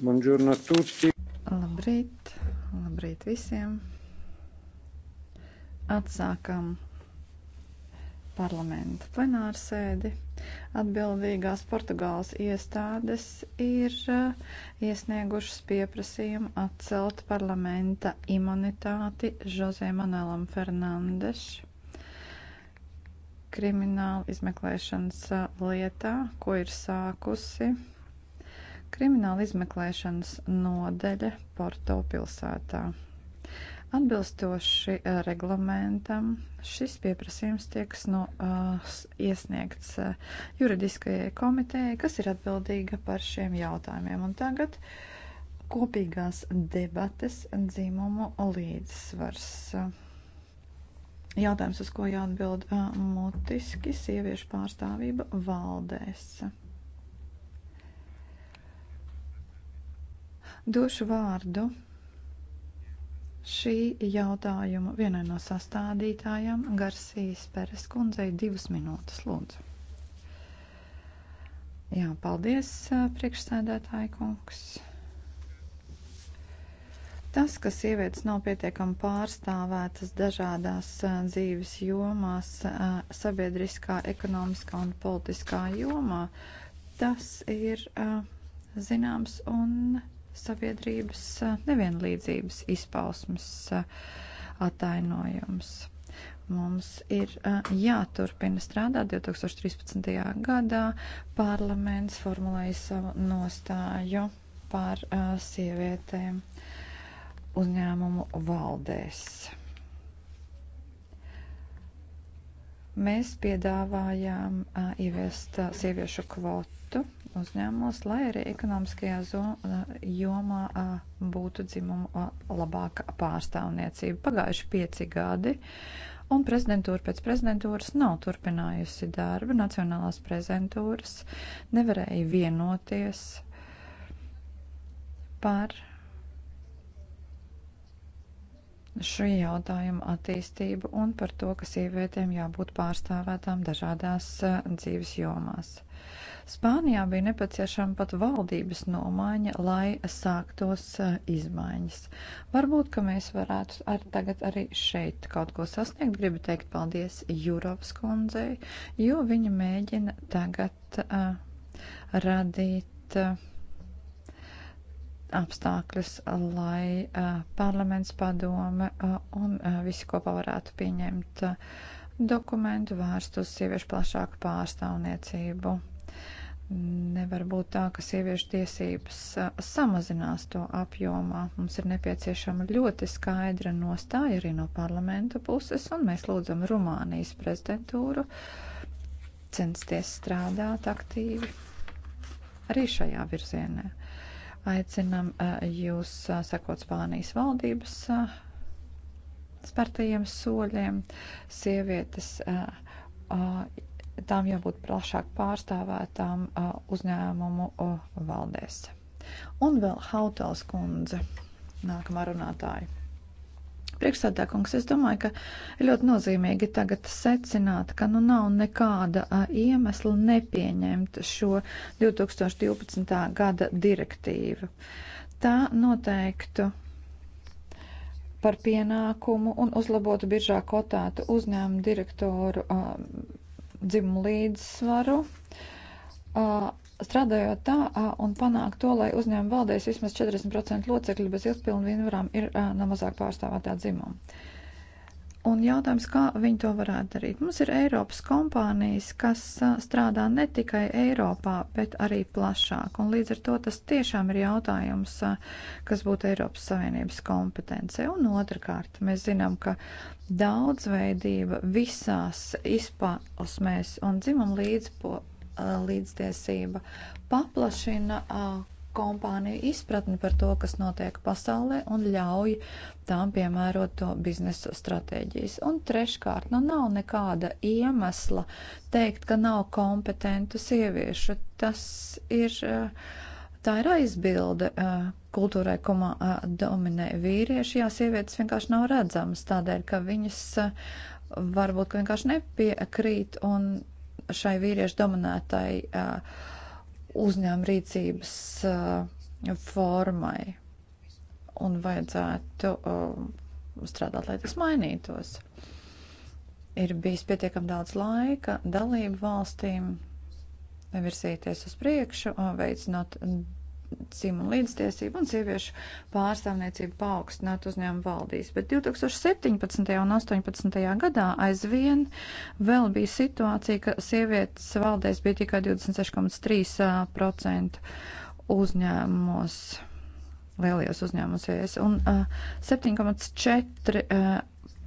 Buongiorno a tutti. Labrīt, labrīt visiem. Atsākam parlamenta plenārsēdi. Atbildīgās Portugāles iestādes ir eh, iesniegušas pieprasījumu atcelt parlamenta imunitāti José Manelam Fernandes krimināla izmeklēšanas eh, lietā, ko ir sākusi Krimināla izmeklēšanas nodeļa Porto pilsētā. Atbilstoši eh, reglamentam šis pieprasījums tieks no, uh, iesniegts uh, juridiskajai komitejai, kas ir atbildīga par šiem jautājumiem. Un tagad kopīgās debates dzimumu līdzsvars. Uh, Jautājums, uz ko jāatbild mutiski, sieviešu pārstāvība valdēs. Došu vārdu šī jautājuma vienai no sastādītājām, Garsijas Peres kundzei, divas minūtes lūdzu. Jā, paldies, priekšsēdētāji kungs. Tas, ka sievietes nav pietiekami pārstāvētas dažādās dzīves jomās, sabiedriskā, ekonomiskā un politiskā jomā, tas ir zināms un zināms sabiedrības eh, nevienlīdzības izpausmas eh, attainojums. Mums ir eh, jāturpina strādāt. 2013. gadā parlaments formulēja savu nostāju par sievietēm uzņēmumu valdēs. Mēs piedāvājām ieviest sieviešu kvotu uzņēmumos, lai arī ekonomiskajā jomā būtu dzimumu labāka pārstāvniecība. Pagājuši pieci gadi, un prezidentūra pēc prezidentūras nav turpinājusi darbu. Nacionālās prezidentūras nevarēja vienoties par šī jautājuma attīstību un par to, ka sievietēm jābūt pārstāvētām dažādās dzīves jomās. Spānijā bija nepieciešama pat valdības nomaiņa, lai sāktos eh, izmaiņas. Varbūt, ka mēs varētu ar, tagad arī šeit kaut ko sasniegt. Gribu teikt paldies Jurovas kundzei, jo viņa mēģina tagad uh, radīt. Uh, apstākļus, lai uh, parlaments padome uh, un uh, visi kopā varētu pieņemt uh, dokumentu vērstu uz sieviešu plašāku pārstāvniecību Nevar būt tā, ka sieviešu tiesības samazinās to apjomā. Mums ir nepieciešama ļoti skaidra nostāja arī no parlamenta puses, un mēs lūdzam Rumānijas prezidentūru censties strādāt aktīvi arī šajā virzienā. Aicinam jūs sekot Spānijas valdības spērtajiem soļiem. Sievietes tām jābūt plašāk pārstāvētām uzņēmumu valdēs. Un vēl Hautels kundze, nākamā runātāja. Priekšstādā kungs, es domāju, ka ir ļoti nozīmīgi tagad secināt, ka nu nav nekāda iemesla nepieņemt šo 2012. gada direktīvu. Tā noteiktu par pienākumu un uzlabotu biržā kotētu uzņēmumu direktoru um, dzimumu līdzsvaru, strādājot tā un panākt to, lai uzņēmuma valdēs vismaz 40% locekļi bez ilgspilnu vienvarām ir nemazāk pārstāvētā dzimuma. Un jautājums, kā viņi to varētu darīt? Mums ir Eiropas kompānijas, kas strādā ne tikai Eiropā, bet arī plašāk. Un līdz ar to tas tiešām ir jautājums, kas būtu Eiropas Savienības kompetence. Un otrkārt, mēs zinām, ka daudzveidība visās izpausmēs un dzimuma līdzpo, līdztiesība paplašina kompāniju izpratni par to, kas notiek pasaulē un ļauj tām piemērot to biznesu stratēģijas. Un treškārt, nu nav nekāda iemesla teikt, ka nav kompetentu sieviešu. Tas ir, eh, tā ir aizbilde eh, kultūrai, kumā eh, dominē vīrieši, jā, sievietes vienkārši nav redzamas tādēļ, ka viņas varbūt ka vienkārši nepiekrīt un šai vīriešu dominētai uh, uzņēmuma rīcības uh, formai un vajadzētu uh, strādāt, lai tas mainītos. Ir bijis pietiekami daudz laika dalību valstīm virzīties uz priekšu, uh, veicinot dzimuma līdztiesību un sieviešu pārstāvniecību paaugstināt uzņēmumu valdīs. Bet 2017. un 2018. gadā aizvien vēl bija situācija, ka sievietes valdēs bija tikai 26,3% uzņēmumos lielajos uzņēmumos ES un uh, 7,4 uh,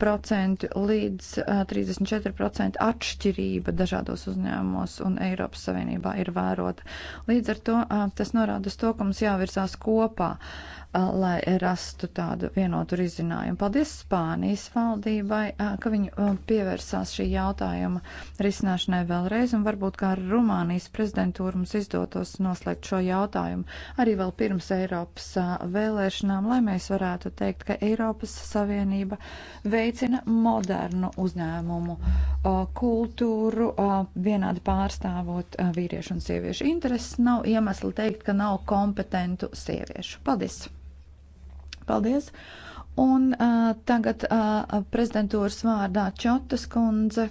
5% līdz 34% atšķirība dažādos uzņēmumos un Eiropas Savienībā ir vērota. Līdz ar to tas norāda uz to, ka mums jāvirzās kopā lai rastu tādu vienotu risinājumu. Paldies Spānijas valdībai, ka viņi pievērsās šī jautājuma risināšanai vēlreiz, un varbūt kā ar Rumānijas prezidentūru mums izdotos noslēgt šo jautājumu arī vēl pirms Eiropas vēlēšanām, lai mēs varētu teikt, ka Eiropas Savienība veicina modernu uzņēmumu kultūru, vienādi pārstāvot vīriešu un sieviešu intereses. Nav iemesli teikt, ka nav kompetentu sieviešu. Paldies! Paldies! Un uh, tagad uh, prezidentūras vārdā Čotas kundze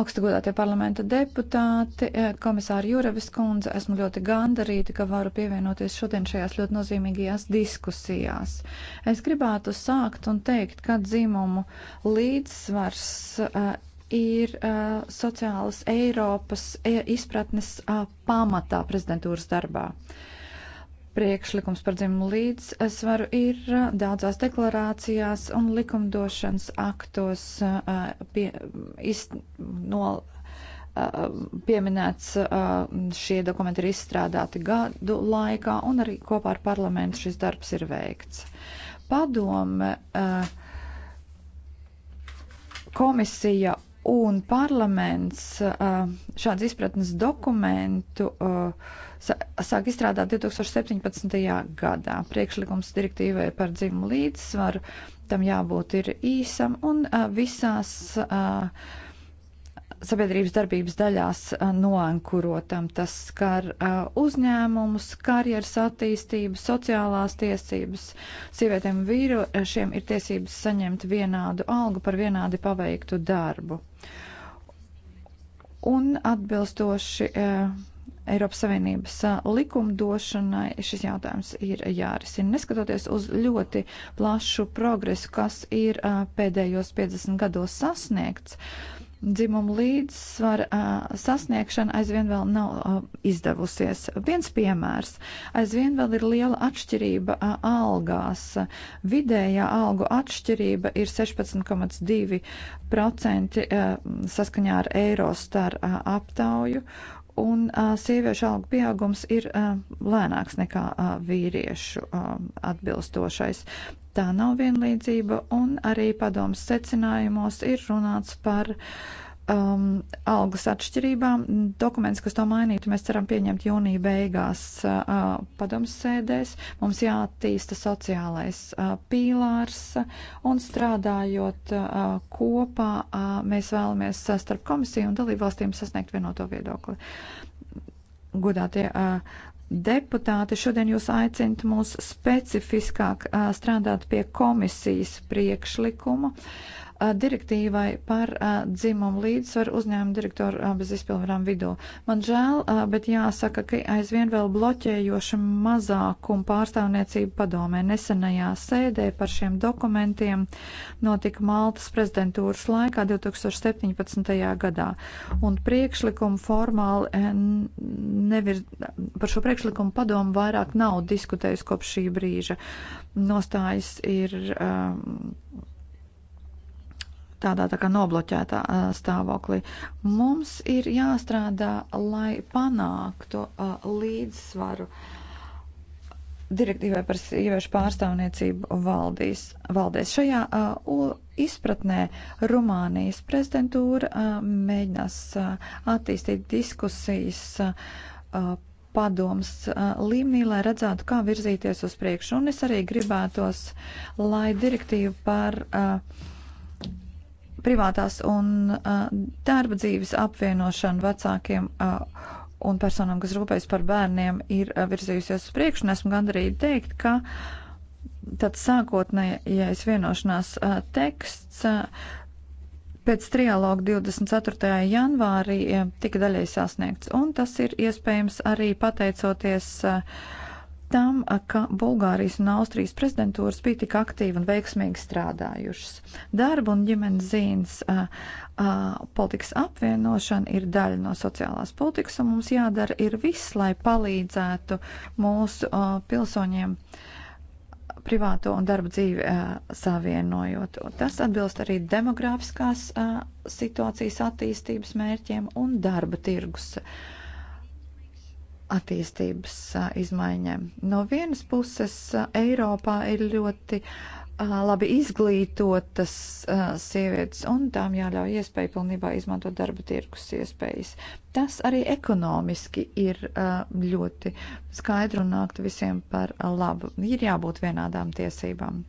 augstagodātie parlamenta deputāti, komisāri Jurevis kundze, esmu ļoti gandarīta, ka varu pievienoties šodien šajās ļoti nozīmīgajās diskusijās. Es gribētu sākt un teikt, ka dzimumu līdzsvars uh, ir uh, sociālas Eiropas izpratnes uh, pamatā prezidentūras darbā. Uh, priekšlikums par dzimumu līdzsvaru ir daudzās deklarācijās un likumdošanas aktos pie, iz, no, pieminēts. Šie dokumenti ir izstrādāti gadu laikā un arī kopā ar parlamentu šis darbs ir veikts. Padome, komisija un parlaments šāds izpratnes dokumentu sāk izstrādāt 2017. gadā. Priekšlikums direktīvai par dzimumu līdzsvaru tam jābūt ir īsam un visās sabiedrības darbības daļās noankurotam. Tas skar uzņēmumus, karjeras attīstību, sociālās tiesības. Sievietēm un vīriešiem ir tiesības saņemt vienādu algu par vienādi paveiktu darbu. Un atbilstoši Eiropas Savienības likumdošanai šis jautājums ir jārisina, neskatoties uz ļoti plašu progresu, kas ir pēdējos 50 gados sasniegts. Uh, dzimumu līdzsvara uh, sasniegšana aizvien vēl nav uh, izdevusies. Viens piemērs - aizvien vēl ir liela atšķirība uh, algās. Vidējā algu atšķirība ir 16,2% uh, saskaņā ar Eirostar uh, aptauju, un uh, sieviešu algu pieaugums ir uh, lēnāks nekā uh, vīriešu uh, atbilstošais. Tā nav vienlīdzība un arī padomas secinājumos ir runāts par um, algas atšķirībām. Dokuments, kas to mainītu, mēs ceram pieņemt jūnija beigās uh, padomas sēdēs. Mums jātīsta sociālais uh, pīlārs un strādājot uh, kopā, uh, mēs vēlamies uh, starp komisiju un dalībvalstīm sasniegt vienoto viedokli. Godātie uh, deputāti, šodien jūs aicinat mūs specifiskāk strādāt pie komisijas priekšlikuma direktīvai par dzimumu līdzsvaru uzņēmumu direktoru bez izpilvarām vidū. Man žēl, bet jāsaka, ka aizvien vēl bloķējoša mazākuma pārstāvniecība padomē. Nesenajā sēdē par šiem dokumentiem notika Maltas prezidentūras laikā 2017. gadā. Un priekšlikumu formāli e, nevir, par šo priekšlikumu padomu vairāk nav diskutējusi kopš šī brīža. Nostājas ir. Um, tādā tā kā nobloķētā stāvoklī. Mums ir jāstrādā, lai panāktu līdzsvaru direktīvai par sieviešu pārstāvniecību valdīs, valdēs. Šajā uh, izpratnē Rumānijas prezidentūra uh, mēģinās uh, attīstīt diskusijas uh, padoms uh, līmenī, lai redzētu, kā virzīties uz priekšu. Un es arī gribētos, lai direktīva par uh, privātās un darba dzīves apvienošana vecākiem un personām, kas rūpējas par bērniem, ir virzījusies uz priekšu, un esmu gandarīti teikt, ka tāds sākotnējais vienošanās teksts pēc trialoga 24. janvārī tika daļai sasniegts, un tas ir iespējams arī pateicoties uh, tam, ka Bulgārijas un Austrijas prezidentūras bija tik aktīvi un veiksmīgi strādājušas. Darba un ģimenes zīmes politikas apvienošana ir daļa no sociālās politikas, un mums jādara ir viss, lai palīdzētu mūsu a, pilsoņiem privāto un darba dzīvi uh, savienojot. Tas atbilst arī demogrāfiskās uh, situācijas attīstības mērķiem un darba tirgus uh, attīstības izmaiņām. No vienas puses Eiropā ir ļoti labi izglītotas sievietes, un tām jāļauj iespēju pilnībā izmantot darba tirkus iespējas. Tas arī ekonomiski ir ļoti skaidri un nākt visiem par labu. Ir jābūt vienādām tiesībām.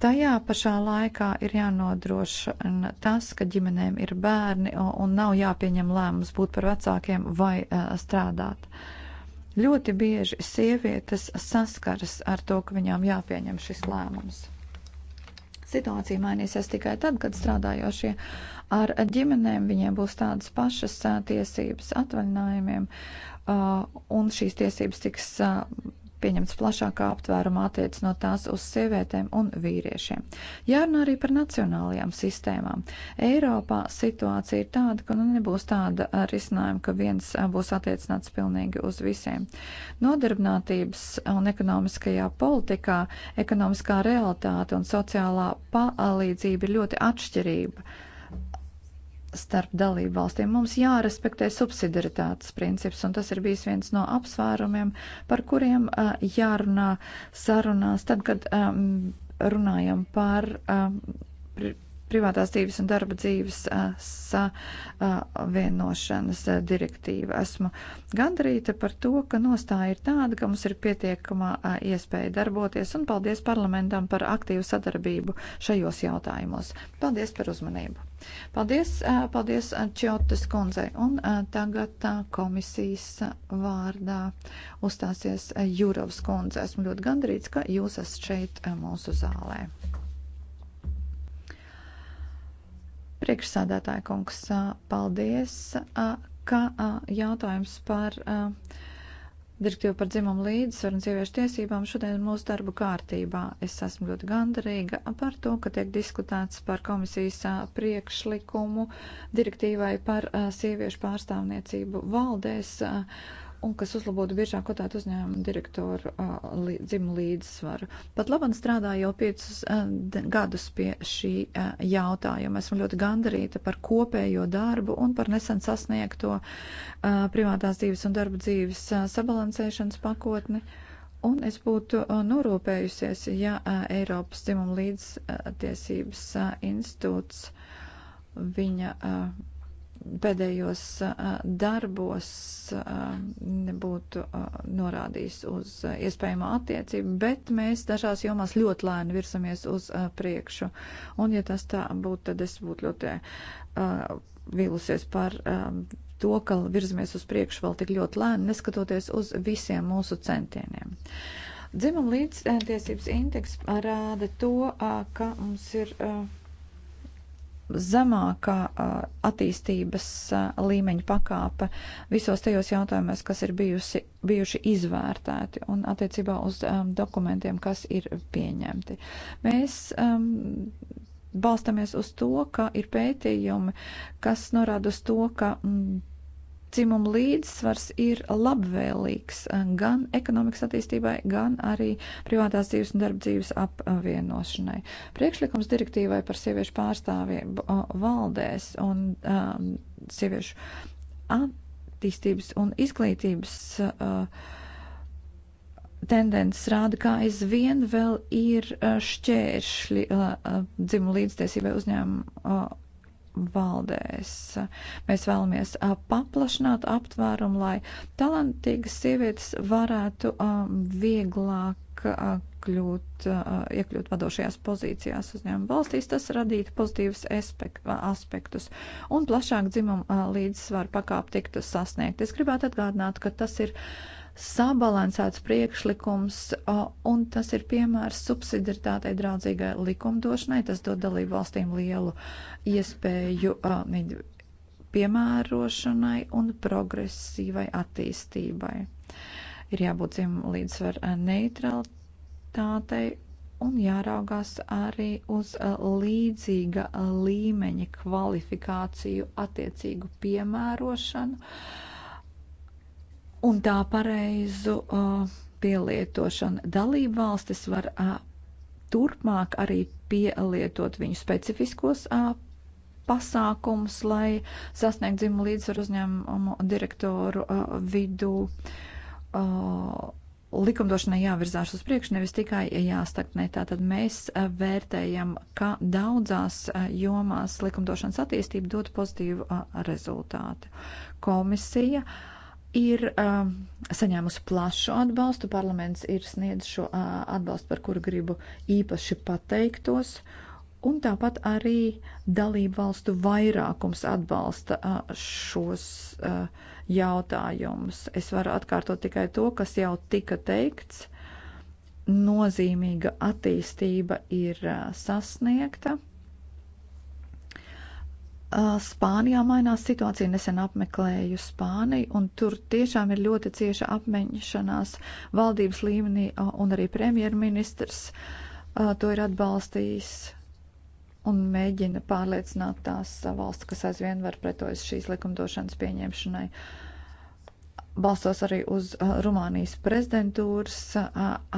Tajā pašā laikā ir jānodrošina tas, ka ģimenēm ir bērni un nav jāpieņem lēmums būt par vecākiem vai e, strādāt. Ļoti bieži sievietes saskaras ar to, ka viņām jāpieņem šis lēmums. Situācija mainīsies tikai tad, kad strādājošie ar ģimenēm viņiem būs tādas pašas e, tiesības atvaļinājumiem, e, un šīs tiesības tiks pieņemts plašākā aptvērumā attiecinot tās uz sievietēm un vīriešiem. Jārunā arī par nacionālajām sistēmām. Eiropā situācija ir tāda, ka nu nebūs tāda eh, risinājuma, ka viens eh, būs attiecināts pilnīgi uz visiem. Nodarbinātības un ekonomiskajā politikā ekonomiskā realitāte un sociālā palīdzība ir ļoti atšķirība starp dalību valstīm. Mums jārespektē subsidiaritātes princips, un tas ir bijis viens no apsvērumiem, par kuriem uh, jārunā sarunās, tad, kad um, runājam par. Um, privātās dzīves un darba dzīves savienošanas direktīva. Esmu gandarīta par to, ka nostāja ir tāda, ka mums ir pietiekamā iespēja darboties, un paldies parlamentam par aktīvu sadarbību šajos jautājumos. Paldies par uzmanību! Paldies, paldies Čiotas kundzei, un tagad komisijas vārdā uzstāsies Jūravs kundze. Esmu ļoti gandarīts, ka jūs esat šeit mūsu zālē. Priekšsādātāja kungs, paldies, ka jautājums par direktīvu par dzimumu līdzsvaru un sieviešu tiesībām šodien mūsu darbu kārtībā. Es esmu ļoti gandarīga par to, ka tiek diskutēts par komisijas priekšlikumu direktīvai par sieviešu pārstāvniecību valdēs un kas uzlabotu biežāk kotētu uzņēmumu direktoru uh, dzimumu līdzsvaru. Pat labam strādāju jau piecus uh, gadus pie šī uh, jautājuma. Esmu ļoti gandarīta par kopējo darbu un par nesen sasniegto uh, privātās dzīves un darba dzīves uh, sabalansēšanas pakotni. Un es būtu uh, norūpējusies, ja uh, Eiropas dzimumu līdztiesības uh, institūts viņa. Uh, pēdējos darbos nebūtu norādījis uz iespējamo attiecību, bet mēs dažās jomās ļoti lēni virsamies uz priekšu. Un, ja tas tā būtu, tad es būtu ļoti vīlusies par to, ka virzamies uz priekšu vēl tik ļoti lēni, neskatoties uz visiem mūsu centieniem. Dzimuma līdztiesības indeks rāda to, ka mums ir zemākā attīstības līmeņa pakāpe visos tajos jautājumos, kas ir bijusi, bijuši izvērtēti un attiecībā uz um, dokumentiem, kas ir pieņemti. Mēs um, balstamies uz to, ka ir pētījumi, kas norāda uz to, ka. Mm, dzimumu līdzsvars ir labvēlīgs eh, gan ekonomikas attīstībai, gan arī privātās dzīves un darba dzīves apvienošanai. Priekšlikums direktīvai par sieviešu pārstāvību eh, valdēs un um, sieviešu attīstības un izglītības uh, tendences rāda, ka aizvien vēl ir šķēršļi dzimumu līdztiesībai uzņēmumu valdēs. Mēs vēlamies paplašināt aptvērumu, lai talantīgas sievietes varētu vieglāk kļūt, iekļūt vadošajās pozīcijās uzņēmuma valstīs, tas radītu pozitīvus aspektus un plašāk dzimumu līdzsvaru pakāp tiktu sasniegt. Es gribētu atgādināt, ka tas ir uh, sabalansēts priekšlikums, un tas ir piemērs subsidiaritātei draudzīgai likumdošanai. Tas dod dalību valstīm lielu iespēju piemērošanai un progresīvai attīstībai. Ir jābūt zem līdzsver neutralitātei un jāraugās arī uz līdzīga līmeņa kvalifikāciju attiecīgu piemērošanu un tā pareizu uh, pielietošanu. Dalība valstis var uh, turpmāk arī pielietot viņu specifiskos uh, pasākums, lai sasniegtu dzimumu līdzsvaru uzņēmumu direktoru uh, vidū. Uh, likumdošanai jāvirzās uz priekšu, nevis tikai jāstagnē. Tātad mēs vērtējam, ka daudzās jomās likumdošanas attīstība dod pozitīvu rezultātu. Komisija uh, ir uh, saņēmusi plašu atbalstu. Parlaments ir sniedzis šo uh, atbalstu, par kuru gribu īpaši pateiktos. Un tāpat arī dalību valstu vairākums atbalsta uh, šos uh, jautājumus. Es varu atkārtot tikai to, kas jau tika teikts. Nozīmīga attīstība ir uh, sasniegta Uh, Spānijā mainās situācija. Nesen apmeklēju Spāniju, un tur tiešām ir ļoti cieša apmeņšanās valdības līmenī, uh, un arī premjerministrs uh, to ir atbalstījis un mēģina pārliecināt tās valsts, kas aizvien var pretojas šīs likumdošanas pieņemšanai. Balstos arī uz Rumānijas prezidentūras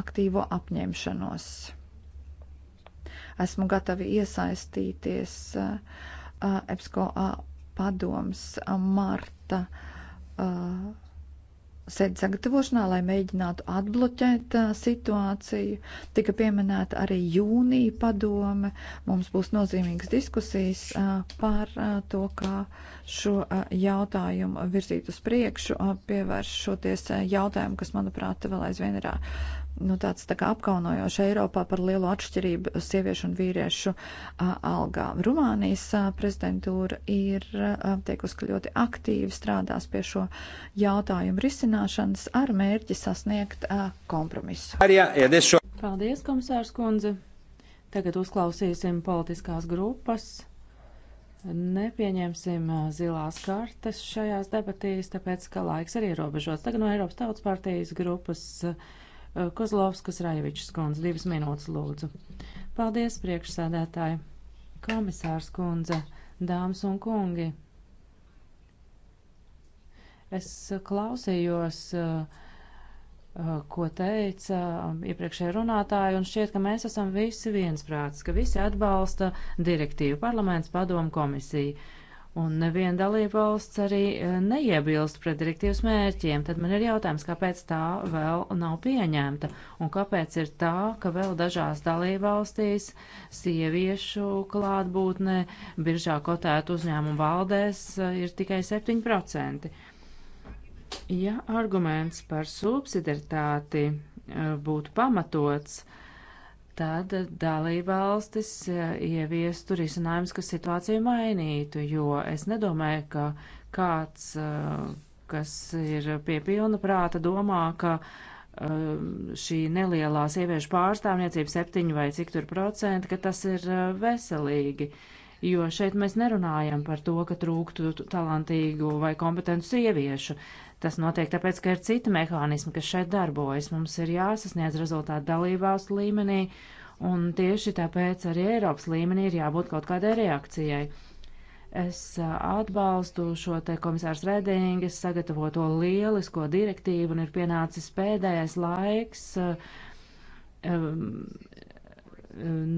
aktīvo apņemšanos. Esmu gatavi iesaistīties uh, EPSCO padoms marta sēdes sagatavošanā, lai mēģinātu atbloķēt situāciju. Tika pieminēta arī jūnija padome. Mums būs nozīmīgas diskusijas par to, kā šo jautājumu virzīt uz priekšu, pievēršoties jautājumu, kas, manuprāt, vēl aizvien ir nu, tāds tā kā apkaunojoši Eiropā par lielo atšķirību sieviešu un vīriešu a, algā. Rumānijas a, prezidentūra ir a, tiekusi ļoti aktīvi strādās pie šo jautājumu risināšanas ar mērķi sasniegt a, kompromisu. Paldies, komisārs kundze. Tagad uzklausīsim politiskās grupas. Nepieņemsim zilās kartes šajās debatīs, tāpēc, ka laiks ir ierobežots. Tagad no Eiropas Tautas partijas grupas. A, Eh, Kozlovskas Rajevičs kundze, divas minūtes lūdzu. Paldies, priekšsēdētāji, komisārs kundze, dāmas un kungi. Es klausījos, eh, eh, ko teica iepriekšējā runātāja, un šķiet, ka mēs esam visi viensprāts, ka visi atbalsta direktīvu parlaments padomu komisiju un neviena dalībvalsts arī e, neiebilst pret direktīvas mērķiem, tad man ir jautājums, kāpēc tā vēl nav pieņemta un kāpēc ir tā, ka vēl dažās dalībvalstīs sieviešu klātbūtne biržā kotētu uzņēmumu valdēs e, ir tikai 7%. Ja arguments par subsidiaritāti e, būtu pamatots, uh, tad dalībvalstis e, ieviestu risinājumus, kas situāciju mainītu, jo es nedomāju, ka kāds, e, kas ir pie pilna prāta, domā, ka e, šī nelielā sieviešu pārstāvniecība, septiņu vai cik tur procenti, ka tas ir veselīgi. Jo šeit mēs nerunājam par to, ka trūktu talantīgu vai kompetentu sieviešu. Tas notiek tāpēc, ka ir citi mehānismi, kas šeit darbojas. Mums ir jāsasniedz rezultāti dalībvalstu līmenī, un tieši tāpēc arī Eiropas līmenī ir jābūt kaut kādai reakcijai. Es atbalstu šo te komisārs Redingas sagatavoto lielisko direktīvu, un ir pienācis pēdējais laiks. Um,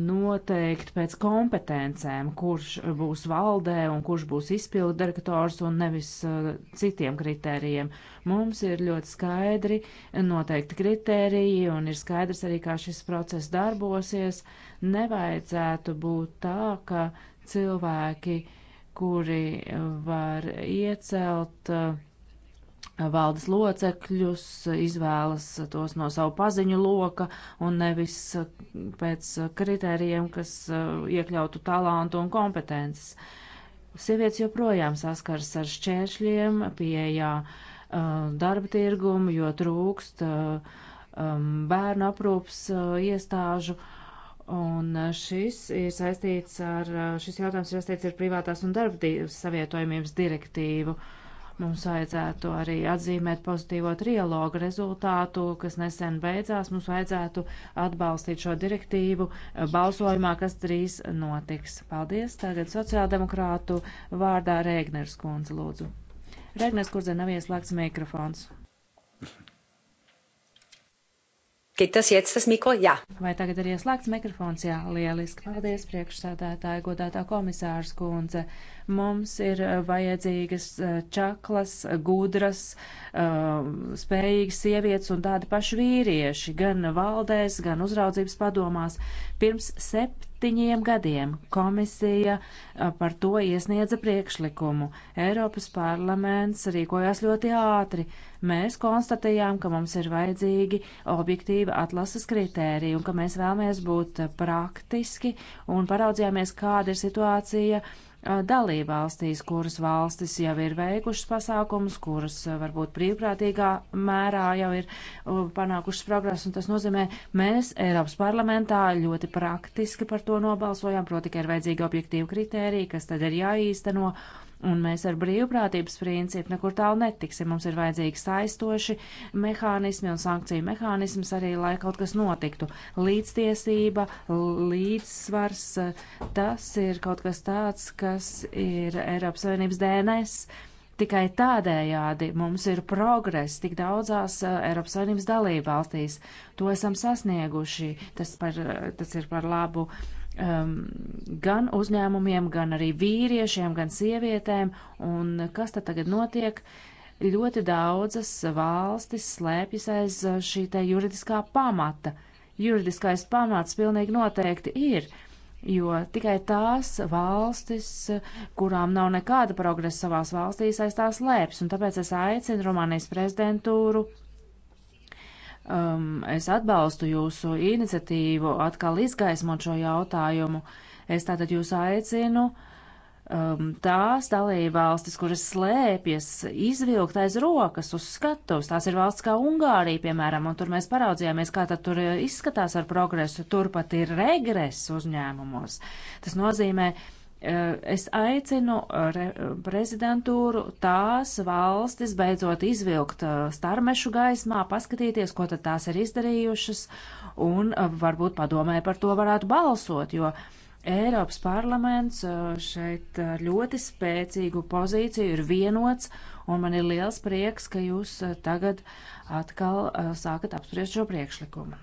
noteikt pēc kompetencēm, kurš būs valdē un kurš būs izpildu direktors un nevis uh, citiem kritērijiem. Mums ir ļoti skaidri noteikti kritēriji un ir skaidrs arī, kā šis process darbosies. Nevajadzētu būt tā, ka cilvēki, kuri var iecelt uh, valdes locekļus, izvēlas tos no savu paziņu loka un nevis pēc kritērijiem, kas uh, iekļautu talantu un kompetences. Sievietes joprojām saskars ar šķēršļiem pieejā uh, darba tirgumu, jo trūkst uh, um, bērnu aprūpas iestāžu. Un šis ir saistīts ar, šis jautājums ir saistīts ar privātās un darba savietojumības direktīvu. Uh, Mums vajadzētu arī atzīmēt pozitīvo trialogu rezultātu, kas nesen beidzās. Mums vajadzētu atbalstīt šo direktīvu balsojumā, kas drīz notiks. Paldies. Tagad sociāldemokrātu vārdā Rēgners kundze lūdzu. Rēgners kundze nav ieslēgts mikrofons. Ja. Vai tagad ir ieslēgts mikrofons? Jā, lieliski. Paldies, priekšsēdētāji, godātā komisārs kundze. Mums ir eh, vajadzīgas eh, čaklas, eh, gudras, spējīgas sievietes un tādi paši vīrieši, gan valdēs, gan uzraudzības padomās. Pirms sept septiņiem gadiem komisija par to iesniedza priekšlikumu. Eiropas parlaments rīkojās ļoti ātri. Mēs konstatējām, ka mums ir vajadzīgi objektīva atlases kritērija un ka mēs vēlamies būt praktiski un paraudzījāmies, kāda ir situācija dalībvalstīs, kuras valstis jau ir veikušas pasākumus, kuras varbūt brīvprātīgā mērā jau ir panākušas progresu, un tas nozīmē, mēs Eiropas parlamentā ļoti praktiski par to nobalsojām, proti, ka ir vajadzīgi objektīvi kritēriji, kas tad ir jāīsteno, Un mēs ar brīvprātības principu nekur tālu netiksim. Mums ir vajadzīgi saistoši mehānismi un sankciju mehānisms arī, lai kaut kas notiktu. Līdztiesība, līdzsvars, tas ir kaut kas tāds, kas ir Eiropas Savienības DNS. Tikai tādējādi mums ir progress tik daudzās eh, Eiropas Savienības dalībvalstīs. To esam sasnieguši. Tas, par, tas ir par labu uh, um, gan uzņēmumiem, gan arī vīriešiem, gan sievietēm. Un kas tad tagad notiek? Ļoti daudzas valstis slēpjas aiz šī te juridiskā pamata. Juridiskais pamats pilnīgi noteikti ir, jo tikai tās valstis, kurām nav nekāda progresa savās valstīs, aiz tās slēpjas. Un tāpēc es aicinu Rumānijas prezidentūru um, es atbalstu jūsu iniciatīvu atkal izgaismot šo jautājumu. Es tātad jūs aicinu um, tās dalībvalstis, kuras slēpjas, izvilkt aiz rokas uz skatuves. Tās ir valsts kā Ungārija, piemēram, un tur mēs paraudzījāmies, kā tad tur eh, izskatās ar progresu. Turpat ir regress uzņēmumos. Tas nozīmē, Eh, es aicinu eh, prezidentūru tās valstis beidzot izvilkt eh, starmešu gaismā, paskatīties, ko tad tās ir izdarījušas, un varbūt padomē par to varētu balsot, jo Eiropas parlaments šeit ļoti spēcīgu pozīciju ir vienots, un man ir liels prieks, ka jūs tagad atkal sākat apspriest šo priekšlikumu.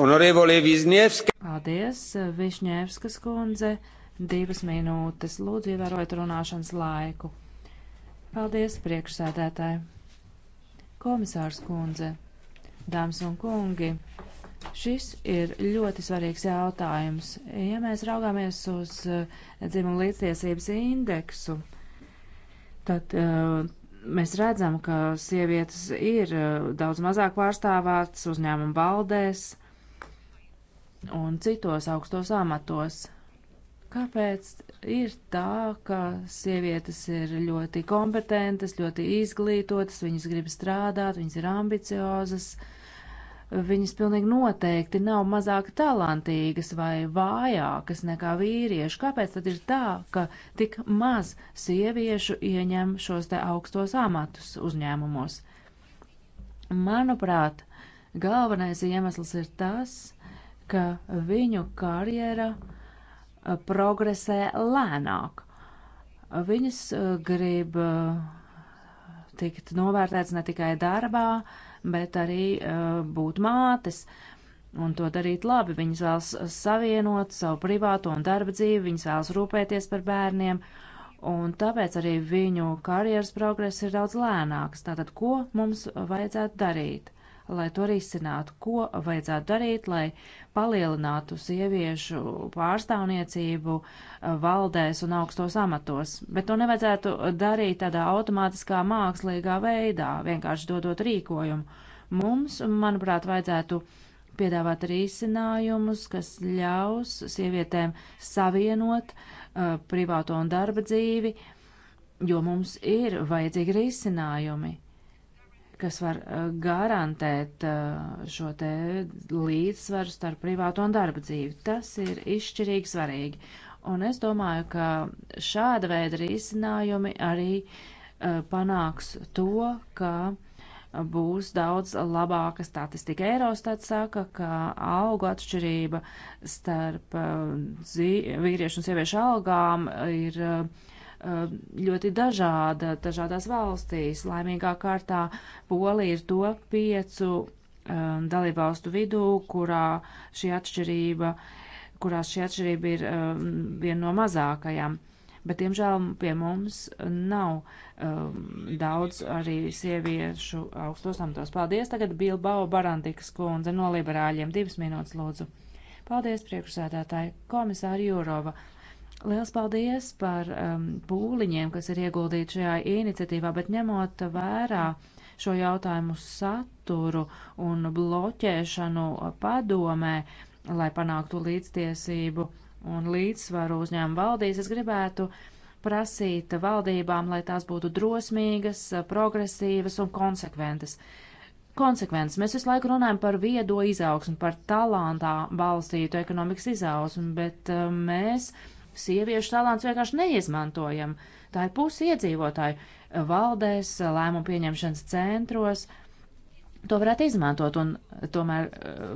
Honorevole Viznievska. Paldies, Višņēvskas kundze divas minūtes. Lūdzu, ievērojiet runāšanas laiku. Paldies, priekšsēdētāji. Komisārs kundze, dāmas un kungi, šis ir ļoti svarīgs jautājums. Ja mēs raugāmies uz eh, dzimumu līdztiesības indeksu, tad uh, mēs redzam, ka sievietes ir uh, daudz mazāk pārstāvātas uzņēmumu valdēs un citos augstos amatos. Kāpēc ir tā, ka sievietes ir ļoti kompetentas, ļoti izglītotas, viņas grib strādāt, viņas ir ambiciozas, viņas pilnīgi noteikti nav mazāk talantīgas vai vājākas nekā vīrieši? Kāpēc tad ir tā, ka tik maz sieviešu ieņem šos te augstos amatus uzņēmumos? Manuprāt, galvenais iemesls ir tas, ka viņu karjera uh, Eh, progresē lēnāk. Viņas eh, grib eh, tikt novērtēts ne tikai darbā, bet arī būt mātes un to darīt labi. Viņas vēlas savienot savu privāto un darba dzīvi, viņas vēlas rūpēties par bērniem, un tāpēc arī viņu karjeras progress ir daudz lēnāks. Tātad, ko mums vajadzētu darīt? lai to risinātu. Ko vajadzētu darīt, lai palielinātu sieviešu pārstāvniecību eh, valdēs un augstos amatos? Bet to nevajadzētu darīt tādā automātiskā mākslīgā veidā, vienkārši dodot rīkojumu. Mums, manuprāt, vajadzētu piedāvāt risinājumus, kas ļaus sievietēm savienot uh, privāto un darba dzīvi, jo mums ir vajadzīgi risinājumi kas var eh, garantēt eh, šo te līdzsvaru starp privātu un darba dzīvi. Tas ir izšķirīgi svarīgi. Un es domāju, ka šāda veida risinājumi arī eh, panāks to, ka būs daudz labāka statistika. Eirostats saka, ka algu atšķirība starp vīriešu un sieviešu algām ir uh, Um, ļoti dažāda dažādās valstīs. Laimīgā kārtā Polija ir to piecu um, dalībvalstu vidū, kurā šī atšķirība, kurās šī atšķirība ir um, viena no mazākajām. Bet, diemžēl, pie mums nav um, daudz arī sieviešu augstos amatos. Paldies tagad Bilbao Barantikas kundze no liberāļiem. Divas minūtes, lūdzu. Paldies, priekšsēdētāji, komisāri Jūrova. Uh, Liels paldies par um, pūliņiem, kas ir ieguldīti šajā iniciatīvā, bet ņemot vērā šo jautājumu saturu un bloķēšanu padomē, lai panāktu līdztiesību un līdzsvaru uzņēmumu valdīs, es gribētu prasīt valdībām, lai tās būtu drosmīgas, progresīvas un konsekventas konsekvences. Mēs visu laiku runājam par viedo izaugsmu, par talantā balstītu ekonomikas izaugsmu, bet um, mēs sieviešu talants vienkārši neizmantojam. Tā ir pusi iedzīvotāju valdēs, lēmumu pieņemšanas centros. To varētu izmantot, un tomēr eh,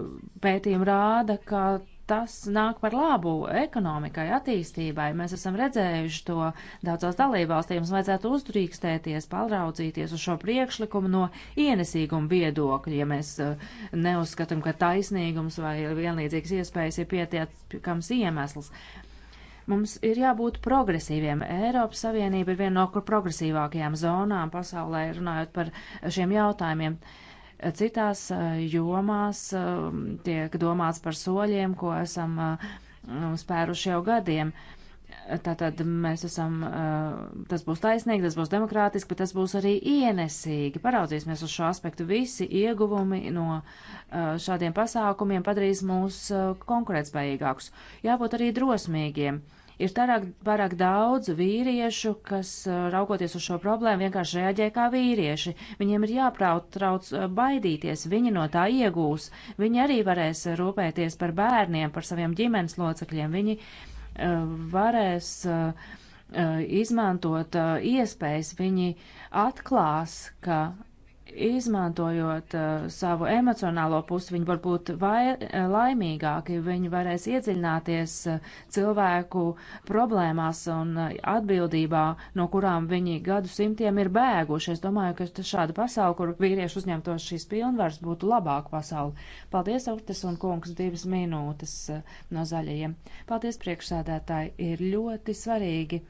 pētījumi rāda, ka tas nāk par labu ekonomikai, attīstībai. Mēs esam redzējuši to daudzās dalībvalstīm. Mums vajadzētu uzdrīkstēties, palraudzīties uz šo priekšlikumu no ienesīguma viedokļa, ja mēs eh, neuzskatām, ka taisnīgums vai vienlīdzīgas iespējas ir pietiekams iemesls. Mums ir jābūt progresīviem. Eiropas Savienība ir viena no progresīvākajām zonām pasaulē, runājot par šiem jautājumiem. Citās eh, jomās eh, tiek domāts par soļiem, ko esam eh, spēruši jau gadiem. Uh, Tātad mēs esam, tas būs taisnīgi, tas būs demokrātiski, bet tas būs arī ienesīgi. Paraudzīsimies uz šo aspektu. Visi ieguvumi no šādiem pasākumiem padarīs mūs konkurētspējīgākus. Jābūt arī drosmīgiem. Ir tarāk, pārāk daudz vīriešu, kas, raugoties uz šo problēmu, vienkārši reaģē kā vīrieši. Viņiem ir jāprauc trauc baidīties, viņi no tā iegūs. Viņi arī varēs rūpēties par bērniem, par saviem ģimenes locekļiem. Viņi, uh, varēs eh, eh, izmantot eh, iespējas, viņi atklās, ka izmantojot uh, savu emocionālo pusi, viņi var būt vai, eh, laimīgāki, viņi varēs iedziļināties uh, cilvēku problēmās un uh, atbildībā, no kurām viņi gadu simtiem ir bēguši. Es domāju, ka šāda pasaule, kur vīrieši uzņemtos šīs pilnvaras, būtu labāka pasaule. Paldies, Ortes un kungs, divas minūtes uh, no zaļajiem. Paldies, priekšsēdētāji, ir ļoti svarīgi,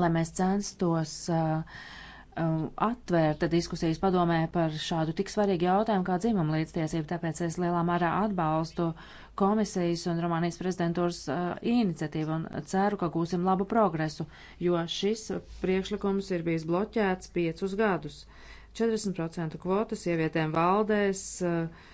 lai mēs censtos. Uh, Um, atvērta diskusijas padomē par šādu tik svarīgu jautājumu kā dzimuma līdztiesība, tāpēc es lielā mērā atbalstu komisijas un Romānijas prezidentūras uh, iniciatīvu un ceru, ka gūsim labu progresu, jo šis priekšlikums ir bijis bloķēts piecus gadus. 40% kvotas ievietēm valdēs. Uh,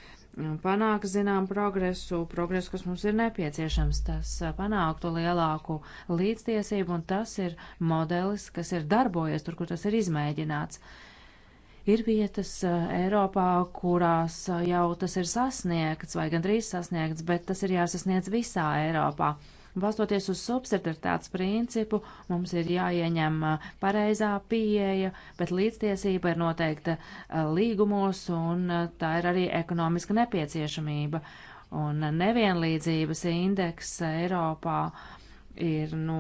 panāk zinām progresu, progresu, kas mums ir nepieciešams, tas eh, panāktu lielāku līdztiesību, un tas ir modelis, kas ir darbojies tur, kur tas ir izmēģināts. Ir vietas eh, Eiropā, kurās eh, jau tas ir sasniegts, vai gandrīz sasniegts, bet tas ir jāsasniedz visā Eiropā. Balstoties uz subsidiaritātes principu, mums ir jāieņem pareizā pieeja, bet līdztiesība ir noteikta līgumos, un tā ir arī ekonomiska nepieciešamība. Un nevienlīdzības indeks Eiropā uh, ir no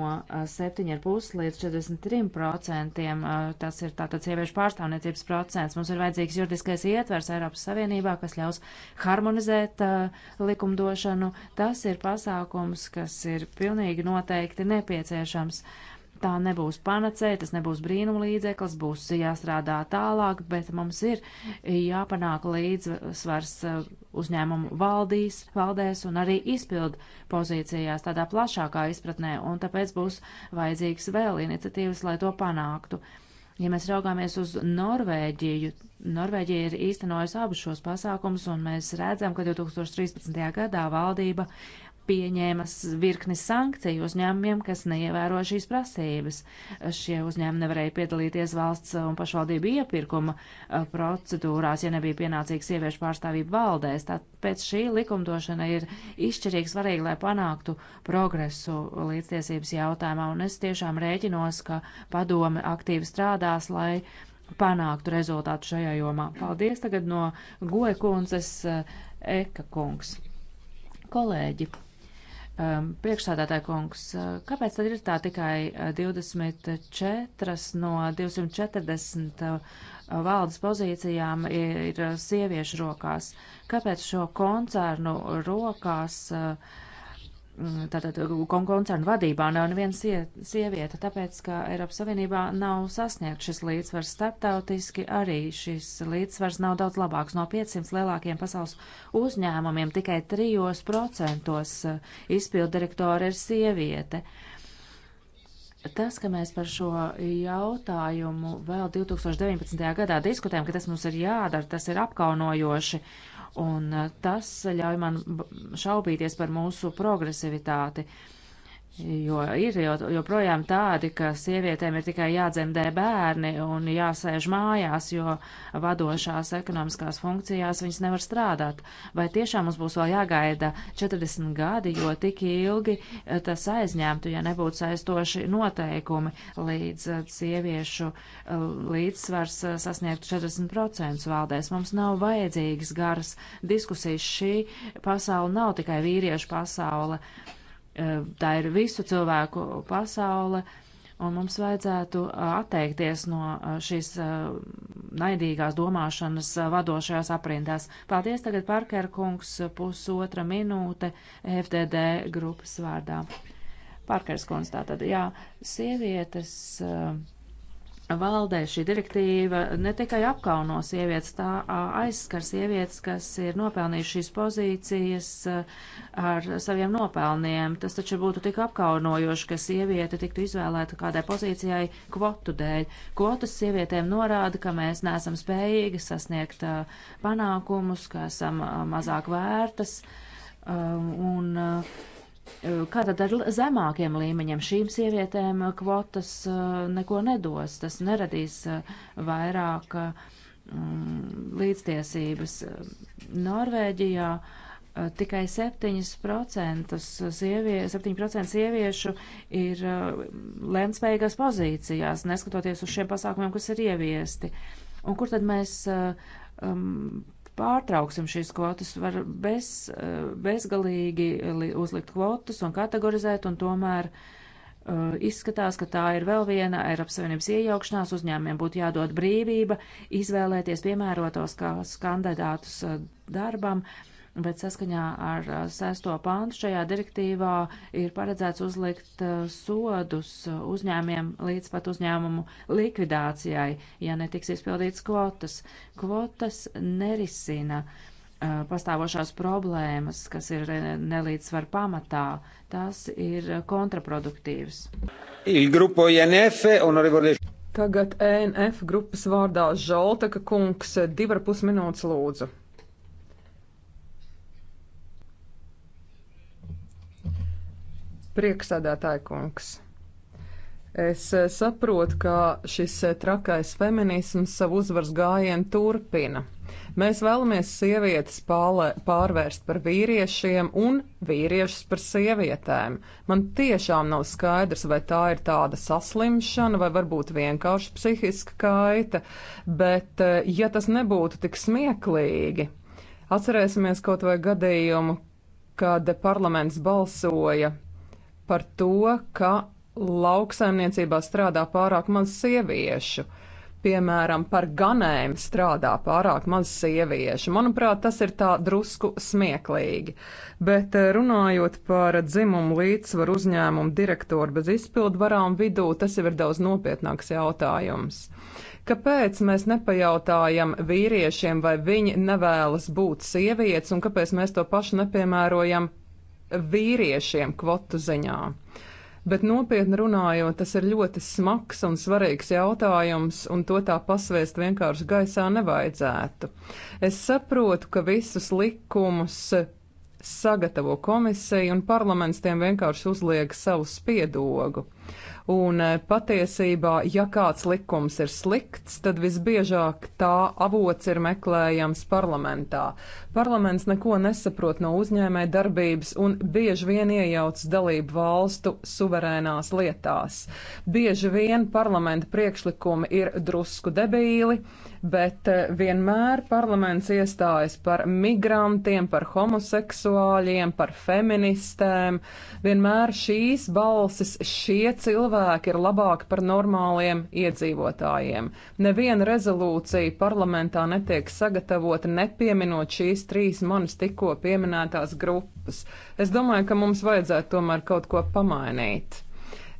7,5 līdz 43 procentiem. Tas ir tātad sieviešu pārstāvniecības procents. Mums ir vajadzīgs juridiskais ietvers Eiropas Savienībā, kas ļaus harmonizēt uh, likumdošanu. Tas ir pasākums, kas ir pilnīgi noteikti nepieciešams. Uh, Tā nebūs panacēja, tas nebūs brīnuma līdzeklis, būs jāstrādā tālāk, bet mums ir jāpanāk līdzsvars uh, uzņēmumu valdīs, valdēs un arī izpildu pozīcijās tādā plašākā izpratnē, un tāpēc būs vajadzīgs vēl iniciatīvas, lai to panāktu. Ja mēs raugāmies uz Norvēģiju, Norvēģija ir īstenojusi abus šos pasākumus, un mēs redzam, ka 2013. gadā valdība pieņēmas virkni sankciju uzņēmumiem, kas neievēro šīs prasības. Šie uzņēmumi nevarēja piedalīties valsts un pašvaldību iepirkuma procedūrās, ja nebija pienācīgs sieviešu pārstāvību valdēs. Tāpēc šī likumdošana ir izšķirīgi svarīga, lai panāktu progresu līdztiesības jautājumā, un es tiešām rēķinos, ka padome aktīvi strādās, lai panāktu rezultātu šajā jomā. Paldies tagad no Goja kundzes Eka kungs. Kolēģi! um, priekšsādātāja kungs, uh, kāpēc tad ir tā tikai 24 uh, no 240 uh, valdes pozīcijām ir sieviešu rokās? Kāpēc šo koncernu rokās uh, Mm, tātad uh, koncernu vadībā nav neviena sieviete, tāpēc, ka Eiropas Savienībā nav sasniegt šis līdzsvars starptautiski, arī šis līdzsvars nav daudz labāks. No 500 lielākiem pasaules uzņēmumiem tikai 3% uh, izpildirektora ir sieviete. Tas, ka mēs par šo jautājumu vēl 2019. gadā diskutējam, ka tas mums ir jādara, tas ir apkaunojoši. Uh, un eh, tas ļauj man šaubīties par mūsu progresivitāti. Uh, Jo ir joprojām tādi, ka sievietēm ir tikai jādzemdē bērni un jāsēž mājās, jo vadošās ekonomiskās funkcijās viņas nevar strādāt. Vai tiešām mums būs vēl jāgaida 40 gadi, jo tik ilgi eh, tas aizņemtu, ja nebūtu saistoši noteikumi, līdz eh, sieviešu eh, līdzsvars sasniegtu 40% valdēs. Mums nav vajadzīgas garas diskusijas. Šī pasaule nav tikai vīriešu pasaule. Uh, Eh, tā ir visu cilvēku pasaule, un mums vajadzētu eh, atteikties no eh, šīs naidīgās domāšanas vadošajās aprindās. Paldies tagad Parker kungs pusotra minūte FDD grupas vārdā. Parkers kungs tātad, jā, sievietes. Uh, valdē šī direktīva ne tikai apkauno sievietes, tā aizskar sievietes, kas ir nopelnījušas šīs pozīcijas ar saviem nopelniem. Tas taču būtu tik apkaunojoši, ka sieviete tiktu izvēlēta kādai pozīcijai kvotu dēļ. Kvotas sievietēm norāda, ka mēs neesam spējīgi sasniegt panākumus, ka esam mazāk vērtas. Un, uh, Eh, kā tad ar zemākiem līmeņiem šīm sievietēm eh, kvotas eh, neko nedos, tas neradīs vairāk mm, līdztiesības. Norvēģijā tikai 7%, sievie, 7 sieviešu ir lēmspējīgās pozīcijās, neskatoties uz šiem pasākumiem, kas ir ieviesti. Un kur tad mēs um, pārtrauksim šīs kvotas, var bez, eh, bezgalīgi eh, uzlikt kvotas un kategorizēt, un tomēr uh, izskatās, ka tā ir vēl viena Eiropas Savienības iejaukšanās. Uzņēmumiem būtu jādod brīvība izvēlēties piemērotos kandidātus darbam, bet saskaņā ar sesto pāntu šajā direktīvā ir paredzēts uzlikt sodus uzņēmiem līdz pat uzņēmumu likvidācijai, ja netiks izpildīts kvotas. Kvotas nerisina pastāvošās problēmas, kas ir nelīdzsvar pamatā, tās ir kontraproduktīvas. INF, honorevole... Tagad ENF grupas vārdā Žoltaka kungs, divar pus minūtes lūdzu. Prieksēdētāja kungs. Es eh, saprotu, ka šis eh, trakais feminisms savu uzvaras gājienu turpina. Mēs vēlamies sievietes pārvērst par vīriešiem un vīriešus par sievietēm. Man tiešām nav skaidrs, vai tā ir tāda saslimšana vai varbūt vienkārši psihiska kaita, bet eh, ja tas nebūtu tik smieklīgi, atcerēsimies kaut vai gadījumu, kad parlaments balsoja par to, ka lauksaimniecībā strādā pārāk maz sieviešu. Piemēram, par ganēm strādā pārāk maz sieviešu. Manuprāt, tas ir tā drusku smieklīgi. Bet eh, runājot par dzimumu līdzsvaru uzņēmumu direktoru bez izpildvarām vidū, tas jau ir daudz nopietnāks jautājums. Kāpēc mēs nepajautājam vīriešiem, vai viņi nevēlas būt sievietes, un kāpēc mēs to pašu nepiemērojam vīriešiem kvotu ziņā. Bet nopietni runājot, tas ir ļoti smags un svarīgs jautājums, un to tā pasvēst vienkārši gaisā nevajadzētu. Es saprotu, ka visus likumus sagatavo komisija un parlaments tiem vienkārši uzliek savu spiedogu. Un e, patiesībā, ja kāds likums ir slikts, tad visbiežāk tā avots ir meklējams parlamentā. Parlaments neko nesaprot no uzņēmē darbības un bieži vien iejauc dalību valstu suverēnās lietās. Bieži vien parlamenta priekšlikumi ir drusku debīli, bet eh, vienmēr parlaments iestājas par migrantiem, par homoseksuāļiem, par feministēm. Vienmēr šīs balsis, šie cilvēki ir labāki par normāliem iedzīvotājiem. Neviena rezolūcija parlamentā netiek sagatavota nepieminot šīs trīs manas tikko pieminētās grupas. Es domāju, ka mums vajadzētu tomēr kaut ko pamainīt.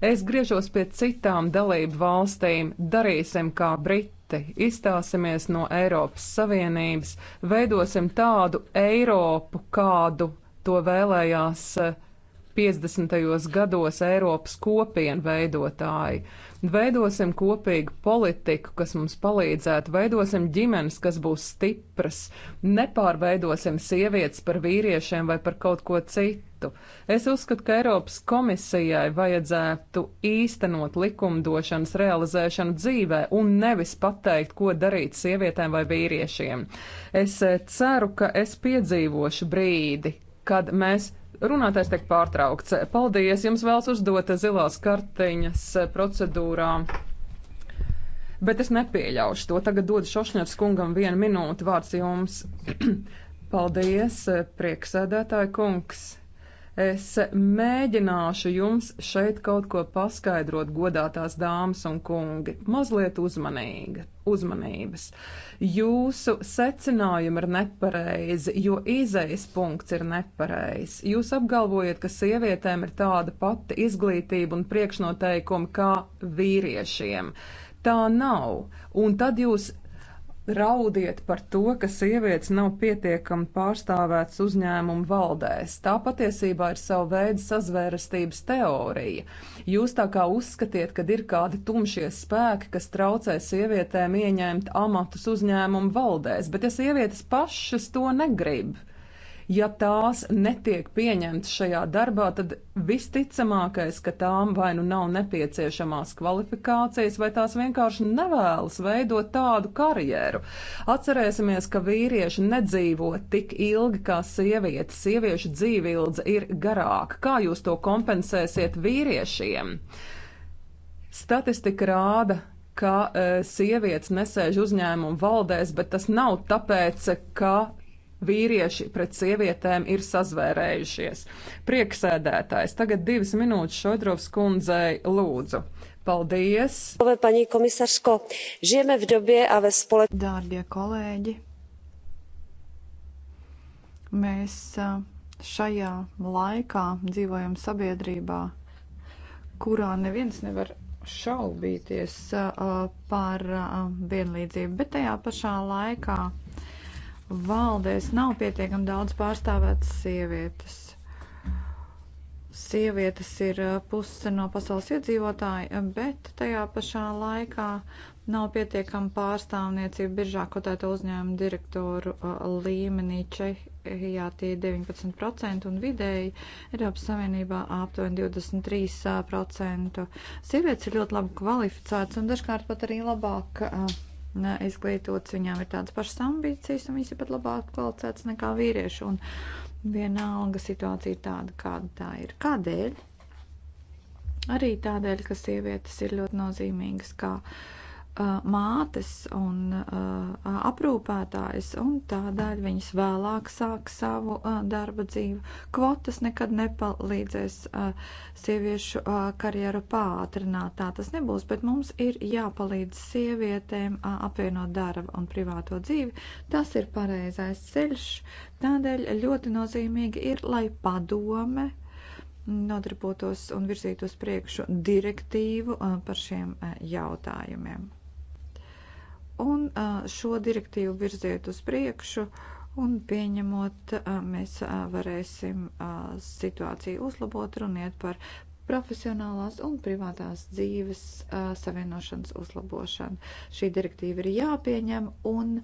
Es griežos pie citām dalību valstīm, darīsim kā Briti pati. Izstāsimies no Eiropas Savienības, veidosim tādu Eiropu, kādu to vēlējās 50. Eh, gados Eiropas kopienu veidotāji. Veidosim kopīgu politiku, kas mums palīdzētu, veidosim ģimenes, kas būs stipras, nepārveidosim sievietes par vīriešiem vai par kaut ko citu. Es uzskatu, ka Eiropas komisijai vajadzētu īstenot likumdošanas realizēšanu dzīvē un nevis pateikt, ko darīt sievietēm vai vīriešiem. Es eh, ceru, ka es piedzīvošu brīdi, kad mēs Runātais tiek pārtraukts. Paldies, jums vēlas uzdot zilās kartiņas procedūrā. Bet es nepieļaušu to. Tagad dodu Šošņevs kungam vienu minūti vārds jums. Paldies, prieksēdētāji kungs. Es mēģināšu jums šeit kaut ko paskaidrot, godātās dāmas un kungi. Mazliet uzmanīga, uzmanības. Jūsu secinājumi ir nepareizi, jo izejas punkts ir nepareizs. Jūs apgalvojat, ka sievietēm ir tāda pati izglītība un priekšnoteikumi kā vīriešiem. Tā nav. Un tad jūs raudiet par to, ka sievietes nav pietiekami pārstāvētas uzņēmumu valdēs. Tā patiesībā ir sava veida sazvērestības teorija. Jūs tā kā uzskatiet, ka ir kādi tumšie spēki, kas traucē sievietēm ieņemt amatus uzņēmumu valdēs, bet ja sievietes pašas to negrib, Ja tās netiek pieņemtas šajā darbā, tad visticamākais, ka tām vai nu nav nepieciešamās kvalifikācijas, vai tās vienkārši nevēlas veidot tādu karjeru. Atcerēsimies, ka vīrieši nedzīvo tik ilgi kā sievietes. Sieviešu dzīvildze ir garāka. Kā jūs to kompensēsiet vīriešiem? Statistika rāda, ka e, sievietes nesēž uzņēmumu valdēs, bet tas nav tāpēc, ka vīrieši pret sievietēm ir sazvērējušies. Prieksēdētājs, tagad divas minūtes Šodrovs kundzei lūdzu. Paldies! Paņi komisārsko, žieme v dobie a ve spole... Dārgie kolēģi, mēs šajā laikā dzīvojam sabiedrībā, kurā neviens nevar šaubīties par vienlīdzību, bet tajā pašā laikā uh, valdēs nav pietiekami daudz pārstāvētas sievietes. Sievietes ir puse no pasaules iedzīvotāji, bet tajā pašā laikā nav pietiekama pārstāvniecība biržā kotēto uzņēmumu direktoru līmenī. Čehijā tie 19% un vidēji Eiropas Savienībā aptuveni 23%. Sievietes ir ļoti labi kvalificētas un dažkārt pat arī labāk. Uh, izglītots, viņām ir tādas pašas ambīcijas, un viņas ir pat labāk kvalificētas nekā vīrieši. Un vienalga situācija ir tāda, kāda tā ir. Kādēļ? Arī tādēļ, ka sievietes ir ļoti nozīmīgas kā uh, mātes un aprūpētājas, un tādēļ viņas vēlāk sāk savu darba dzīvi. Kvotas nekad nepalīdzēs sieviešu karjeru pātrināt, tā tas nebūs, bet mums ir jāpalīdz sievietēm apvienot darba un privāto dzīvi. Tas ir pareizais ceļš, tādēļ ļoti nozīmīgi ir, lai padome nodarbotos un virzītos priekšu direktīvu par šiem jautājumiem un šo direktīvu virziet uz priekšu, un pieņemot, mēs varēsim situāciju uzlabot, runiet par profesionālās un privātās dzīves savienošanas uzlabošanu. Šī direktīva ir jāpieņem un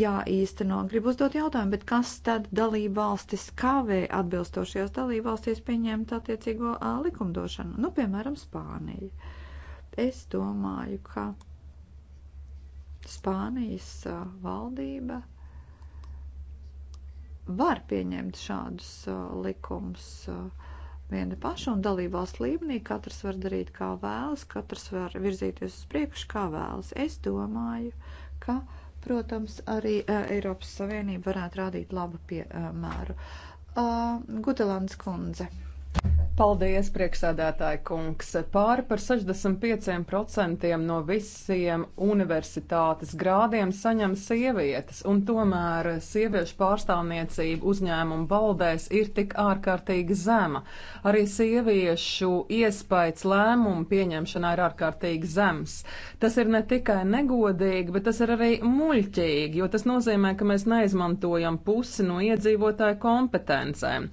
jāīsteno. Gribu uzdot jautājumu, bet kas tad dalība valstis kavē atbilstošajās dalība valstīs pieņemt attiecīgo likumdošanu? Nu, piemēram, Spānija. Es domāju, ka Spānijas valdība var pieņemt šādus likumus viena paša un dalībvalsts līmenī. Katrs var darīt, kā vēlas, katrs var virzīties uz priekšu, kā vēlas. Es domāju, ka, protams, arī Eiropas Savienība varētu rādīt labu piemēru. Gutelands kundze. Paldies, priekšsēdētāji kungs. Pāri par 65% no visiem universitātes grādiem saņem sievietes, un tomēr sieviešu pārstāvniecība uzņēmumu valdēs ir tik ārkārtīgi zema. Arī sieviešu iespējas lēmumu pieņemšanā ir ārkārtīgi zems. Tas ir ne tikai negodīgi, bet tas ir arī muļķīgi, jo tas nozīmē, ka mēs neizmantojam pusi no iedzīvotāju kompetencēm.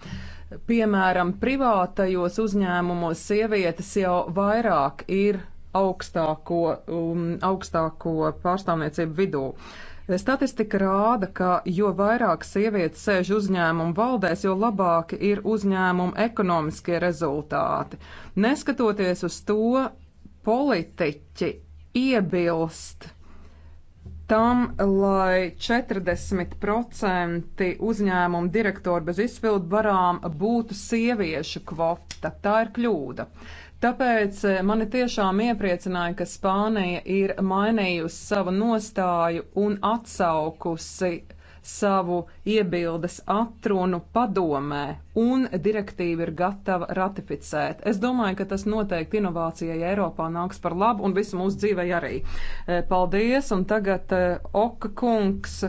Piemēram, privātajos uzņēmumos sievietes jau vairāk ir augstāko, um, augstāko pārstāvniecību vidū. Statistika rāda, ka jo vairāk sievietes sēž uzņēmumu valdēs, jo labāki ir uzņēmumu ekonomiskie rezultāti. Neskatoties uz to, politiķi iebilst tam, lai 40% uzņēmumu direktoru bez izpildu varām būtu sieviešu kvota. Tā ir kļūda. Tāpēc eh, mani tiešām iepriecināja, ka Spānija ir mainījusi savu nostāju un atsaukusi savu iebildes atrunu padomē, un direktīva ir gatava ratificēt. Es domāju, ka tas noteikti inovācijai Eiropā nāks par labu un visu mūsu dzīvei arī. E, paldies, un tagad e, Oka kungs.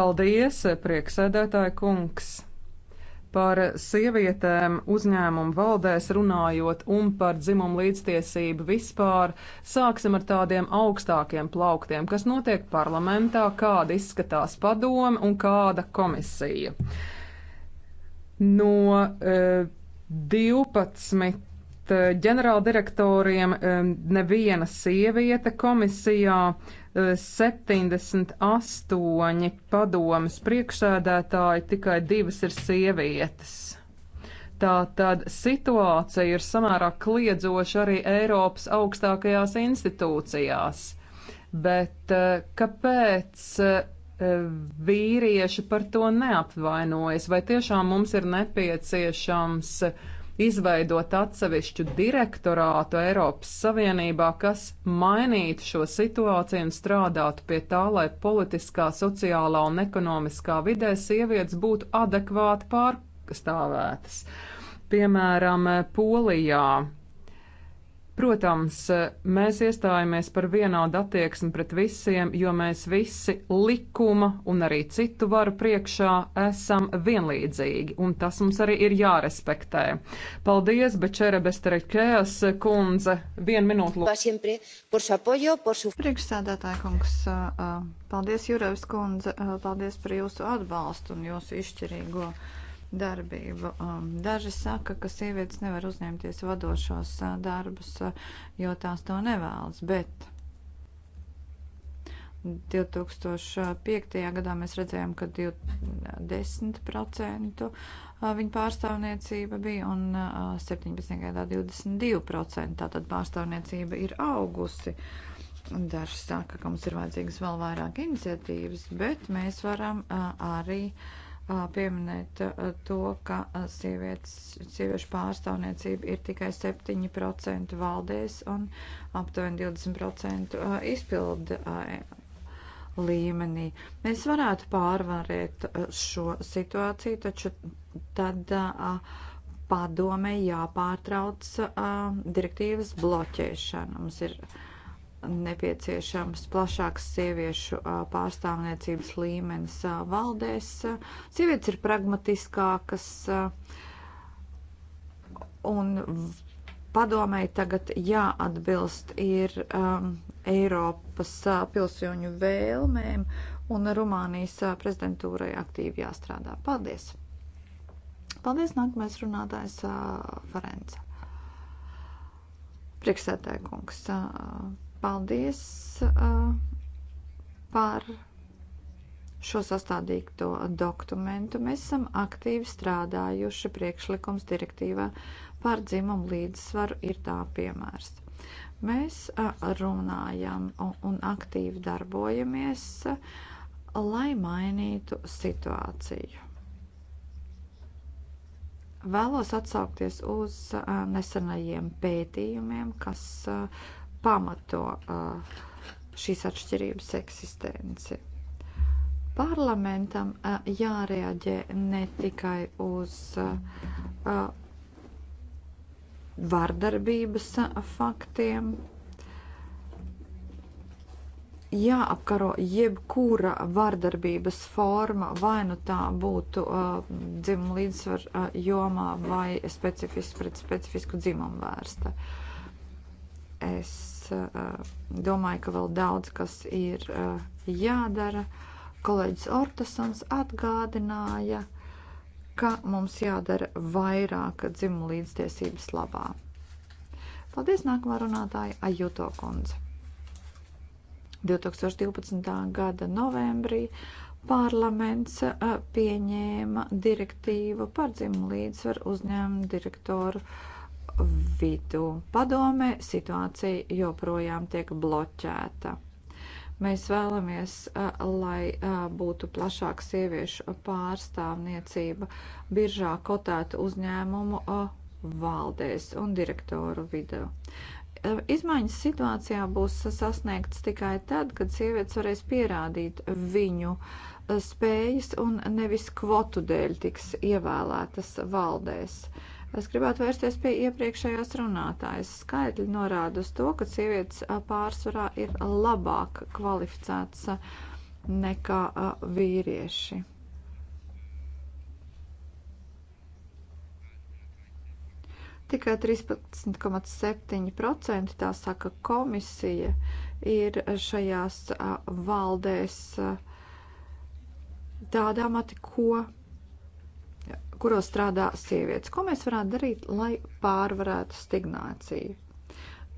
Paldies, e, prieksēdētāja kungs par sievietēm uzņēmumu valdēs runājot un par dzimumu līdztiesību vispār. Sāksim ar tādiem augstākiem plauktiem, kas notiek parlamentā, kāda izskatās padome un kāda komisija. No e, 12 e, ģenerāldirektoriem e, neviena sieviete komisijā. 78 padomas priekšsēdētāji, tikai divas ir sievietes. Tā tad situācija ir samērā kliedzoša arī Eiropas augstākajās institūcijās. Bet eh, kāpēc eh, vīrieši par to neapvainojas? Vai tiešām mums ir nepieciešams uh, izveidot atsevišķu direktorātu Eiropas Savienībā, kas mainītu šo situāciju un strādātu pie tā, lai politiskā, sociālā un ekonomiskā vidē sievietes būtu adekvāti pārstāvētas. Piemēram, Polijā Protams, mēs iestājāmies par vienādu attieksmi pret visiem, jo mēs visi likuma un arī citu varu priekšā esam vienlīdzīgi, un tas mums arī ir jārespektē. Paldies, Bečere Besterekējas kundze, vienu minūtu lūdzu. Priekšsēdētāja kungs, paldies Jurevs kundze, paldies par jūsu atbalstu un jūsu izšķirīgo darbību. Um, daži saka, ka sievietes nevar uzņemties vadošos uh, darbus, uh, jo tās to nevēlas, bet 2005. gadā mēs redzējām, ka 10% uh, viņa pārstāvniecība bija un 17. gadā 22%. Tātad pārstāvniecība ir augusi. Daži saka, ka mums ir vajadzīgas vēl vairāk iniciatīvas, bet mēs varam arī uh, pieminēt to, ka sievietes, sieviešu pārstāvniecība ir tikai 7% valdēs un aptuveni 20% izpildu līmenī. Mēs varētu pārvarēt šo situāciju, taču tad padomē jāpārtrauc direktīvas bloķēšana. Mums ir nepieciešams plašāks sieviešu pārstāvniecības līmenis valdēs. Sievietes ir pragmatiskākas un padomēji tagad jāatbilst ir um, Eiropas uh, pilsoņu vēlmēm un Rumānijas uh, prezidentūrai aktīvi jāstrādā. Paldies! Paldies, nākamais runātājs uh, Farenca. Priekšsētāja kungs. Uh, Paldies uh, par šo sastādīto dokumentu. Mēs esam aktīvi strādājuši priekšlikums direktīvā par dzimumu līdzsvaru ir tā piemērs. Mēs uh, runājam un aktīvi darbojamies, lai mainītu situāciju. Vēlos atsaukties uz uh, nesenajiem pētījumiem, kas uh, pamato uh, šīs atšķirības eksistenci. Parlamentam uh, jārēģē ne tikai uz uh, vardarbības faktiem, jāapkaro jebkura vardarbības forma, vai nu tā būtu uh, dzimuma līdzsvar uh, jomā vai specifiski pret specifisku dzimumu vērsta. Uh, Es eh, domāju, ka vēl daudz kas ir eh, jādara. Kolēģis Ortasons atgādināja, ka mums jādara vairāk dzimumu līdztiesības labā. Paldies nākamā runātāja Ajuto Kundze. 2012. gada novembrī parlaments eh, pieņēma direktīvu par dzimumu līdzsvaru uzņēmumu direktoru uh, vidū. Padomē situācija joprojām tiek bloķēta. Mēs vēlamies, lai būtu plašāka sieviešu pārstāvniecība biržā kotētu uzņēmumu valdēs un direktoru vidū. Izmaiņas situācijā būs sasniegts tikai tad, kad sievietes varēs pierādīt viņu spējas un nevis kvotu dēļ tiks ievēlētas valdēs. Uh, Es gribētu vērsties pie iepriekšējās runātājas. Skaitļi norāda uz to, ka sievietes pārsvarā ir labāk kvalificēts nekā vīrieši. Tikai 13,7% tā saka komisija ir šajās valdēs tādā mati, ko kuros strādā sievietes. Ko mēs varētu darīt, lai pārvarētu stagnāciju?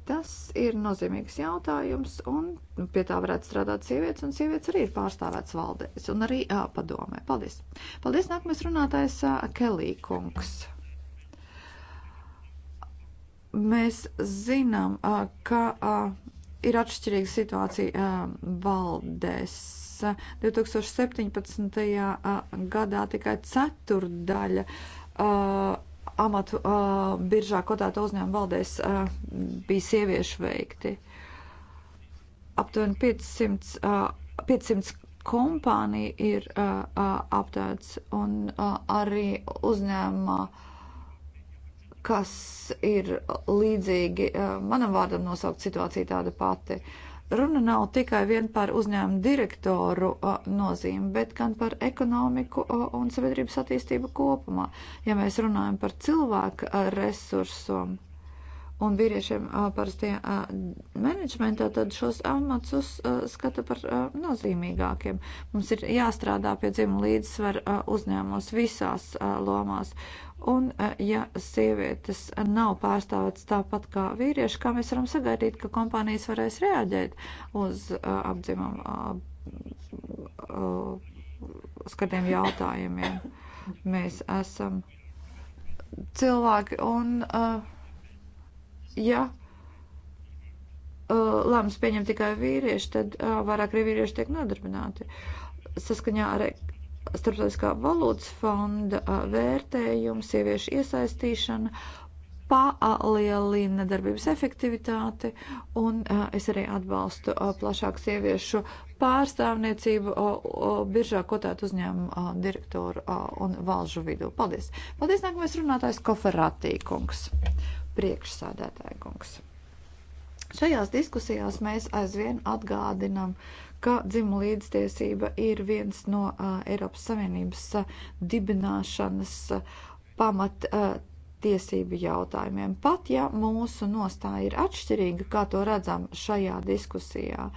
Tas ir nozīmīgs jautājums, un pie tā varētu strādāt sievietes, un sievietes arī ir pārstāvētas valdēs un arī uh, padomē. Paldies! Paldies! Nākamais runātājs uh, Kelī kungs. Mēs zinām, uh, ka uh, ir atšķirīga situācija uh, valdēs 2017. gadā tikai ceturdaļa amatu biržā kotēta uzņēmuma valdēs bija sieviešu veikti. Aptuveni 500, 500 kompānija ir aptēts un arī uzņēmumā kas ir līdzīgi manam vārdam nosaukt situāciju tāda pati. Uh, Runa nav tikai vien par uzņēmumu direktoru nozīmi, bet gan par ekonomiku un sabiedrības attīstību kopumā. Ja mēs runājam par cilvēku resursu un vīriešiem parasti menedžmentā, tad šos amats uzskata par nozīmīgākiem. Mums ir jāstrādā pie dzimuma līdzsvara uzņēmumos visās lomās. Un, ja sievietes nav pārstāvētas tāpat kā vīrieši, kā mēs varam sagaidīt, ka kompānijas varēs reaģēt uz apdzimumu skatiem jautājumiem? Mēs esam cilvēki un uh, ja uh, lēmums pieņem tikai vīrieši, tad uh, vairāk arī vīrieši tiek nodarbināti. Saskaņā ar Starptautiskā valūtas fonda uh, vērtējumu sieviešu iesaistīšana palielina darbības efektivitāti, un es arī atbalstu plašāku sieviešu pārstāvniecību biržā kotēt uzņēmumu direktoru un valžu vidū. Paldies! Paldies, nākamais runātājs Koferātīkungs! kungs! priekšsādētāja kungs. Šajās diskusijās mēs aizvien atgādinam, ka dzimuma līdztiesība ir viens no uh, Eiropas Savienības uh, dibināšanas uh, pamat uh, tiesību jautājumiem. Pat ja mūsu nostāja ir atšķirīga, kā to redzam šajā diskusijā,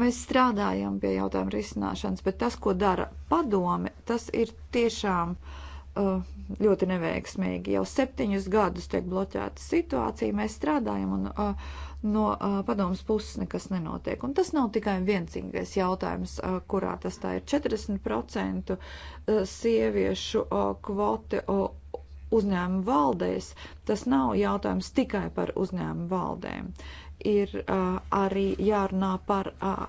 mēs strādājam pie jautājuma risināšanas, bet tas, ko dara padome, tas ir tiešām uh, ļoti neveiksmīgi. Jau septiņus gadus tiek bloķēta situācija, mēs strādājam un uh, no uh, padomas puses nekas nenotiek. Un tas nav tikai vienīgais jautājums, uh, kurā tas tā ir. 40% sieviešu kvote uzņēmumu valdēs, tas nav jautājums tikai par uzņēmumu valdēm. Ir uh, arī jārunā par uh,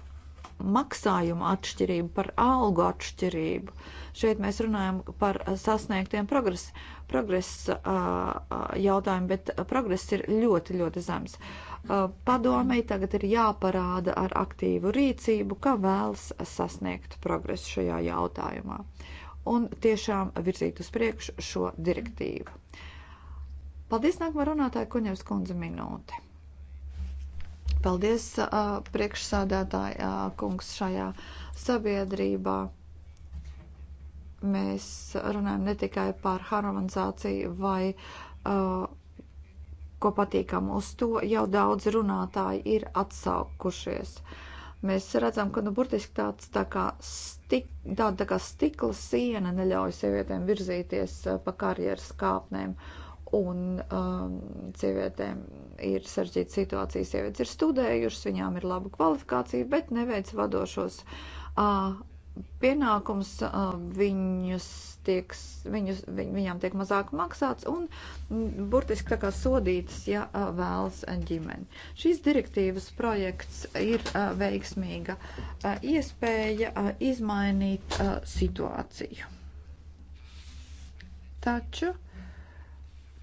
maksājumu atšķirību, par algu atšķirību. Šeit mēs runājam par sasniegtiem progresu progress, jautājumu, bet progress ir ļoti, ļoti zems. Padomei tagad ir jāparāda ar aktīvu rīcību, ka vēlas sasniegt progresu šajā jautājumā un tiešām virzīt uz priekšu šo direktīvu. Paldies, nākamā runātāja Kuņevs kundze minūte. Paldies, priekšsādātāja kungs, šajā sabiedrībā. Mēs runājam ne tikai par harmonizāciju vai uh, ko patīkam, uz to jau daudzi runātāji ir atsaukušies. Mēs redzam, ka nu, burtiski tāds tā kā, stik, tā, tā kā stikla siena neļauj sievietēm virzīties pa karjeras kāpnēm. Uh, un um, sievietēm ir sarežģīta situācija. Sievietes ir studējušas, viņām ir laba kvalifikācija, bet neveic vadošos uh, pienākums, uh, viņus tiek, viņus, viņ, viņām tiek mazāk maksāts un m, burtiski tā kā sodītas, ja uh, vēlas ģimeni. Šīs direktīvas projekts ir uh, veiksmīga uh, iespēja uh, izmainīt uh, situāciju. Taču uh,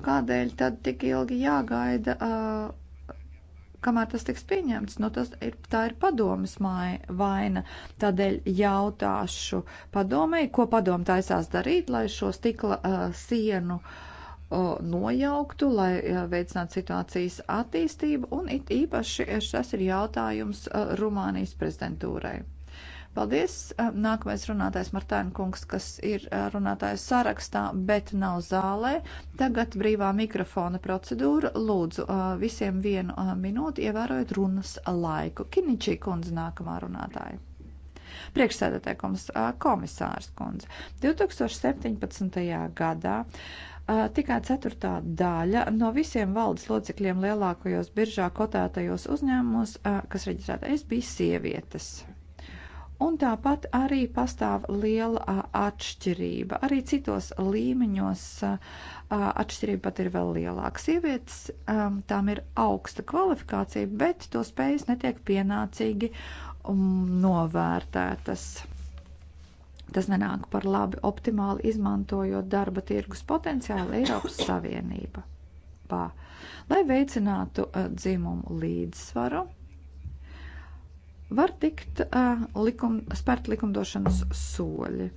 Kādēļ tad tik ilgi jāgaida, uh, kamēr tas tiks pieņemts? Nu, tas ir, tā ir padomas māja, vaina. Tādēļ jautāšu padomei, ko padoma taisās darīt, lai šo stikla uh, sienu uh, nojauktu, lai uh, veicinātu situācijas attīstību, un it īpaši šis ir jautājums uh, Rumānijas prezidentūrai. Paldies! Nākamais runātājs Martēna Kungs, kas ir runātājs sarakstā, bet nav zālē. Tagad brīvā mikrofona procedūra. Lūdzu, visiem vienu minūti ievērojot runas laiku. Kiničī Kundze nākamā runātāja priekšsēdētājs komisārs kundze. 2017. gadā tikai ceturtā daļa no visiem valdes locekļiem lielākajos biržā kotētajos uzņēmumos, kas reģistrēta, es biju sievietes. Un tāpat arī pastāv liela atšķirība. Arī citos līmeņos atšķirība pat ir vēl lielāka. Sievietes tām ir augsta kvalifikācija, bet to spējas netiek pienācīgi um, novērtētas. Tas nenāk par labi optimāli izmantojot darba tirgus potenciālu Eiropas Savienībā. Lai veicinātu dzimumu līdzsvaru, var tikt uh, likum, spērt likumdošanas soļi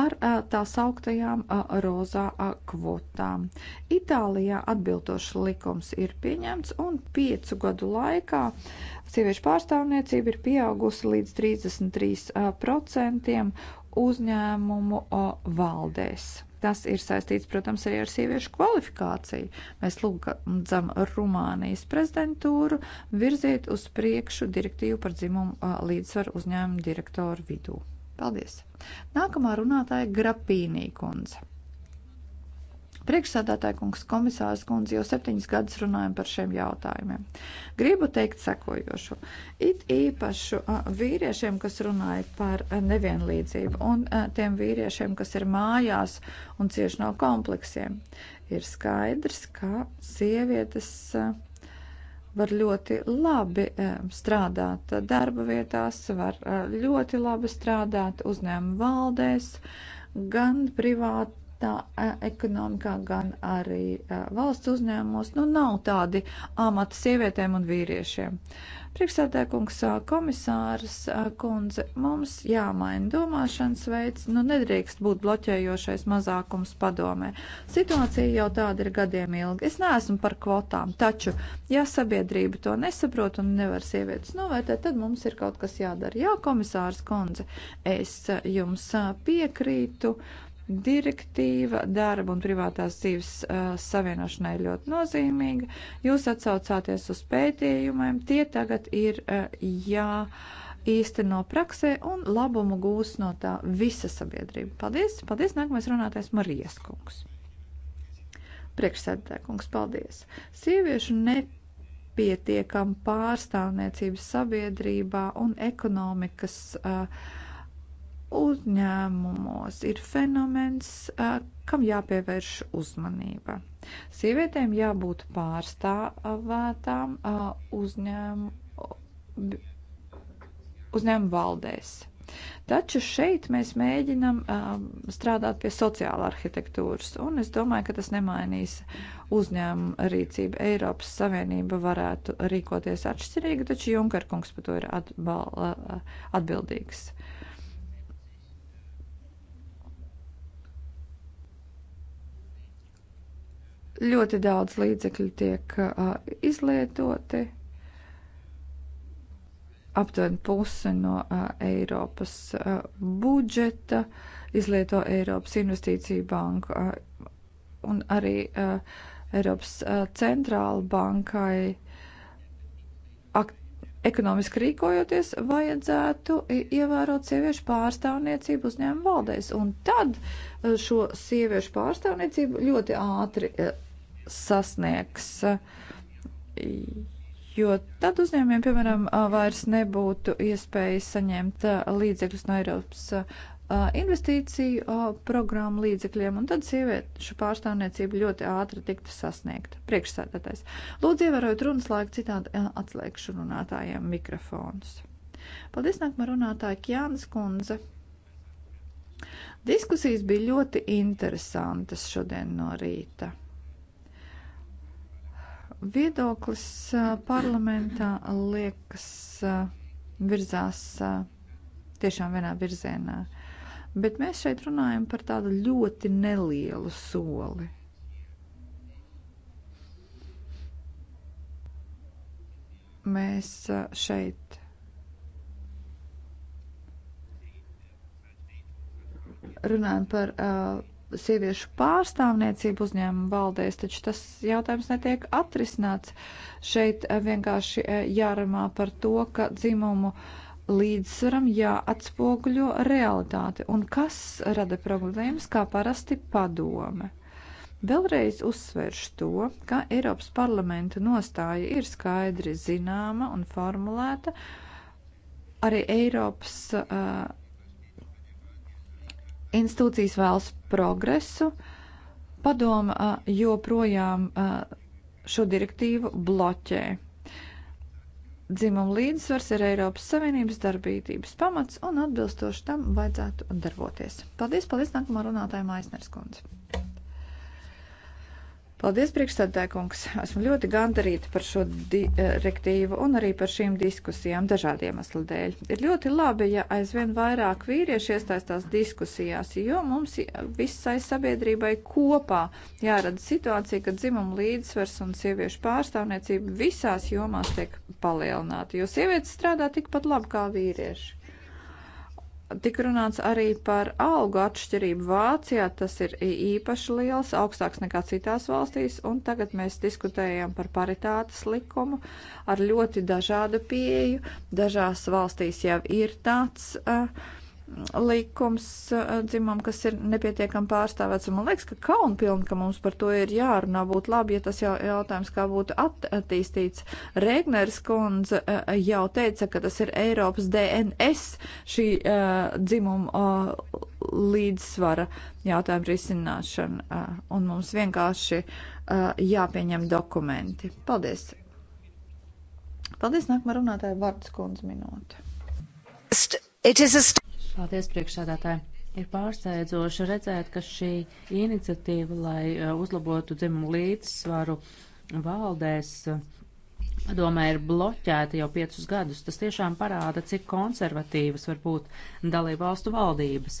ar uh, tā sauktajām uh, rozā uh, kvotām. Itālijā atbildošs likums ir pieņemts un piecu gadu laikā sieviešu pārstāvniecība ir pieaugusi līdz 33% uzņēmumu uh, valdēs. Tas ir saistīts, protams, arī ar sieviešu kvalifikāciju. Mēs lūdzam Rumānijas prezidentūru virziet uz priekšu direktīvu par dzimumu līdzsvaru uzņēmumu direktoru vidū. Paldies! Nākamā runātāja Grapīnī kundze. Priekšsādātāja kungs, komisārs kundze, jau septiņas gadus runājam par šiem jautājumiem. Gribu teikt sekojošo. It īpašu vīriešiem, kas runāja par nevienlīdzību, un tiem vīriešiem, kas ir mājās un cieši no kompleksiem, ir skaidrs, ka sievietes var ļoti labi strādāt darba vietās, var ļoti labi strādāt uzņēmuma valdēs, gan privāti tā e, ekonomikā, gan arī e, valsts uzņēmumos. Nu, nav tādi amati sievietēm un vīriešiem. Priekšsēdētājs, e, komisārs kundze, mums jāmaina domāšanas veids, nu nedrīkst būt bloķējošais mazākums padomē. Situācija jau tāda ir gadiem ilga. Es neesmu par kvotām, taču, ja sabiedrība to nesaprot un nevar sievietes novērtēt, tad mums ir kaut kas jādara. Jā, komisārs kundze, es jums piekrītu. Uh, Direktīva darba un privātās dzīves uh, savienošanai ļoti nozīmīga. Jūs atsaucāties uz pētījumiem, tie tagad ir uh, jā īsteno praksē un labumu gūs no tā visa sabiedrība. Paldies! Paldies! Nākamais runātais Marijas kungs. Priekšsēdētāj kungs, paldies! Sieviešu net nepietiekama pārstāvniecība sabiedrībā un ekonomikas uh, uzņēmumos ir fenomens, kam jāpievērš uzmanība. Sievietēm jābūt pārstāvētām uzņēmu, uzņēmu valdēs. Taču šeit mēs mēģinam strādāt pie sociāla arhitektūras, un es domāju, ka tas nemainīs uzņēmumu rīcību. Eiropas Savienība varētu rīkoties atšķirīgi, taču Junkerkungs par to ir atbal, atbildīgs. Uh, Ļoti daudz līdzekļu tiek uh, izlietoti. Aptuveni puse no uh, Eiropas uh, budžeta izlieto Eiropas investīciju banku uh, un arī uh, Eiropas uh, centrāla bankai ekonomiski rīkojoties, vajadzētu ievērot sieviešu pārstāvniecību uzņēmuma valdēs. Un tad uh, šo sieviešu pārstāvniecību ļoti ātri uh, sasniegs. Jo tad uzņēmumiem, piemēram, vairs nebūtu iespēja saņemt eh, līdzekļus no Eiropas eh, investīciju eh, programmu līdzekļiem, un tad sieviešu pārstāvniecība ļoti ātri tiktu sasniegta. Priekšsēdētājs. Lūdzu, ievērojot runas laiku, citādi atslēgšu runātājiem mikrofonus. Paldies, nākamā runātāja Kjānas Kunze. Diskusijas bija ļoti interesantas šodien no rīta. Viedoklis parlamentā liekas virzās tiešām vienā virzienā, bet mēs šeit runājam par tādu ļoti nelielu soli. Mēs šeit runājam par uh, sieviešu pārstāvniecību uzņēmumu valdēs, taču tas jautājums netiek atrisināts. Šeit eh, vienkārši eh, jārunā par to, ka dzimumu līdzsvaram jāatspoguļo realitāte. Un kas rada problēmas, kā parasti padome? Vēlreiz uzsveršu to, ka Eiropas parlamenta nostāja ir skaidri zināma un formulēta. Arī Eiropas uh, institūcijas vēlas progresu, padoma joprojām šo direktīvu bloķē. Dzimuma līdzsvars ir Eiropas Savienības darbības pamats un atbilstoši tam vajadzētu darboties. Paldies, paldies nākamā runātāja Maisners kundze. Paldies, priekšstādāja kungs. Esmu ļoti gandarīta par šo direktīvu un arī par šīm diskusijām dažādu iemeslu dēļ. Ir ļoti labi, ja aizvien vairāk vīrieši iesaistās diskusijās, jo mums visai sabiedrībai kopā jārada situācija, ka dzimuma līdzsvers un sieviešu pārstāvniecība visās jomās tiek palielināta, jo sievietes strādā tikpat labi kā vīrieši. Tik runāts arī par algu atšķirību Vācijā, tas ir īpaši liels, augstāks nekā citās valstīs, un tagad mēs diskutējam par paritātes likumu ar ļoti dažādu pieeju. Dažās valstīs jau ir tāds uh, likums uh, dzimumam, kas ir nepietiekami pārstāvēts. Man liekas, ka kaunpilni, ka mums par to ir jārunā, būtu labi, ja tas jau jautājums kā būtu attīstīts. Rēgners kundze uh, jau teica, ka tas ir Eiropas DNS šī uh, dzimuma uh, līdzsvara jautājuma risināšana, uh, un mums vienkārši uh, jāpieņem dokumenti. Paldies! Paldies, nākamā runātāja Vārds kundze minūte. It is a Paldies, priekšsādātāji! Ir pārsteidzoši redzēt, ka šī iniciatīva, lai eh, uzlabotu dzimumu līdzsvaru valdēs, padomē ir bloķēta jau piecus gadus. Tas tiešām parāda, cik konservatīvas var būt dalību valstu valdības.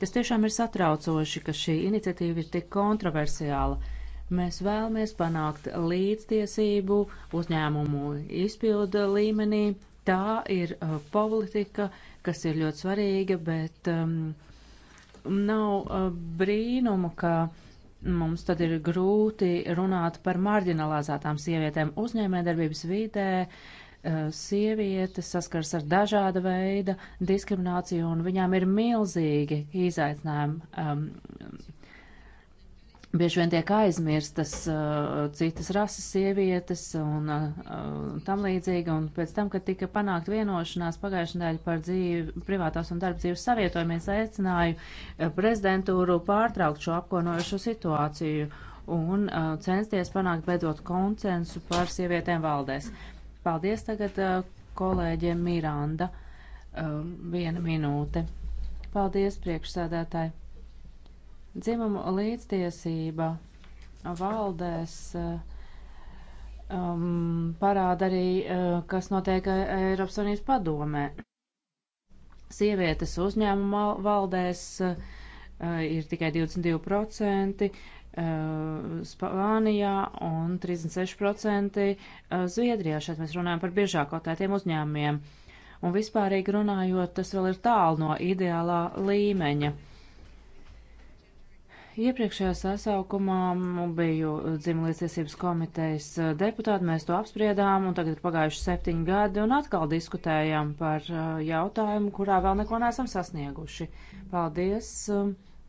Tas tiešām ir satraucoši, ka šī iniciatīva ir tik kontroversiāla. Mēs vēlamies panākt līdztiesību uzņēmumu izpildu līmenī, Tā ir uh, politika, kas ir ļoti svarīga, bet um, nav uh, brīnumu, ka mums tad ir grūti runāt par marginalizētām sievietēm uzņēmējdarbības vidē. Uh, sievietes saskars ar dažāda veida diskrimināciju, un viņām ir milzīgi izaicinājumi um, Bieži vien tiek aizmirstas uh, citas rases sievietes un uh, tam līdzīgi, un pēc tam, kad tika panākt vienošanās pagājušajā daļā par dzīvi, privātās un darba dzīves savietojumu, es aicināju uh, prezidentūru pārtraukt šo apkonojošo situāciju un uh, censties panākt beidzot konsensu par sievietēm valdēs. Paldies tagad uh, kolēģiem Miranda. Uh, viena minūte. Paldies, priekšsēdētāji. Dzimumu līdztiesība valdēs eh, um, parāda arī, eh, kas notiek eh, Eiropas Savienības padomē. Sievietes uzņēmuma valdēs uh, ir tikai 22%, Spānijā un 36% Zviedrijā. Šeit mēs runājam par biežāk kotētiem uzņēmumiem. Un vispārīgi runājot, tas vēl ir tālu no ideālā līmeņa. Iepriekšējā sasaukumā biju dzimumlīdztiesības komitejas eh, deputāti, mēs to apspriedām, un tagad ir pagājuši septiņi gadi, un atkal diskutējam par eh, jautājumu, kurā vēl neko neesam sasnieguši. Paldies!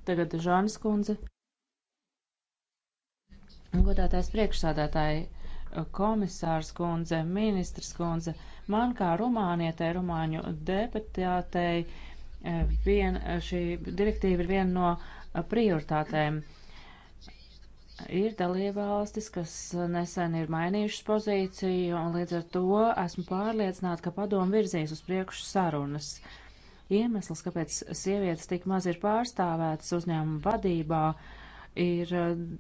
Tagad Žānis Kundze. Godātais priekšsādātāji, eh, komisārs Kundze, ministrs Kundze, man kā rumānietē, rumāņu deputātei, vien, šī direktīva ir viena no prioritātēm. Ir dalībvalstis, kas nesen ir mainījušas pozīciju, un līdz ar to esmu pārliecināta, ka padomu virzīs uz priekšu sarunas. Iemesls, kāpēc sievietes tik maz ir pārstāvētas uzņēmuma vadībā, ir,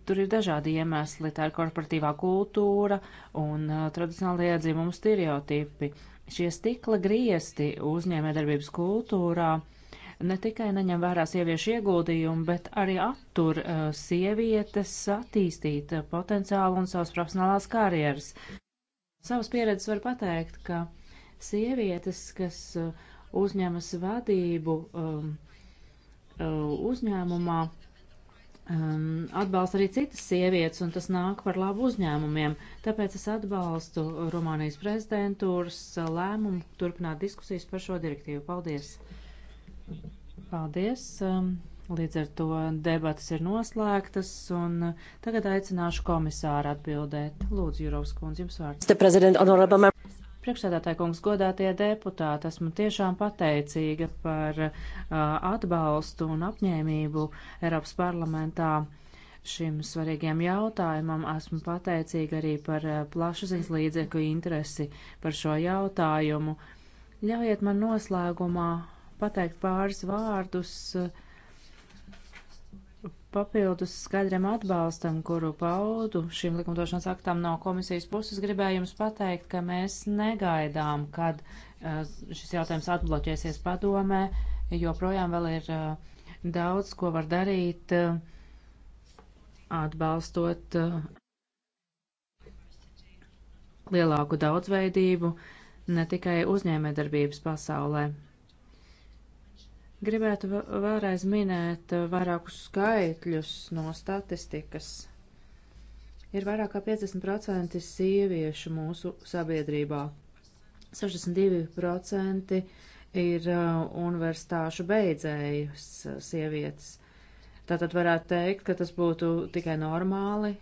tur ir dažādi iemesli. Tā ir korporatīvā kultūra un uh, tradicionālie dzimumu stereotipi. Šie stikla griesti uzņēmējdarbības kultūrā ne tikai neņem vērā sieviešu ieguldījumu, bet arī attur uh, sievietes attīstīt uh, potenciālu un savas profesionālās karjeras. Savas pieredzes var pateikt, ka sievietes, kas uh, uzņemas vadību um, uzņēmumā, um, atbalsta arī citas sievietes, un tas nāk par labu uzņēmumiem. Tāpēc es atbalstu Rumānijas prezidentūras lēmumu turpināt diskusijas par šo direktīvu. Paldies! Paldies! Um, līdz ar to debatas ir noslēgtas, un uh, tagad aicināšu komisāru atbildēt. Lūdzu, Jurovs kundze, jums vārds. Priekšsēdētāji kungs, godātie deputāti, esmu tiešām pateicīga par uh, atbalstu un apņēmību Eiropas parlamentā šim svarīgiem jautājumam. Esmu pateicīga arī par uh, plašsaziņas līdzekļu interesi par šo jautājumu. Ļaujiet man noslēgumā pateikt pāris vārdus eh, papildus skaidriem atbalstam, kuru paudu šīm likumdošanas aktām no komisijas puses, gribēju jums pateikt, ka mēs negaidām, kad eh, šis jautājums atbloķēsies padomē, jo projām vēl ir eh, daudz, ko var darīt atbalstot lielāku daudzveidību ne tikai uzņēmējdarbības pasaulē. Gribētu vēlreiz minēt uh, vairākus skaitļus no statistikas. Ir vairāk kā 50% sieviešu mūsu sabiedrībā. 62% ir uh, universitāšu beidzējas sievietes. Tātad varētu teikt, ka tas būtu tikai normāli,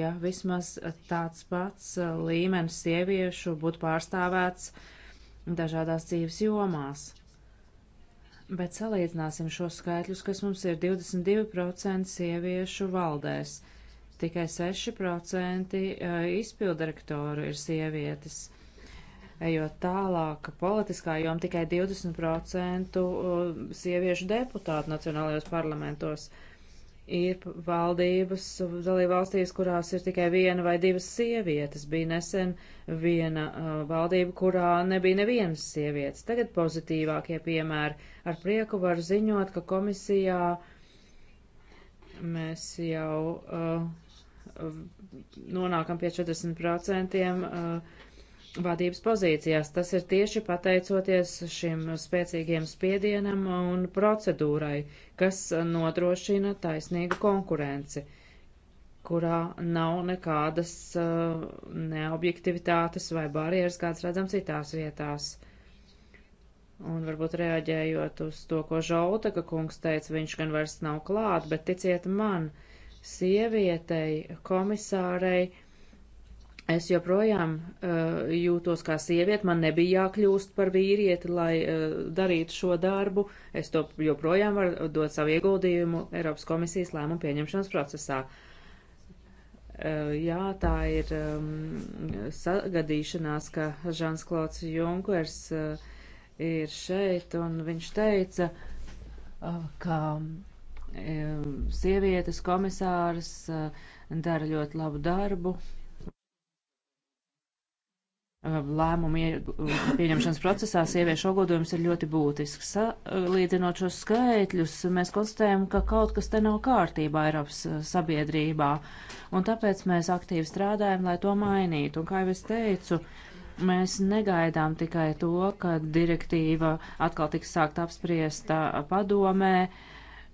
ja vismaz tāds pats uh, līmenis sieviešu būtu pārstāvēts dažādās dzīves jomās. Bet salīdzināsim šos skaitļus, kas mums ir 22% sieviešu valdēs. Tikai 6% izpildirektoru ir sievietes. Ejot tālāk, politiskā joma tikai 20% sieviešu deputātu nacionālajos parlamentos. Uh, ir valdības dalībvalstīs, kurās ir tikai viena vai divas sievietes. Bija nesen viena uh, valdība, kurā nebija nevienas sievietes. Tagad pozitīvākie piemēri. Ar prieku var ziņot, ka komisijā mēs jau uh, nonākam pie 40% uh, vadības pozīcijās. Tas ir tieši pateicoties šim spēcīgiem spiedienam un procedūrai, kas nodrošina taisnīgu konkurenci, kurā nav nekādas uh, neobjektivitātes vai barjeras, kādas redzam citās vietās. Un varbūt reaģējot uz to, ko Žautaka kungs teica, viņš gan vairs nav klāt, bet ticiet man, sievietei, komisārei, Es joprojām uh, jūtos kā sieviete, man nebija jākļūst par vīrieti, lai uh, darītu šo darbu. Es to joprojām varu dot savu ieguldījumu Eiropas komisijas lēmumu pieņemšanas procesā. Uh, jā, tā ir um, sagadīšanās, ka Žans Klauds Junkers uh, ir šeit, un viņš teica, uh, ka uh, sievietes komisārs uh, dara ļoti labu darbu. Uh, Eh, lēmumu pieņemšanas procesā sieviešu ogodojums ir ļoti būtisks. Salīdzinot šos skaitļus, mēs konstatējam, ka kaut kas te nav kārtībā Eiropas eh, sabiedrībā, un tāpēc mēs aktīvi strādājam, lai to mainītu. Un kā jau es teicu, mēs negaidām tikai to, ka direktīva atkal tiks sākt apspriesta eh, padomē, uh,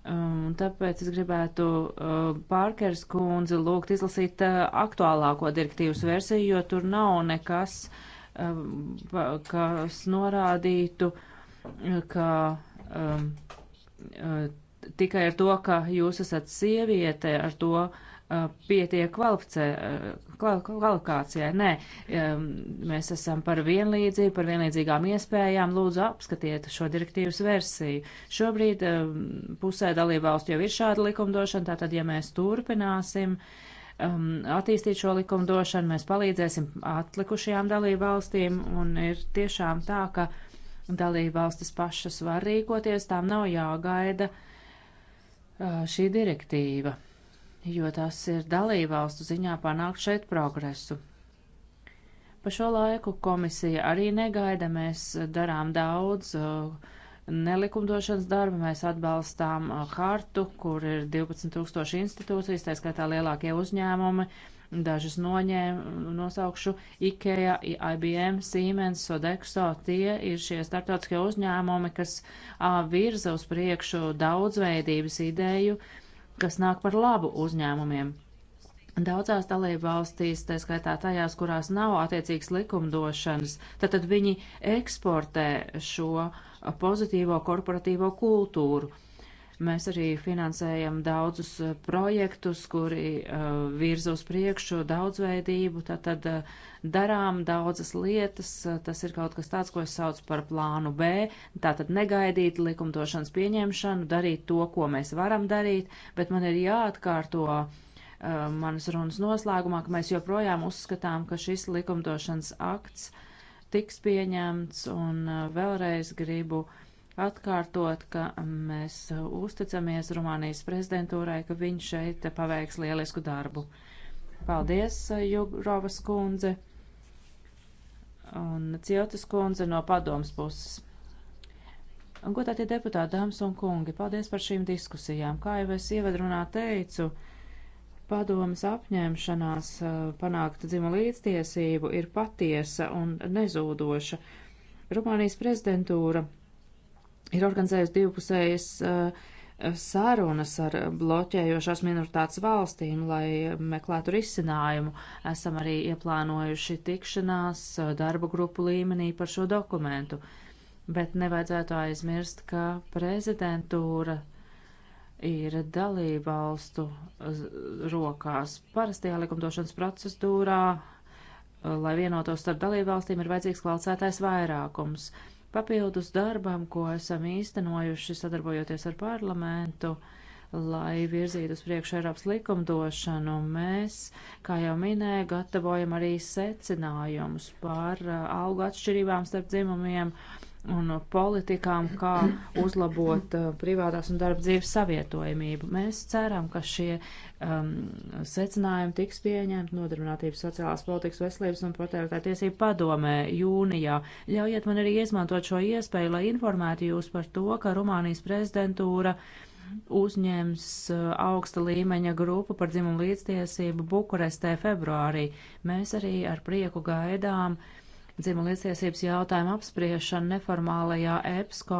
Um, un tāpēc es gribētu uh, Pārkers kundzi lūgt izlasīt uh, aktuālāko direktīvas versiju, jo tur nav nekas, uh, kas norādītu, uh, ka um, uh, tikai ar to, ka jūs esat sieviete, ar to uh, pietiek kvalifikācijai. Nē, mēs esam par vienlīdzību, par vienlīdzīgām iespējām. Lūdzu, apskatiet šo direktīvas versiju. Šobrīd pusē dalībvalstu jau ir šāda likumdošana, tātad, ja mēs turpināsim attīstīt šo likumdošanu, mēs palīdzēsim atlikušajām dalībvalstīm un ir tiešām tā, ka dalībvalstis pašas var rīkoties, tām nav jāgaida eh, šī direktīva jo tas ir dalībvalstu ziņā panākt šeit progresu. Pa šo laiku komisija arī negaida, mēs darām daudz uh, nelikumdošanas darba, mēs atbalstām uh, hartu, kur ir 12 tūkstoši institūcijas, tā skaitā lielākie uzņēmumi, dažas noņēm, nosaukšu IKEA, IBM, Siemens, Sodexo, tie ir šie starptautiskie uzņēmumi, kas uh, virza uz priekšu daudzveidības ideju, uh, kas nāk par labu uzņēmumiem. Daudzās dalību valstīs, tā skaitā tajās, kurās nav attiecīgas likumdošanas, tad, tad viņi eksportē šo pozitīvo korporatīvo kultūru. Mēs arī finansējam daudzus eh, projektus, kuri uh, virza uz priekšu daudzveidību, tātad uh, darām daudzas lietas. Tas ir kaut kas tāds, ko es saucu par plānu B. Tātad negaidīt likumdošanas pieņemšanu, darīt to, ko mēs varam darīt, bet man ir jāatkārto uh, manas runas noslēgumā, ka mēs joprojām uzskatām, ka šis likumdošanas akts tiks pieņemts un vēlreiz gribu uh, atkārtot, ka mēs uzticamies Rumānijas prezidentūrai, ka viņš šeit paveiks lielisku darbu. Paldies, Jugrovas kundze un Ciotas kundze no padomas puses. Godātie deputāti, dāmas un kungi, paldies par šīm diskusijām. Kā jau es ievadrunā teicu, padomas apņēmšanās uh, panākt dzimu līdztiesību ir patiesa un nezūdoša. Rumānijas prezidentūra ir organizējusi divpusējas uh, sarunas ar bloķējošās minoritātes valstīm, lai meklētu risinājumu. Esam arī ieplānojuši tikšanās eh, darba grupu līmenī par šo dokumentu. Bet nevajadzētu aizmirst, ka prezidentūra ir dalība valstu eh, rokās. Parastajā likumdošanas procedūrā, lai vienotos starp dalību valstīm, ir vajadzīgs klaucētais vairākums. Uh, Papildus darbam, ko esam īstenojuši sadarbojoties ar parlamentu, lai virzītu uz priekšu Eiropas likumdošanu, mēs, kā jau minēju, gatavojam arī secinājumus par uh, augu atšķirībām starp dzimumiem un politikām, kā uzlabot uh, privātās un darba dzīves savietojamību. Mēs ceram, ka šie um, secinājumi tiks pieņemti nodarbinātības sociālās politikas veselības un patērētā tiesība padomē jūnijā. Ļaujiet man arī izmantot šo iespēju, lai informētu jūs par to, ka Rumānijas prezidentūra uzņems uh, augsta līmeņa grupu par dzimumu līdztiesību Bukurestē februārī. Mēs arī ar prieku gaidām uh, dzimumlīdztiesības jautājumu apspriešanu neformālajā EPSCO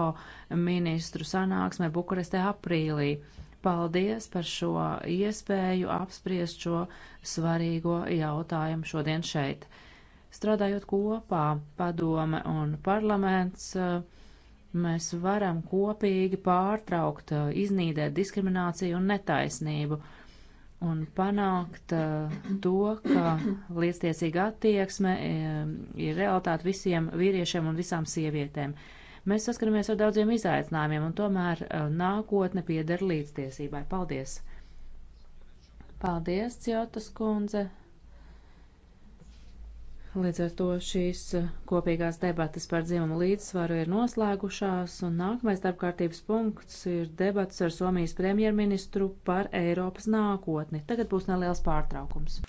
ministru sanāksmē Bukurestē aprīlī. Paldies par šo iespēju apspriest šo svarīgo jautājumu šodien šeit. Strādājot kopā, padome un parlaments, mēs varam kopīgi pārtraukt, iznīdēt diskrimināciju un netaisnību un panākt uh, to, ka līdztiesīga attieksme um, ir realitāte visiem vīriešiem un visām sievietēm. Mēs saskaramies ar daudziem izaicinājumiem, un tomēr uh, nākotne pieder līdztiesībai. Paldies! Paldies, Cjotas kundze! Līdz ar to šīs eh, kopīgās debatas par dzimumu līdzsvaru ir noslēgušās, un nākamais darbkārtības punkts ir debats ar Somijas premjerministru par Eiropas nākotni. Tagad būs neliels pārtraukums.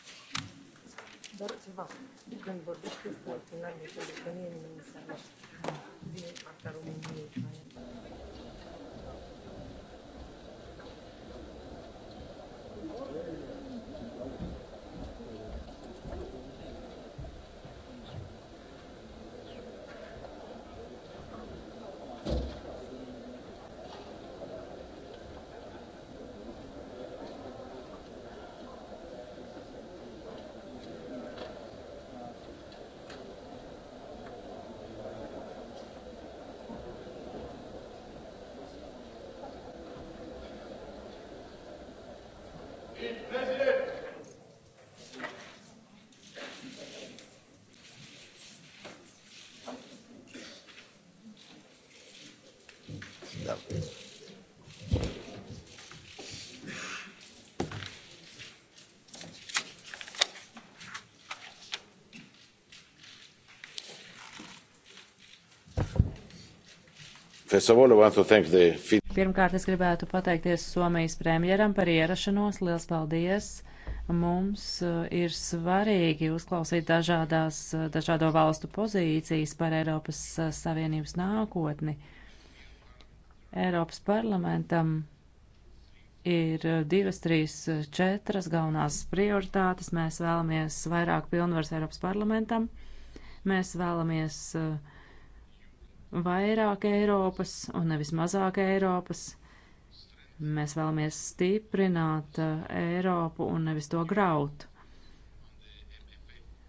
Thank you. Pirmkārt, es gribētu pateikties Somijas premjeram par ierašanos. Liels paldies! Mums uh, ir svarīgi uzklausīt dažādās, uh, dažādo valstu pozīcijas par Eiropas uh, Savienības nākotni. Eiropas parlamentam ir divas, trīs, četras galvenās prioritātes. Mēs vēlamies vairāk pilnvaras Eiropas parlamentam. Mēs vēlamies uh, vairāk Eiropas un nevis mazāk Eiropas. Mēs vēlamies stiprināt uh, Eiropu un nevis to graut.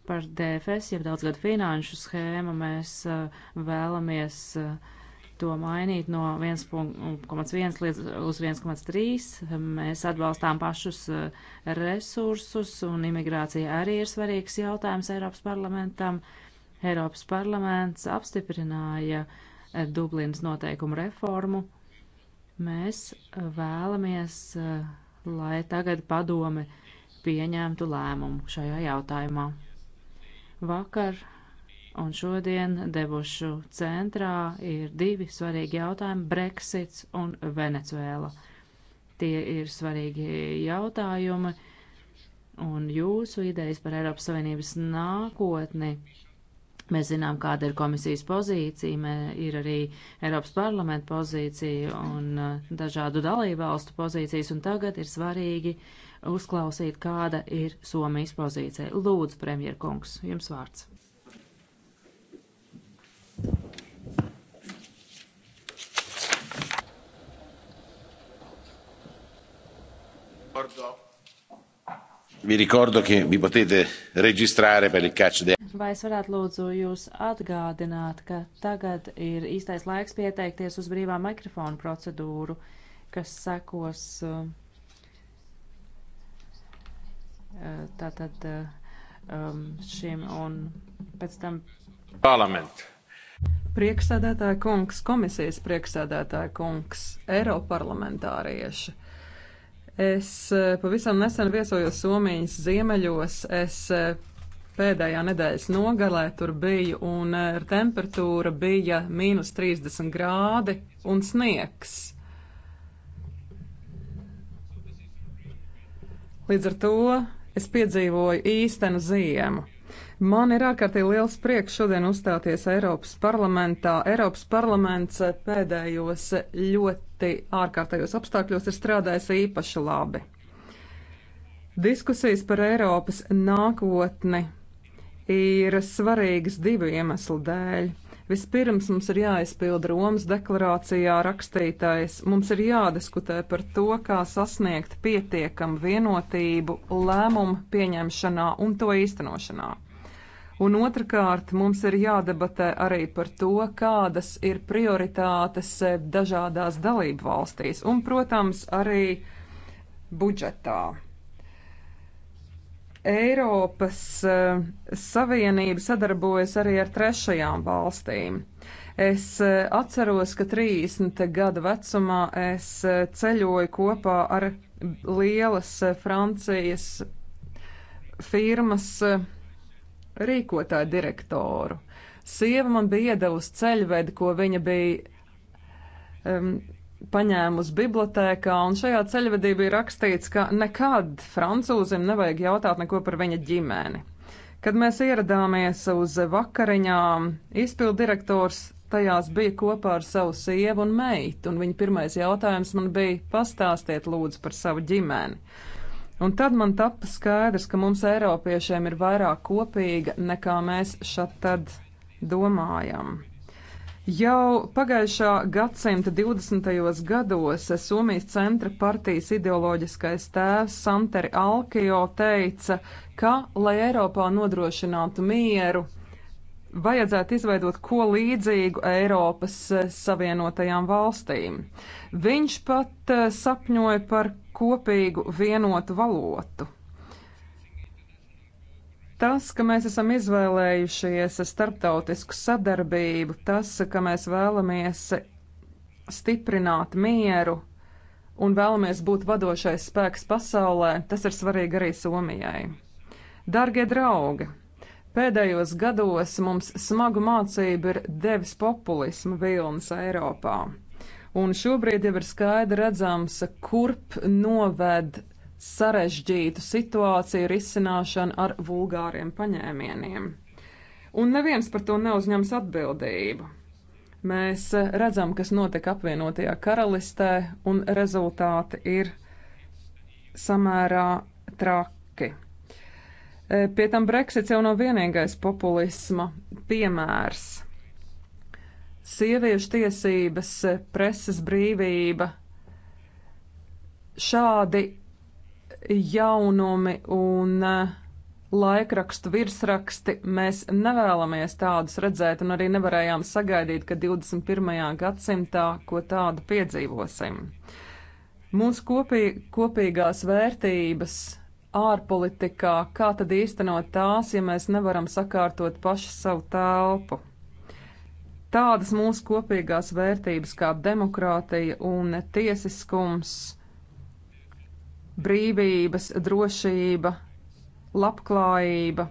Par DFS, jeb daudzgadu finanšu schēmu, mēs uh, vēlamies uh, to mainīt no 1,1 līdz uz 1,3. Mēs atbalstām pašus resursus, un imigrācija arī ir svarīgs jautājums Eiropas parlamentam. Uh, Eiropas parlaments apstiprināja eh, Dublinas noteikumu reformu. Mēs eh, vēlamies, eh, lai tagad padome pieņemtu lēmumu šajā jautājumā. Vakar un šodien debušu centrā ir divi svarīgi jautājumi - Brexits un Venecuēla. Tie ir svarīgi jautājumi, un jūsu idejas par Eiropas Savienības nākotni Mēs zinām, kāda ir komisijas pozīcija, mē, ir arī Eiropas parlamenta pozīcija un dažādu dalībvalstu pozīcijas, un tagad ir svarīgi uzklausīt, kāda ir Somijas pozīcija. Lūdzu, premjerkungs, jums vārds. Pardon. Vi ricordo che vi potete registrare per il catch the Vai es varētu lūdzu jūs atgādināt, ka tagad ir īstais laiks pieteikties uz brīvā mikrofona procedūru, kas sekos eh, tātad eh, um, šim un pēc tam. Parlament. Prieksēdētāja kungs, komisijas prieksēdētāja kungs, Eiroparlamentārieši. Es eh, pavisam nesen viesojos Somijas ziemeļos. Es eh, pēdējā nedēļas nogalē tur biju, un eh, temperatūra bija mīnus 30 grādi un sniegs. Līdz ar to es piedzīvoju īstenu ziemu. Man ir ārkārtīgi liels prieks šodien uzstāties Eiropas parlamentā. Eiropas parlaments pēdējos ļoti ārkārtējos apstākļos ir strādājis īpaši labi. Diskusijas par Eiropas nākotni ir svarīgas divu iemeslu dēļ. Vispirms mums ir jāizpilda Romas deklarācijā rakstītais, mums ir jādiskutē par to, kā sasniegt pietiekamu vienotību lēmumu pieņemšanā un to īstenošanā. Un otrkārt, mums ir jādebatē arī par to, kādas ir prioritātes dažādās dalību valstīs un, protams, arī budžetā. Eiropas eh, Savienība sadarbojas arī ar trešajām valstīm. Es eh, atceros, ka 30 gadu vecumā es eh, ceļoju kopā ar lielas Francijas firmas rīkotāju direktoru. Sieva man bija iedavusi ceļvedi, ko viņa bija um, paņēmu uz bibliotēkā, un šajā ceļvedībā ir rakstīts, ka nekad francūzim nevajag jautāt neko par viņa ģimeni. Kad mēs ieradāmies uz vakariņām, izpildirektors tajās bija kopā ar savu sievu un meitu, un viņa pirmais jautājums man bija - pastāstiet lūdzu par savu ģimeni. Un tad man tappa skaidrs, ka mums Eiropiešiem ir vairāk kopīga, nekā mēs šat tad domājam. Jau pagājušā gadsimta 20. gados Somijas centra partijas ideoloģiskais tēvs Santeri Alkio teica, ka, lai Eiropā nodrošinātu mieru, vajadzētu izveidot ko līdzīgu Eiropas eh, Savienotajām valstīm. Viņš pat eh, sapņoja par kopīgu vienotu valotu. Tas, ka mēs esam izvēlējušies starptautisku sadarbību, tas, ka mēs vēlamies stiprināt mieru un vēlamies būt vadošais spēks pasaulē, tas ir svarīgi arī Somijai. Dargie draugi, pēdējos gados mums smagu mācību ir devis populismu vilnis Eiropā. Un šobrīd jau ir skaidri redzams, kurp noved sarežģītu situāciju risināšanu ar vulgāriem paņēmieniem. Un neviens par to neuzņems atbildību. Mēs eh, redzam, kas notiek apvienotajā karalistē, un rezultāti ir samērā traki. Eh, pie tam Brexits jau nav vienīgais populisma piemērs. Sieviešu tiesības, preses brīvība. Šādi jaunumi un eh, laikrakstu virsraksti. Mēs nevēlamies tādus redzēt un arī nevarējām sagaidīt, ka 21. gadsimtā ko tādu piedzīvosim. Mūsu kopī, kopīgās vērtības ārpolitikā, kā tad īstenot tās, ja mēs nevaram sakārtot paši savu telpu? Tādas mūsu kopīgās vērtības kā demokrātija un tiesiskums brīvības, drošība, labklājība.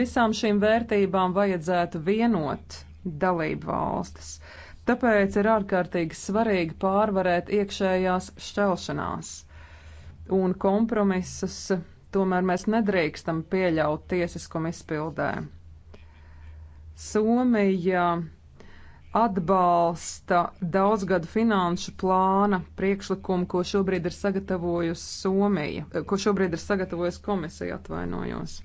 Visām šīm vērtībām vajadzētu vienot dalību valstis. Tāpēc ir ārkārtīgi svarīgi pārvarēt iekšējās šķelšanās un kompromisus, tomēr mēs nedrīkstam pieļaut tiesiskumu izpildē. Somija atbalsta daudzgadu finanšu plāna priekšlikumu, ko šobrīd ir sagatavojusi Somija, ko šobrīd ir sagatavojusi komisija, atvainojos.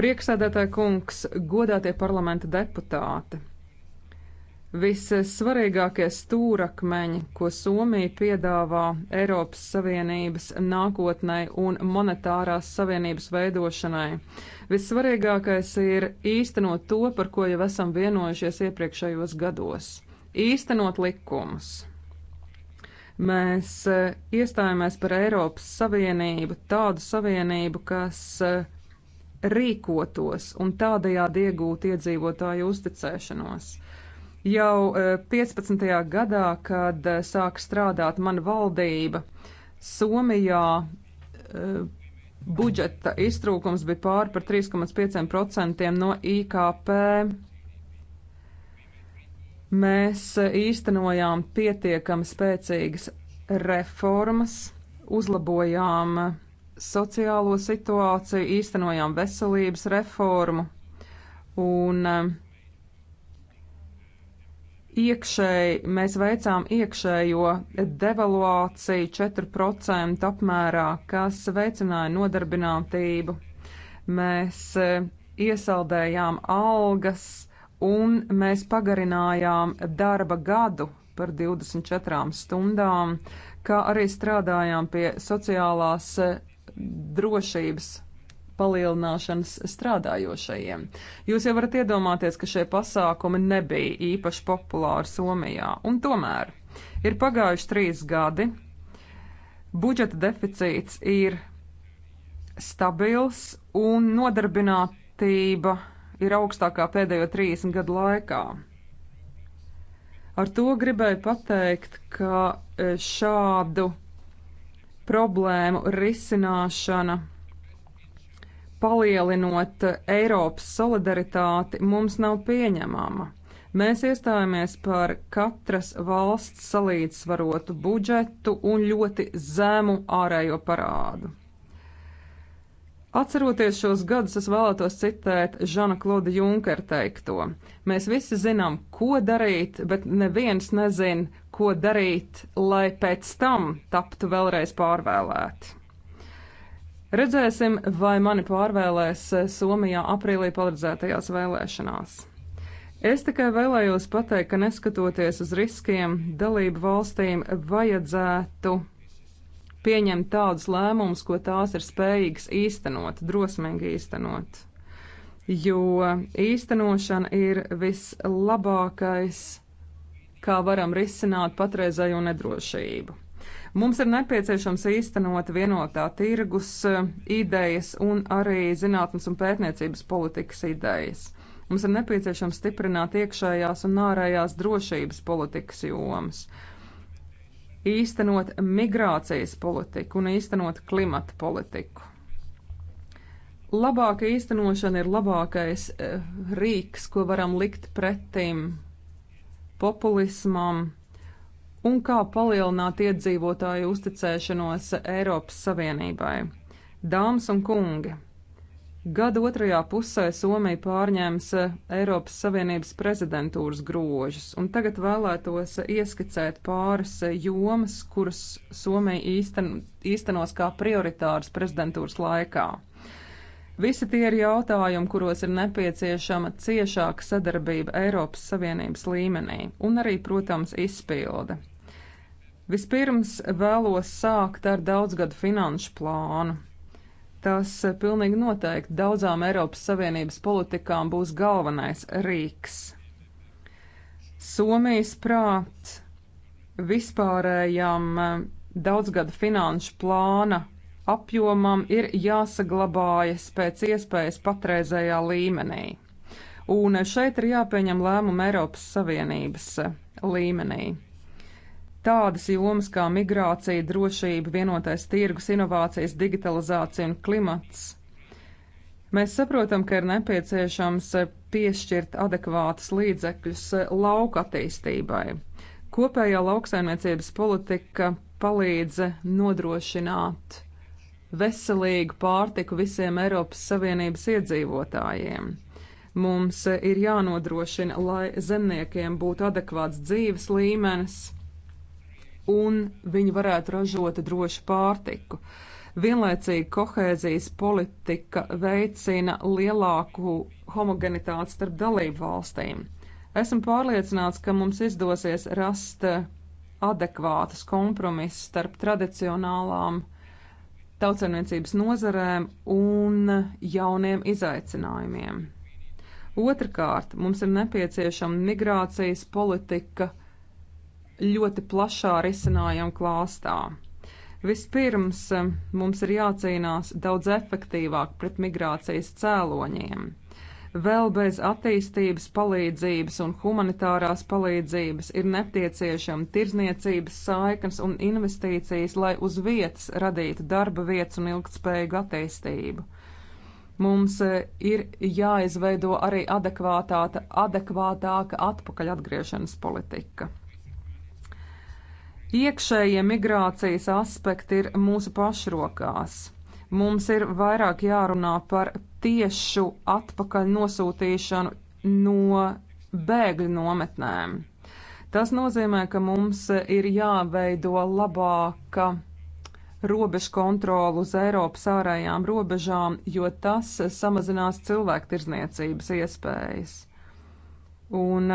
Prieksēdētāja kungs, godātie parlamenta deputāti, Vissvarīgākie stūrakmeņi, ko Somija piedāvā Eiropas Savienības nākotnei un monetārās savienības veidošanai. Vissvarīgākais ir īstenot to, par ko jau esam vienojušies iepriekšējos gados - īstenot likumus. Mēs eh, iestājāmies par Eiropas Savienību, tādu savienību, kas eh, rīkotos un tādējādi iegūtu iedzīvotāju uzticēšanos. Jau 15. E, gadā, kad e, sāk strādāt mana valdība, Somijā e, budžeta iztrūkums bija pāri par 3,5% no IKP. Mēs īstenojām pietiekami spēcīgas reformas, uzlabojām sociālo situāciju, īstenojām veselības reformu un uh, Iekšēji mēs veicām iekšējo devaluāciju 4% apmērā, kas veicināja nodarbinātību. Mēs e, iesaldējām algas un mēs pagarinājām darba gadu par 24 stundām, kā arī strādājām pie sociālās e, drošības palielināšanas strādājošajiem. Jūs jau varat iedomāties, ka šie pasākumi nebija īpaši populāri Somijā, un tomēr ir pagājuši trīs gadi, budžeta deficīts ir stabils un nodarbinātība ir augstākā pēdējo 30 gadu laikā. Ar to gribēju pateikt, ka eh, šādu problēmu risināšana palielinot Eiropas solidaritāti, mums nav pieņemama. Mēs iestājāmies par katras valsts salīdzvarotu budžetu un ļoti zemu ārējo parādu. Atceroties šos gadus, es vēlētos citēt Žana Kloda Junkera teikto. Mēs visi zinām, ko darīt, bet neviens nezin, ko darīt, lai pēc tam taptu vēlreiz pārvēlēti. Redzēsim, vai mani pārvēlēs Somijā aprīlī paredzētajās vēlēšanās. Es tikai vēlējos pateikt, ka neskatoties uz riskiem, dalību valstīm vajadzētu pieņemt tādus lēmumus, ko tās ir spējīgas īstenot, drosmīgi īstenot. Jo īstenošana ir vislabākais, kā varam risināt patreizējo nedrošību. Mums ir nepieciešams īstenot vienotā tirgus e, idejas un arī zinātnes un pētniecības politikas idejas. Mums ir nepieciešams stiprināt iekšējās un ārējās drošības politikas jomas īstenot migrācijas politiku un īstenot klimata politiku. Labāka īstenošana ir labākais e, rīks, ko varam likt pretim populismam, un kā palielināt iedzīvotāju uzticēšanos Eiropas Savienībai. Dāmas un kungi, gada otrajā pusē Somija pārņēmis Eiropas Savienības prezidentūras grožus, un tagad vēlētos ieskicēt pāris jomas, kuras Somija īsten, īstenos kā prioritāras prezidentūras laikā. Visi tie ir jautājumi, kuros ir nepieciešama ciešāka sadarbība Eiropas Savienības līmenī un arī, protams, izpilde. Vispirms vēlos sākt ar daudzgadu finanšu plānu. Tas eh, pilnīgi noteikti daudzām Eiropas Savienības politikām būs galvenais rīks. Somijas prāt vispārējām eh, daudzgada finanšu plāna apjomam ir jāsaglabājas pēc iespējas patreizējā līmenī. Un šeit ir jāpieņem lēmumu Eiropas Savienības eh, līmenī. Tādas jomas kā migrācija, drošība, vienotais tirgus, inovācijas, digitalizācija un klimats. Mēs saprotam, ka ir nepieciešams piešķirt adekvātus līdzekļus lauka attīstībai. Kopējā lauksaimniecības politika palīdz nodrošināt veselīgu pārtiku visiem Eiropas Savienības iedzīvotājiem. Mums ir jānodrošina, lai zemniekiem būtu adekvāts dzīves līmenis, un viņi varētu ražot drošu pārtiku. Vienlaicīgi kohēzijas politika veicina lielāku homogenitāti starp dalību valstīm. Esmu pārliecināts, ka mums izdosies rast adekvātus kompromisus starp tradicionālām tautsēmniecības nozarēm un jauniem izaicinājumiem. Otrakārt, mums ir nepieciešama migrācijas politika, ļoti plašā risinājuma klāstā. Vispirms eh, mums ir jācīnās daudz efektīvāk pret migrācijas cēloņiem. Vēl bez attīstības palīdzības un humanitārās palīdzības ir nepieciešama tirzniecības saiknes un investīcijas, lai uz vietas radītu darba vietas un ilgtspējīgu attīstību mums eh, ir jāizveido arī adekvātāka atpakaļ atgriešanas politika. Iekšējie migrācijas aspekti ir mūsu pašrokās. Mums ir vairāk jārunā par tiešu atpakaļ nosūtīšanu no bēgļu nometnēm. Tas nozīmē, ka mums ir jāveido labāka robežu kontroli uz Eiropas ārējām robežām, jo tas samazinās cilvēktirzniecības iespējas. Un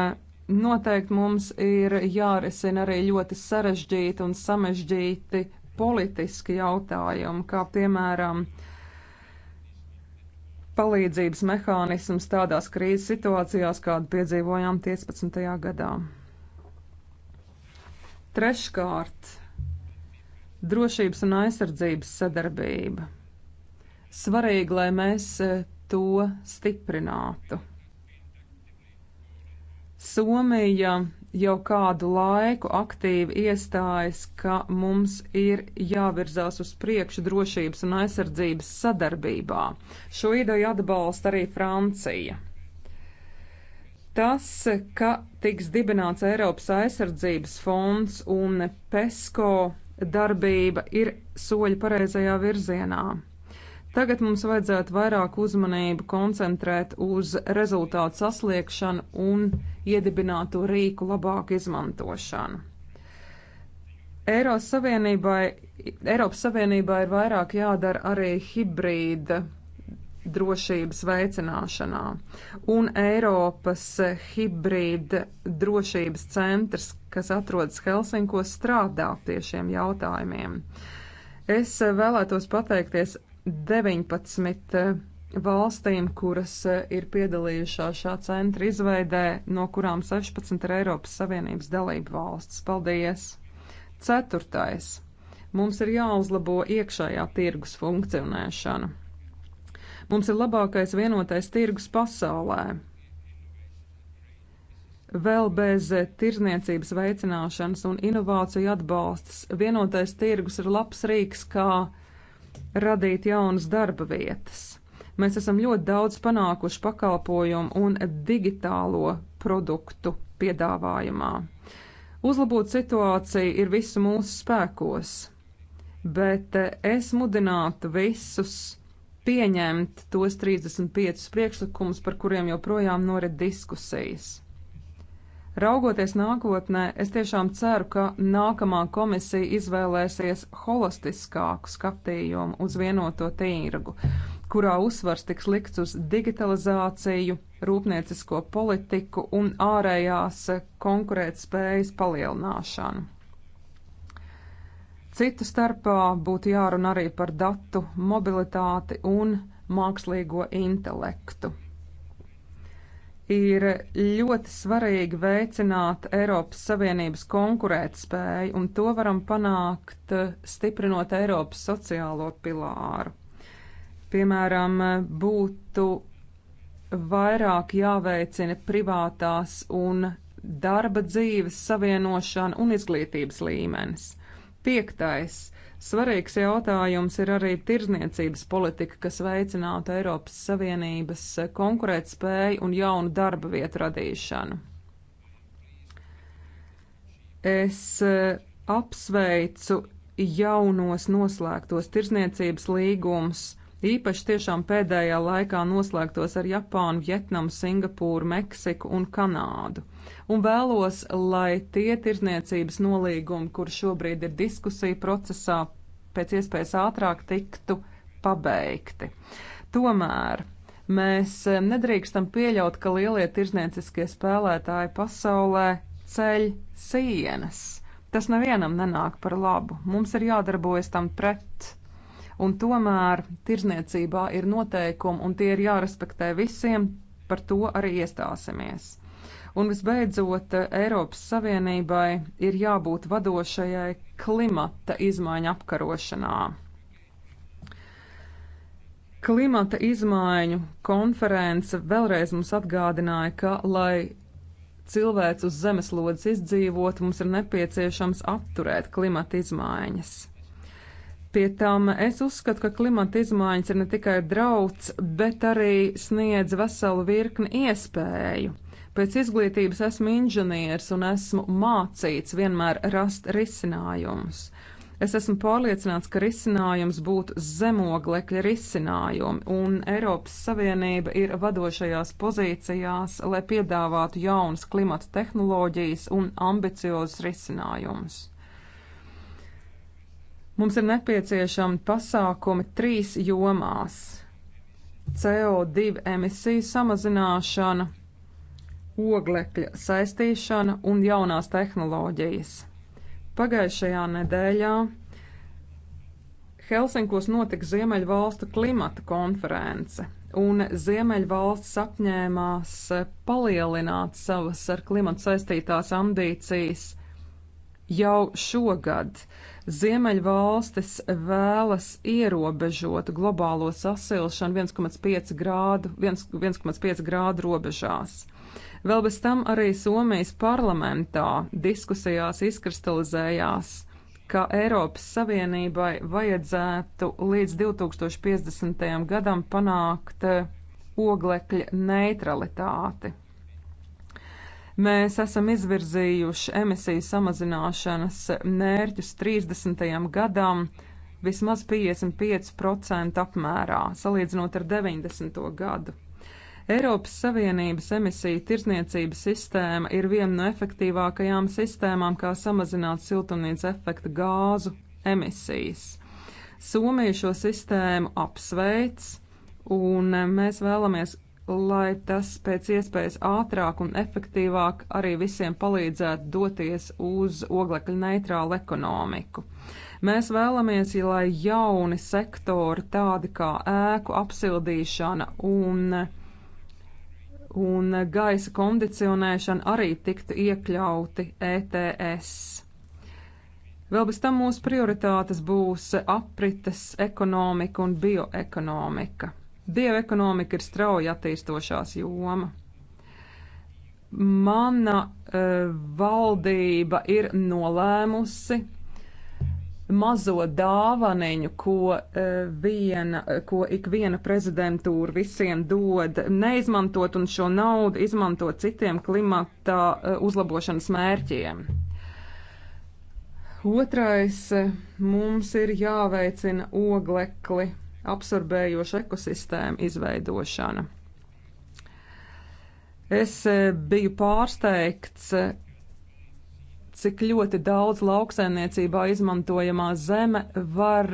Noteikti mums ir jārisina arī ļoti sarežģīti un samežģīti politiski jautājumi, kā piemēram palīdzības mehānisms tādās krīzes situācijās, kādu piedzīvojām 15. gadā. Treškārt, drošības un aizsardzības sadarbība. Svarīgi, lai mēs eh, to stiprinātu. Somija jau kādu laiku aktīvi iestājas, ka mums ir jāvirzās uz priekšu drošības un aizsardzības sadarbībā. Šo ideju atbalsta arī Francija. Tas, ka tiks dibināts Eiropas aizsardzības fonds un PESCO darbība, ir soļi pareizajā virzienā. Tagad mums vajadzētu vairāk uzmanību koncentrēt uz rezultātu sasniegšanu un iedibināto rīku labāku izmantošanu. Eiropas Savienībai, Eiropas Savienībai ir vairāk jādara arī hibrīda drošības veicināšanā, un Eiropas hibrīda drošības centrs, kas atrodas Helsinkos, strādā pie šiem jautājumiem. Es vēlētos pateikties 19 eh, valstīm, kuras eh, ir piedalījušās šā centra izveidē, no kurām 16 ir Eiropas Savienības dalība valsts. Paldies! Ceturtais. Mums ir jāuzlabo iekšējā tirgus funkcionēšana. Mums ir labākais vienotais tirgus pasaulē. Vēl bez eh, tirzniecības veicināšanas un inovāciju atbalstas vienotais tirgus ir labs rīks, kā radīt jaunas darba vietas. Mēs esam ļoti daudz panākuši pakalpojumu un digitālo produktu piedāvājumā. Uzlabot situāciju ir visu mūsu spēkos, bet eh, es mudinātu visus pieņemt tos 35 priekšlikumus, par kuriem joprojām norit diskusijas. Raugoties nākotnē, es tiešām ceru, ka nākamā komisija izvēlēsies holistiskāku skatījumu uz vienoto tīrgu, kurā uzsvars tiks likts uz digitalizāciju, rūpniecisko politiku un ārējās konkurētspējas palielināšanu. Citu starpā būtu jārunā arī par datu mobilitāti un mākslīgo intelektu ir ļoti svarīgi veicināt Eiropas Savienības konkurētspēju, un to varam panākt, eh, stiprinot Eiropas sociālo pilāru. Piemēram, būtu vairāk jāveicina privātās un darba dzīves savienošana un izglītības līmenis. Piektais Svarīgs jautājums ir arī tirzniecības politika, kas veicinātu Eiropas Savienības konkurētspēju un jaunu darba vietu radīšanu. Es e, apsveicu jaunos noslēgtos tirzniecības līgumus, īpaši tiešām pēdējā laikā noslēgtos ar Japānu, Vietnamu, Singapūru, Meksiku un Kanādu un vēlos, lai tie tirzniecības nolīgumi, kur šobrīd ir diskusija procesā, pēc iespējas ātrāk tiktu pabeigti. Tomēr mēs eh, nedrīkstam pieļaut, ka lielie tirznieciskie spēlētāji pasaulē ceļ sienas. Tas nevienam nenāk par labu. Mums ir jādarbojas tam pret. Un tomēr tirzniecībā ir noteikumi, un tie ir jārespektē visiem, par to arī iestāsimies. Un visbeidzot, Eiropas Savienībai ir jābūt vadošajai klimata izmaiņu apkarošanā. Klimata izmaiņu konference vēlreiz mums atgādināja, ka, lai cilvēks uz zemeslodes izdzīvot, mums ir nepieciešams apturēt klimata izmaiņas. Pie tam es uzskatu, ka klimata izmaiņas ir ne tikai drauds, bet arī sniedz veselu virkni iespēju. Pēc izglītības esmu inženieris un esmu mācīts vienmēr rast risinājumus. Es esmu pārliecināts, ka risinājums būtu zemoglekļa risinājumi, un Eiropas Savienība ir vadošajās pozīcijās, lai piedāvātu jaunas klimata tehnoloģijas un ambiciozus risinājumus. Mums ir nepieciešami pasākumi trīs jomās - CO2 emisiju samazināšana, oglekļa saistīšana un jaunās tehnoloģijas. Pagājušajā nedēļā Helsinkos notika Ziemeļvalstu klimata konference, un Ziemeļvalsts apņēmās palielināt savas ar klimatu saistītās ambīcijas jau šogad. Ziemeļvalstis vēlas ierobežot globālo sasilšanu 1,5 grādu, 1,5 grādu robežās. Vēl bez tam arī Somijas parlamentā diskusijās izkristalizējās, ka Eiropas Savienībai vajadzētu līdz 2050. gadam panākt eh, oglekļa neutralitāti. Mēs esam izvirzījuši emisiju samazināšanas mērķus 30. gadam vismaz 55% apmērā, salīdzinot ar 90. gadu. Eiropas Savienības emisiju tirdzniecības sistēma ir viena no efektīvākajām sistēmām, kā samazināt siltumnīca efekta gāzu emisijas. Somija šo sistēmu apsveic, un mēs vēlamies, lai tas pēc iespējas ātrāk un efektīvāk arī visiem palīdzētu doties uz oglekļa neitrālu ekonomiku. Mēs vēlamies, lai jauni sektori, tādi kā ēku apsildīšana un uh, un gaisa kondicionēšana arī tiktu iekļauti ETS. Vēl bez tam mūsu prioritātes būs aprites ekonomika un bioekonomika. Bioekonomika ir strauji attīstošās joma. Mana uh, valdība ir nolēmusi mazo dāvaniņu, ko, eh, viena, ko ik viena prezidentūra visiem dod, neizmantot un šo naudu izmantot citiem klimata eh, uzlabošanas mērķiem. Otrais eh, mums ir jāveicina oglekli absorbējoša ekosistēma izveidošana. Es biju pārsteigts, cik ļoti daudz lauksaimniecībā izmantojamā zeme var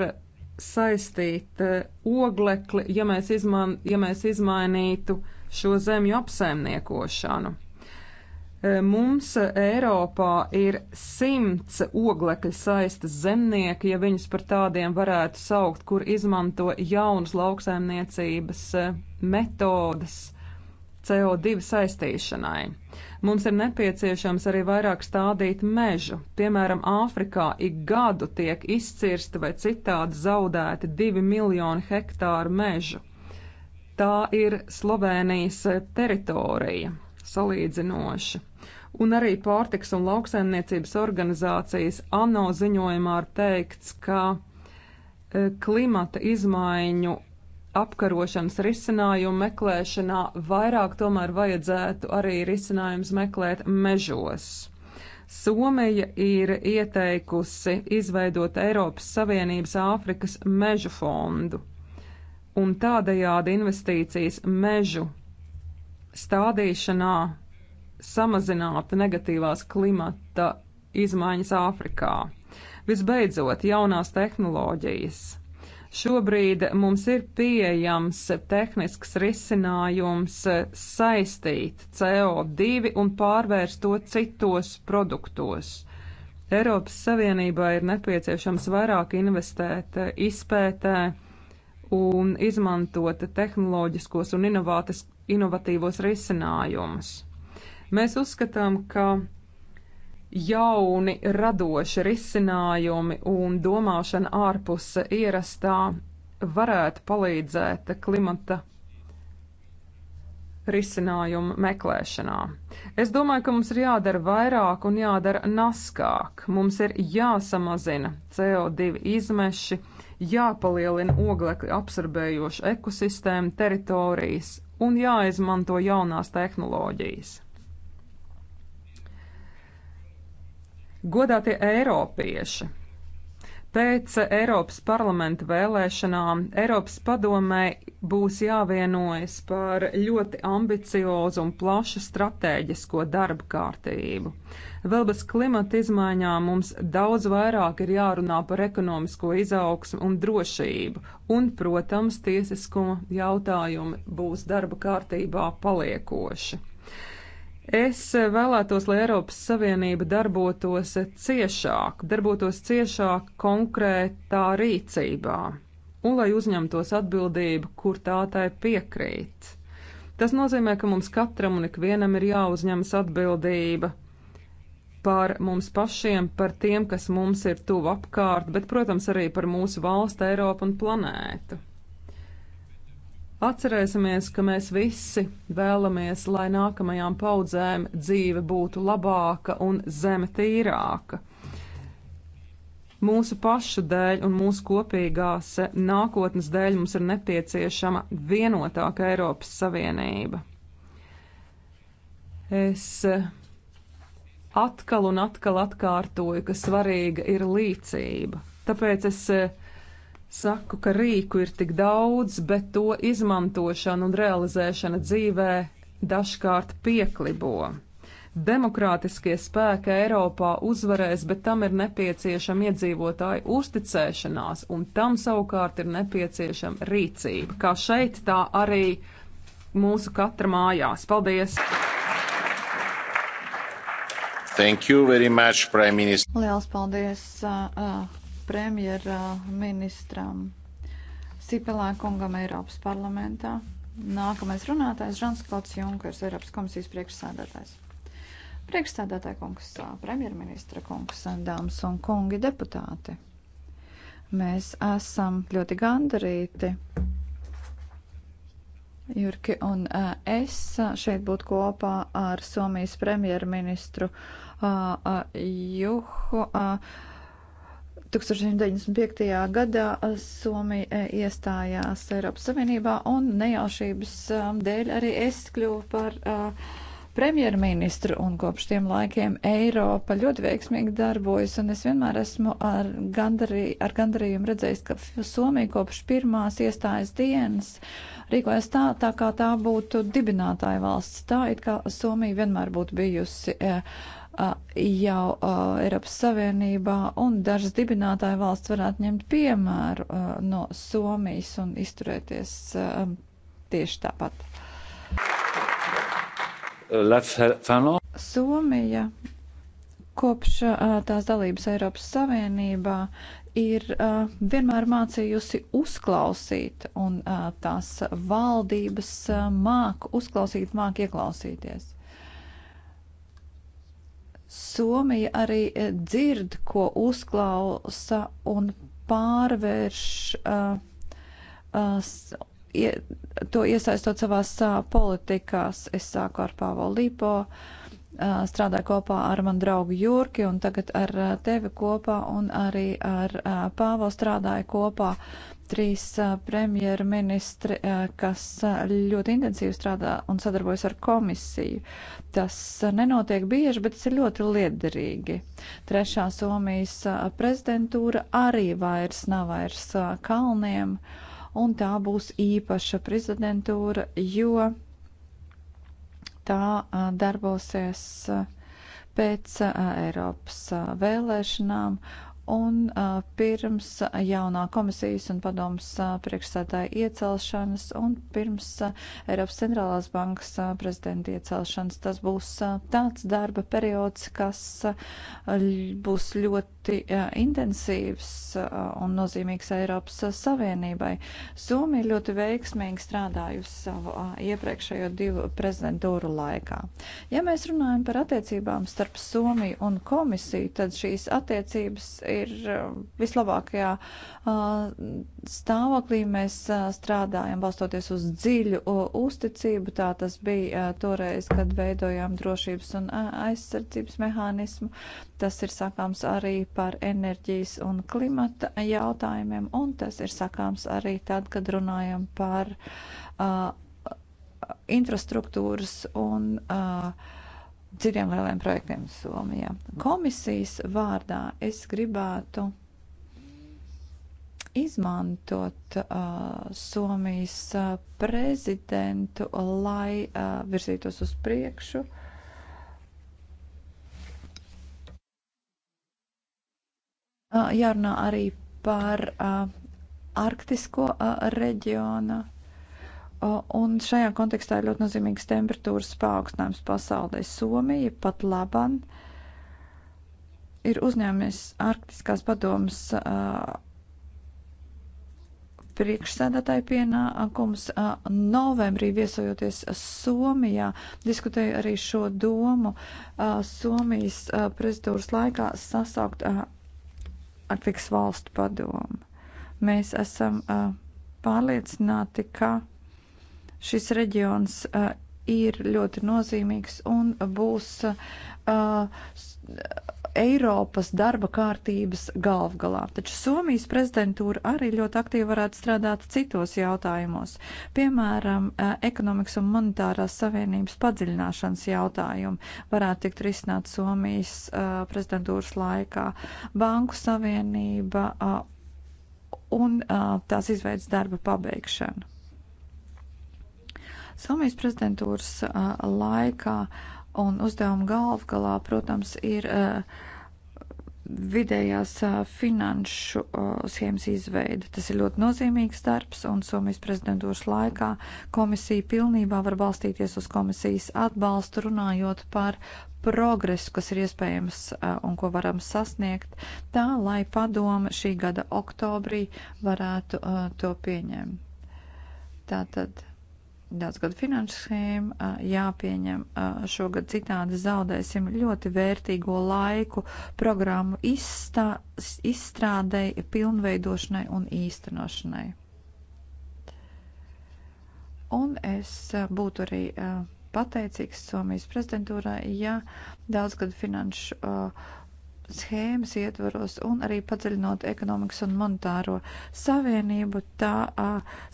saistīt eh, oglekli, ja mēs, izman, ja mēs izmainītu šo zemju apsaimniekošanu. Eh, mums Eiropā ir simts oglekļa saistas zemnieki, ja viņus par tādiem varētu saukt, kur izmanto jaunas lauksaimniecības eh, metodas CO2 saistīšanai. Mums ir nepieciešams arī vairāk stādīt mežu. Piemēram, Āfrikā ik gadu tiek izcirsti vai citādi zaudēti 2 miljoni hektāru mežu. Tā ir Slovenijas teritorija salīdzinoši. Un arī pārtiks un lauksaimniecības organizācijas ANO ziņojumā ir teikts, ka e, klimata izmaiņu apkarošanas risinājumu meklēšanā vairāk tomēr vajadzētu arī risinājums meklēt mežos. Somija ir ieteikusi izveidot Eiropas Savienības Āfrikas mežu fondu, un tādējādi investīcijas mežu stādīšanā samazinātu negatīvās klimata izmaiņas Āfrikā. Visbeidzot, jaunās tehnoloģijas Šobrīd mums ir pieejams tehnisks risinājums saistīt CO2 un pārvērst to citos produktos. Eiropas Savienībā ir nepieciešams vairāk investēt izpētē un izmantot tehnoloģiskos un inovatīvos risinājumus. Mēs uzskatām, ka jauni radoši risinājumi un domāšana ārpus ierastā varētu palīdzēt klimata risinājumu meklēšanā. Es domāju, ka mums ir jādara vairāk un jādara naskāk. Mums ir jāsamazina CO2 izmeši, jāpalielina oglekļa absorbējoša ekosistēma teritorijas un jāizmanto jaunās tehnoloģijas. Godātie Eiropieši! Pēc Eiropas parlamenta vēlēšanām Eiropas padomē būs jāvienojas par ļoti ambiciozu un plašu stratēģisko darba kārtību. Vēl bez klimata izmaiņām mums daudz vairāk ir jārunā par ekonomisko izaugsmu un drošību, un, protams, tiesiskuma jautājumi būs darba kārtībā paliekoši. Es vēlētos, lai Eiropas Savienība darbotos ciešāk, darbotos ciešāk konkrētā rīcībā un lai uzņemtos atbildību, kur tā tai piekrīt. Tas nozīmē, ka mums katram un ikvienam ir jāuzņemas atbildība par mums pašiem, par tiem, kas mums ir tuvu apkārt, bet, protams, arī par mūsu valstu, Eiropu un planētu. Atcerēsimies, ka mēs visi vēlamies, lai nākamajām paudzēm dzīve būtu labāka un zeme tīrāka. Mūsu paša dēļ un mūsu kopīgās nākotnes dēļ mums ir nepieciešama vienotāka Eiropas Savienība. Es atkal un atkal atkārtoju, ka svarīga ir līdzība. Tāpēc es saku, ka rīku ir tik daudz, bet to izmantošana un realizēšana dzīvē dažkārt pieklibo. Demokrātiskie spēki Eiropā uzvarēs, bet tam ir nepieciešama iedzīvotāju uzticēšanās, un tam savukārt ir nepieciešama rīcība. Kā šeit, tā arī mūsu katra mājās. Paldies! Thank you very much, Prime Minister. Liels paldies! Uh, uh premjerministram Sipelē kungam Eiropas parlamentā. Nākamais runātājs Žans Klauds Junkers, Eiropas komisijas priekšsēdētājs. Priekšsēdētāja kungs, premjerministra kungs, dāmas un kungi deputāti. Mēs esam ļoti gandarīti Jurki un es šeit būtu kopā ar Somijas premjerministru Juhu 1995. gadā Somija e, iestājās Eiropas Savienībā un nejaušības dēļ arī es kļuvu par premjerministru un kopš tiem laikiem Eiropa ļoti veiksmīgi darbojas un es vienmēr esmu ar, gandarī, ar gandarījumu redzējis, ka Somija kopš pirmās iestājas dienas rīkojas tā, tā kā tā būtu dibinātāja valsts. Tā it kā Somija vienmēr būtu bijusi. Uh, jau Eiropas Savienībā, un dažas dibinātāja valsts varētu ņemt piemēru no Somijas un izturēties tieši tāpat. Somija kopš tās dalības Eiropas Savienībā ir uh, vienmēr mācījusi uzklausīt, un uh, tās valdības uh, māk uzklausīt, māk ieklausīties. Somija arī eh, dzird, ko uzklausa un pārvērš uh, uh, ie, to iesaistot savās uh, politikās. Es sāku ar Pāvo Lipo, uh, strādāju kopā ar manu draugu Jurki un tagad ar uh, tevi kopā un arī ar uh, Pāvo strādāju kopā trīs premjerministri, kas ļoti intensīvi strādā un sadarbojas ar komisiju. Tas nenotiek bieži, bet tas ir ļoti liederīgi. Trešā Somijas prezidentūra arī vairs nav vairs kalniem, un tā būs īpaša prezidentūra, jo tā darbosies pēc Eiropas vēlēšanām Un uh, pirms jaunā komisijas un padomas uh, priekšsēdāja iecelšanas un pirms uh, Eiropas centrālās bankas uh, prezidenta iecelšanas tas būs uh, tāds darba periods, kas uh, būs ļoti uh, intensīvs uh, un nozīmīgs Eiropas uh, Savienībai. Somija ļoti veiksmīgi strādājusi savu uh, iepriekšējo divu prezidentūru laikā. Ja mēs runājam par attiecībām starp Somiju un komisiju, tad šīs attiecības ir um, vislabākajā uh, stāvoklī. Mēs uh, strādājam balstoties uz dziļu uzticību. Tā tas bija uh, toreiz, kad veidojām drošības un aizsardzības mehānismu. Tas ir sakāms arī par enerģijas un klimata jautājumiem, un tas ir sakāms arī tad, kad runājam par uh, infrastruktūras un uh, dziļiem lieliem projektiem Somijā. Komisijas vārdā es gribētu izmantot uh, Somijas uh, prezidentu, lai uh, virzītos uz priekšu. Uh, jārunā arī par uh, arktisko uh, reģionu Un šajā kontekstā ir ļoti nozīmīgs temperatūras paaugstinājums pasaulē. Somija pat laban ir uzņēmis Arktiskās padomas uh, priekšsēdētāja pienākums uh, novembrī viesojoties Somijā. Diskutēju arī šo domu uh, Somijas uh, prezidentūras laikā sasaukt uh, Arktikas valstu padomu. Mēs esam uh, pārliecināti, ka Šis reģions uh, ir ļoti nozīmīgs un būs uh, Eiropas darba kārtības galvgalā. Taču Somijas prezidentūra arī ļoti aktīvi varētu strādāt citos jautājumos, piemēram, uh, ekonomikas un monetārās savienības padziļināšanas jautājumu varētu tikt risināt Somijas uh, prezidentūras laikā. Banku savienība uh, un uh, tās izveidas darba pabeigšana. Somijas prezidentūras laikā un uzdevuma galvgalā, protams, ir vidējās finanšu schēmas izveida. Tas ir ļoti nozīmīgs darbs, un Somijas prezidentūras laikā komisija pilnībā var balstīties uz komisijas atbalstu, runājot par progresu, kas ir iespējams un ko varam sasniegt, tā lai padoma šī gada oktobrī varētu to pieņemt. Tātad daudzgadu finanšu schēma jāpieņem šogad citādi zaudēsim ļoti vērtīgo laiku programmu izstā, izstrādei, pilnveidošanai un īstenošanai. Un es būtu arī pateicīgs Somijas prezidentūrai, ja daudzgadu finanšu uh, schēmas ietvaros un arī padziļinot ekonomikas un monetāro savienību, tā a,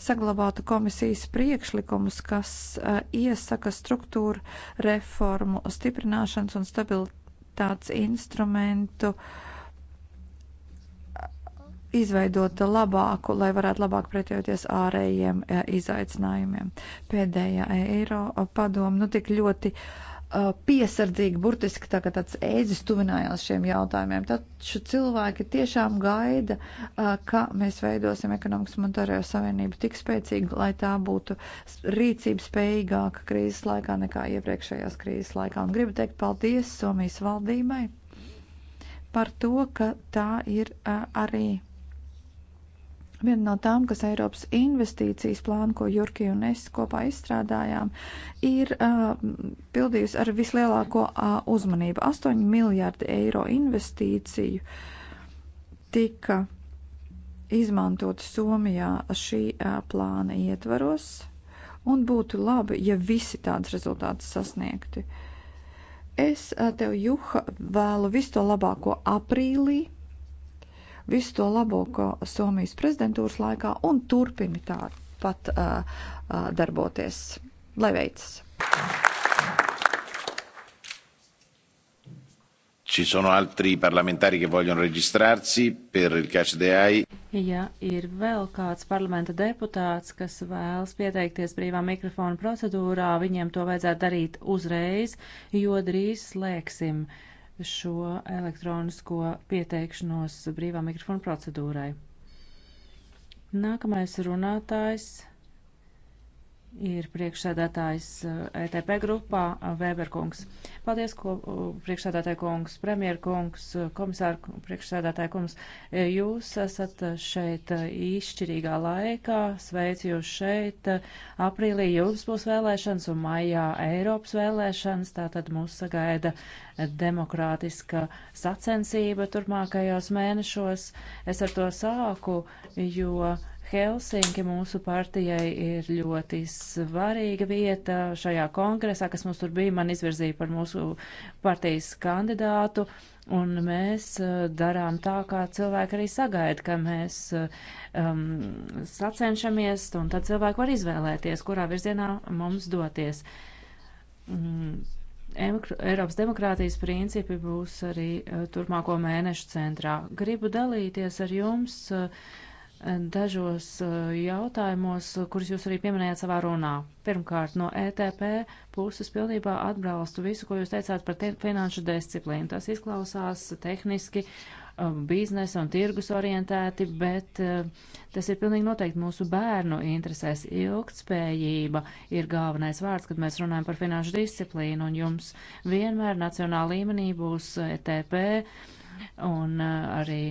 saglabātu komisijas priekšlikumus, kas a, iesaka struktūru reformu, stiprināšanas un stabilitātes instrumentu izveidot labāku, lai varētu labāk pretoties ārējiem izaicinājumiem. Pēdējā Eiro padoma nu tik ļoti uh, Uh, piesardzīgi, burtiski tā kā tāds ēdzis tuvinājās šiem jautājumiem. Taču cilvēki tiešām gaida, uh, ka mēs veidosim ekonomikas monetārajo savienību tik spēcīgu, lai tā būtu rīcība spējīgāka krīzes laikā nekā iepriekšējās krīzes laikā. Un gribu teikt paldies Somijas valdībai par to, ka tā ir uh, arī Viena no tām, kas Eiropas investīcijas plānu, ko Jurki un es kopā izstrādājām, ir uh, pildījusi ar vislielāko uh, uzmanību. 8 miljārdi eiro investīciju tika izmantot Somijā šī uh, plāna ietvaros, un būtu labi, ja visi tādas rezultātas sasniegti. Es uh, tev, Juha, vēlu visu to labāko aprīlī visu to labo, ko Somijas prezidentūras laikā un turpini tāpat uh, uh, darboties. Lai veicas! Ci sono altri parlamentari che vogliono registrarsi per il Catch the Eye. Ja ir vēl kāds parlamenta deputāts, kas vēlas pieteikties brīvā mikrofona procedūrā, viņiem to vajadzētu darīt uzreiz, jo drīz slēgsim. Uh, šo elektronisko pieteikšanos brīvā mikrofona procedūrai. Nākamais runātājs ir priekšsēdētājs ETP eh, e grupā Vēberkungs. Eh, Paldies, ko, eh, priekšsēdētāja kungs, premjerkungs, komisāra priekšsēdētāja kungs. Jūs esat šeit izšķirīgā laikā, sveicu jūs šeit. Aprīlī jums būs vēlēšanas un maijā Eiropas vēlēšanas, tātad mūs sagaida demokrātiska sacensība turpmākajos mēnešos. Es ar to sāku, jo Helsinki mūsu partijai ir ļoti svarīga vieta šajā kongresā, kas mums tur bija, man izvirzīja par mūsu partijas kandidātu, un mēs uh, darām tā, kā cilvēki arī sagaida, ka mēs uh, um, sacenšamies, un tad cilvēki var izvēlēties, kurā virzienā mums doties. Um, Eiropas demokrātijas principi būs arī uh, turpmāko mēnešu centrā. Gribu dalīties ar jums. Uh, dažos uh, jautājumos, kurus jūs arī pieminējāt savā runā. Pirmkārt, no ETP puses pilnībā atbalstu visu, ko jūs teicāt par te finanšu disciplīnu. Tas izklausās tehniski um, biznesa un tirgus orientēti, bet uh, tas ir pilnīgi noteikti mūsu bērnu interesēs. Ilgtspējība ir galvenais vārds, kad mēs runājam par finanšu disciplīnu, un jums vienmēr nacionāla līmenī būs ETP un uh, arī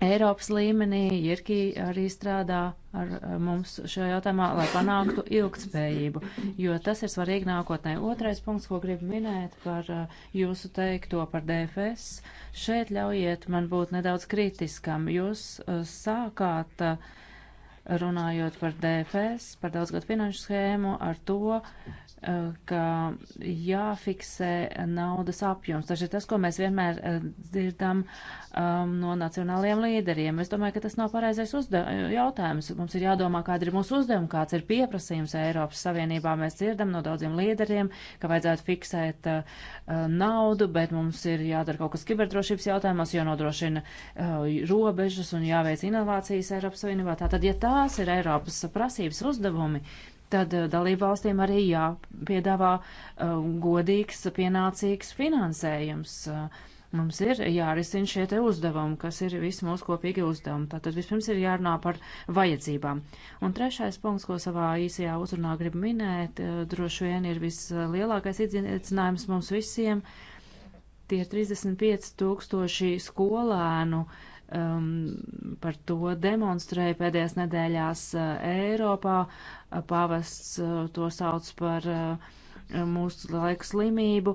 Eiropas līmenī Jirki arī strādā ar mums šajā jautājumā, lai panāktu ilgtspējību, jo tas ir svarīgi nākotnē. Otrais punkts, ko gribu minēt par uh, jūsu teikto par DFS, šeit ļaujiet man būt nedaudz kritiskam. Jūs uh, sākāt uh, runājot par DFS, par daudzgad finanšu schēmu, ar to, ka jāfiksē naudas apjoms. Tas ir tas, ko mēs vienmēr eh, dzirdam um, no nacionālajiem līderiem. Es domāju, ka tas nav pareizais jautājums. Mums ir jādomā, kāda ir mūsu uzdevuma, kāds ir pieprasījums Eiropas Savienībā. Mēs dzirdam no daudziem līderiem, ka vajadzētu fiksēt uh, naudu, bet mums ir jādara kaut kas kiberdrošības jautājumos, jo nodrošina uh, eh, robežas un jāveic inovācijas Eiropas Savienībā. Tātad, ja tās ir Eiropas prasības uzdevumi, uh, tad eh, dalībvalstīm arī jāpiedāvā eh, godīgs, pienācīgs finansējums. Eh, mums ir jārisina šie te uzdevumi, kas ir visi mūsu kopīgi uzdevumi. Tātad vispirms ir jārunā par vajadzībām. Un trešais punkts, ko savā īsajā uzrunā gribu minēt, droši vien ir vislielākais izcinājums mums visiem. Tie ir 35 tūkstoši skolēnu, uh, um, par to demonstrēja pēdējās nedēļās uh, Eiropā. Uh, Pāvests uh, to sauc par uh, mūsu laiku slimību.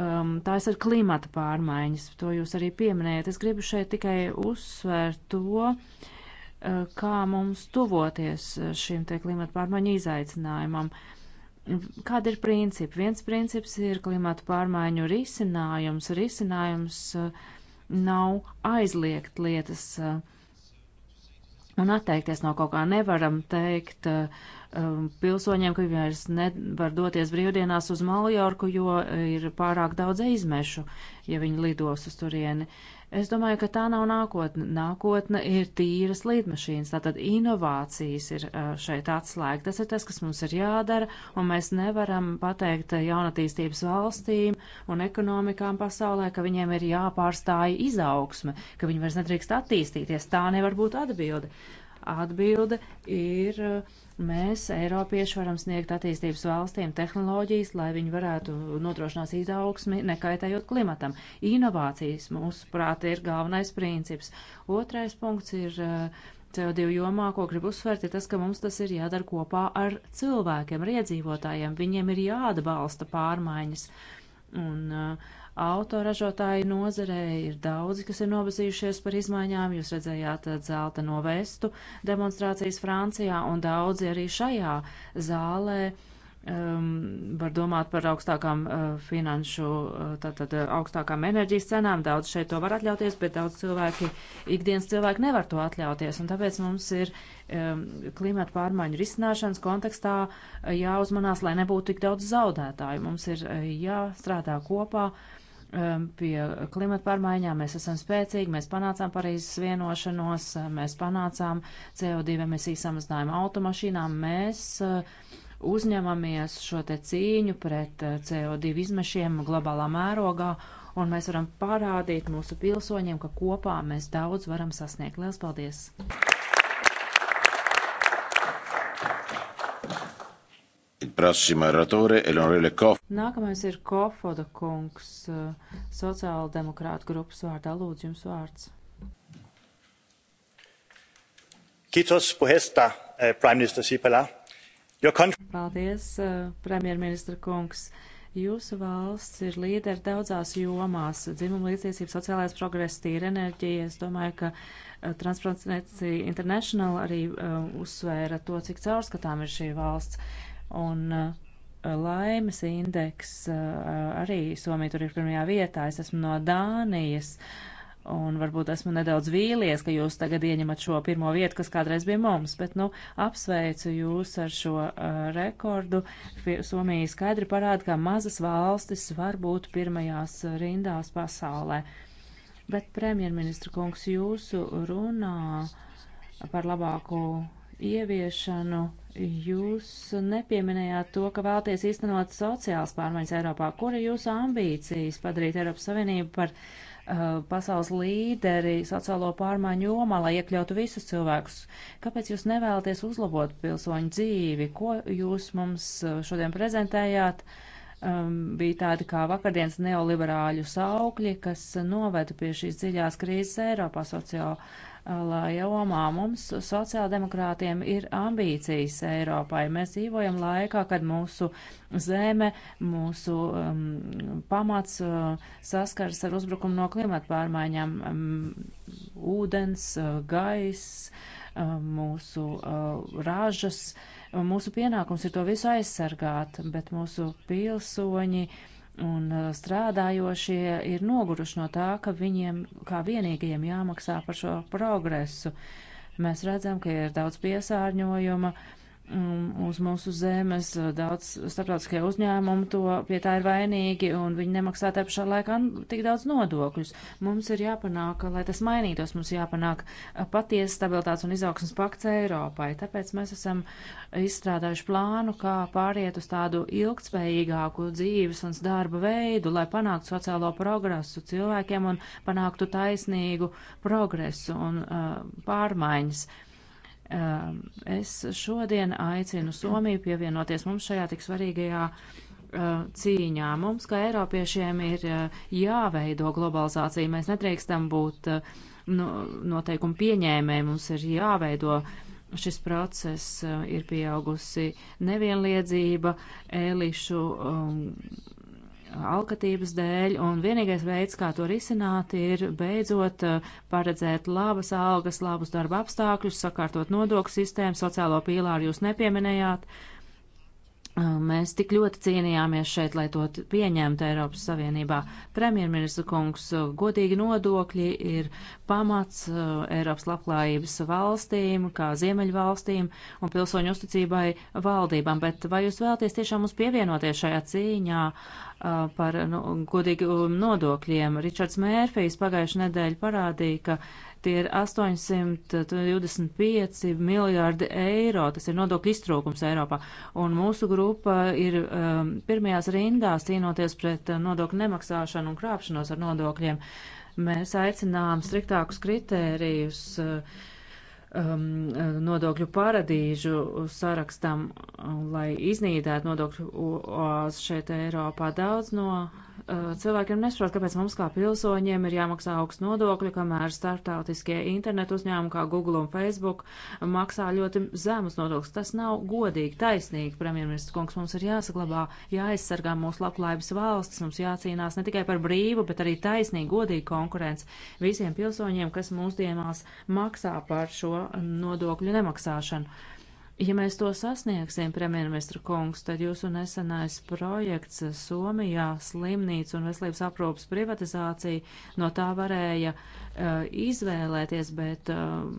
Um, tās ir klimata pārmaiņas, to jūs arī pieminējat. Es gribu šeit tikai uzsvērt to, uh, kā mums tuvoties uh, šim te klimata pārmaiņu izaicinājumam. Kāda ir principi? Viens princips ir klimata pārmaiņu risinājums. Risinājums uh, nav aizliegt lietas eh, un atteikties no kaut kā. Nevaram teikt eh, um, pilsoņiem, ka viņi vairs nevar doties brīvdienās uz Maljorku, jo ir pārāk daudz izmešu, ja viņi lidos uz turieni. Es domāju, ka tā nav nākotne. Nākotne ir tīras līdmašīnas, tātad inovācijas ir šeit atslēga. Tas ir tas, kas mums ir jādara, un mēs nevaram pateikt jaunatīstības valstīm un ekonomikām pasaulē, ka viņiem ir jāpārstāja izaugsme, ka viņi vairs nedrīkst attīstīties. Tā nevar būt atbilde. Atbilde ir, mēs, Eiropieši, varam sniegt attīstības valstīm tehnoloģijas, lai viņi varētu nodrošināt izaugsmi, nekaitējot klimatam. Inovācijas, mūsuprāt, ir galvenais princips. Otrais punkts ir. Eh, CO2 jomā, ko gribu uzsvērt, ir tas, ka mums tas ir jādara kopā ar cilvēkiem, ar iedzīvotājiem. Viņiem ir jāatbalsta pārmaiņas. Un uh, autoražotāju nozarē ir daudzi, kas ir nobazījušies par izmaiņām. Jūs redzējāt eh, zelta no vestu demonstrācijas Francijā, un daudzi arī šajā zālē um, var domāt par augstākām uh, finanšu, uh, tātad augstākām enerģijas cenām. Daudz šeit to var atļauties, bet daudz cilvēki, ikdienas cilvēki nevar to atļauties, un tāpēc mums ir um, klimata pārmaiņu risināšanas kontekstā jāuzmanās, lai nebūtu tik daudz zaudētāju. Mums ir uh, jāstrādā kopā. Uh, Um, pie klimata pārmaiņām, mēs esam spēcīgi, mēs panācām Parīzes vienošanos, mēs panācām CO2 emisiju samazinājumu automašīnām, mēs uh, uzņemamies šo te cīņu pret uh, CO2 izmešiem globālā mērogā, un mēs varam parādīt mūsu pilsoņiem, ka kopā mēs daudz varam sasniegt. Lielas paldies! Nākamais ir Kofoda kungs, eh, sociāla demokrāta grupas vārdā. Lūdzu, jums vārds. Kitos puhesta, eh, premjerministra Sipela. Paldies, eh, premjerministra kungs. Jūsu valsts ir līderi daudzās jomās - dzimumlīdzība, sociālais progress, tīra enerģija. Es domāju, ka Transparency International arī uh, uzsvēra to, cik caurskatām ir šī valsts. Un eh, laimes indeks eh, arī Somija tur ir pirmajā vietā. Es esmu no Dānijas. Un varbūt esmu nedaudz vīlies, ka jūs tagad ieņemat šo pirmo vietu, kas kādreiz bija mums, bet, nu, apsveicu jūs ar šo uh, rekordu. Somija skaidri parāda, ka mazas valstis var būt pirmajās rindās pasaulē. Bet, premjerministra kungs, jūsu runā par labāku ieviešanu jūs nepieminējāt to, ka vēlaties īstenot sociālas pārmaiņas Eiropā. Kur ir jūsu ambīcijas padarīt Eiropas Savienību par uh, pasaules līderi sociālo pārmaiņu jomā, lai iekļautu visus cilvēkus? Kāpēc jūs nevēlaties uzlabot pilsoņu dzīvi? Ko jūs mums uh, šodien prezentējāt? um, bija tādi kā vakardienas neoliberāļu saukļi, kas noveda pie šīs dziļās krīzes Eiropā sociālo jomā. Mums sociāldemokrātiem ir ambīcijas Eiropai. Mēs dzīvojam laikā, kad mūsu zeme, mūsu um, pamats uh, saskars ar uzbrukumu no klimata pārmaiņām. Um, ūdens, uh, gaiss, uh, mūsu uh, ražas. Mūsu pienākums ir to visu aizsargāt, bet mūsu pilsoņi. Uh, Un uh, strādājošie ir noguruši no tā, ka viņiem kā vienīgajiem jāmaksā par šo progresu. Mēs redzam, ka ir daudz piesārņojuma, uh, uz mūsu zemes. Eh, daudz starptautiskie uzņēmumi to pie tā ir vainīgi, un viņi nemaksā te pašā laikā tik daudz nodokļus. Mums ir jāpanāk, lai tas mainītos, mums jāpanāk eh, patiesa stabilitātes un izaugsmas pakts Eiropai. Tāpēc mēs esam izstrādājuši plānu, kā pāriet uz tādu ilgtspējīgāku dzīves un darba veidu, lai panāktu sociālo progresu cilvēkiem un panāktu taisnīgu progresu un uh, pārmaiņas. Uh, Um, es šodien aicinu Somiju pievienoties mums šajā tik svarīgajā uh, cīņā. Mums, kā Eiropiešiem, ir uh, jāveido globalizācija. Mēs nedrīkstam būt uh, noteikumu pieņēmēji. Mums ir jāveido šis process, ir pieaugusi nevienliedzība, elišu um, alkatības dēļ, un vienīgais veids, kā to risināt, ir beidzot uh, paredzēt labas algas, labus darba apstākļus, sakārtot nodokļu sistēmu, sociālo pīlāru jūs nepieminējāt, Uh, mēs tik ļoti cīnījāmies šeit, lai to pieņemtu Eiropas Savienībā. Premjerministra kungs, uh, godīgi nodokļi ir pamats uh, Eiropas labklājības valstīm, kā Ziemeļvalstīm un pilsoņu uzticībai valdībām, bet vai jūs vēlties tiešām mums pievienoties šajā cīņā par nu, godīgu nodokļiem? Ričards Mērfijs pagājušajā nedēļā parādīja, ka Tie ir 825 miljārdi eiro, tas ir nodokļu iztrūkums Eiropā. Un mūsu grupa ir um, pirmajās rindās cīnoties pret uh, nodokļu nemaksāšanu un krāpšanos ar nodokļiem. Mēs aicinām striktākus kritērijus. Uh, um, nodokļu paradīžu sarakstam, lai iznīdētu nodokļu oāzes šeit Eiropā. Daudz no Eh, cilvēkiem nesaprot, kāpēc mums kā pilsoņiem ir jāmaksā augsts nodokļi, kamēr startautiskie internetu uzņēmumi kā Google un Facebook maksā ļoti zemus nodokļus. Tas nav godīgi, taisnīgi, premjerministrs kungs. Mums ir jāsaglabā, jāaizsargā mūsu labklājības valsts, mums jācīnās ne tikai par brīvu, bet arī taisnīgi, godīgi konkurence visiem pilsoņiem, kas mūsdienās maksā par šo nodokļu nemaksāšanu. Ja mēs to sasniegsim, premjerministra kungs, tad jūsu nesenais projekts Somijā slimnīca un veselības aprūpas privatizācija no tā varēja uh, izvēlēties, bet uh,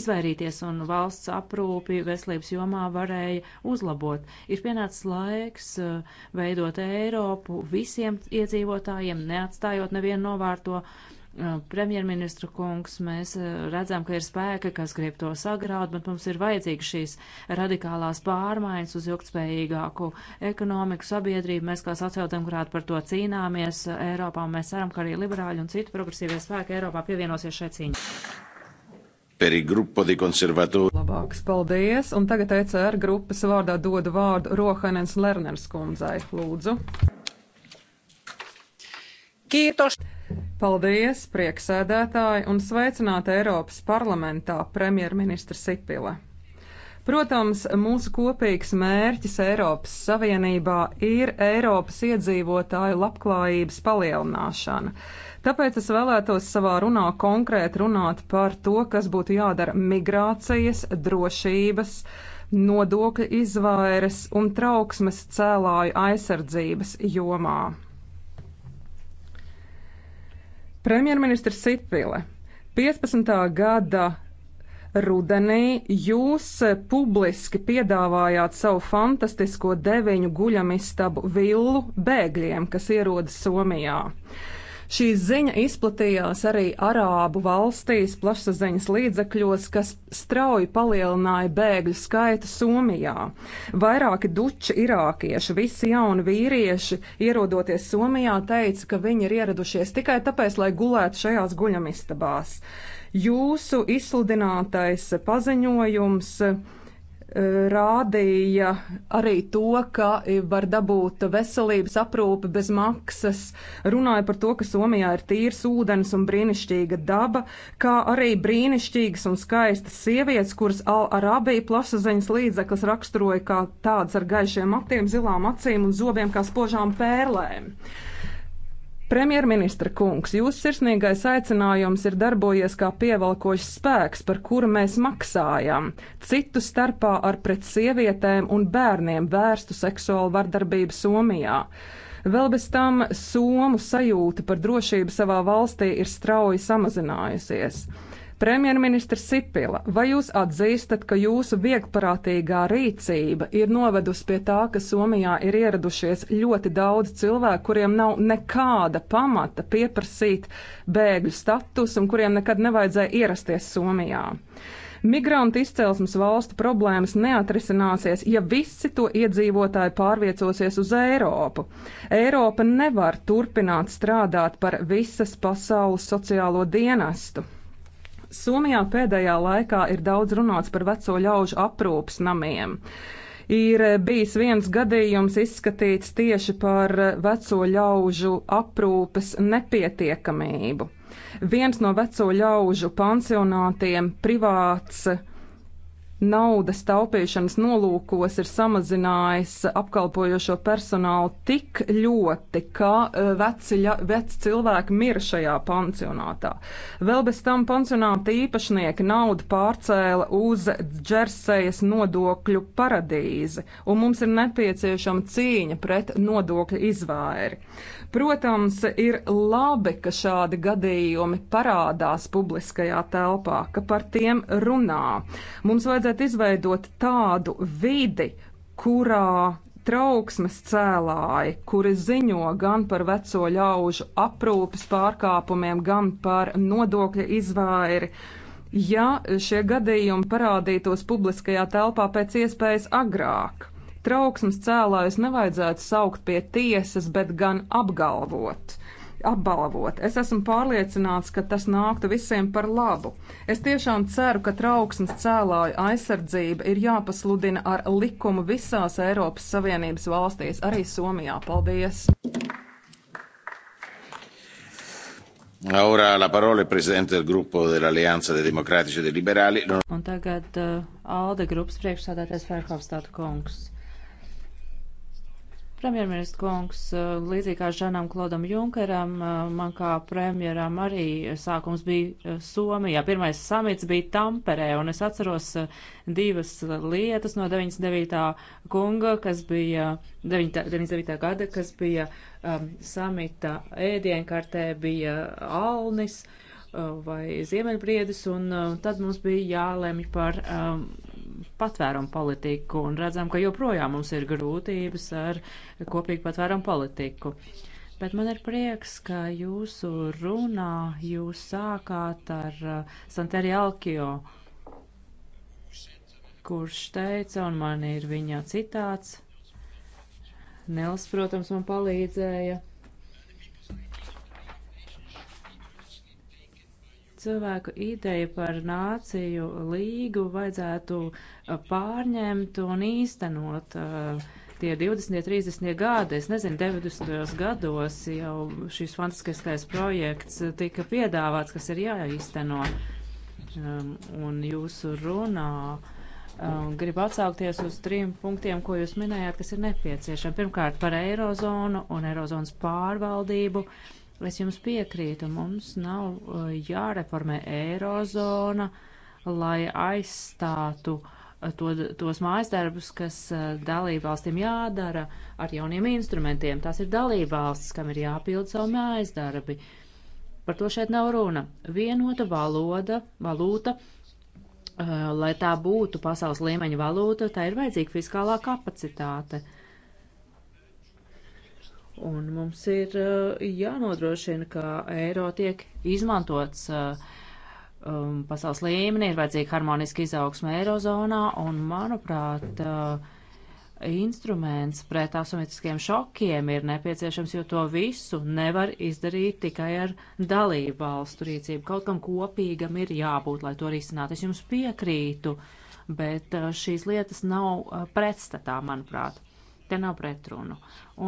izvairīties un valsts aprūpi veselības jomā varēja uzlabot. Ir pienācis laiks uh, veidot Eiropu visiem iedzīvotājiem, neatstājot nevienu novārto. Uh, premjerministra kungs, mēs redzam, ka ir spēki, kas grib to sagraut, bet mums ir vajadzīgas šīs radikālās pārmaiņas uz ilgspējīgāku ekonomiku, sabiedrību. Mēs kā sociāldemokrāti par to cīnāmies Eiropā, un mēs ceram, ka arī liberāļi un citi progresīvie spēki Eiropā pievienosies šai cīņai. Labāks paldies, un tagad ECR grupas vārdā dodu vārdu Rohainens Lerners kundzei. Lūdzu. Kītos. Paldies, prieksēdētāji, un sveicināt Eiropas parlamentā premjerministra Sipila. Protams, mūsu kopīgs mērķis Eiropas Savienībā ir Eiropas iedzīvotāju labklājības palielināšana. Tāpēc es vēlētos savā runā konkrēti runāt par to, kas būtu jādara migrācijas, drošības, nodokļu izvairas un trauksmes cēlāju aizsardzības jomā. Premjerministrs Sipile, 15. gada rudenī jūs eh, publiski piedāvājāt savu fantastisko deviņu guļamistabu villu bēgļiem, kas ierodas Somijā. Šī ziņa izplatījās arī Arābu valstīs plašsaziņas līdzekļos, kas strauji palielināja bēgļu skaitu Somijā. Vairāki duči irākieši, visi jauni vīrieši, ierodoties Somijā, teica, ka viņi ir ieradušies tikai tāpēc, lai gulētu šajās guļamistabās. Jūsu izsludinātais paziņojums rādīja arī to, ka var dabūt veselības aprūpi bez maksas, runāja par to, ka Somijā ir tīrs ūdens un brīnišķīga daba, kā arī brīnišķīgas un skaistas sievietes, kuras Al-Arabija plasaziņas līdzeklis raksturoja kā tādas ar gaišiem matiem, zilām acīm un zobiem kā spožām pērlēm. Premjerministra kungs, jūsu sirsnīgais aicinājums ir darbojies kā pievalkošs spēks, par kuru mēs maksājam, citu starpā ar pret sievietēm un bērniem vērstu seksuālu vardarbību Somijā. Vēl bez tam Somu sajūta par drošību savā valstī ir strauji samazinājusies. Premjerministrs Sipila, vai jūs atzīstat, ka jūsu viegprātīgā rīcība ir novedusi pie tā, ka Somijā ir ieradušies ļoti daudz cilvēku, kuriem nav nekāda pamata pieprasīt bēgļu status un kuriem nekad nevajadzēja ierasties Somijā? Migrantu izcelsmes valstu problēmas neatrisināsies, ja visi to iedzīvotāji pārviecosies uz Eiropu. Eiropa nevar turpināt strādāt par visas pasaules sociālo dienestu. Somijā pēdējā laikā ir daudz runāts par veco ļaužu aprūpas namiem. Ir bijis viens gadījums izskatīts tieši par veco ļaužu aprūpes nepietiekamību. Viens no veco ļaužu pansionātiem privāts uh, naudas taupīšanas nolūkos ir samazinājis apkalpojošo personālu tik ļoti, ka eh, veci, veci cilvēki mir šajā pansionātā. Vēl bez tam pansionāta īpašnieki naudu pārcēla uz Džersejas nodokļu paradīzi, un mums ir nepieciešama cīņa pret nodokļu izvairi. Protams, ir labi, ka šādi gadījumi parādās publiskajā telpā, ka par tiem runā. Mums vajadzētu izveidot tādu vidi, kurā trauksmes cēlāji, kuri ziņo gan par veco ļaužu aprūpes pārkāpumiem, gan par nodokļa izvairi. Ja šie gadījumi parādītos publiskajā telpā pēc iespējas agrāk, Trauksmes cēlājus nevajadzētu saukt pie tiesas, bet gan apgalvot. Apbalvot. Es esmu pārliecināts, ka tas nāktu visiem par labu. Es tiešām ceru, ka trauksmes cēlāju aizsardzība ir jāpasludina ar likumu visās Eiropas Savienības valstīs, arī Somijā. Paldies! Ora la parola al Presidente del gruppo dell'Alleanza dei Democratici e dei Liberali. Un tagad uh, Alde grupas priekšsādātais Ferhofstāta kungs. Premjerministra kungs, eh, līdzīgi kā Žanam Klodam Junkeram, eh, man kā premjeram arī sākums bija eh, Somijā. Pirmais samits bija Tamperē, un es atceros divas lietas no 99. kunga, kas bija 99. gada, kas bija um, samita ēdienkartē, bija Alnis vai Ziemeļbriedis, un uh, tad mums bija jālemj par um, patvērumu politiku un redzam, ka joprojām mums ir grūtības ar kopīgu patvērumu politiku. Bet man ir prieks, ka jūsu runā jūs sākāt ar uh, Santeri Alkio, kurš teica, un man ir viņa citāts. Nils, protams, man palīdzēja cilvēku ideja par nāciju līgu vajadzētu uh, pārņemt un īstenot. Uh, tie 20, 30 gadi, es nezinu, 90. gados jau šis fantastiskais projekts uh, tika piedāvāts, kas ir jāīsteno. Um, un jūsu runā um, gribu atsaukties uz trim punktiem, ko jūs minējāt, kas ir nepieciešami. Pirmkārt, par eirozonu un eirozonas pārvaldību. Uh, Es jums piekrītu, mums nav eh, jāreformē eirozona, lai aizstātu eh, to, tos mājasdarbus, kas eh, dalībvalstīm jādara ar jauniem instrumentiem. Tās ir dalībvalstis, kam ir jāpild savu mājasdarbi. Par to šeit nav runa. Vienota valoda, valūta, lai tā būtu pasaules līmeņa valūta, tā ir vajadzīga fiskālā kapacitāte. Uh, Un mums ir eh, jānodrošina, ka eiro tiek izmantots eh, um, pasaules līmenī, ir vajadzīga harmoniska izaugsme eirozonā, un, manuprāt, uh, instruments pret asumētiskiem šokiem ir nepieciešams, jo to visu nevar izdarīt tikai ar dalību valstu rīcību. Kaut kam kopīgam ir jābūt, lai to risinātu. Es jums piekrītu, bet uh, šīs lietas nav uh, pretstatā, manuprāt. Te nav pretrunu.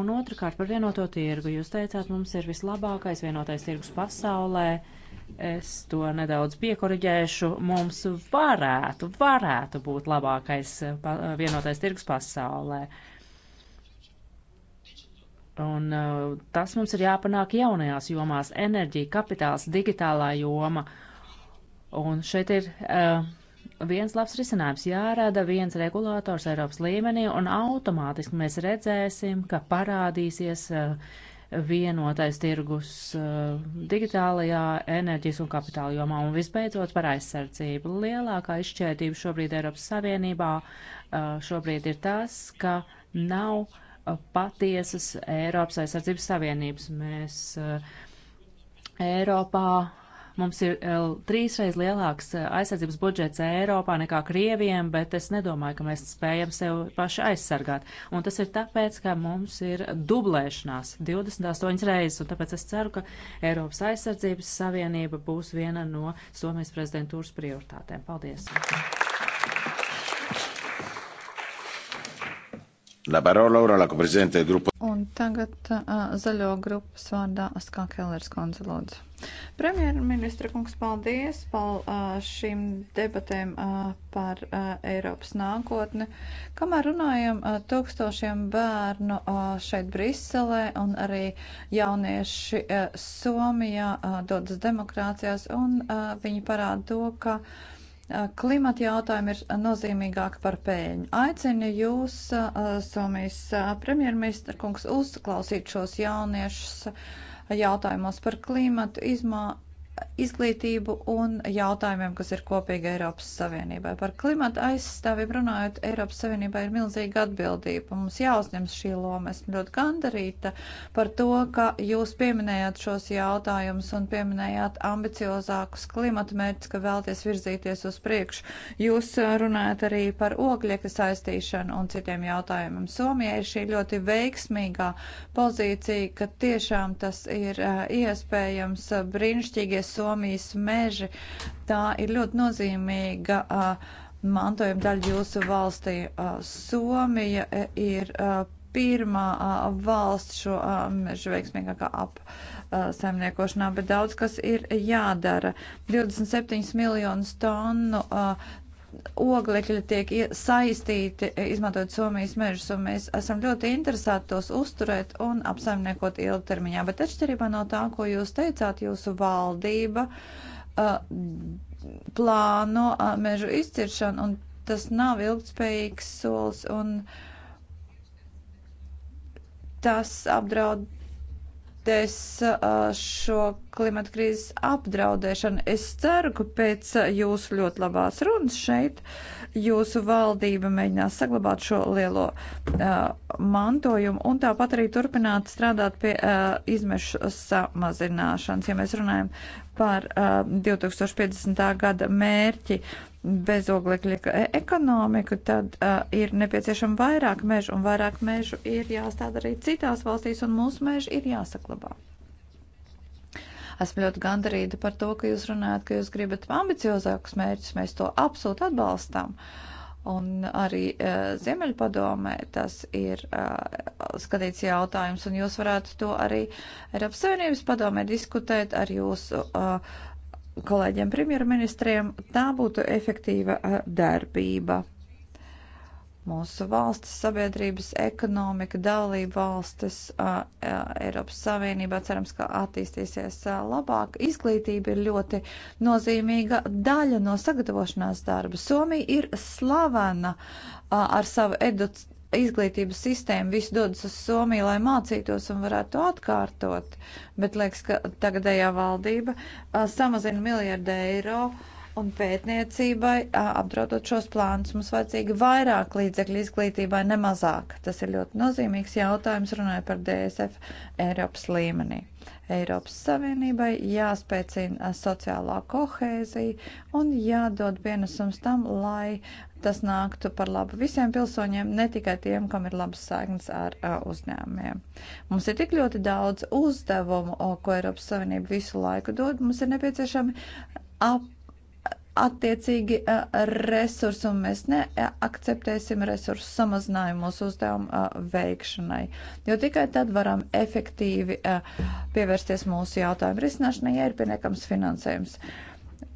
Un otrkārt par vienoto tirgu. Jūs teicāt, mums ir vislabākais vienotais tirgus pasaulē. Es to nedaudz piekoriģēšu. Mums varētu, varētu būt labākais vienotais tirgus pasaulē. Un uh, tas mums ir jāpanāk jaunajās jomās - enerģija, kapitāls, digitālā joma. Un šeit ir uh, viens labs risinājums jārada, viens regulators Eiropas līmenī, un automātiski mēs redzēsim, ka parādīsies eh, vienotais tirgus eh, digitālajā enerģijas un kapitāla jomā. Un visbeidzot par aizsardzību. Lielākā izšķērdība šobrīd Eiropas Savienībā eh, šobrīd ir tas, ka nav patiesas Eiropas aizsardzības savienības. Mēs Eiropā Mums ir eh, trīsreiz lielāks eh, aizsardzības budžets Eiropā nekā Krieviem, bet es nedomāju, ka mēs spējam sev paši aizsargāt. Un tas ir tāpēc, ka mums ir dublēšanās 28 reizes, un tāpēc es ceru, ka Eiropas aizsardzības savienība būs viena no Somijas prezidentūras prioritātēm. Paldies! Thank you. Un tagad uh, zaļo grupas vārdā Askā Kellers kundze lūdzu. Premjerministra kungs, paldies par uh, šīm debatēm uh, par uh, Eiropas nākotni. Kamēr runājam uh, tūkstošiem bērnu uh, šeit Briselē un arī jaunieši uh, Somijā uh, dodas demokrācijās un uh, viņi parāda to, ka. Uh, Klimata jautājumi ir nozīmīgāki par pēļņu. Aicinu jūs, Somijas premjerministra kungs, uzklausīt šos jauniešus jautājumos par klimatu izmā, izglītību un jautājumiem, kas ir kopīgi Eiropas Savienībai. Par klimata aizstāvību runājot, Eiropas Savienībai ir milzīga atbildība. Mums jāuzņems šī loma. Esmu ļoti gandarīta par to, ka jūs pieminējāt šos jautājumus un pieminējāt ambiciozākus klimata mērķus, ka vēlties virzīties uz priekšu. Jūs uh, runājat arī par ogļieka saistīšanu un citiem jautājumiem. Somijai ir šī ļoti veiksmīgā pozīcija, ka tiešām tas ir uh, iespējams brīnišķīgie Somijas meži. Tā ir ļoti nozīmīga mantojuma daļa jūsu valstī. Somija e, ir pirmā valsts šo mežu veiksmīgākā apsaimniekošanā, bet daudz kas ir jādara. 27 miljonus tonu oglekļi tiek saistīti, e, izmantojot Somijas mežus, un mēs esam ļoti interesēti tos uzturēt un apsaimniekot ilgtermiņā. Bet atšķirībā no tā, ko jūs teicāt, jūsu valdība uh, plāno uh, mežu izciršanu, un tas nav ilgtspējīgs solis, un tas apdraud konfrontēs šo klimata krīzes apdraudēšanu. Es ceru, ka pēc jūsu ļoti labās runas šeit jūsu valdība mēģinās saglabāt šo lielo uh, mantojumu un tāpat arī turpināt strādāt pie uh, izmešu samazināšanas. Ja mēs runājam par uh, 2050. gada mērķi, uh, bezoglekļa e- ekonomiku, tad uh, ir nepieciešama vairāk mežu, un vairāk mežu ir jāstāda arī citās valstīs, un mūsu meži ir jāsaklabā. Esmu ļoti gandarīta par to, ka jūs runājat, ka jūs gribat ambiciozākus mērķus, mēs to absolūti atbalstām. Un arī uh, Ziemeļpadomē tas ir uh, skatīts jautājums, un jūs varētu to arī Eiropas Savienības padomē diskutēt ar jūsu. Uh, kolēģiem premjerministriem, tā būtu efektīva eh, darbība. Mūsu valstis, sabiedrības, ekonomika, dalība valstis, eh, eh, Eiropas Savienībā cerams, ka attīstīsies labāk. Izglītība ir ļoti nozīmīga daļa no sagatavošanās darba. Somija ir slavena ar savu edu izglītības sistēma visi dodas uz Somiju, lai mācītos un varētu to atkārtot. Bet liekas, ka tagadējā valdība a, samazina miljardu eiro. Un pētniecībai, apdraudot šos plānus, mums vajadzīga vairāk līdzekļu izglītībai, ne mazāk. Tas ir ļoti nozīmīgs jautājums, runājot par DSF Eiropas līmenī. Eiropas Savienībai jāspēcina sociālā kohēzija un jādod pienesums tam, lai tas nāktu par labu visiem pilsoņiem, ne tikai tiem, kam ir labas saiknes ar uh, uzņēmumiem. Mums ir tik ļoti daudz uzdevumu, o, ko Eiropas Savienība visu laiku dod, mums ir nepieciešami ap, attiecīgi uh, resursi, un mēs neakceptēsim resursu samazinājumu mūsu uzdevumu uh, veikšanai, jo tikai tad varam efektīvi uh, pievērsties mūsu jautājumu risināšanai, ja ir pieniekams finansējums. Uh,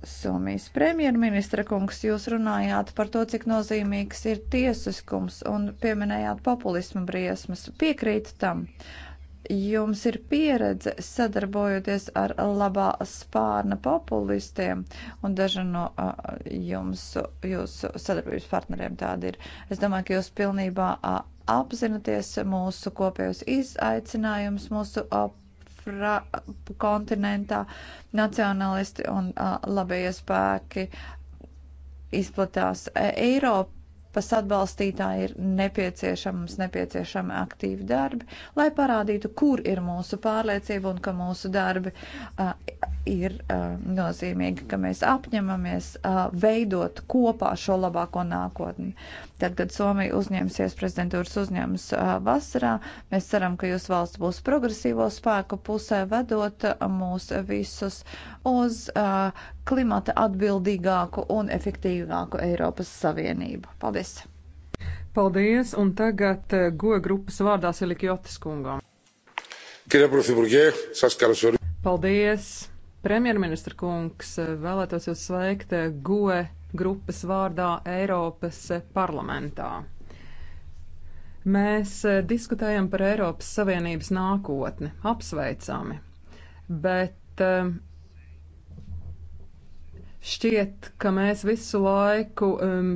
Somijas premjerministra kungs, jūs runājāt par to, cik nozīmīgs ir tiesiskums un pieminējāt populismu briesmas. Piekrīt tam. Jums ir pieredze sadarbojoties ar labā spārna populistiem, un daži no uh, jums, jūsu sadarbības partneriem tādi ir. Es domāju, ka jūs pilnībā uh, apzināties mūsu kopējos izaicinājumus, mūsu uh, fra, kontinentā nacionālisti un uh, labējie spēki izplatās. E, Eiropas atbalstītāji ir nepieciešams, nepieciešami aktīvi darbi, lai parādītu, kur ir mūsu pārliecība un ka mūsu darbi uh, ir uh, nozīmīgi, ka mēs apņemamies uh, veidot kopā šo labāko nākotni. Uh, Tad, kad Somija uzņemsies prezidentūras uzņēmums vasarā, mēs ceram, ka jūsu valsts būs progresīvo spēku pusē, vedot mūs visus uz klimata atbildīgāku un efektīvāku Eiropas Savienību. Paldies! Paldies, un tagad goja grupas vārdā Silika Jotis kungam. Paldies! Premjerministra kungs, vēlētos jūs sveikt GOE grupas vārdā Eiropas parlamentā. Mēs eh, diskutējam par Eiropas Savienības nākotni, apsveicami, bet eh, šķiet, ka mēs visu laiku um,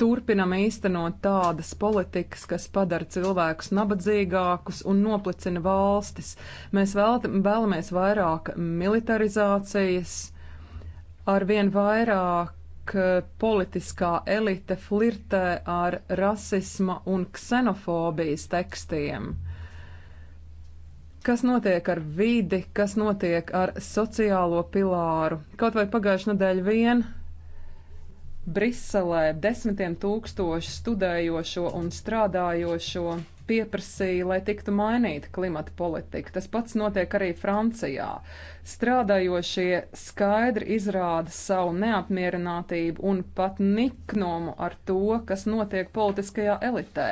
turpinam īstenot tādas politikas, kas padara cilvēkus nabadzīgākus un noplicina valstis. Mēs vēl, vēlamies vairāk militarizācijas arvien vairāk eh, politiskā elite flirtē ar rasisma un ksenofobijas tekstiem. Kas notiek ar vidi, kas notiek ar sociālo pilāru? Kaut vai pagājušā nedēļa vien Briselē desmitiem tūkstoši studējošo un strādājošo pieprasīja, lai tiktu mainīta klimata politika. Tas pats notiek arī Francijā. Strādājošie skaidri izrāda savu neapmierinātību un pat niknumu ar to, kas notiek politiskajā elitē.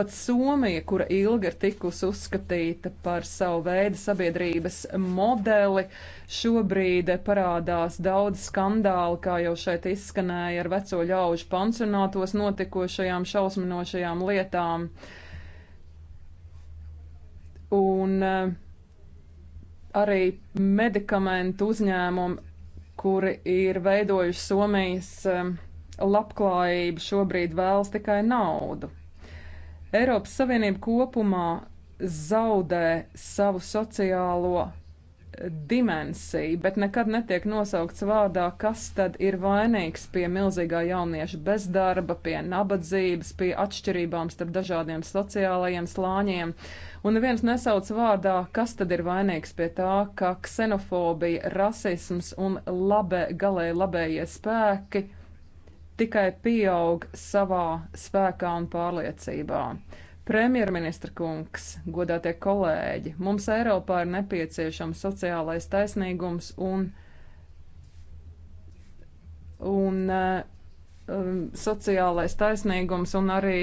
Pat Somija, kura ilgi ir tikusi uzskatīta par savu veidu sabiedrības modeli, šobrīd parādās daudz skandālu, kā jau šeit izskanēja ar veco ļaužu pansionātos notikošajām šausminošajām lietām. Uh, un eh, arī medikamentu uzņēmumi, kuri ir veidojuši Somijas eh, labklājību, šobrīd vēlas tikai naudu. Eiropas Savienība kopumā zaudē savu sociālo eh, dimensiju, bet nekad netiek nosaukts vārdā, kas tad ir vainīgs pie milzīgā jauniešu bezdarba, pie nabadzības, pie atšķirībām starp dažādiem sociālajiem slāņiem. Uh, Un neviens nesauc vārdā, kas tad ir vainīgs pie tā, ka ksenofobija, rasisms un labē, galēji labējie spēki tikai pieaug savā spēkā un pārliecībā. Premjerministra kungs, godātie kolēģi, mums Eiropā ir nepieciešams sociālais taisnīgums un, un uh, um, sociālais taisnīgums un arī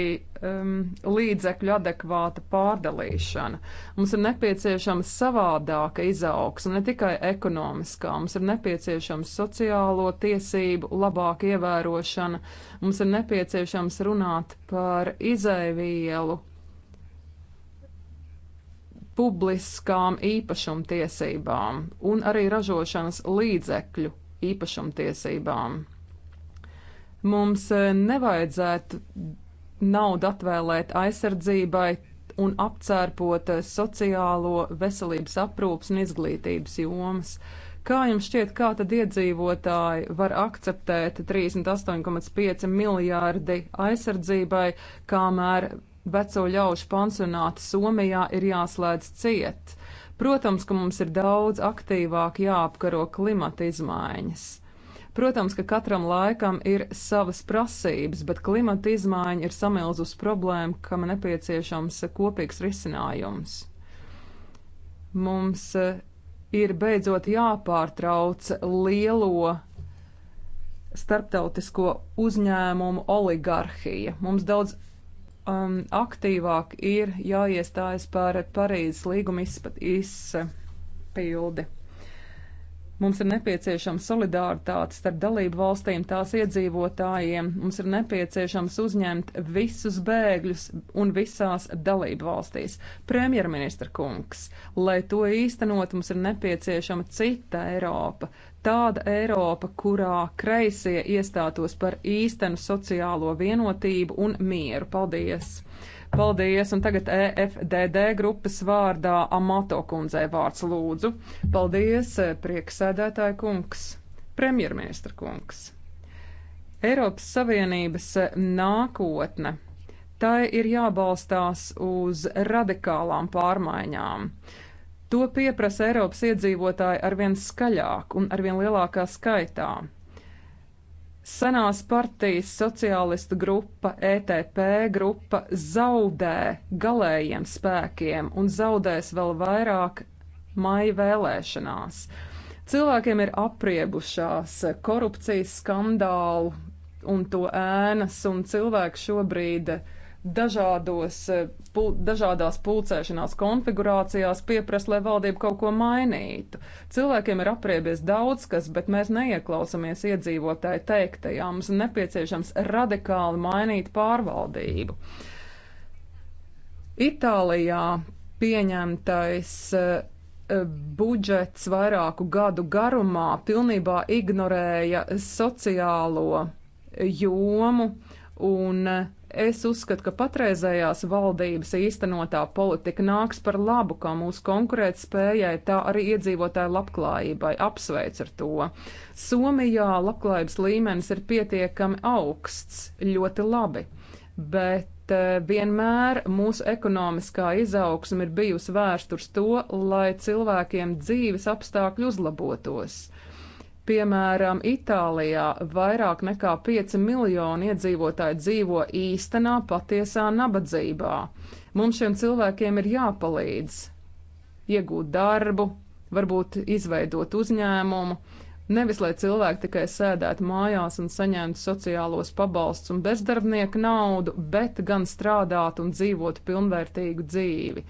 um, līdzekļu adekvāta pārdalīšana. Mums ir nepieciešama savādāka izaugsme, ne tikai ekonomiskā. Mums ir nepieciešama sociālo tiesību labāka ievērošana. Mums ir nepieciešams runāt par izēvielu publiskām īpašumtiesībām un arī ražošanas līdzekļu īpašumtiesībām. Mums eh, nevajadzētu naudu atvēlēt aizsardzībai un apcērpot eh, sociālo veselības aprūpas un izglītības jomas. Kā jums šķiet, kā tad iedzīvotāji var akceptēt 38,5 miljārdi aizsardzībai, kamēr veco ļaužu pansionāti Somijā ir jāslēdz ciet? Protams, ka mums ir daudz aktīvāk jāapkaro klimata izmaiņas. Protams, ka katram laikam ir savas prasības, bet klimata izmaiņa ir samilzus problēma, kam nepieciešams kopīgs risinājums. Mums eh, ir beidzot jāpārtrauc lielo starptautisko uzņēmumu oligarhija. Mums daudz um, aktīvāk ir jāiestājas par Parīzes līguma izpildi. Mums ir nepieciešama solidaritāte starp dalību valstīm, tās iedzīvotājiem. Mums ir nepieciešams uzņemt visus bēgļus un visās dalību valstīs. Premjerministra kungs, lai to īstenot, mums ir nepieciešama cita Eiropa. Tāda Eiropa, kurā kreisie iestātos par īstenu sociālo vienotību un mieru. Paldies! Paldies, un tagad EFDD grupas vārdā Amato kundzē vārds lūdzu. Paldies, prieksēdētāja kungs, premjerministra kungs. Eiropas Savienības nākotne. Tai ir jābalstās uz radikālām pārmaiņām. To pieprasa Eiropas iedzīvotāji arvien skaļāk un arvien lielākā skaitā. Senās partijas sociālistu grupa, ETP grupa zaudē galējiem spēkiem un zaudēs vēl vairāk maija vēlēšanās. Cilvēkiem ir apriebušās korupcijas skandālu un to ēnas, un cilvēki šobrīd uh, dažādos, eh, pul, dažādās pulcēšanās konfigurācijās pieprasa, lai valdība kaut ko mainītu. Cilvēkiem ir apriebies daudz kas, bet mēs neieklausamies iedzīvotāju teiktajā. Mums ir nepieciešams radikāli mainīt pārvaldību. Itālijā pieņemtais eh, budžets vairāku gadu garumā pilnībā ignorēja sociālo jomu un Es uzskatu, ka patreizējās valdības īstenotā politika nāks par labu kā mūsu konkurētspējai, tā arī iedzīvotāju labklājībai. Apsveic ar to. Somijā labklājības līmenis ir pietiekami augsts, ļoti labi, bet eh, vienmēr mūsu ekonomiskā izaugsme ir bijusi vērsta uz to, lai cilvēkiem dzīves apstākļi uzlabotos. Piemēram, Itālijā vairāk nekā 5 miljoni iedzīvotāji dzīvo īstenā, patiesā nabadzībā. Mums šiem cilvēkiem ir jāpalīdz iegūt darbu, varbūt izveidot uzņēmumu, nevis lai cilvēki tikai sēdētu mājās un saņemtu sociālos pabalsts un bezdarbnieku naudu, bet gan strādātu un dzīvotu pilnvērtīgu dzīvi.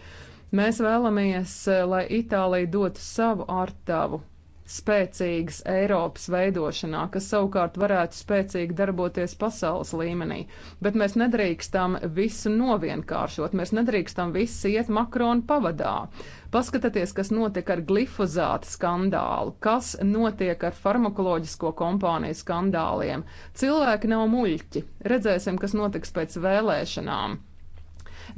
Mēs vēlamies, eh, lai Itālija dotu savu artavu spēcīgas Eiropas veidošanā, kas savukārt varētu spēcīgi darboties pasaules līmenī. Bet mēs nedrīkstam visu novienkāršot, mēs nedrīkstam visu iet makronu pavadā. Paskatieties, kas notiek ar glifozāta skandālu, kas notiek ar farmakoloģisko kompāniju skandāliem. Cilvēki nav muļķi. Redzēsim, kas notiks pēc vēlēšanām.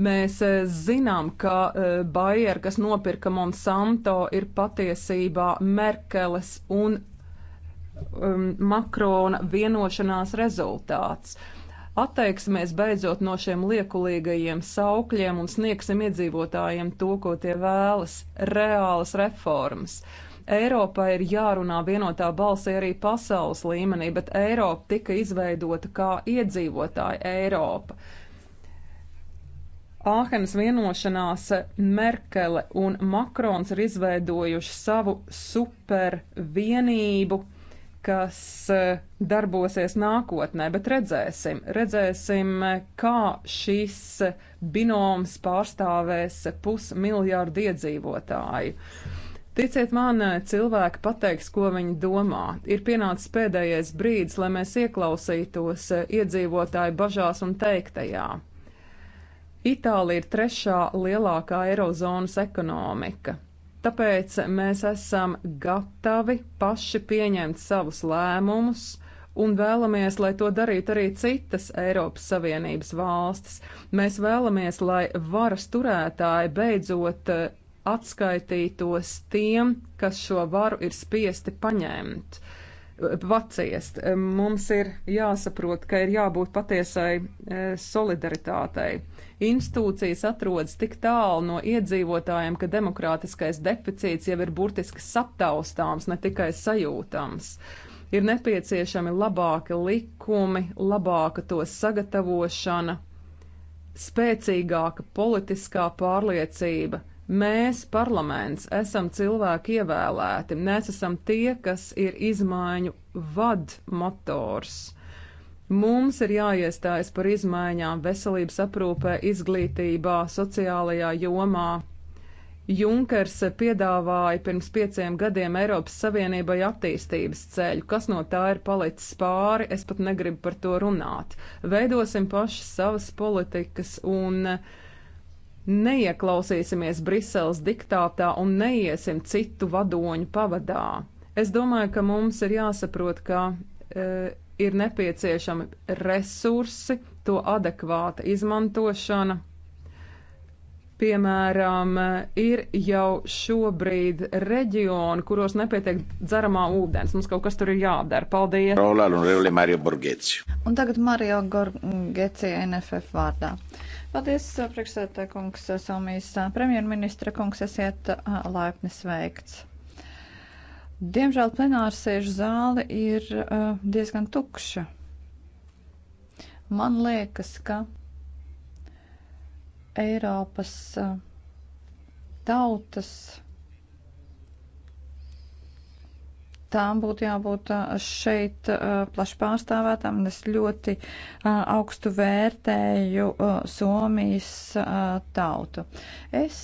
Mēs eh, zinām, ka eh, Bayer, kas nopirka Monsanto, ir patiesībā Merkeles un um, Makrona vienošanās rezultāts. Atteiksimies beidzot no šiem liekulīgajiem saukļiem un sniegsim iedzīvotājiem to, ko tie vēlas - reālas reformas. Eiropai ir jārunā vienotā balsī arī pasaules līmenī, bet Eiropa tika izveidota kā iedzīvotāja Eiropa. Āhenas vienošanās Merkele un Makrons ir izveidojuši savu supervienību, kas e, darbosies nākotnē, bet redzēsim, redzēsim, kā šis binoms pārstāvēs pusmiljārdu iedzīvotāju. Ticiet man, cilvēki pateiks, ko viņi domā. Ir pienācis pēdējais brīdis, lai mēs ieklausītos iedzīvotāju bažās un teiktajā. Itālija ir trešā lielākā eirozonas ekonomika. Tāpēc mēs esam gatavi paši pieņemt savus lēmumus un vēlamies, lai to darītu arī citas Eiropas Savienības valstis. Mēs vēlamies, lai varas turētāji beidzot eh, atskaitītos tiem, kas šo varu ir spiesti paņemt. Uh, vaciest. Mums ir jāsaprot, ka ir jābūt patiesai e, solidaritātei. Institūcijas atrodas tik tālu no iedzīvotājiem, ka demokrātiskais deficīts jau ir burtiski saptaustāms, ne tikai sajūtams. Ir nepieciešami labāki likumi, labāka to sagatavošana, spēcīgāka politiskā pārliecība, Mēs, parlaments, esam cilvēki ievēlēti. Mēs esam tie, kas ir izmaiņu vadmotors. Mums ir jāiestājas par izmaiņām veselības aprūpē, izglītībā, sociālajā jomā. Junkers piedāvāja pirms pieciem gadiem Eiropas Savienībai attīstības ceļu. Kas no tā ir palicis pāri, es pat negribu par to runāt. Veidosim paši savas politikas un uh, neieklausīsimies Briseles diktātā un neiesim citu vadoņu pavadā. Es domāju, ka mums ir jāsaprot, ka e, ir nepieciešami resursi, to adekvāta izmantošana. Piemēram, ir jau šobrīd reģioni, kuros nepietiek dzeramā ūdens. Mums kaut kas tur ir jādara. Paldies! Un tagad Mario Borgeci NFF vārdā. Paldies, uh, priekšsētā kungs, uh, Somijas uh, premjerministra kungs, esiet laipni sveikts. Diemžēl plenārsēžu zāle ir diezgan tukša. Man liekas, ka Eiropas tautas tām būtu jābūt šeit plaši pārstāvētām, un es ļoti augstu vērtēju Somijas tautu. Es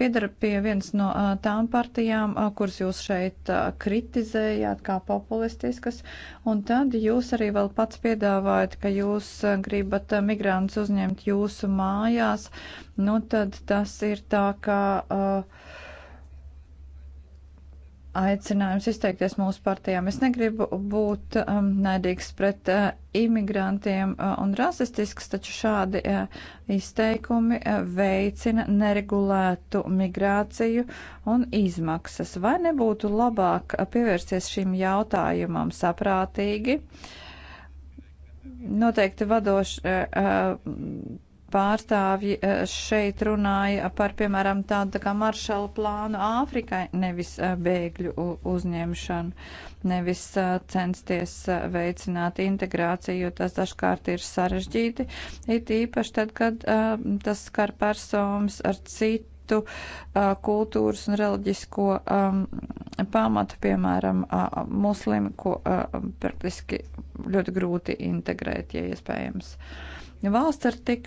piedara pie vienas no tām partijām, kuras jūs šeit kritizējāt kā populistiskas, un tad jūs arī vēl pats piedāvājat, ka jūs gribat migrantus uzņemt jūsu mājās, nu tad tas ir tā kā. Uh, aicinājums izteikties mūsu partijām. Es negribu būt um, naidīgs pret uh, imigrantiem uh, un rasistisks, taču šādi uh, izteikumi uh, veicina neregulētu migrāciju un izmaksas. Vai nebūtu labāk uh, pievērsties šim jautājumam saprātīgi? Noteikti vadoši. Uh, uh, pārstāvji eh, šeit runāja par, piemēram, tādu tā kā maršala plānu Āfrikai, nevis eh, bēgļu uzņemšanu, nevis eh, censties veicināt integrāciju, jo tas dažkārt ir sarežģīti, it īpaši tad, kad tas skar personas ar citu citu uh, kultūras un reliģisko um, pamatu, piemēram, uh, muslimi, ko uh, praktiski ļoti grūti integrēt, ja iespējams. Uh, valsts ar tik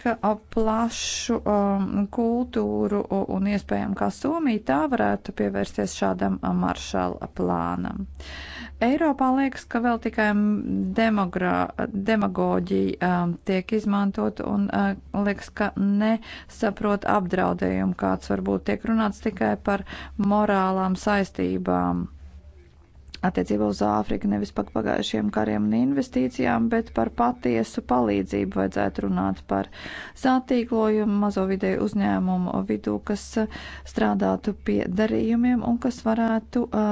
plašu um, kultūru un iespējām kā Somija, tā varētu pievērsties šādam maršala plānam. Eiropā liekas, ka vēl tikai demogrā, demagoģija um, tiek izmantot un uh, liekas, ka nesaprot apdraudējumu, kāds varbūt tiek runāts tikai par morālām saistībām attiecībā uz Āfriku nevis par pagājušiem kariem un investīcijām, bet par patiesu palīdzību vajadzētu runāt par sātīklojumu mazo vidēju uzņēmumu vidū, kas uh, strādātu pie darījumiem un kas varētu uh,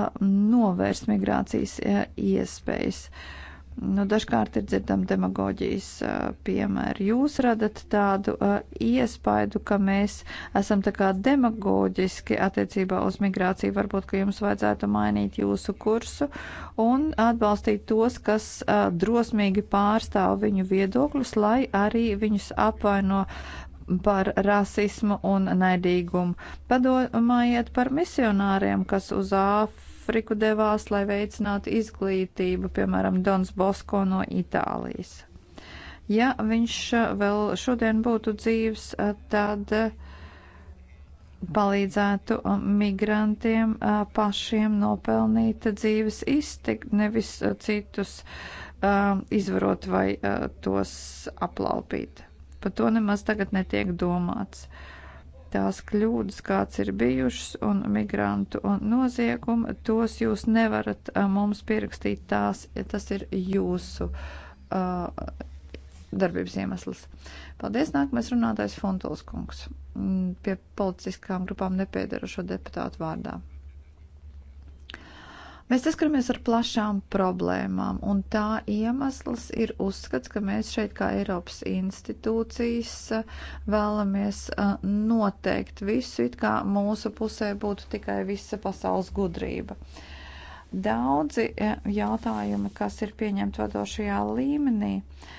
novērst migrācijas uh, iespējas. Uh, Nu, dažkārt ir dzirdama demagoģijas piemēra. Jūs radat tādu uh, iespaidu, ka mēs esam tā kā demagoģiski attiecībā uz migrāciju. Varbūt, ka jums vajadzētu mainīt jūsu kursu un atbalstīt tos, kas uh, drosmīgi pārstāv viņu viedokļus, lai arī viņus apvaino par rasismu un naidīgumu. Padomājiet par misionāriem, kas uz Āfriku Āfriku devās, lai veicinātu izglītību, piemēram, Dons Bosko no Itālijas. Ja viņš uh, vēl šodien būtu dzīvs, uh, tad uh, palīdzētu migrantiem pašiem nopelnīt dzīves iztikt, nevis citus izvarot vai tos aplaupīt. Par to nemaz tagad netiek domāts tās kļūdas, kāds ir bijušas, un migrantu un noziegumu, tos jūs nevarat mums pierakstīt, tās, tas ir jūsu uh, darbības iemesls. Paldies, nākamais runātājs Fontols kungs, mm, pie politiskām grupām nepiedarošo deputātu vārdā. Mēs saskaramies ar plašām problēmām, un tā iemesls ir uzskats, ka mēs šeit, kā Eiropas institūcijas, eh, vēlamies eh, noteikt visu, it kā mūsu pusē būtu tikai visa pasaules gudrība. Daudzi eh, jautājumi, kas ir pieņemti vadošajā līmenī, uh,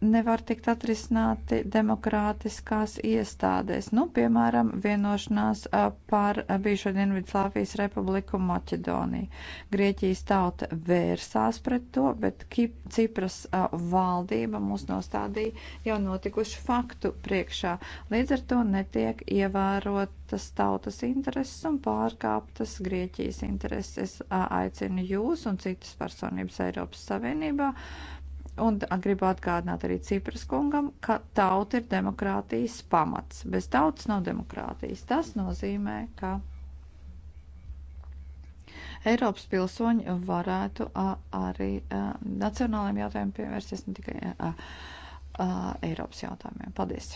nevar tikt atrisināti demokrātiskās iestādēs. Nu, piemēram, vienošanās par bijušo Dienvidslāvijas republiku Maķedoniju. Grieķijas tauta vērsās pret to, bet Cipras valdība mūs nostādīja jau notikušu faktu priekšā. Līdz ar to netiek ievērotas tautas intereses un pārkāptas Grieķijas intereses. Aicinu jūs un citas personības Eiropas Savienībā Un gribu atgādināt arī Cipras kungam, ka tauta ir demokrātijas pamats. Bez tautas nav demokrātijas. Tas nozīmē, ka Eiropas pilsoņi varētu a, arī a, nacionālajiem jautājumiem pievērsties ne tikai a, a, Eiropas jautājumiem. Paldies!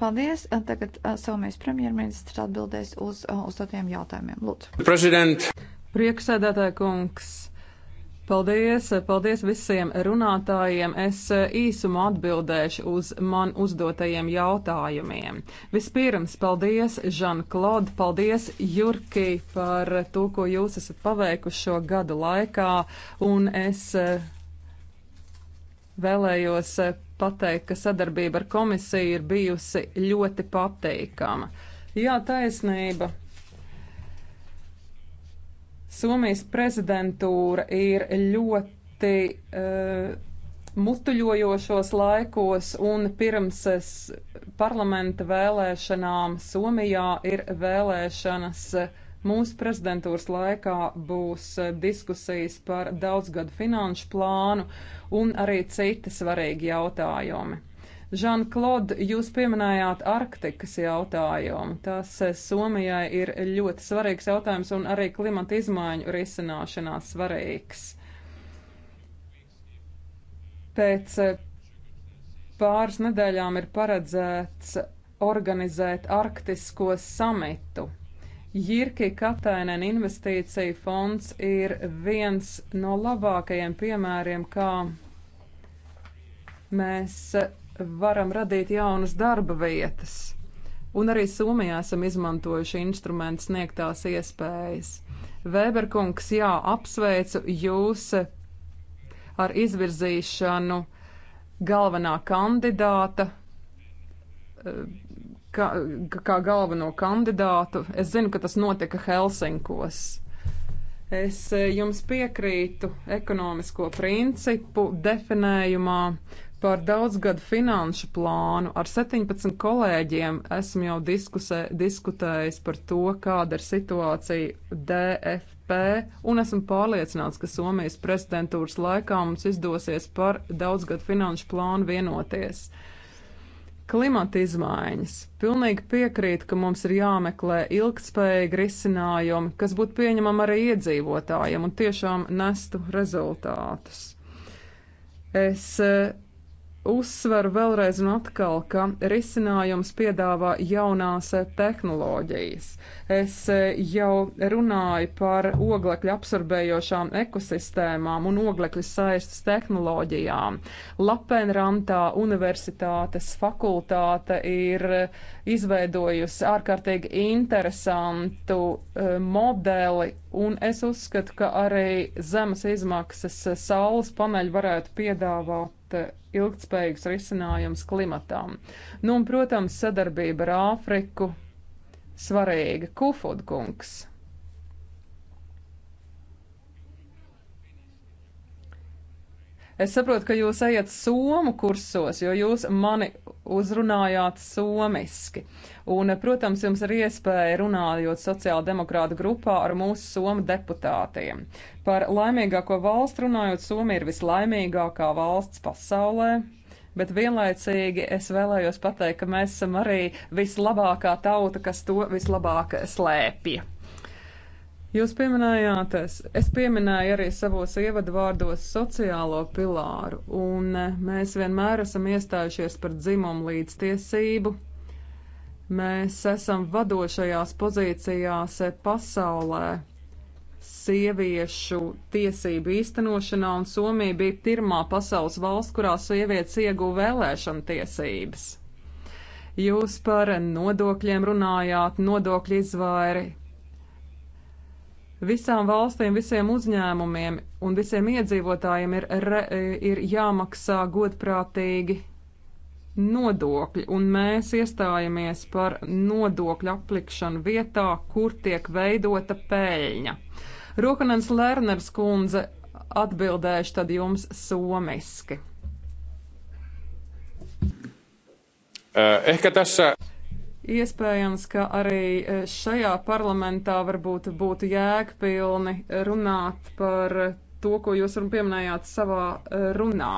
Paldies! A, tagad a, Somijas premjerministrs atbildēs uz uzdotiem jautājumiem. Lūdzu! President. Prieksēdētāja kungs! Paldies, paldies visiem runātājiem. Es īsumā atbildēšu uz man uzdotajiem jautājumiem. Vispirms, paldies, Žan-Klod, paldies, Jurki, par to, ko jūs esat paveikuši šo gadu laikā, un es eh, vēlējos eh, pateikt, ka sadarbība ar komisiju ir bijusi ļoti pateikama. Jā, taisnība. Somijas prezidentūra ir ļoti uh, mutuļojošos laikos, un pirms parlamenta vēlēšanām Somijā ir vēlēšanas. Mūsu prezidentūras laikā būs eh, diskusijas par daudzgadu finanšu plānu un arī citi svarīgi jautājumi. Žan-Klod, jūs pieminējāt Arktikas jautājumu. Tas eh, Somijai ir ļoti svarīgs jautājums un arī klimata izmaiņu risināšanā svarīgs. Pēc eh, pāris nedēļām ir paredzēts organizēt Arktisko samitu. Jirki Katainen investīcija fonds ir viens no labākajiem piemēriem, kā mēs varam radīt jaunas darba vietas. Un arī Somijā esam izmantojuši instrumentu sniegtās iespējas. Vēberkungs, jā, apsveicu jūs ar izvirzīšanu galvenā kandidāta kā, kā galveno kandidātu. Es zinu, ka tas notika Helsinkos. Es eh, jums piekrītu ekonomisko principu definējumā, par daudzgadu finanšu plānu. Ar 17 kolēģiem esmu jau diskusē, diskutējis par to, kāda ir situācija DFP, un esmu pārliecināts, ka Somijas prezidentūras laikā mums izdosies par daudzgadu finanšu plānu vienoties. Klimata izmaiņas. Pilnīgi piekrīt, ka mums ir jāmeklē ilgspējīgi risinājumi, kas būtu pieņemami arī iedzīvotājiem un tiešām nestu rezultātus. Es eh, uzsveru vēlreiz un atkal, ka risinājums piedāvā jaunās tehnoloģijas. Es e, jau runāju par oglekļa absorbējošām ekosistēmām un oglekļa saistas tehnoloģijām. Lapenrantā universitātes fakultāte ir izveidojusi ārkārtīgi interesantu e, modeli, un es uzskatu, ka arī zemes izmaksas saules paneļi varētu piedāvāt ilgtspējīgs risinājums klimatam. Nu, un, protams, sadarbība ar Āfriku svarīga. Kufudkungs! Es saprotu, ka jūs ejat somu kursos, jo jūs mani uzrunājāt somiski. Un, protams, jums ir iespēja runājot sociāldemokrāta grupā ar mūsu somu deputātiem. Par laimīgāko valstu runājot, Somija ir vislaimīgākā valsts pasaulē bet vienlaicīgi es vēlējos pateikt, ka mēs esam arī vislabākā tauta, kas to vislabāk slēpja. Jūs pieminējāt, es pieminēju arī savos ievadvārdos sociālo pilāru, un eh, mēs vienmēr esam iestājušies par dzimumu līdztiesību. Mēs esam vadošajās pozīcijās eh, pasaulē sieviešu tiesību īstenošanā, un Somija bija pirmā pasaules valsts, kurā sievietes ieguva vēlēšana tiesības. Jūs par nodokļiem runājāt, nodokļu izvairi, Visām valstīm, visiem uzņēmumiem un visiem iedzīvotājiem ir, re, ir jāmaksā godprātīgi nodokļi, un mēs iestājamies par nodokļu aplikšanu vietā, kur tiek veidota peļņa. Rokanens Lerners kundze atbildēšu tad jums somiski. Eh, ehkä tässä Iespējams, ka arī e, šajā parlamentā varbūt būtu jēgpilni runāt par to, ko jūs pieminējāt savā e, runā.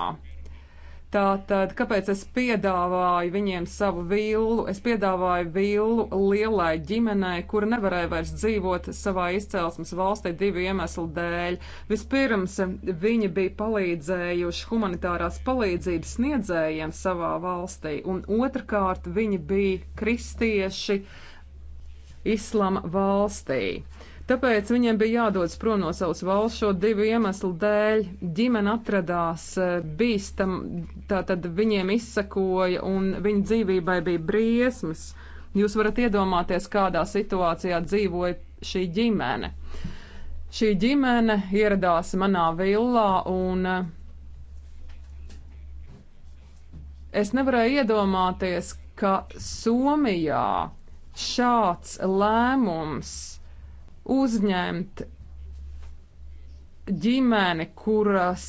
Tātad, kāpēc es piedāvāju viņiem savu villu? Es piedāvāju villu lielai ģimenei, kura nevarēja vairs dzīvot savā izcelsmes valstī divu iemeslu dēļ. Vispirms viņi bija palīdzējuši humanitārās palīdzības sniedzējiem savā valstī, un otrkārt viņi bija kristieši islama valstī. Uh, Tāpēc viņiem bija jādodas prom no savas valsts šo divu iemeslu dēļ. Ģimene atradās eh, bīstam, tātad viņiem izsakoja un viņa dzīvībai bija briesmas. Jūs varat iedomāties, kādā situācijā dzīvoja šī ģimene. Šī ģimene ieradās manā villā un eh, es nevarēju iedomāties, ka Somijā šāds lēmums uzņemt ģimeni, kuras,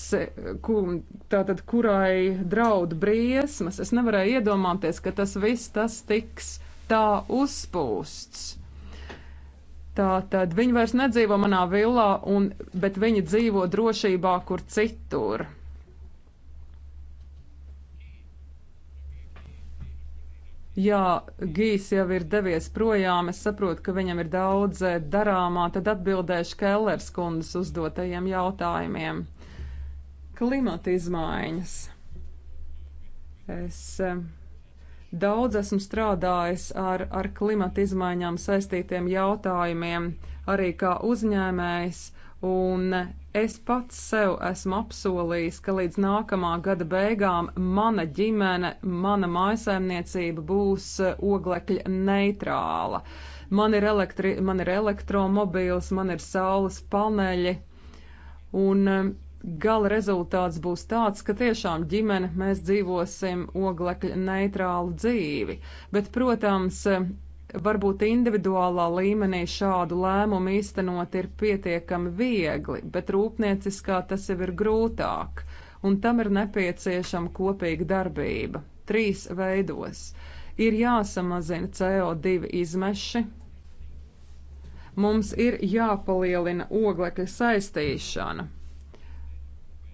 kur, tātad, kurai draud briesmas. Es nevarēju iedomāties, ka tas viss tas tiks tā uzpūsts. Tātad viņi vairs nedzīvo manā villā, un, bet viņi dzīvo drošībā kur citur. Jā, Gīs jau ir devies projām, es saprotu, ka viņam ir daudz eh, darāmā, tad atbildēšu Kellers kundas uzdotajiem jautājumiem. Klimata izmaiņas. Es eh, daudz esmu strādājis ar, ar klimata izmaiņām saistītiem jautājumiem, arī kā uzņēmējs, un Es pats sev esmu apsolījis, ka līdz nākamā gada beigām mana ģimene, mana mājasēmniecība būs eh, oglekļa neitrāla. Man ir, elektri, man ir elektromobīls, man ir saules paneļi. Un eh, gala rezultāts būs tāds, ka tiešām ģimene mēs dzīvosim oglekļa neitrālu dzīvi. Bet, protams, varbūt individuālā līmenī šādu lēmumu īstenot ir pietiekami viegli, bet rūpnieciskā tas jau ir grūtāk, un tam ir nepieciešama kopīga darbība. Trīs veidos. Ir jāsamazina CO2 izmeši, mums ir jāpalielina oglekļa saistīšana.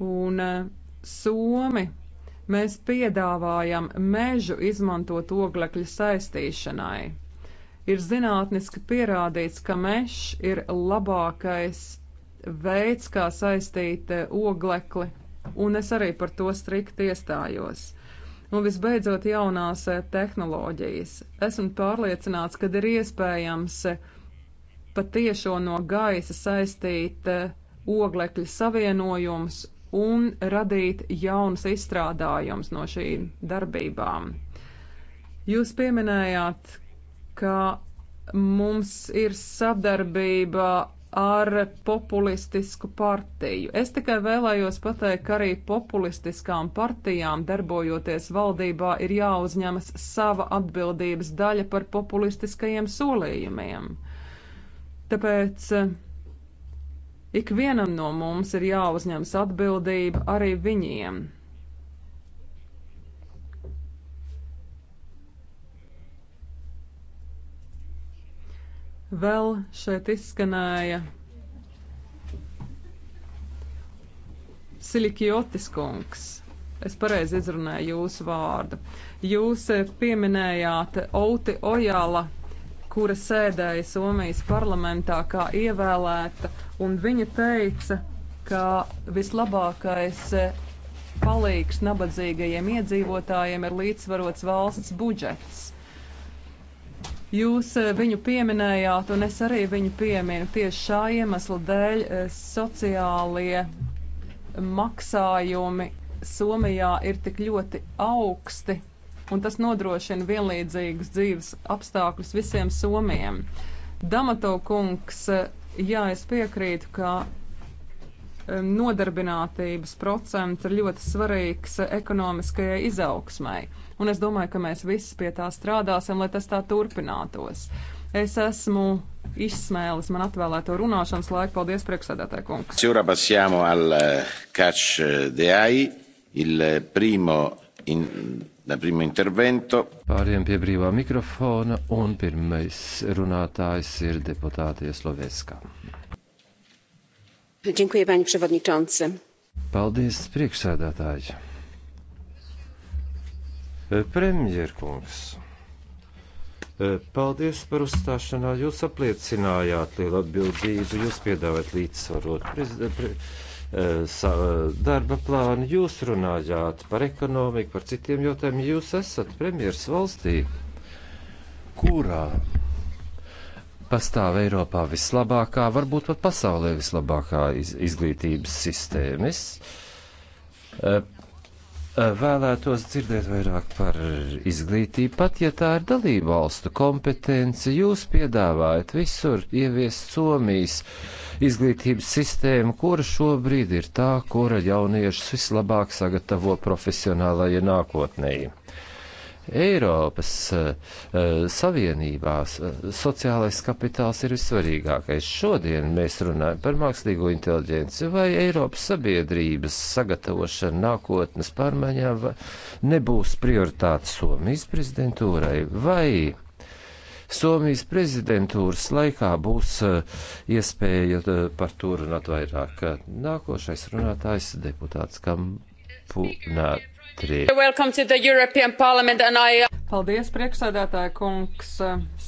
Un e, Somi mēs piedāvājam mežu izmantot oglekļa saistīšanai. Ir zinātniski pierādīts, ka mežs ir labākais veids, kā saistīt eh, oglekli, un es arī par to strikti iestājos. Un visbeidzot, jaunās eh, tehnoloģijas. Esmu pārliecināts, ka ir iespējams eh, patiešo no gaisa saistīt oglekļa savienojums un radīt jaunas izstrādājumus no šīm darbībām. Jūs pieminējāt, ka mums ir sadarbība ar populistisku partiju. Es tikai vēlējos pateikt, ka arī populistiskām partijām darbojoties valdībā ir jāuzņemas sava atbildības daļa par populistiskajiem solījumiem. Tāpēc eh, ikvienam no mums ir jāuzņemas atbildība arī viņiem. Vēl šeit izskanēja Silikjotis kungs. Es pareizi izrunāju jūsu vārdu. Jūs eh, pieminējāt Outi Ojala, kura sēdēja Somijas parlamentā kā ievēlēta, un viņa teica, ka vislabākais eh, palīgs nabadzīgajiem iedzīvotājiem ir līdzsvarots valsts budžets. Jūs eh, viņu pieminējāt, un es arī viņu pieminu tieši šā iemesla dēļ eh, sociālie maksājumi Somijā ir tik ļoti augsti, un tas nodrošina vienlīdzīgus dzīves apstākļus visiem somiem. Damato kungs, eh, jā, es piekrītu, ka nodarbinātības procents ir ļoti svarīgs ekonomiskajai izaugsmai un es domāju, ka mēs visi pie tā strādāsim, lai tas tā turpinātos. Es esmu izsmēlis man atvēlēto runāšanas laiku. Paldies, priekšsēdētāji kungs. Ora passiamo al eh, catch the eye, il primo in, da primo intervento. Pāriem pie brīvā mikrofona un pirmais runātājs ir deputāte Sloveska. Dziękuję, panie przewodniczący. Paldies, priekšsēdētāji. Premjerkungs. Paldies par uzstāšanā. Jūs apliecinājāt lielu atbildību, jūs piedāvājat līdzsvarot pre, darba plānu, jūs runājāt par ekonomiku, par citiem jautājumiem. Jūs esat premjers valstī, kurā pastāv Eiropā vislabākā, varbūt pat pasaulē vislabākā iz, izglītības sistēmas Eh, vēlētos dzirdēt vairāk par izglītību, pat ja tā ir dalību valstu kompetence. Jūs piedāvājat visur ieviest Somijas izglītības sistēmu, kura šobrīd ir tā, kura jauniešus vislabāk sagatavo profesionālajai nākotnēji. Eiropas eh, eh, Savienībās eh, sociālais kapitāls ir vissvarīgākais. Šodien mēs runājam par mākslīgo inteliģenci vai Eiropas sabiedrības sagatavošanu nākotnes pārmaiņām nebūs prioritāte Somijas prezidentūrai vai Somijas prezidentūras laikā būs iespēja par to runāt vairāk. Nākošais runātājs deputāts Kampunāt četri. Uh, Paldies, priekšsēdētāja kungs!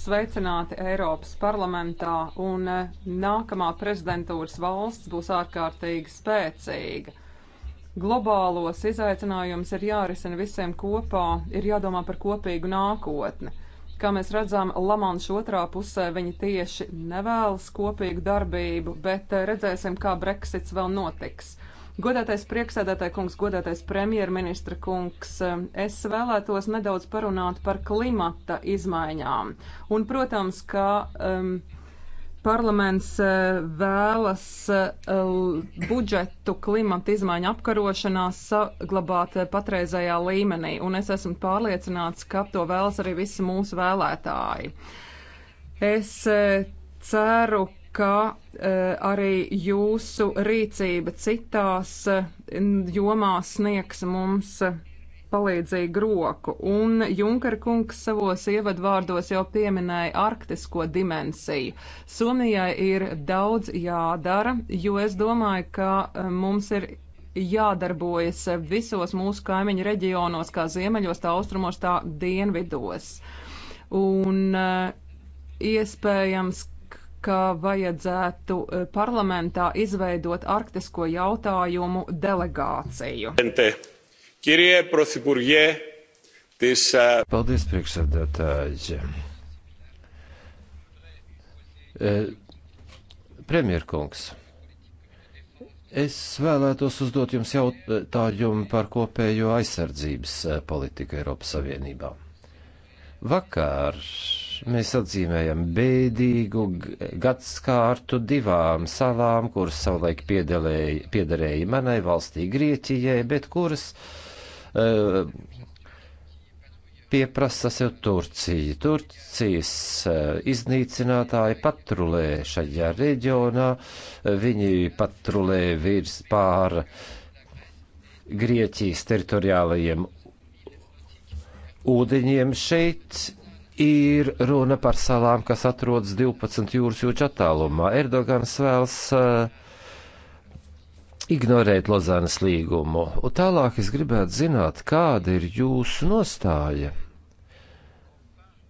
Sveicināti Eiropas parlamentā, un uh, nākamā prezidentūras valsts būs ārkārtīgi spēcīga. Globālos izaicinājumus ir jārisina visiem kopā, ir jādomā par kopīgu nākotni. Kā mēs redzam, Lamanša otrā pusē viņi tieši nevēlas kopīgu darbību, bet uh, redzēsim, kā Brexits vēl notiks. Godātais priekšsēdētāja kungs, godātais premjerministra kungs, es vēlētos nedaudz parunāt par klimata izmaiņām. Un, protams, ka um, parlaments uh, vēlas uh, budžetu klimata izmaiņu apkarošanā saglabāt uh, patreizajā līmenī, un es esmu pārliecināts, ka to vēlas arī visi mūsu vēlētāji. Es uh, ceru, ka e, arī jūsu rīcība citās e, jomās sniegs mums palīdzīgu roku. Un Junkar kungs savos ievadvārdos jau pieminēja arktisko dimensiju. Somijai ir daudz jādara, jo es domāju, ka e, mums ir jādarbojas visos mūsu kaimiņu reģionos, kā ziemeļos, tā austrumos, tā dienvidos. Un e, iespējams, ka vajadzētu e, parlamentā izveidot arktisko jautājumu delegāciju. E, Paldies, priekšsēdētāji. E, premjerkungs, es vēlētos uzdot jums jautājumu par kopējo aizsardzības politiku Eiropas Savienībā. Vakar Mēs atzīmējam bēdīgu gadskārtu divām salām, kuras savulaik piederēja manai valstī Grieķijai, bet kuras uh, pieprasa sev Turcija. Turcijas uh, iznīcinātāji patrulē šajā reģionā, viņi patrulē virs pār Grieķijas teritoriālajiem ūdeņiem šeit ir runa par salām, kas atrodas 12 jūras jūča attālumā. Erdogans vēlas uh, ignorēt Lozānas līgumu. Un tālāk es gribētu zināt, kāda ir jūsu nostāja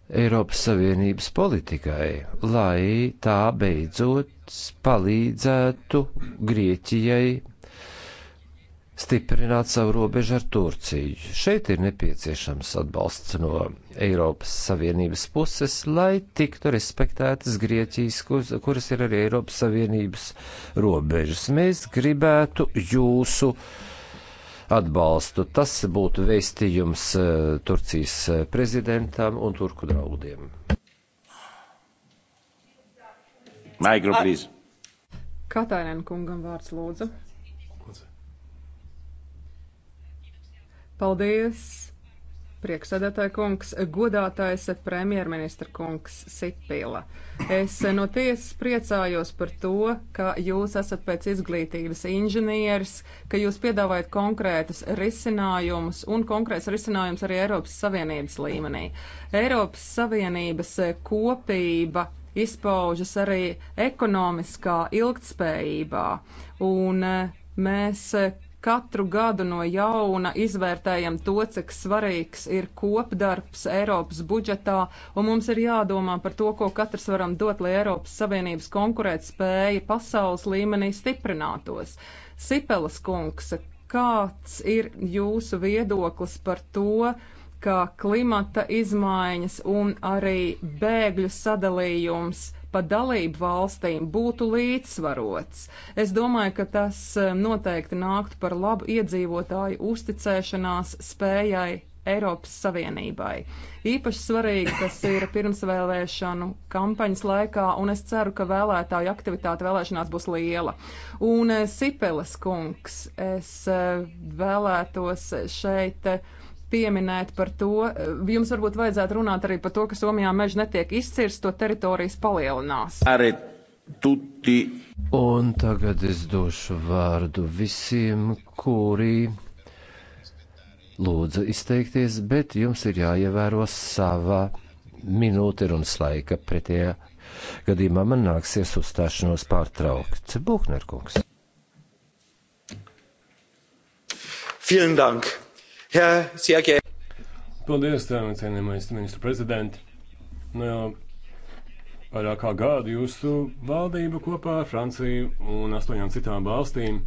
Eiropas Savienības politikai, lai tā beidzot palīdzētu Grieķijai stiprināt savu robežu ar Turciju. Šeit ir nepieciešams atbalsts no Eiropas Savienības puses, lai tiktu respektētas Grieķijas, kuras ir arī Eiropas Savienības robežas. Mēs gribētu jūsu atbalstu. Tas būtu veistījums eh, Turcijas eh, prezidentam un turku draudiem. Maigro, please. Katainen kungam vārds lūdzu. Paldies! Prieksēdētāja kungs, godātais premjerministra kungs Sipila. Es no tiesas priecājos par to, ka jūs esat pēc izglītības inženieris, ka jūs piedāvājat konkrētus risinājumus un konkrēts risinājums arī Eiropas Savienības līmenī. Eiropas Savienības kopība izpaužas arī ekonomiskā ilgtspējībā. Un, Mēs katru gadu no jauna izvērtējam to, cik svarīgs ir kopdarbs Eiropas budžetā, un mums ir jādomā par to, ko katrs varam dot, lai Eiropas Savienības konkurētspēja pasaules līmenī stiprinātos. Sipelas kungs, kāds ir jūsu viedoklis par to, ka klimata izmaiņas un arī bēgļu sadalījums pa dalību valstīm būtu līdzsvarots. Es domāju, ka tas eh, noteikti nāktu par labu iedzīvotāju uzticēšanās spējai Eiropas Savienībai. Īpaši svarīgi tas ir pirmsvēlēšanu kampaņas laikā, un es ceru, ka vēlētāju aktivitāte vēlēšanās būs liela. Un eh, Sipeles kungs, es eh, vēlētos šeit pieminēt par to, eh, jums varbūt vajadzētu runāt arī par to, ka Somijā meži netiek izcirsts, to teritorijas palielinās. Arī tuti. Un tagad es došu vārdu visiem, kuri lūdzu izteikties, bet jums ir jāievēro sava minūte runas laika. Pretējā gadījumā man nāksies uzstāšanos pārtraukt. Buhnerkungs. Vielen Dank! Jā, siekie. Paldies, cienījamais ministru prezidenti. Nu, jau vairāk kā gadu jūsu valdība kopā ar Franciju un astoņām citām valstīm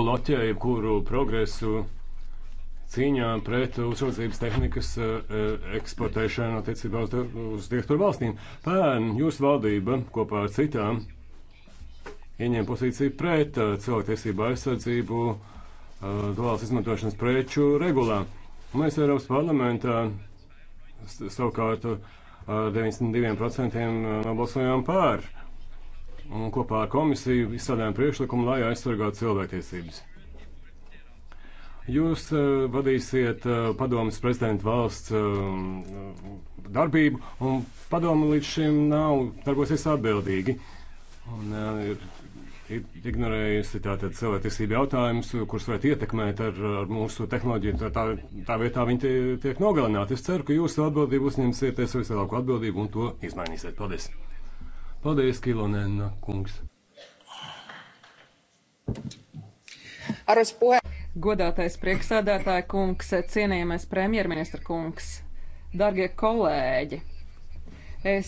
bloķē jebkuru progresu cīņā pret uzraudzības tehnikas eh, eh, eksportēšanu attiecībā uz, uz diktatoru valstīm. Pērn jūsu valdība kopā ar citām ieņem pozīciju pret eh, cilvēktiesību aizsardzību Eh, duāls izmantošanas preču regulā. Mēs Eiropas parlamentā savukārt ar eh, 92% eh, nobalsojām pār un kopā ar komisiju izstrādājām priekšlikumu, lai aizsargātu cilvēktiesības. Jūs uh, vadīsiet uh, padomus prezidentu valsts uh, darbību, un padomu līdz šim nav darbosies atbildīgi. Un, uh, ir ignorējusi tātad cilvēktiesību jautājumus, kurus varētu ietekmēt ar, ar mūsu tehnoloģiju. Tā, tā, tā vietā viņi tie, tiek nogalināti. Es ceru, ka jūsu atbildību uzņemsieties vislielāko atbildību un to izmainīsiet. Paldies! Paldies, Kilonēna kungs! Godātais priekšsēdētāja kungs, cienījamais premjerministra kungs, darbie kolēģi! Es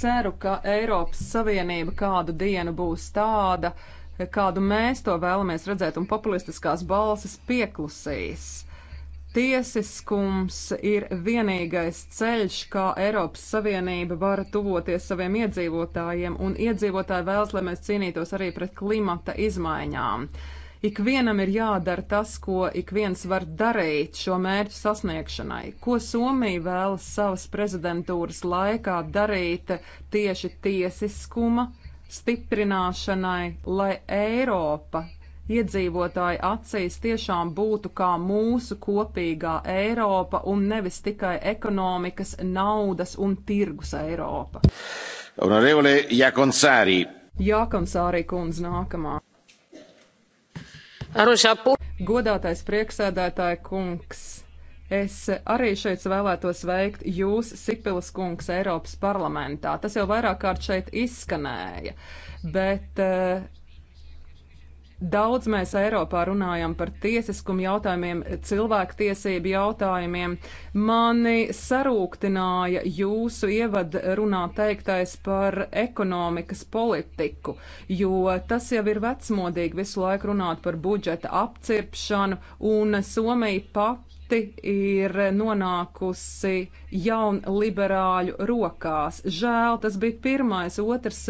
ceru, ka Eiropas Savienība kādu dienu būs tāda, kādu mēs to vēlamies redzēt, un populistiskās balsis pieklusīs. Tiesiskums ir vienīgais ceļš, kā Eiropas Savienība var tuvoties saviem iedzīvotājiem, un iedzīvotāji vēlas, lai mēs cīnītos arī pret klimata izmaiņām. Uh, Ikvienam ir jādara tas, ko ik viens var darīt šo mērķu sasniegšanai. Ko Somija vēlas savas prezidentūras laikā darīt tieši tiesiskuma stiprināšanai, lai Eiropa iedzīvotāju acīs tiešām būtu kā mūsu kopīgā Eiropa un nevis tikai ekonomikas, naudas un tirgus Eiropa. Honorevole Jākonsārī. Jākonsārī kundze nākamā. Godātais prieksēdētāja kungs, es arī šeit vēlētos veikt jūs, Sipilas kungs, Eiropas parlamentā. Tas jau vairāk kārt šeit izskanēja, bet uh, Daudz mēs Eiropā runājam par tiesiskumu jautājumiem, cilvēktiesību jautājumiem. Mani sarūktināja jūsu ievadrunā teiktais par ekonomikas politiku, jo tas jau ir vecmodīgi visu laiku runāt par budžeta apcirpšanu, un Somija pati ir nonākusi jaunliberāļu rokās. Žēl, tas bija pirmais, otrs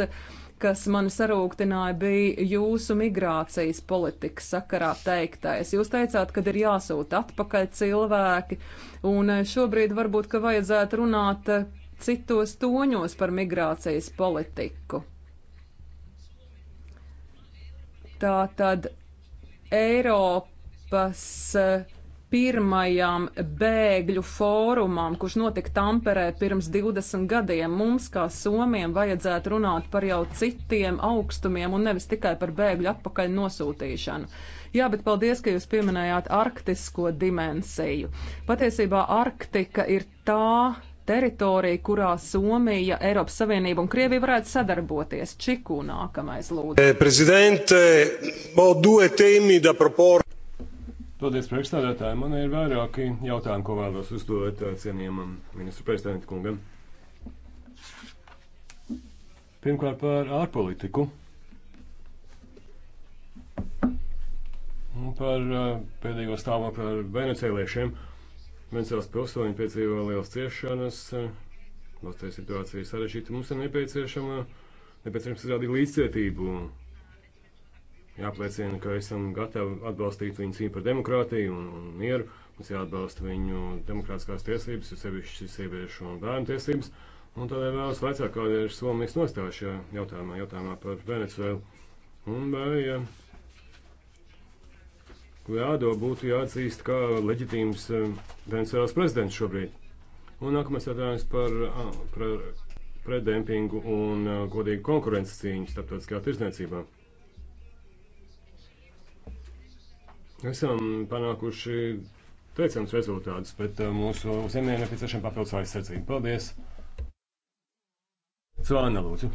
kas mani sarūktināja, bija jūsu migrācijas politikas sakarā teiktais. Jūs teicāt, ka ir jāsūta atpakaļ cilvēki, un eh, šobrīd varbūt, ka vajadzētu runāt eh, citos toņos par migrācijas politiku. Tā tad Eiropas eh, pirmajam bēgļu fórumam, kurš notika Tamperē pirms 20 gadiem. Mums, kā Somijam, vajadzētu runāt par jau citiem augstumiem un nevis tikai par bēgļu atpakaļ nosūtīšanu. Jā, bet paldies, ka jūs pieminējāt arktisko dimensiju. Patiesībā Arktika ir tā teritorija, kurā Somija, Eiropas Savienība un Krievija varētu sadarboties. Čikū nākamais lūdzu. Eh, Prezidente, ho due temi da proporre. Paldies, priekšstādātāji. Man ir vairāki jautājumi, ko vēlos uzdot eh, cienījamam ministru prezidentu kungam. Pirmkārt par ārpolitiku. Par eh, pēdējo stāvokli par venecēliešiem. Venecēlas pilsoņi piedzīvo liels ciešanas, eh, valstī situācija sarežģīta. Mums ir nepieciešama, nepieciešams izrādīt līdzcietību jāpliecina, ka esam gatavi atbalstīt viņu cīņu par demokrātiju un, un mieru. Mums jāatbalsta viņu demokrātiskās tiesības, jo sevišķi sieviešu un bērnu tiesības. Un tādēļ vēlos vaicāt, kāda ir Somijas nostāja šajā jautājumā, jautājumā par Venecuēlu. Un vai ja, Guaido būtu jāatzīst kā leģitīms eh, Venecuēlas prezidents šobrīd. Un nākamais jautājums par, par pretdempingu un godīgu konkurences cīņu starptautiskajā tirzniecībā. Esam panākuši teicams rezultātus, bet uh, mūsu zemē nepieciešama papildus aizsardzība. Paldies! Cvāna, lūdzu.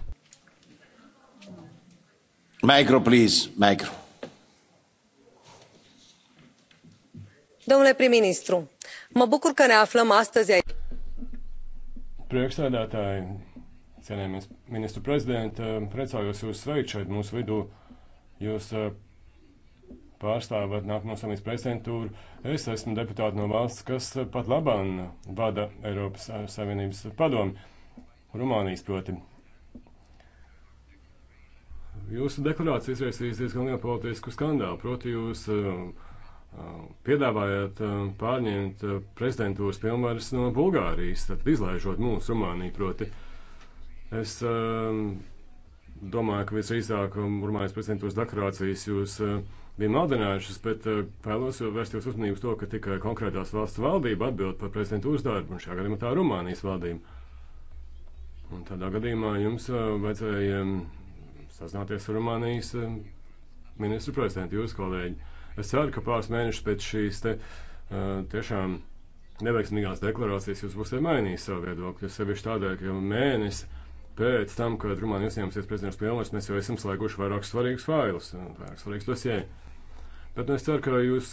Micro, please, micro. Domnule prim-ministru, mă bucur că ne aflăm astăzi aici. Priekšsēdētāji, cienējamies ministru prezidenta, priecājos jūs sveikt šeit mūsu vidū. Jūs uh, pārstāvat nākamo samijas prezidentūru. Es esmu deputāti no valsts, kas pat labāk vada Eiropas eh, Savienības padomu, Rumānijas proti. Jūsu deklarācija izraisīs diezgan lielu politisku skandālu, proti jūs eh, eh, piedāvājāt pārņemt prezidentūras pilnvaras no Bulgārijas, tad izlaižot mūsu Rumāniju proti. Es domāju, ka visrīzāk um, Rumānijas prezidentūras deklarācijas jūs uh, bija maldinājušas, bet eh, vēlos vērst jūsu uzmanību uz to, ka tikai konkrētās valsts valdība atbild par prezidentu uzdarbu, un šajā gadījumā tā Rumānijas valdība. Un tādā gadījumā jums eh, vajadzēja mm, sazināties ar Rumānijas eh, ministru prezidentu, jūs kolēģi. Es ceru, ka pāris mēnešus pēc šīs te tiešām neveiksmīgās deklarācijas jūs būsiet mainījis savu viedokli, sevišķi tādēļ, ka jau mēnesi pēc tam, kad Rumānija uzņēmusies prezidents Pilnvars, mēs jau esam slēguši vairākus svarīgus failus, vairākus svarīgus dosjē. Bet nu, es ceru, ka jūs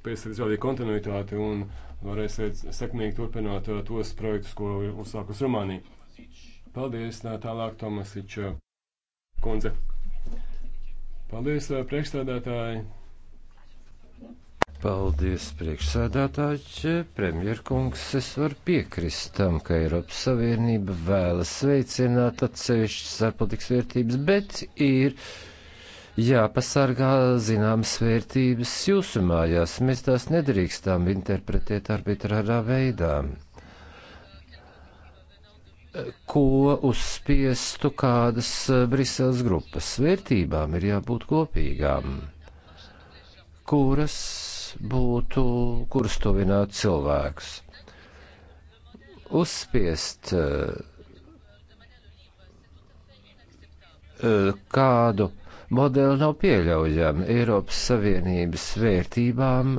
spēsiet izrādīt kontinuitāti un varēsiet sekmīgi turpināt uh, tos projektus, ko uzsākus Rumānija. Paldies, tālāk Tomasiča kundze. Paldies, uh, priekšstādātāji! Paldies, priekšsēdētāji, premjerkungs. Es varu piekrist tam, ka Eiropas Savienība vēlas veicināt atsevišķas ārpolitikas vērtības, bet ir jāpasargā zināmas vērtības jūsu mājās. Mēs tās nedrīkstām interpretēt arbitrārā veidā ko uzspiestu kādas Briseles grupas. Vērtībām ir jābūt kopīgām, kuras būtu, kuras tuvinātu cilvēkus. Uzspiest eh, eh, kādu modeli nav pieļaujami. Eiropas Savienības vērtībām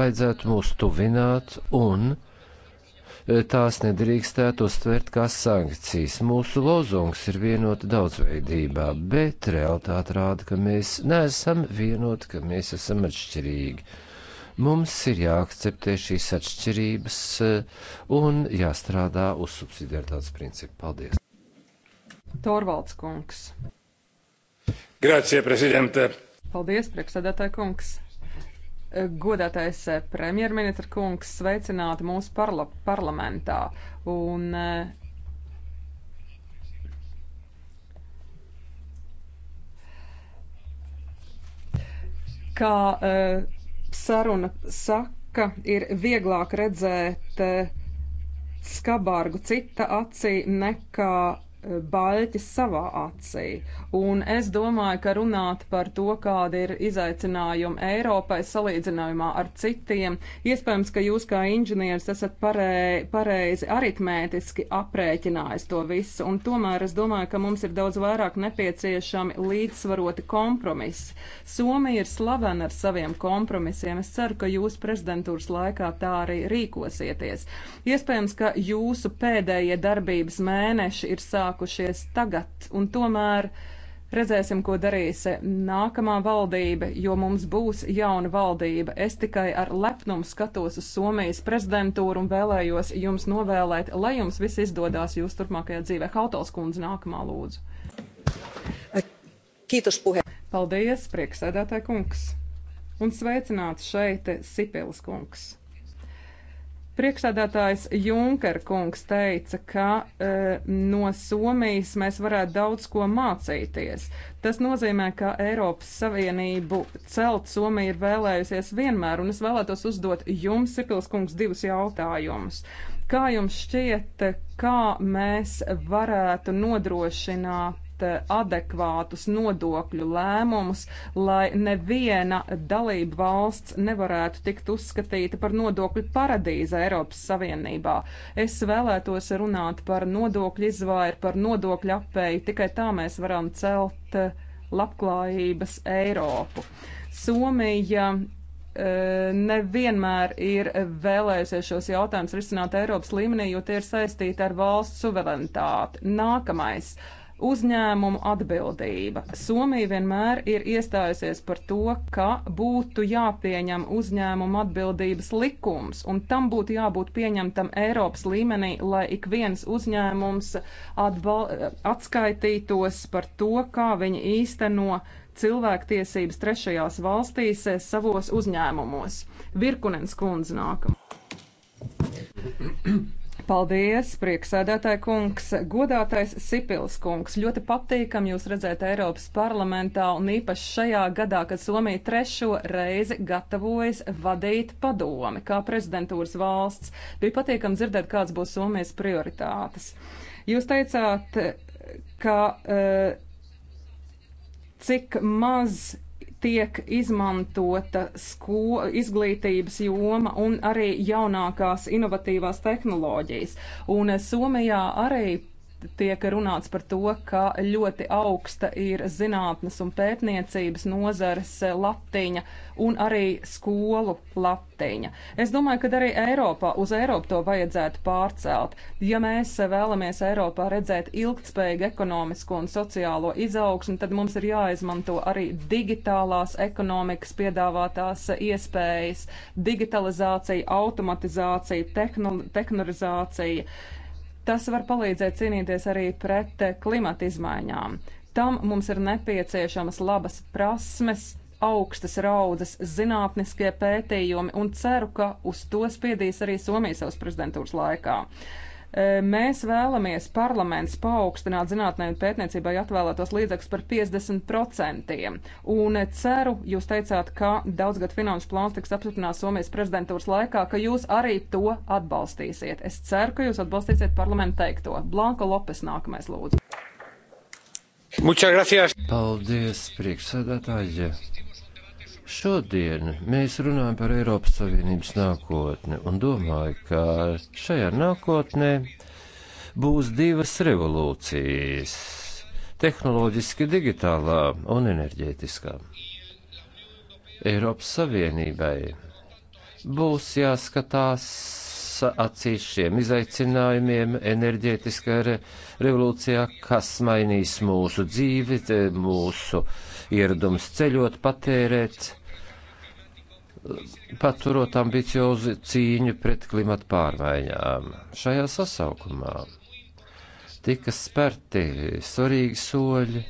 vajadzētu mūs tuvināt un eh, tās nedrīkstētu uztvert kā sankcijas. Mūsu lozungs ir vienota daudzveidībā, bet realitāte rāda, ka mēs neesam vienoti, ka mēs esam atšķirīgi. Mums ir jāakceptē šīs atšķirības eh, un jāstrādā uz subsidiaritātes principu. Paldies! Torvalds kungs. Grācie, prezidente! Paldies, priekšsēdētāji kungs! Eh, godātais eh, premjerministra kungs sveicināti mūsu parla parlamentā. Un, kā uh, saruna saka, ir vieglāk redzēt eh, skabārgu cita acī nekā Eh, baļķis savā acī. Un es domāju, ka runāt par to, kāda ir izaicinājuma Eiropai salīdzinājumā ar citiem, iespējams, ka jūs kā inženieris esat parei, pareizi aritmētiski aprēķinājis to visu, un tomēr es domāju, ka mums ir daudz vairāk nepieciešami līdzsvaroti kompromisi. Somija ir slavena ar saviem kompromisiem. Es ceru, ka jūs prezidentūras laikā tā arī rīkosieties. Iespējams, ka jūsu pēdējie darbības mēneši ir sākumi sākušies tagad, un tomēr redzēsim, ko darīs nākamā valdība, jo mums būs jauna valdība. Es tikai ar lepnumu skatos uz Somijas prezidentūru un vēlējos jums novēlēt, lai jums viss izdodās jūsu turpmākajā dzīvē. Hautals kundze nākamā lūdzu. Kītos puhe. Paldies, prieksēdētāji kungs. Un sveicināts šeit Sipilis kungs. Priekšsēdētājs Junker kungs teica, ka e, no Somijas mēs varētu daudz ko mācīties. Tas nozīmē, ka Eiropas Savienību celt Somija ir vēlējusies vienmēr, un es vēlētos uzdot jums, Sipils kungs, divus jautājumus. Kā jums šķiet, kā mēs varētu nodrošināt pieņemt eh, adekvātus nodokļu lēmumus, lai neviena dalība valsts nevarētu tikt uzskatīta par nodokļu paradīzi Eiropas Savienībā. Es vēlētos runāt par nodokļu izvairu, par nodokļu apēju, tikai tā mēs varam celt eh, labklājības Eiropu. Somija eh, nevienmēr ir vēlējusies šos jautājumus risināt Eiropas līmenī, jo tie ir saistīti ar valsts suverenitāti. Nākamais uzņēmumu atbildība. Somija vienmēr ir iestājusies par to, ka būtu jāpieņem uzņēmumu atbildības likums, un tam būtu jābūt pieņemtam Eiropas līmenī, lai ik viens uzņēmums atskaitītos par to, kā viņi īsteno cilvēktiesības trešajās valstīs savos uzņēmumos. Virkunens kundze nākam. Paldies, prieksēdētāji kungs, godātais Sipils kungs. Ļoti patīkam jūs redzēt Eiropas parlamentā un īpaši šajā gadā, kad Somija trešo reizi gatavojas vadīt padomi kā prezidentūras valsts. Bija patīkam dzirdēt, kāds būs Somijas prioritātes. Jūs teicāt, ka eh, cik maz tiek izmantota sko, izglītības joma un arī jaunākās inovatīvās tehnoloģijas. Un Somijā arī tiek runāts par to, ka ļoti augsta ir zinātnes un pētniecības nozares eh, latiņa un arī skolu latiņa. Es domāju, ka arī Eiropā, uz Eiropu to vajadzētu pārcelt. Ja mēs eh, vēlamies Eiropā redzēt ilgtspējīgu ekonomisko un sociālo izaugsmu, tad mums ir jāizmanto arī digitālās ekonomikas piedāvātās eh, iespējas, digitalizācija, automatizācija, tehnoloģizācija Tas var palīdzēt cīnīties arī pret eh, klimata izmaiņām. Tam mums ir nepieciešamas labas prasmes, augstas raudzes, zinātniskie pētījumi un ceru, ka uz to spiedīs arī Somija savas prezidentūras laikā. Uh, E, mēs vēlamies parlaments paaugstināt zinātnē un pētniecībai atvēlētos līdzekļus par 50%. Un ceru, jūs teicāt, ka daudzgad finanšu plāns tiks apstiprinās Somijas prezidentūras laikā, ka jūs arī to atbalstīsiet. Es ceru, ka jūs atbalstīsiet parlamentu teikto. Blanko Lopes nākamais lūdzu. Muchas gracias. Paldies, priekšsēdētāji. Šodien mēs runājam par Eiropas Savienības nākotni un domāju, ka šajā nākotnē būs divas revolūcijas - tehnoloģiski digitālā un enerģētiskā. Eiropas Savienībai būs jāskatās acīs šiem izaicinājumiem enerģētiskā re revolūcijā, kas mainīs mūsu dzīvi, mūsu ieradums ceļot, patērēt paturot ambiciozu cīņu pret klimatu pārmaiņām. Šajā sasaukumā tika sperti svarīgi soļi,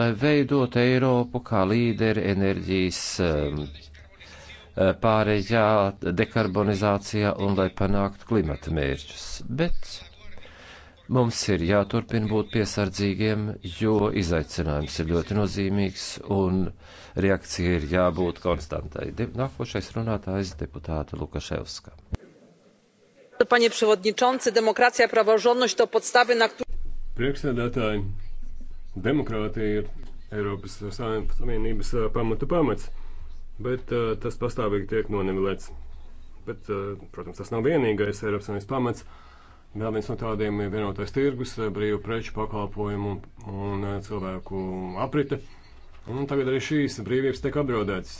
lai veidot Eiropu kā līderi enerģijas um, pārējā dekarbonizācijā un lai panāktu klimata mērķus. Bet Mums ir jāturpina būt piesardzīgiem, jo izaicinājums ir ļoti nozīmīgs un reakcija ir jābūt konstantai. De nākošais runātājs deputāta Lukaševska. Panie przewodniczący, demokracja, praworządność to podstawy, na które... Priekšsēdētāji, demokrātija ir Eiropas Savienības pamatu pamats, bet uh, tas pastāvīgi tiek nonivelēts. Bet, uh, protams, tas nav vienīgais Eiropas Savienības pamats. Uh, Vēl viens no tādiem ir vienotais tirgus, eh, brīvu preču pakalpojumu un, un eh, cilvēku aprite. Un tagad arī šīs brīvības tiek apdraudētas.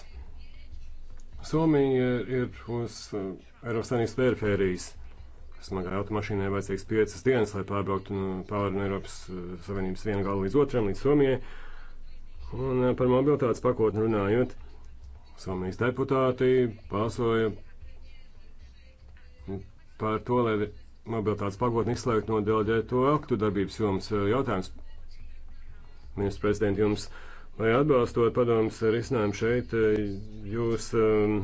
Somija ir uz eh, Eiropas Savienības perifērijas. Smagā automašīnai vajadzīgs piecas dienas, lai pārbrauktu pāri no Eiropas Savienības viena gala līdz otram, līdz Somijai. Un par mobilitātes pakotni runājot, Somijas deputāti balsoja par to, lai mobilitātes pagodni izslēgt no dēļģēto aktu darbības jums jautājums. Ministra prezidenta jums, lai atbalstot padomus risinājumu šeit, jūs um,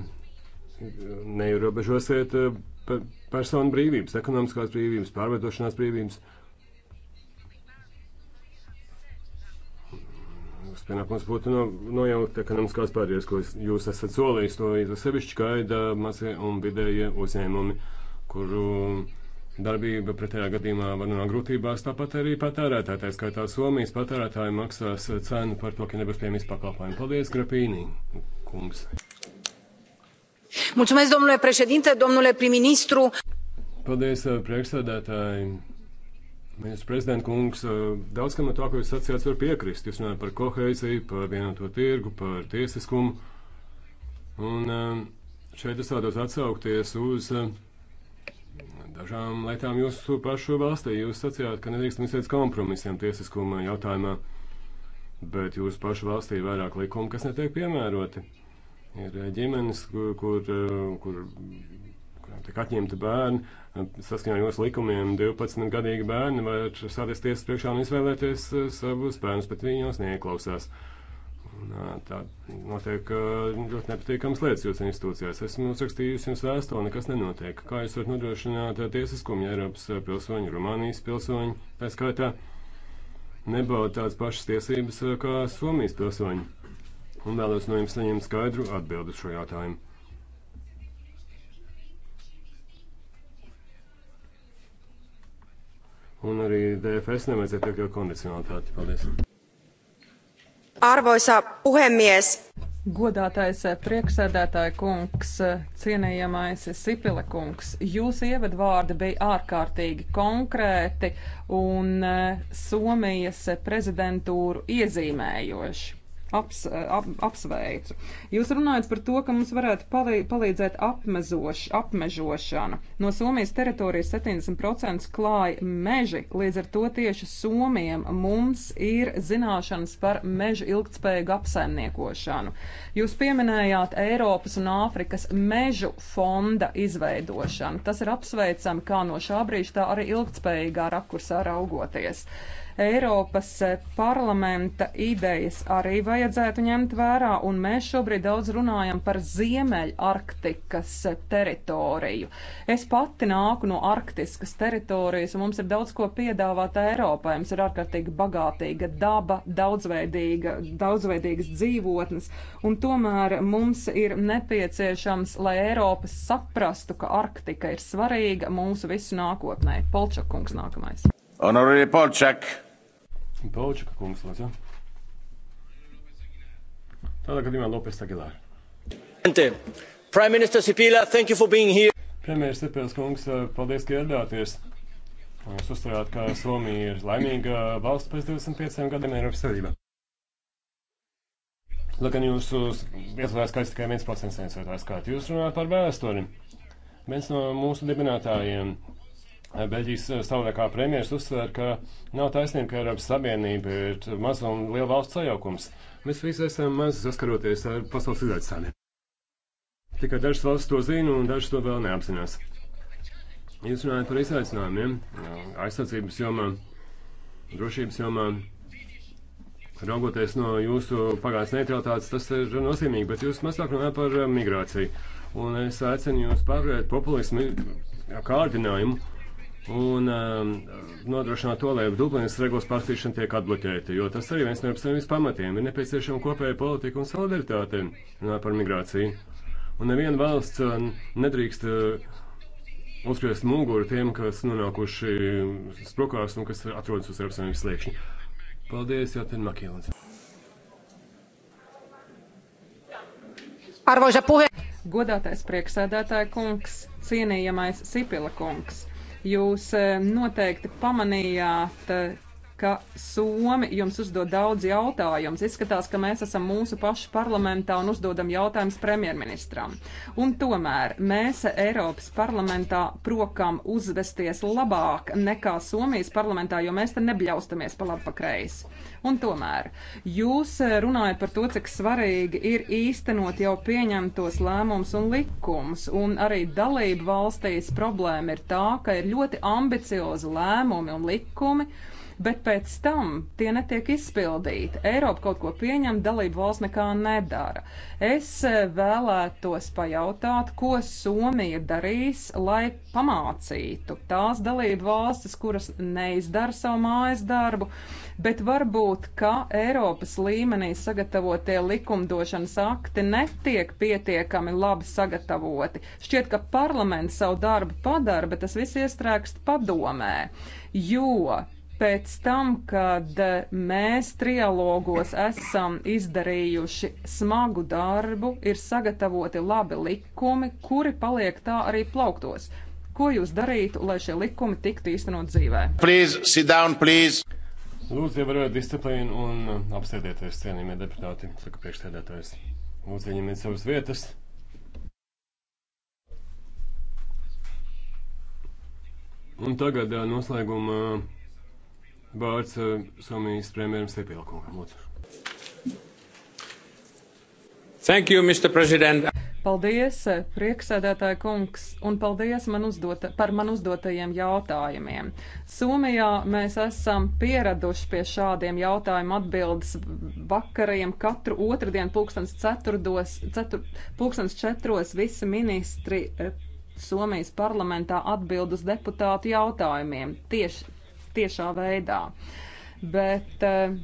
neierobežosiet uh, personu brīvības, ekonomiskās brīvības, pārvietošanās brīvības. Jūsu pienākums būtu no, nojaut ekonomiskās pārējās, ko jūs esat solījis, to sevišķi gaida mazie un vidējie uzņēmumi, kuru uh, darbība pretējā gadījumā var nonākt grūtībās, tāpat arī patērētāji, tā skaitā Somijas patērētāji maksās eh, cenu par to, ka nebūs pieejams pakalpojumi. Paldies, Grapīnī, kungs! Mulțumesc, domnule președinte, domnule prim-ministru. Paldies, eh, priekšsēdētāji. Ministrs prezidents kungs, eh, daudz kam no tā, ko jūs sacījāt, var piekrist. Jūs runājat par kohēziju, par vienoto tirgu, par tiesiskumu. Un šeit es vēlos atsaukties uz dažām lietām jūsu pašu valstī. Jūs sacījāt, ka nedrīkstam izsēst kompromisiem tiesiskuma jautājumā, bet jūsu pašu valstī ir vairāk likumi, kas netiek piemēroti. Ir ģimenes, kur, eh, kur, kur tiek atņemti bērni, saskaņā ar jūsu likumiem 12-gadīgi bērni var sāties tiesas priekšā un izvēlēties eh, savus bērnus, bet viņos neieklausās. Uh, Tā notiek ļoti nepatīkams lietas jūsu institūcijās. Esmu uzrakstījis jums vēstuli, nekas nenotiek. Kā jūs varat nodrošināt tiesiskumu, ja Eiropas pilsoņi, Rumānijas pilsoņi, tā skaitā, nebauda tādas pašas tiesības kā Somijas pilsoņi? Un vēlos no jums saņemt skaidru atbildi šo jautājumu. Un arī DFS nevajadzētu iekļaut kondicionalitāti. Paldies! Arvoisa puhemies! Godātais eh, priekšsēdētāja kungs, eh, cienījamais eh, Sipila kungs, jūsu ievadvārdi bija ārkārtīgi konkrēti un Somijas prezidentūru iezīmējoši aps, ap, apsveicu. Jūs runājat par to, ka mums varētu palī, palīdzēt apmezoš, apmežošana. No Somijas teritorijas 70% klāja meži, līdz ar to tieši Somijam mums ir zināšanas par mežu ilgtspējīgu apsaimniekošanu. Jūs pieminējāt Eiropas un Āfrikas mežu fonda izveidošanu. Tas ir apsveicami kā no šā brīža, tā arī ilgtspējīgā rakursā raugoties. Uh, Eiropas eh, parlamenta idejas arī vajadzētu ņemt vērā, un mēs šobrīd daudz runājam par Ziemeļarktikas eh, teritoriju. Es pati nāku no Arktiskas teritorijas, un mums ir daudz ko piedāvāt Eiropai. Mums ir ārkārtīgi bagātīga daba, daudzveidīga, daudzveidīgas dzīvotnes, un tomēr mums ir nepieciešams, lai Eiropa saprastu, ka Arktika ir svarīga mūsu visu nākotnē. Polčakungs nākamais. Honorēja Polčak. Polčaka kungs, lūdzu. Tādā gadījumā Lopes Agilāra. Prime Minister Sipīlā, thank you for being here. Premjeras Sipils kungs, paldies, ka ieradāties. Jūs uzstājāt, ka Somija ir laimīga valsts pēc 25 gadiem Eiropas Savienībā. Lai gan jūsu ietvarā skaits tikai 1% sensētājs kārt, jūs runājat par vēsturi. Viens no mūsu dibinātājiem Beļģijas eh, savulaikā premjeras uzsver, ka nav taisnība, ka Eiropas Savienība ir maza un liela valsts sajaukums. Mēs visi esam mazi saskaroties ar pasaules izaicinājumiem. Tikai dažas valsts to zina un dažas to vēl neapzinās. Jūs runājat par izaicinājumiem aizsardzības jomā, drošības jomā. Raugoties no jūsu pagātnes neutralitātes, tas ir nozīmīgi, bet jūs mazāk runājat par eh, migrāciju. Un es aicinu jūs pārvarēt populismu kārdinājumu un um, nodrošināt to, lai Dublinas regulas pārskatīšana tiek atbloķēta, jo tas arī viens no Eiropas Savienības pamatiem ir nepieciešama kopēja politika un solidaritāte par migrāciju. Un neviena valsts um, nedrīkst uh, uzgriezt muguru tiem, kas nonākuši sprokās un kas atrodas uz Eiropas Savienības sliekšņa. Paldies, Jāten Makīlans. Arvoisa puhe. Godātais prieksēdētāja kungs, cienījamais Sipila kungs. Jūs e, noteikti pamanījāt, e, ka Somi jums uzdod daudz jautājumus. Izskatās, ka mēs esam mūsu pašu parlamentā un uzdodam jautājumus premjerministram. Un tomēr mēs Eiropas parlamentā prokam uzvesties labāk nekā Somijas parlamentā, jo mēs te nebļaustamies pa labi pa kreisi. Un tomēr jūs eh, runājat par to, cik svarīgi ir īstenot jau pieņemtos lēmumus un likumus, un arī dalību valstīs problēma ir tā, ka ir ļoti ambiciozi lēmumi un likumi, uh, bet pēc tam tie netiek izpildīti. Eiropa kaut ko pieņem, dalību valsts nekā nedara. Es eh, vēlētos pajautāt, ko Somija darīs, lai pamācītu tās dalību valstis, kuras neizdara savu mājas darbu, bet varbūt, ka Eiropas līmenī sagatavotie likumdošanas akti netiek pietiekami labi sagatavoti. Šķiet, ka parlaments savu darbu padara, bet tas viss iestrēgst padomē, jo pēc tam, kad e, mēs trialogos esam izdarījuši smagu darbu, ir sagatavoti labi likumi, kuri paliek tā arī plauktos. Ko jūs darītu, lai šie likumi tiktu īstenot dzīvē? Please, sit down, please. Lūdzu, ievērojiet disciplīnu un e, apsēdieties, cienījamie deputāti, saka priekšsēdētājs. Lūdzu, ieņemiet savas vietas. Un tagad e, noslēguma Vārds eh, Somijas premjeram Stepilkungam. Lūdzu. Thank you, Mr. President. Paldies, eh, prieksēdētāja kungs, un paldies man uzdota, par man uzdotajiem jautājumiem. Somijā mēs esam pieraduši pie šādiem jautājumu atbildes vakariem katru otrdienu pulkstens ceturdos, cetur, pulkstens četros visi ministri eh, Somijas parlamentā atbild uz deputātu jautājumiem. Tieši tiešā veidā. Bet eh,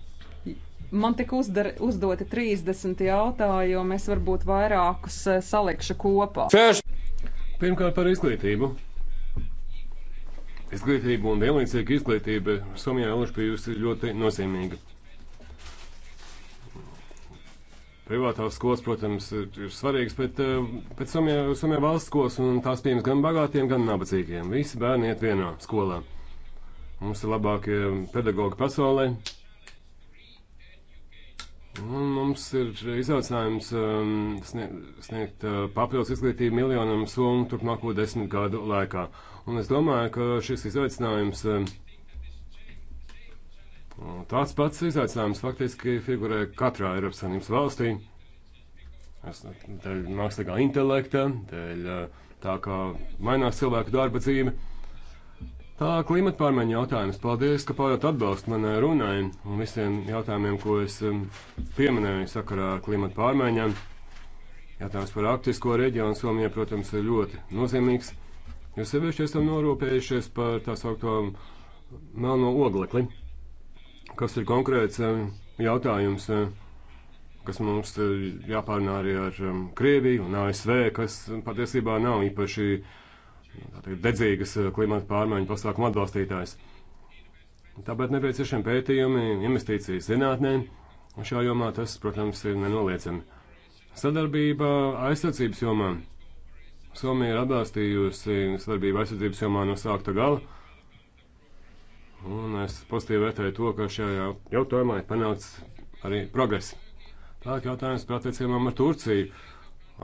man tika uzdar, uzdoti 30 jautājumi, es varbūt vairākus eh, salikšu kopā. Fēš. Pirmkārt par izglītību. Izglītība un vienlīdzīga izglītība Somijā ir bijusi ļoti nozīmīga. Privātās skolas, protams, ir, ir svarīgas, bet pēc samie, samie valsts skolas un tās pieņems gan bagātiem, gan nabadzīgiem. Visi bērni iet vienā skolā. Mums ir labākie pedagogi pasaulē. Un mums ir izaicinājums um, sniegt, sniegt uh, papildus izglītību miljonam somu turpmāko desmit gadu laikā. Un es domāju, ka šis izaicinājums, um, tāds pats izaicinājums faktiski figurē katrā Eiropas Savienības valstī. Es, dēļ mākslīgā intelekta, dēļ uh, tā kā mainās cilvēku darba dzīve. Tā klimata pārmaiņa jautājums. Paldies, ka paujāt atbalstu manai runai un visiem jautājumiem, ko es um, pieminēju sakarā ar klimata pārmaiņām. Jautājums par arktisko reģionu Somijā, protams, ir ļoti nozīmīgs. Jo sevišķi esam norūpējušies par tā saucamo melno oglekli, kas ir konkrēts um, jautājums, um, kas mums uh, jāpārnā arī ar Krieviju un ASV, kas patiesībā nav īpaši uh, dedzīgas eh, klimata pārmaiņu pasākumu atbalstītājs. Tāpēc nepieciešami pētījumi, investīcijas zinātnē, un šā jomā tas, protams, ir nenoliedzami. Sadarbība aizsardzības jomā. Somija ir atbalstījusi sadarbību aizsardzības jomā no sākta gala, un es pozitīvi vērtēju to, ka šajā jautājumā ir panācis arī progress. Tālāk jautājums par attiecībām ar Turciju.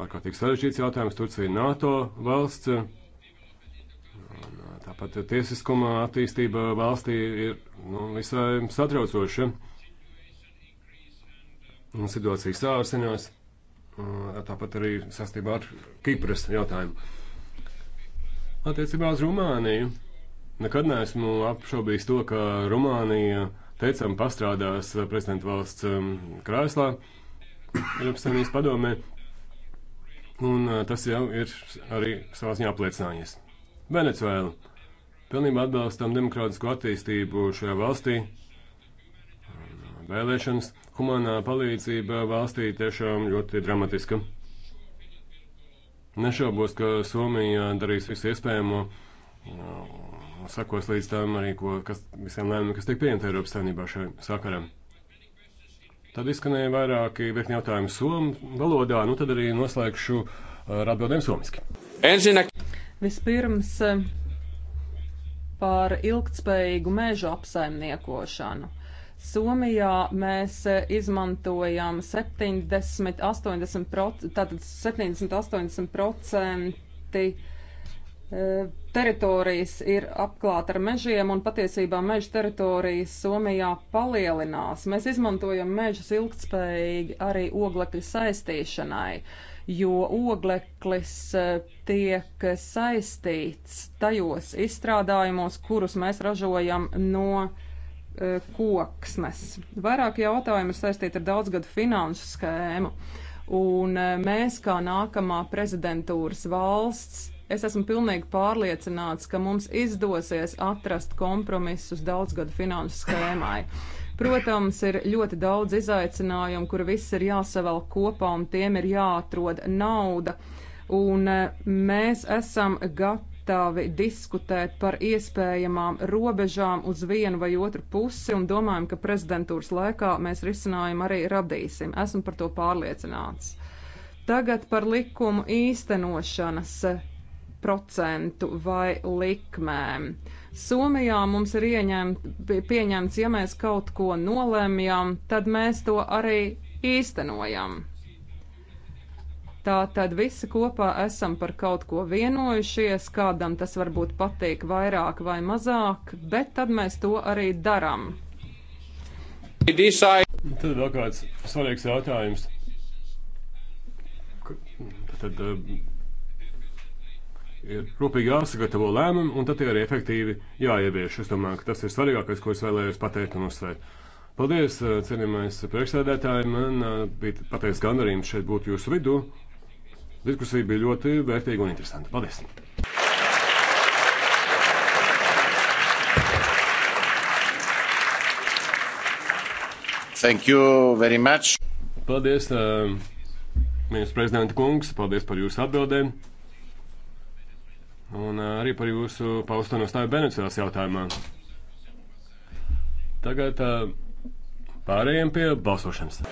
Ārkārtīgi sarežģīts jautājums. Turcija ir NATO valsts. Tāpat tiesiskuma attīstība valstī ir nu, visai satraucoša. Un situācija sārsinās, tāpat arī sastībā ar Kipras jautājumu. Attiecībā uz Rumāniju. Nekad neesmu apšaubījis to, ka Rumānija teicam pastrādās prezidenta valsts um, krēslā, Eiropas Savienības padomē, un uh, tas jau ir arī savā ziņā apliecinājies. Venecuēla. Pilnībā atbalstam demokrātisko attīstību šajā valstī. Vēlēšanas humanā palīdzība valstī tiešām ļoti dramatiska. Nešaubos, ka Somija darīs visu iespējamo, uh, sakos līdz tam arī, ko, kas, visiem lēmumiem, kas tiek pieņemta Eiropas saimnībā šai sakaram. Tad izskanēja vairāki virkni jautājumi somu valodā, nu tad arī noslēgšu uh, ar atbildēm somiski. Enžinek. Vispirms uh, par ilgtspējīgu mežu apsaimniekošanu. Somijā mēs izmantojam 70, 80%, tātad 70, 80% e, teritorijas ir apklāta ar mežiem, un patiesībā meža teritorijas Somijā palielinās. Mēs izmantojam mežus ilgtspējīgi arī oglekļa saistīšanai. Uh, jo ogleklis eh, tiek saistīts tajos izstrādājumos, kurus mēs ražojam no eh, koksnes. Vairāk jautājumu ir saistīti ar daudzgadu finanšu schēmu. Un eh, mēs, kā nākamā prezidentūras valsts, es esmu pilnīgi pārliecināts, ka mums izdosies atrast kompromisus daudzgadu finanšu schēmai. Protams, ir ļoti daudz izaicinājumu, kur viss ir jāsavēl kopā un tiem ir jāatrod nauda. Un e, mēs esam gatavi diskutēt par iespējamām robežām uz vienu vai otru pusi un domājam, ka prezidentūras laikā mēs risinājumu arī radīsim. Esmu par to pārliecināts. Tagad par likumu īstenošanas procentu vai likmēm. Uh, Somijā mums ir ieņemt, pieņemts, ja mēs kaut ko nolēmjam, tad mēs to arī īstenojam. Tā tad visi kopā esam par kaut ko vienojušies, kādam tas varbūt patīk vairāk vai mazāk, bet tad mēs to arī darām. Tad vēl kāds svarīgs jautājums. Tad, tad eh, ir rūpīgi jāsagatavo lēmumi, un tad tie arī efektīvi jāievieš. Es domāju, ka tas ir svarīgākais, ko es vēlējos pateikt un uzsvērt. Paldies, cienījamais priekšsēdētāji. Man bija pateiks gandarījums šeit būt jūsu vidū. Diskusija bija ļoti vērtīga un interesanta. Paldies! Thank you very much. Paldies, uh, ministrs prezidenta kungs, paldies par jūsu atbildēm un arī par jūsu pausto nostāju Benecēlas jautājumā. Tagad pārējiem pie balsošanas.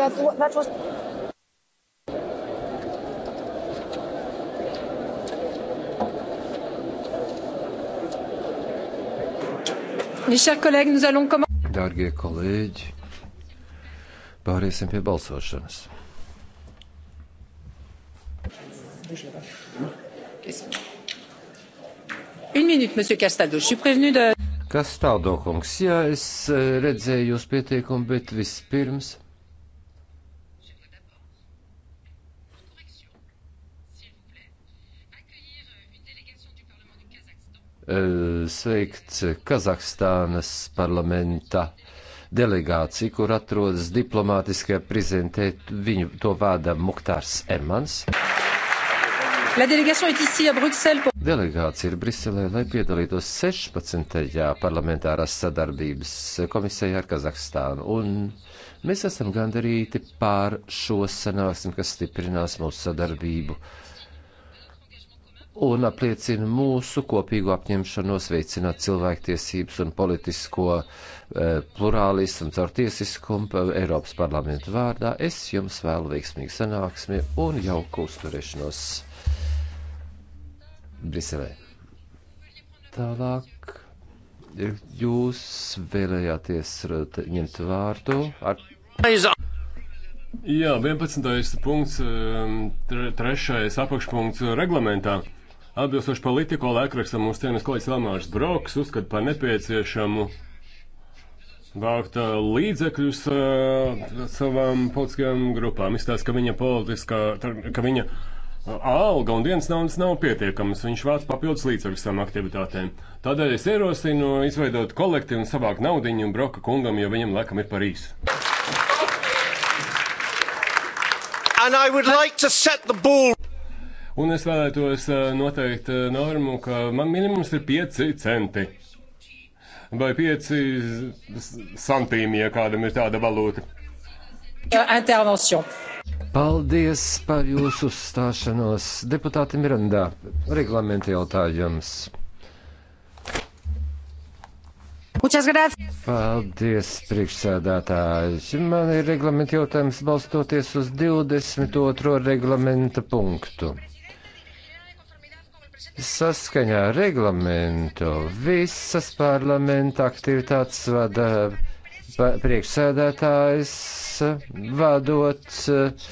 that's what that was Darbie kolēģi, pāriesim pie balsošanas. Kas tālāk, kungs? Jā, es eh, redzēju jūs pieteikumu, bet vispirms. sveikt Kazahstānas parlamenta delegāciju, kur atrodas diplomātiskajā prezentē, viņu to vada Muktārs Emans. Delegācija ir Briselē, lai piedalītos 16. parlamentārās sadarbības komisijā ar Kazahstānu, un mēs esam gandarīti pār šo sanāksmi, kas stiprinās mūsu sadarbību un apliecina mūsu kopīgu apņemšanos veicināt cilvēktiesības un politisko e, plurālismu caur tiesiskumu Eiropas parlamentu vārdā. Es jums vēlu veiksmīgu sanāksmi un jauku uzturēšanos Briselē. Tālāk eh, jūs vēlējāties ņemt vārdu ar. Jā, 11. punkts, eh, trešais apakšpunkts reglamentā. Atbilstoši politiko laikrakstam mūsu cienījums kolēģis Lamārs Broks uzskata par nepieciešamu vākt uh, līdzekļus uh, savām politiskajām grupām. Izstāsta, ka viņa politiskā, ka viņa uh, alga un dienas naudas nav pietiekamas. Viņš vāc papildus līdzekļus savām aktivitātēm. Tādēļ es ierosinu izveidot kolektīvu un savākt naudiņu un Broka kungam, jo viņam laikam ir par īsu. And I would like to set the ball un es vēlētos eh, noteikt eh, normu, ka man minimums ir 5 centi. Vai 5 santīmi, ja kādam ir tāda valūta? Intervention. Paldies par jūsu uzstāšanos. Deputāti Mirandā, reglamenta jautājums. Paldies, priekšsēdētājs. Man ir reglamenta jautājums balstoties uz 22. reglamenta punktu. Saskaņā ar reglamentu visas parlamenta aktivitātes vada priekšsēdētājs, vadot eh,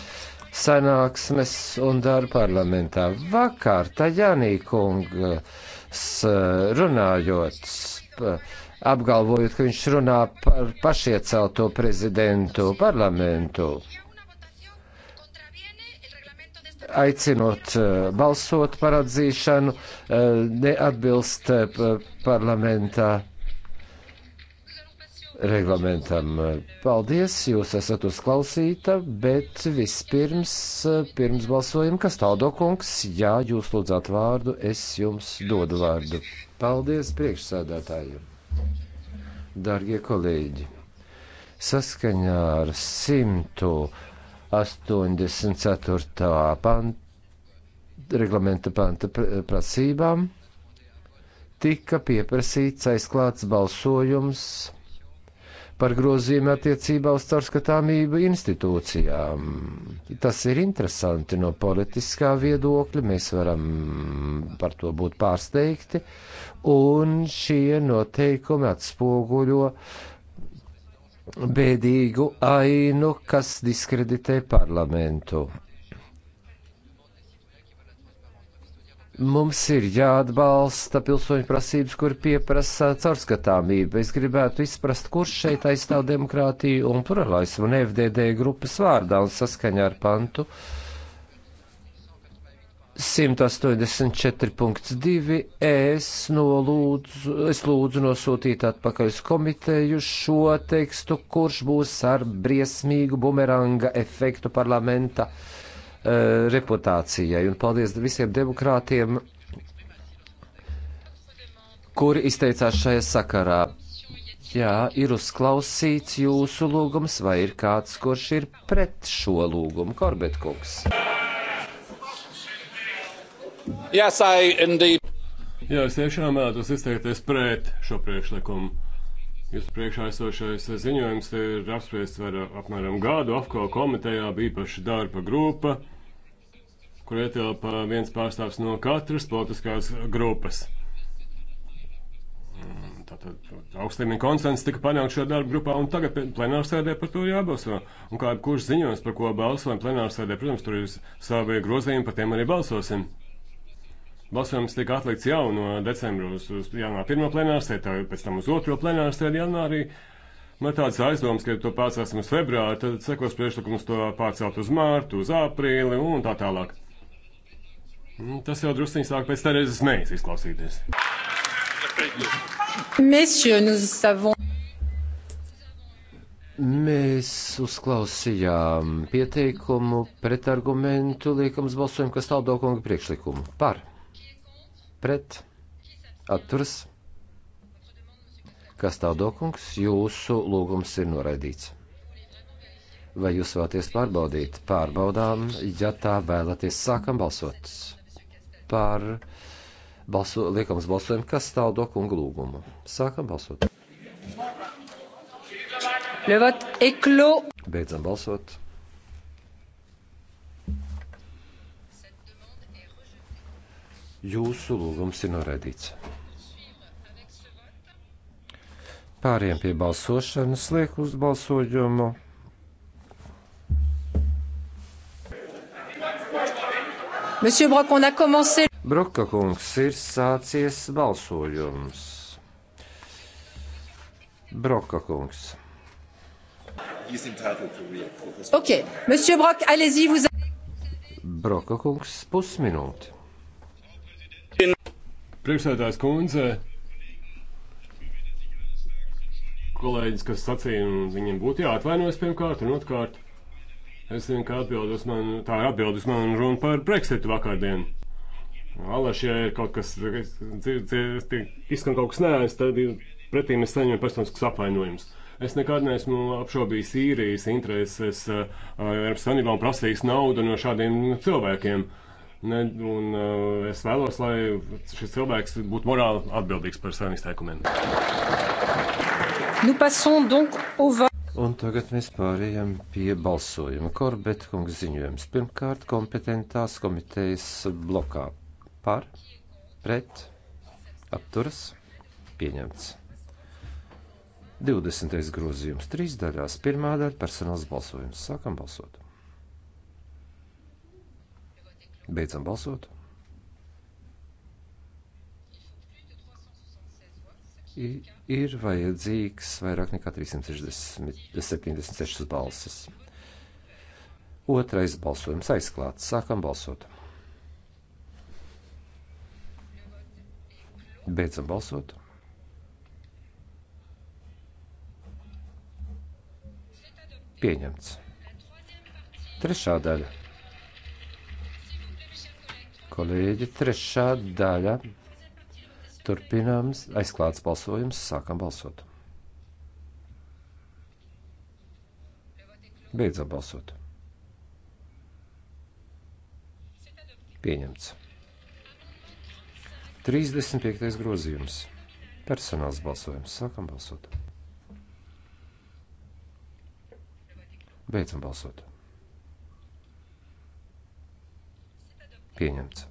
sanāksmes un darbu parlamentā. Vakar Tajānī kungs eh, runājot, apgalvojot, ka viņš runā par pašiecelto prezidentu parlamentu aicinot eh, balsot par atzīšanu, eh, neatbilst eh, parlamentā reglamentam. Paldies, jūs esat uzklausīta, bet vispirms, pirms balsojam, kas taldo kungs, jā, jūs lūdzāt vārdu, es jums dodu vārdu. Paldies priekšsēdētājiem. Dargie kolēģi, saskaņā ar simtu. 84. panta, reglamenta panta prasībām tika pieprasīts aizklāts balsojums par grozījumu attiecībā uz caurskatāmību institūcijām. Tas ir interesanti no politiskā viedokļa, mēs varam par to būt pārsteigti, un šie noteikumi atspoguļo uh, bēdīgu ainu, kas diskreditē parlamentu. Mums ir jāatbalsta pilsoņu prasības, kur pieprasa caurskatāmību. Es gribētu izprast, kurš šeit aizstāv demokrātiju un pluralismu un FDD grupas vārdā un saskaņā ar pantu uh, 184.2 es nolūdzu, es lūdzu nosūtīt atpakaļ uz komiteju šo tekstu, kurš būs ar briesmīgu bumeranga efektu parlamenta uh, reputācijai. Un paldies visiem demokrātiem, kuri izteicās šajā sakarā. Jā, ir uzklausīts jūsu lūgums, vai ir kāds, kurš ir pret šo lūgumu, Korbetkungs? Yes, I indeed. Jā, es tiešām vēlētos izteikties pret šo priekšlikumu. Jūsu priekšā esošais ziņojums ir apspriests vēl apmēram gadu. AFCO komitejā bija paša darba grupa, kur ietilpa viens pārstāvs no katras politiskās grupas. Mm, tātad augstlīmeņa konsensus tika panākts šajā darba grupā, un tagad plenārsēdē par to jābalso. Un kā kurš ziņos, par ko balsojam plenārsēdē, protams, tur ir savi grozījumi, par tiem arī balsosim. Balsojums tiek atlikts jau no decembra uz, uz janvāra pirmo plenārsēdi, pēc tam uz otro plenārsēdi janvārī. Man tāds aizdoms, ka to pārcelsim uz februāru, tad sekos priekšlikums to pārcelt uz mārtu, uz aprīli un tā tālāk. Mm, tas jau drusciņš sāk pēc Terezes Mejas izklausīties. Mēs uzklausījām pieteikumu, pretargumentu, liekams balsojumu, kas tāldokonga priekšlikumu par pret atturas. Kas tādo kungs, jūsu lūgums ir noraidīts. Vai jūs vēlaties pārbaudīt? Pārbaudām, ja tā vēlaties, sākam balsot par balso, liekam uz balsojumu, kas tādo kungu lūgumu. Sākam balsot. Beidzam balsot. Jūsu lūgums ir noraidīts. Pāriem pie balsošanas liek uz balsojumu. Monsieur Brock, on a commencé. Broka kungs ir sācies balsojums. Broka kungs. Ok, monsieur Brock, allez-y, vous. Broka kungs, pusminūte. Priekšsēdētājs kundze, kolēģis, kas sacīja, un viņiem būtu jāatvainojas pirmkārt, un otrkārt, es vienkārši atbildus man, tā ir atbildus man runa par Brexitu vakardien. Alaši, ja ir kaut kas, izskan kaut kas nēs, tad pretī mēs saņemam personiskus apvainojumus. Es nekad neesmu apšaubījis īrijas intereses, eh, Eiropas Savienībā un prasījis naudu no šādiem cilvēkiem. Uh, Ne, un uh, es vēlos, lai šis cilvēks būtu morāli atbildīgs par saviem izteikumiem. Un tagad mēs pārējām pie balsojuma. Korbeta kungs ziņojums. Pirmkārt, kompetentās komitejas blokā par, pret, apturas, pieņemts. 20. grozījums trīs daļās. Pirmā daļa personāls balsojums. Sākam balsot. Beidzam balsot. ir vajadzīgs vairāk nekā 376 balsis. Otrais balsojums aizklāts. Sākam balsot. Beidzam balsot. Pieņemts. Trešā daļa. Kolēģi, trešā daļa. Turpinām aizklāts balsojums, sākam balsot. Beidzam balsot. Pieņemts. 35. grozījums. Personāls balsojums. Sākam balsot. Beidzam balsot. Pieņemts.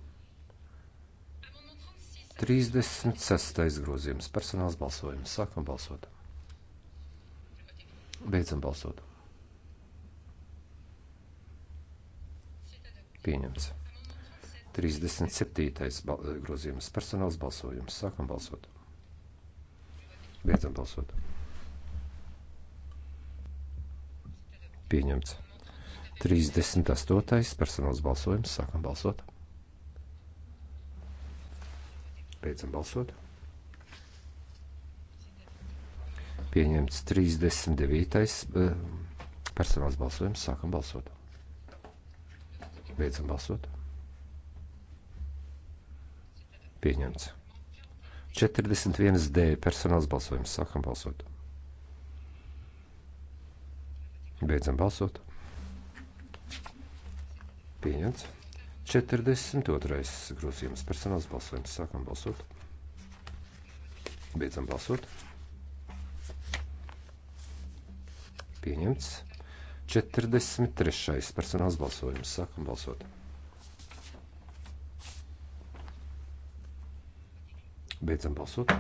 36. grozījums. Personāls balsojums. Sākam balsot. Beidzam balsot. Pieņemts. 37. grozījums. Personāls balsojums. Sākam balsot. Beidzam balsot. Pieņemts. 38. personāls balsojums. Sākam balsot. Beidzam balsot. Pieņemts 39. Eh, personāls balsojums. Sākam balsot. Beidzam balsot. Pieņemts. 41 D personāls balsojums. Sākam balsot. Beidzam balsot. Pieņemts. 42. grozījums personāls balsojums. Sākam balsot. Beidzam balsot. Pieņemts. 43. personāls balsojums. Sākam balsot. Beidzam balsot.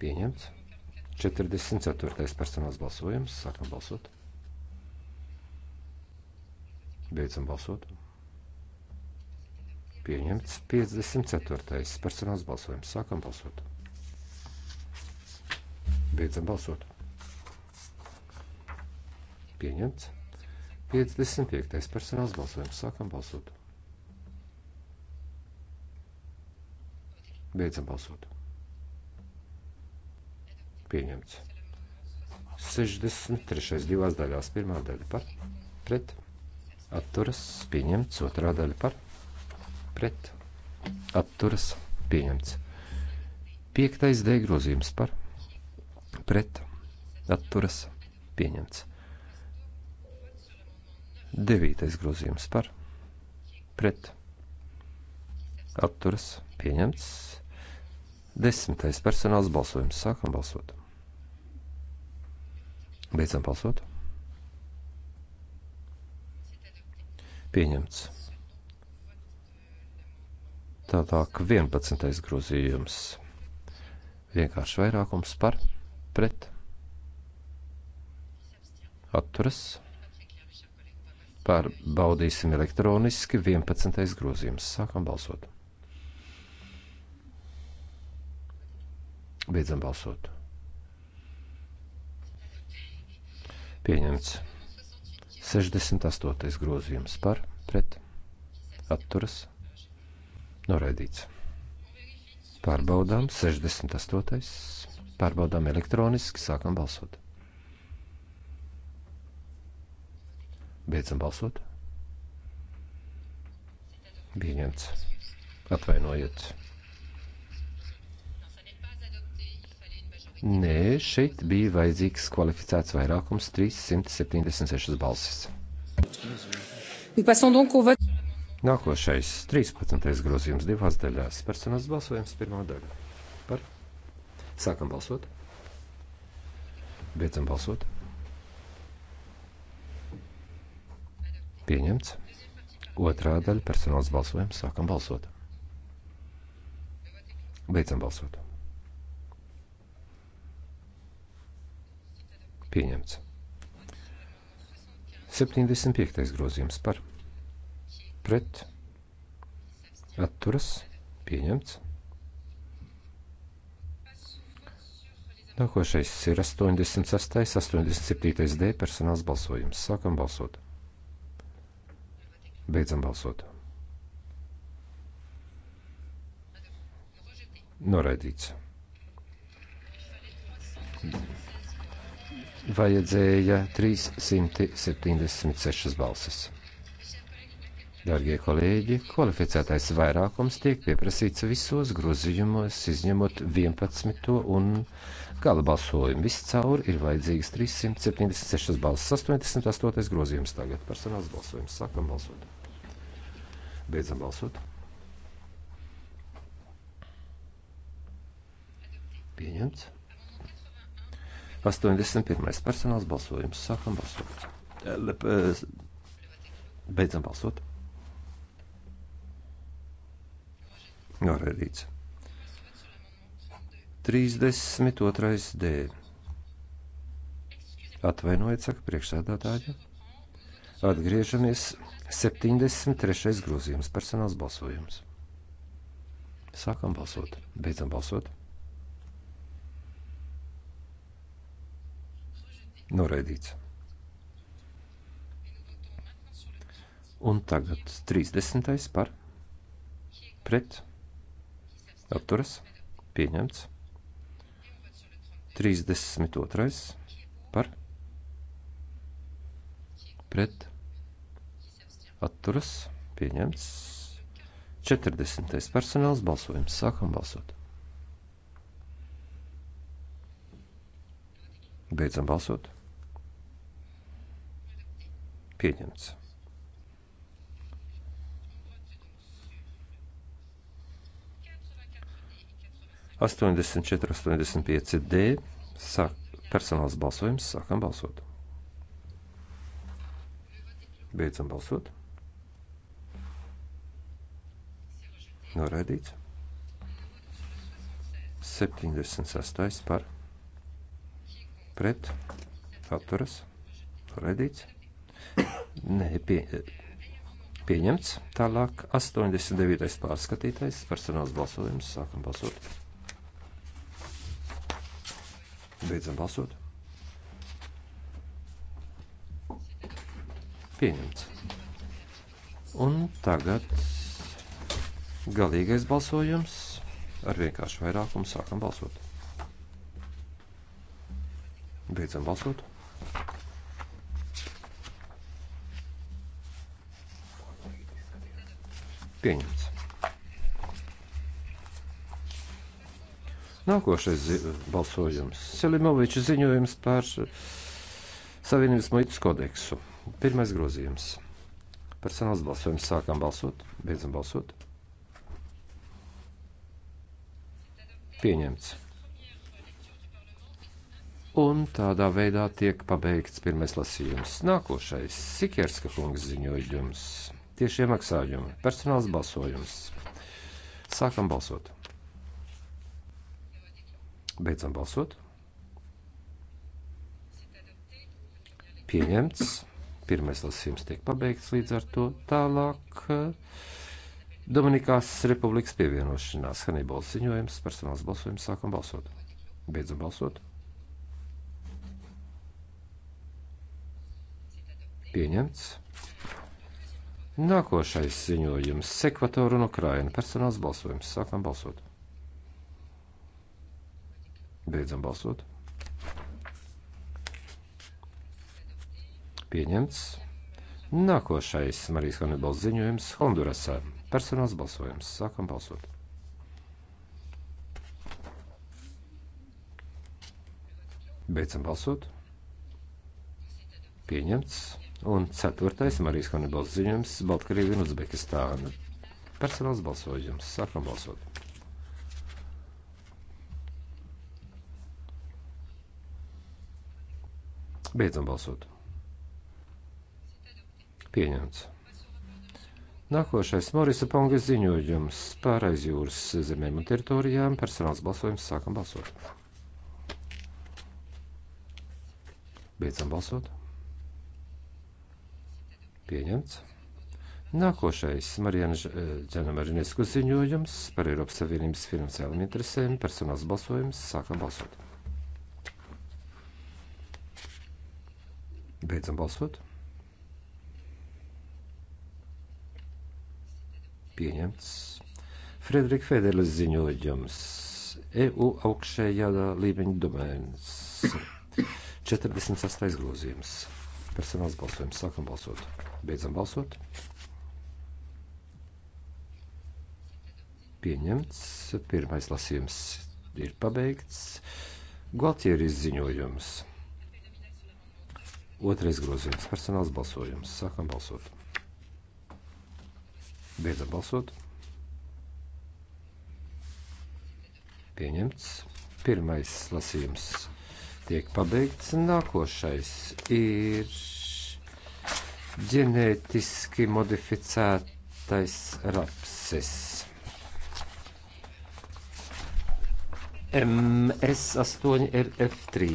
Pieņemts. 44. personāls balsojums. Sākam balsot. Beidzam balsot. Pieņemts 54. personāls balsojums. Sākam balsot. Beidzam balsot. Pieņemts 55. personāls balsojums. Sākam balsot. Beidzam balsot. Pieņemts 63. divās daļās. Pirmā daļa par pret atturas pieņemts, otrā daļa par pret atturas pieņemts. Piektais D grozījums par pret atturas pieņemts. Devītais grozījums par pret atturas pieņemts. Desmitais personāls balsojums. Sākam balsot. Beidzam balsot. Pieņemts. Tālāk 11. grozījums. Vienkārši vairākums par, pret, atturas. Pārbaudīsim elektroniski 11. grozījums. Sākam balsot. Beidzam balsot. Pieņemts. 68. grozījums par pret atturas noraidīts. Pārbaudām 68. Pārbaudām elektroniski, sākam balsot. Beidzam balsot. Pieņemts. Atvainojiet. Nē, šeit bija vajadzīgs kvalificēts vairākums 376 balsis. Nākošais, 13. grozījums divās daļās. Personāls balsojums pirmā daļa. Par. Sākam balsot. Beidzam balsot. Pieņemts. Otrā daļa personāls balsojums. Sākam balsot. Beidzam balsot. Pieņemts. 75. grozījums par pret atturas pieņemts. Nākošais ir 86. 87. D personāls balsojums. Sākam balsot. Beidzam balsot. Noraidīts vajadzēja 376 balsis. Darbie kolēģi, kvalificētais vairākums tiek pieprasīts visos grozījumos, izņemot 11. un gala balsojumu. Viscaur ir vajadzīgas 376 balsis. 88. grozījums tagad - personāls balsojums. Sākam balsot. Beidzam balsot. Pieņemts. 81. personāls balsojums. Sākam balsot. Eh, eh, beidzam balsot. Norēdīts. 32. D. Atvainojiet, saka priekšsēdētāja. Atgriežamies 73. grozījums personāls balsojums. Sākam balsot, beidzam balsot. Noraidīts. Un tagad 30. par pret apturas pieņemts. 32. par pret atturas pieņemts. 40. personāls balsojums. Sākam balsot. Beidzam balsot pieņemts. Astoņdesmit četri, astoņdesmit pieci D. Sāk personāls balsojums, sākam balsot. Beidzam balsot. Noraidīts. 76. par pret atturas. Noraidīts. Nē, pie, pieņemts. Tālāk 89. pārskatītais personāls balsojums. Sākam balsot. Beidzam balsot. Pieņemts. Un tagad galīgais balsojums ar vienkāršu vairākumu sākam balsot. Beidzam balsot. pieņemts. Nākošais balsojums - Selimoviča ziņojums par Savienības muitas kodeksu. Pirmais grozījums. Personāls balsojums sākām balsot, beidzam balsot. Pieņemts. Un tādā veidā tiek pabeigts pirmais lasījums. Nākošais - Sikerska kungs ziņojums tiešie maksājumi, personāls balsojums. Sākam balsot. Beidzam balsot. Pieņemts. Pirmais lasījums tiek pabeigts līdz ar to tālāk. Dominikās Republikas pievienošanās Hannibals ziņojums, personāls balsojums, sākam balsot. Beidzam balsot. Pieņemts. Nākošais ziņojums - Sekvatora un Ukraina. Personāls balsojums. Sākam balsot. Beidzam balsot. Pieņemts. Nākošais Marijas Hanibals ziņojums - Hondurasā. Personāls balsojums. Sākam balsot. Beidzam balsot. Pieņemts. Un ceturtais Marijas Hanibals ziņojums - Baltkrievija un Uzbekistāna. Personāls balsojums. Sākam balsot. Beidzam balsot. Pieņemts. Nākošais Morisa Pongas ziņojums par aizjūras zemēm un teritorijām. Personāls balsojums. Sākam balsot. Beidzam balsot. Pieņemts. Nākošais Marijana eh, Džanamarinesku ziņojums par Eiropas Savienības finansiālām interesēm, personāls balsojums. Sākam balsot. Beidzam balsot. Pieņemts. Frederika Federlis ziņojums. EU augšējā līmeņa domēns. 46. grozījums. Personāls balsojums. Sākam balsot. Beidzam balsot. Pieņemts. Pirmais lasījums ir pabeigts. Gualtieris ziņojums. Otrais grozījums - personāls balsojums. Sākam balsot. Beidzam balsot. Pieņemts. Pirmais lasījums tiek pabeigts. Nākošais ir ģenētiski modificētais rapses. MS8RF3.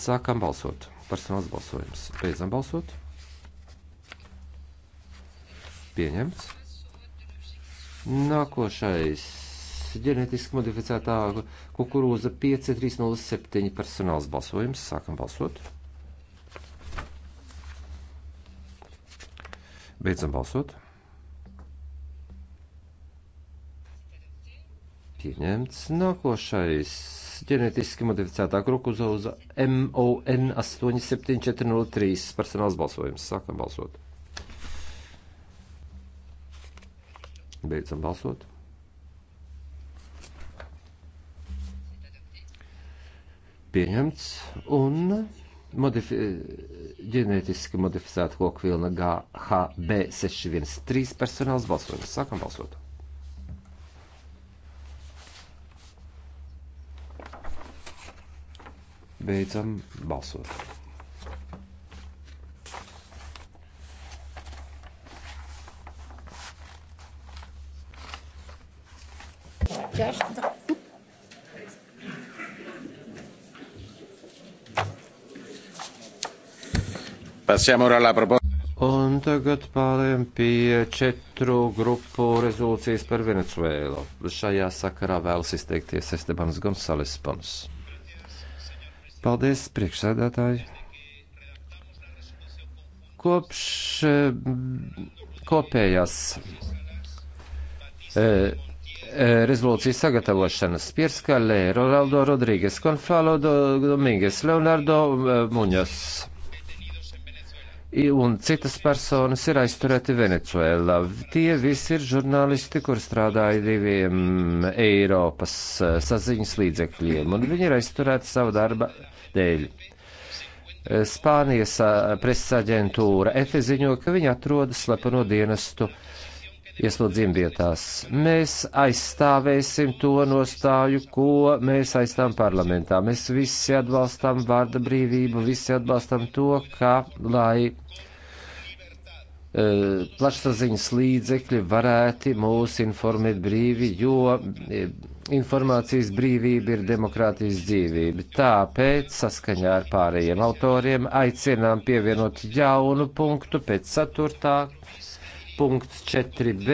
Sākam balsot. Personāls balsojums. Beidzam balsot. Pieņemts. Nākošais ģenētiski modificētā kukurūza 5307 personāls balsojums. Sākam balsot. Beidzam balsot. Pieņemts nākošais ģenētiski modificētā kukurūza MON 87403 personāls balsojums. Sākam balsot. Beidzam balsot. pieņemts un modifi ģenētiski modificēta kokvilna GHB613 personāls balsojums. Sākam balsot. Beidzam balsot. Carte. Passiamo ora alla proposta. Un tagad pārējām pie četru grupu rezolūcijas par Venecuēlu. Šajā sakarā vēlas izteikties Estebans Gonzales Pons. Paldies, priekšsēdētāji. Kopš eh, kopējās e, rezolūcijas sagatavošanas Pierska Lē, Ronaldo Rodrīgas, Konfalo Domingas, Leonardo Muņas un citas personas ir aizturēti Venecuēlā. Tie visi ir žurnālisti, kur strādāja diviem Eiropas eh, saziņas līdzekļiem, un viņi ir aizturēti savu darba dēļ. Eh, Spānijas eh, preses aģentūra EFE ziņo, ka viņi atrodas slepeno dienestu uh, ieslodzījuma vietās. Mēs aizstāvēsim to nostāju, ko mēs aizstāvam parlamentā. Mēs visi atbalstam vārda brīvību, visi atbalstam to, ka lai uh, plašsaziņas līdzekļi varētu mūs informēt brīvi, jo eh, informācijas brīvība ir demokrātijas dzīvība. Tāpēc, saskaņā ar pārējiem autoriem, aicinām pievienot jaunu punktu pēc ceturtā punkts 4b,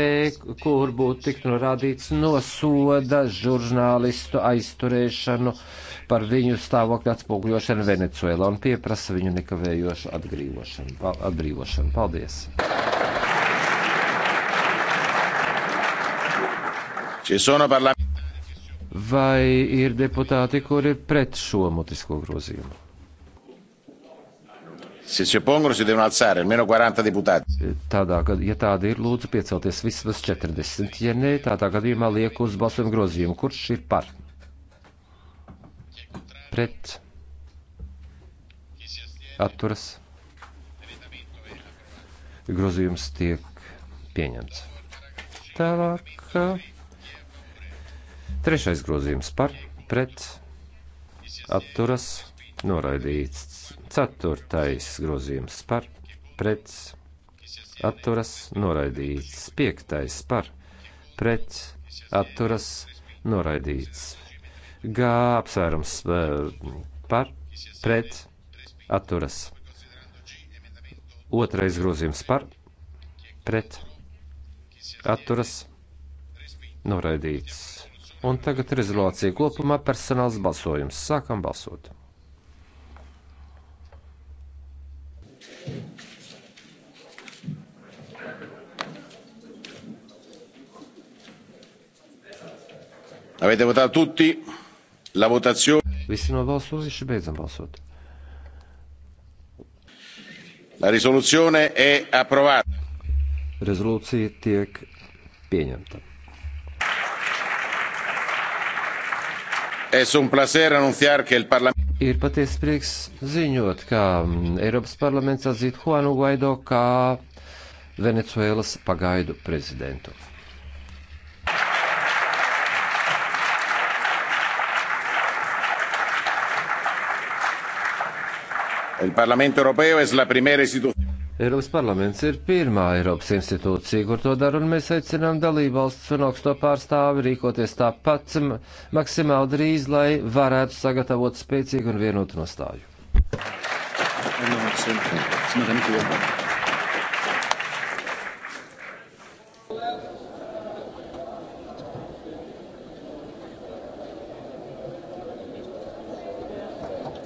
kur būtu tikt norādīts nosoda žurnālistu aizturēšanu par viņu stāvokļa atspūgļošanu Venecuēlā un pieprasa viņu nekavējošu atbrīvošanu. Pa, atbrīvošanu. Paldies! Vai ir deputāti, kuri ir pret šo mutisko grozījumu? Se si oppongono si devono alzare almeno 40 deputati. Tādā, ja tāda ir, lūdzu piecelties vismaz 40. Ja nē, tādā gadījumā lieku uz balsojumu grozījumu. Kurš ir par? Pret. Atturas. Grozījums tiek pieņemts. Tālāk. Trešais grozījums par, pret, atturas, noraidīts. Ceturtais grozījums par pret atturas noraidīts. Piektais par pret atturas noraidīts. G apsvērums eh, par pret atturas. Otrais grozījums par pret atturas noraidīts. Un tagad rezolācija kopumā personāls balsojums. Sākam balsot! Avete votato tutti? La votazione. Visi nobalsojuši, beidzam balsot. La risoluzione è approvata. Rezolūcija tiek pieņemta. Es un placer anunciar que el Parlamento Ir patiesi prieks ziņot, ka mm, Eiropas parlaments atzīt Juanu Guaido kā Venecuēlas pagaidu prezidentu. Eiropas parlaments ir pirmā Eiropas institūcija, kur to dara, un mēs aicinām dalībvalsts un augsto pārstāvi rīkoties tāpat maksimāli drīz, lai varētu sagatavot spēcīgu un vienotu nostāju. Thank you.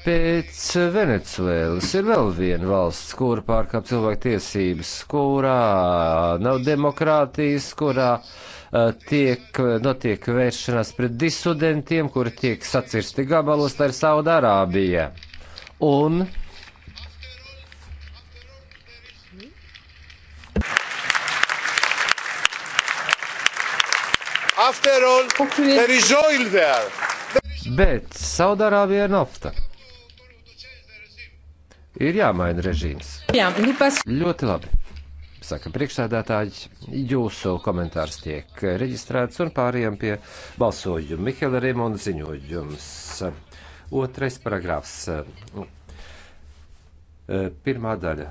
Pēc Venecuēlas ir vēl viena valsts, kura pārkāp cilvēktiesības, kurā nav demokrātijas, kurā eh, tiek, notiek vēršanās pret disudentiem, kuri tiek sacirsti gabalos, tā ir Saudārābija. Un All, there. There... Bet Saudārābija ir nafta ir jāmaina režīms. Jā, nu pas... Ļoti labi. Saka priekšsēdētāji, jūsu komentārs tiek reģistrēts un pārējām pie balsojuma. Mihela Riemonda ziņojums. Otrais paragrāfs. Pirmā daļa.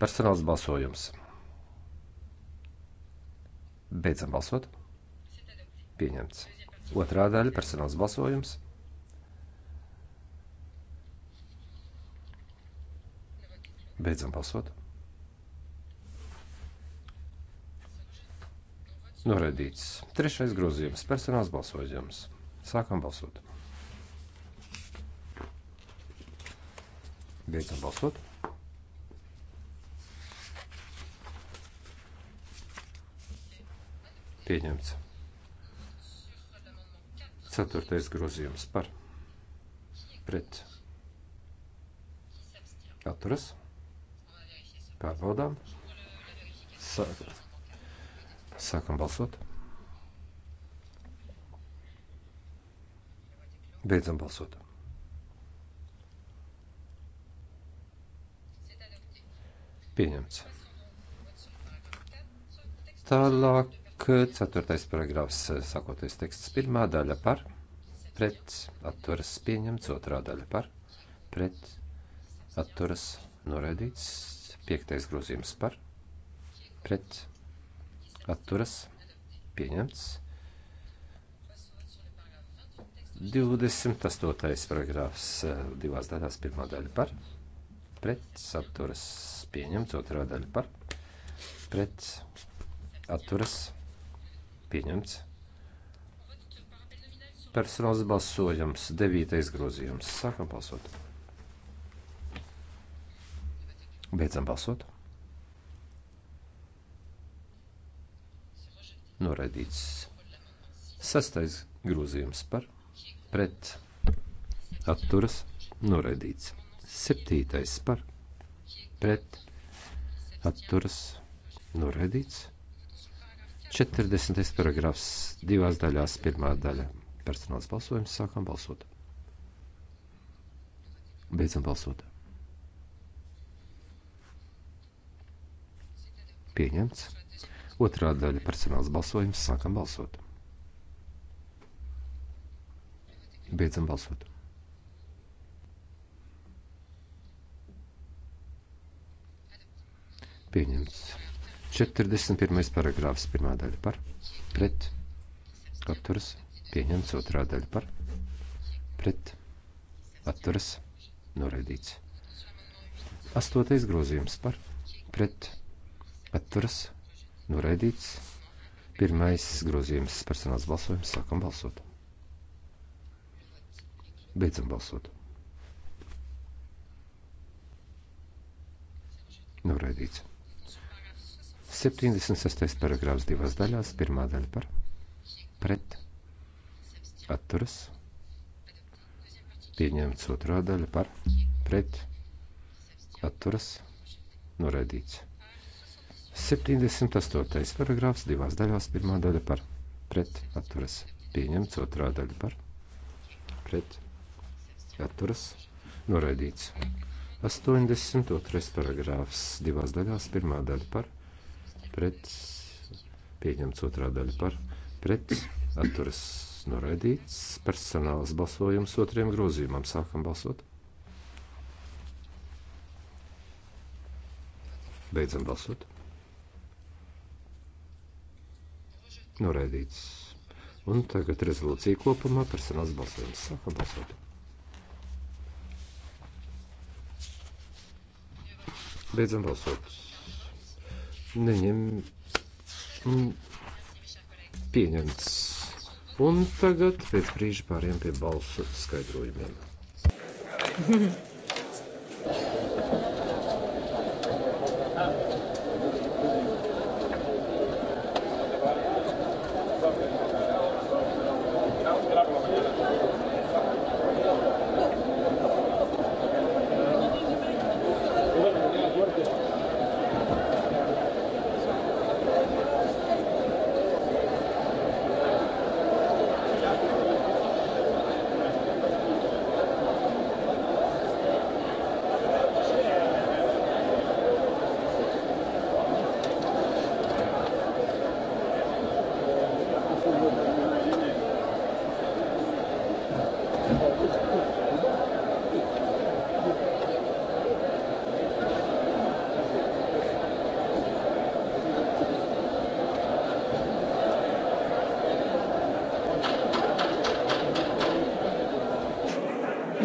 Personāls balsojums. Beidzam balsot. Pieņemts. Otrā daļa - personāls balsojums. Beidzam balsot. Noraidīts. Trešais grozījums. Personāls balsojums. Sākam balsot. Beidzam balsot. Pieņemts. Ceturtais grozījums par pret atturas. Pārbaudām. Sākam, sākam balsot. Beidzam balsot. Pieņemts. Tālāk, ceturtais paragrāfs, sākoties teksts, pirmā daļa par, pret, atturas pieņemts, otrā daļa par, pret, atturas noraidīts, Piektais grozījums par, pret, atturas, pieņemts. 28. paragrāfs eh, divās daļās, pirmā daļa par, pret, atturas, pieņemts, otrā daļa par, pret, atturas, pieņemts personāls balsojums, devītais grozījums. Sākam balsot! Beidzam balsot. Noraidīts. Sastais grozījums par pret atturas noraidīts. Septītais par pret atturas noraidīts. 40. paragrafs divās daļās pirmā daļa. Personāls balsojums sākam balsot. Beidzam balsot. pieņemts. Otrā daļa personāls balsojums. Sākam balsot. Beidzam balsot. Pieņemts. 41. paragrāfs, pirmā daļa par, pret, atturas, pieņemts, otrā daļa par, pret, atturas, noraidīts. Astotais grozījums par, pret, atturas atturas noraidīts. Pirmais grozījums personāls balsojums. Sākam balsot. Beidzam balsot. Noraidīts. 76. paragrāfs divās daļās. Pirmā daļa par pret atturas. Pieņemts otrā daļa par pret atturas. Noraidīts. 78. paragrāfs divās daļās. Pirmā daļa par pret atturas pieņemts, otrā daļa par pret atturas noraidīts. 82. paragrāfs divās daļās. Pirmā daļa par pret pieņemts, otrā daļa par pret atturas noraidīts. Personāls balsojums otriem grozījumam. Sākam balsot. Beidzam balsot. Noraidīts. Un tagad rezolūcija kopumā personāls balsojums. Sākam balsot. Beidzam balsot. Neņem. Mm. Pieņemts. Un tagad pēc brīža pāriem pie balsu skaidrojumiem. Mm-hmm.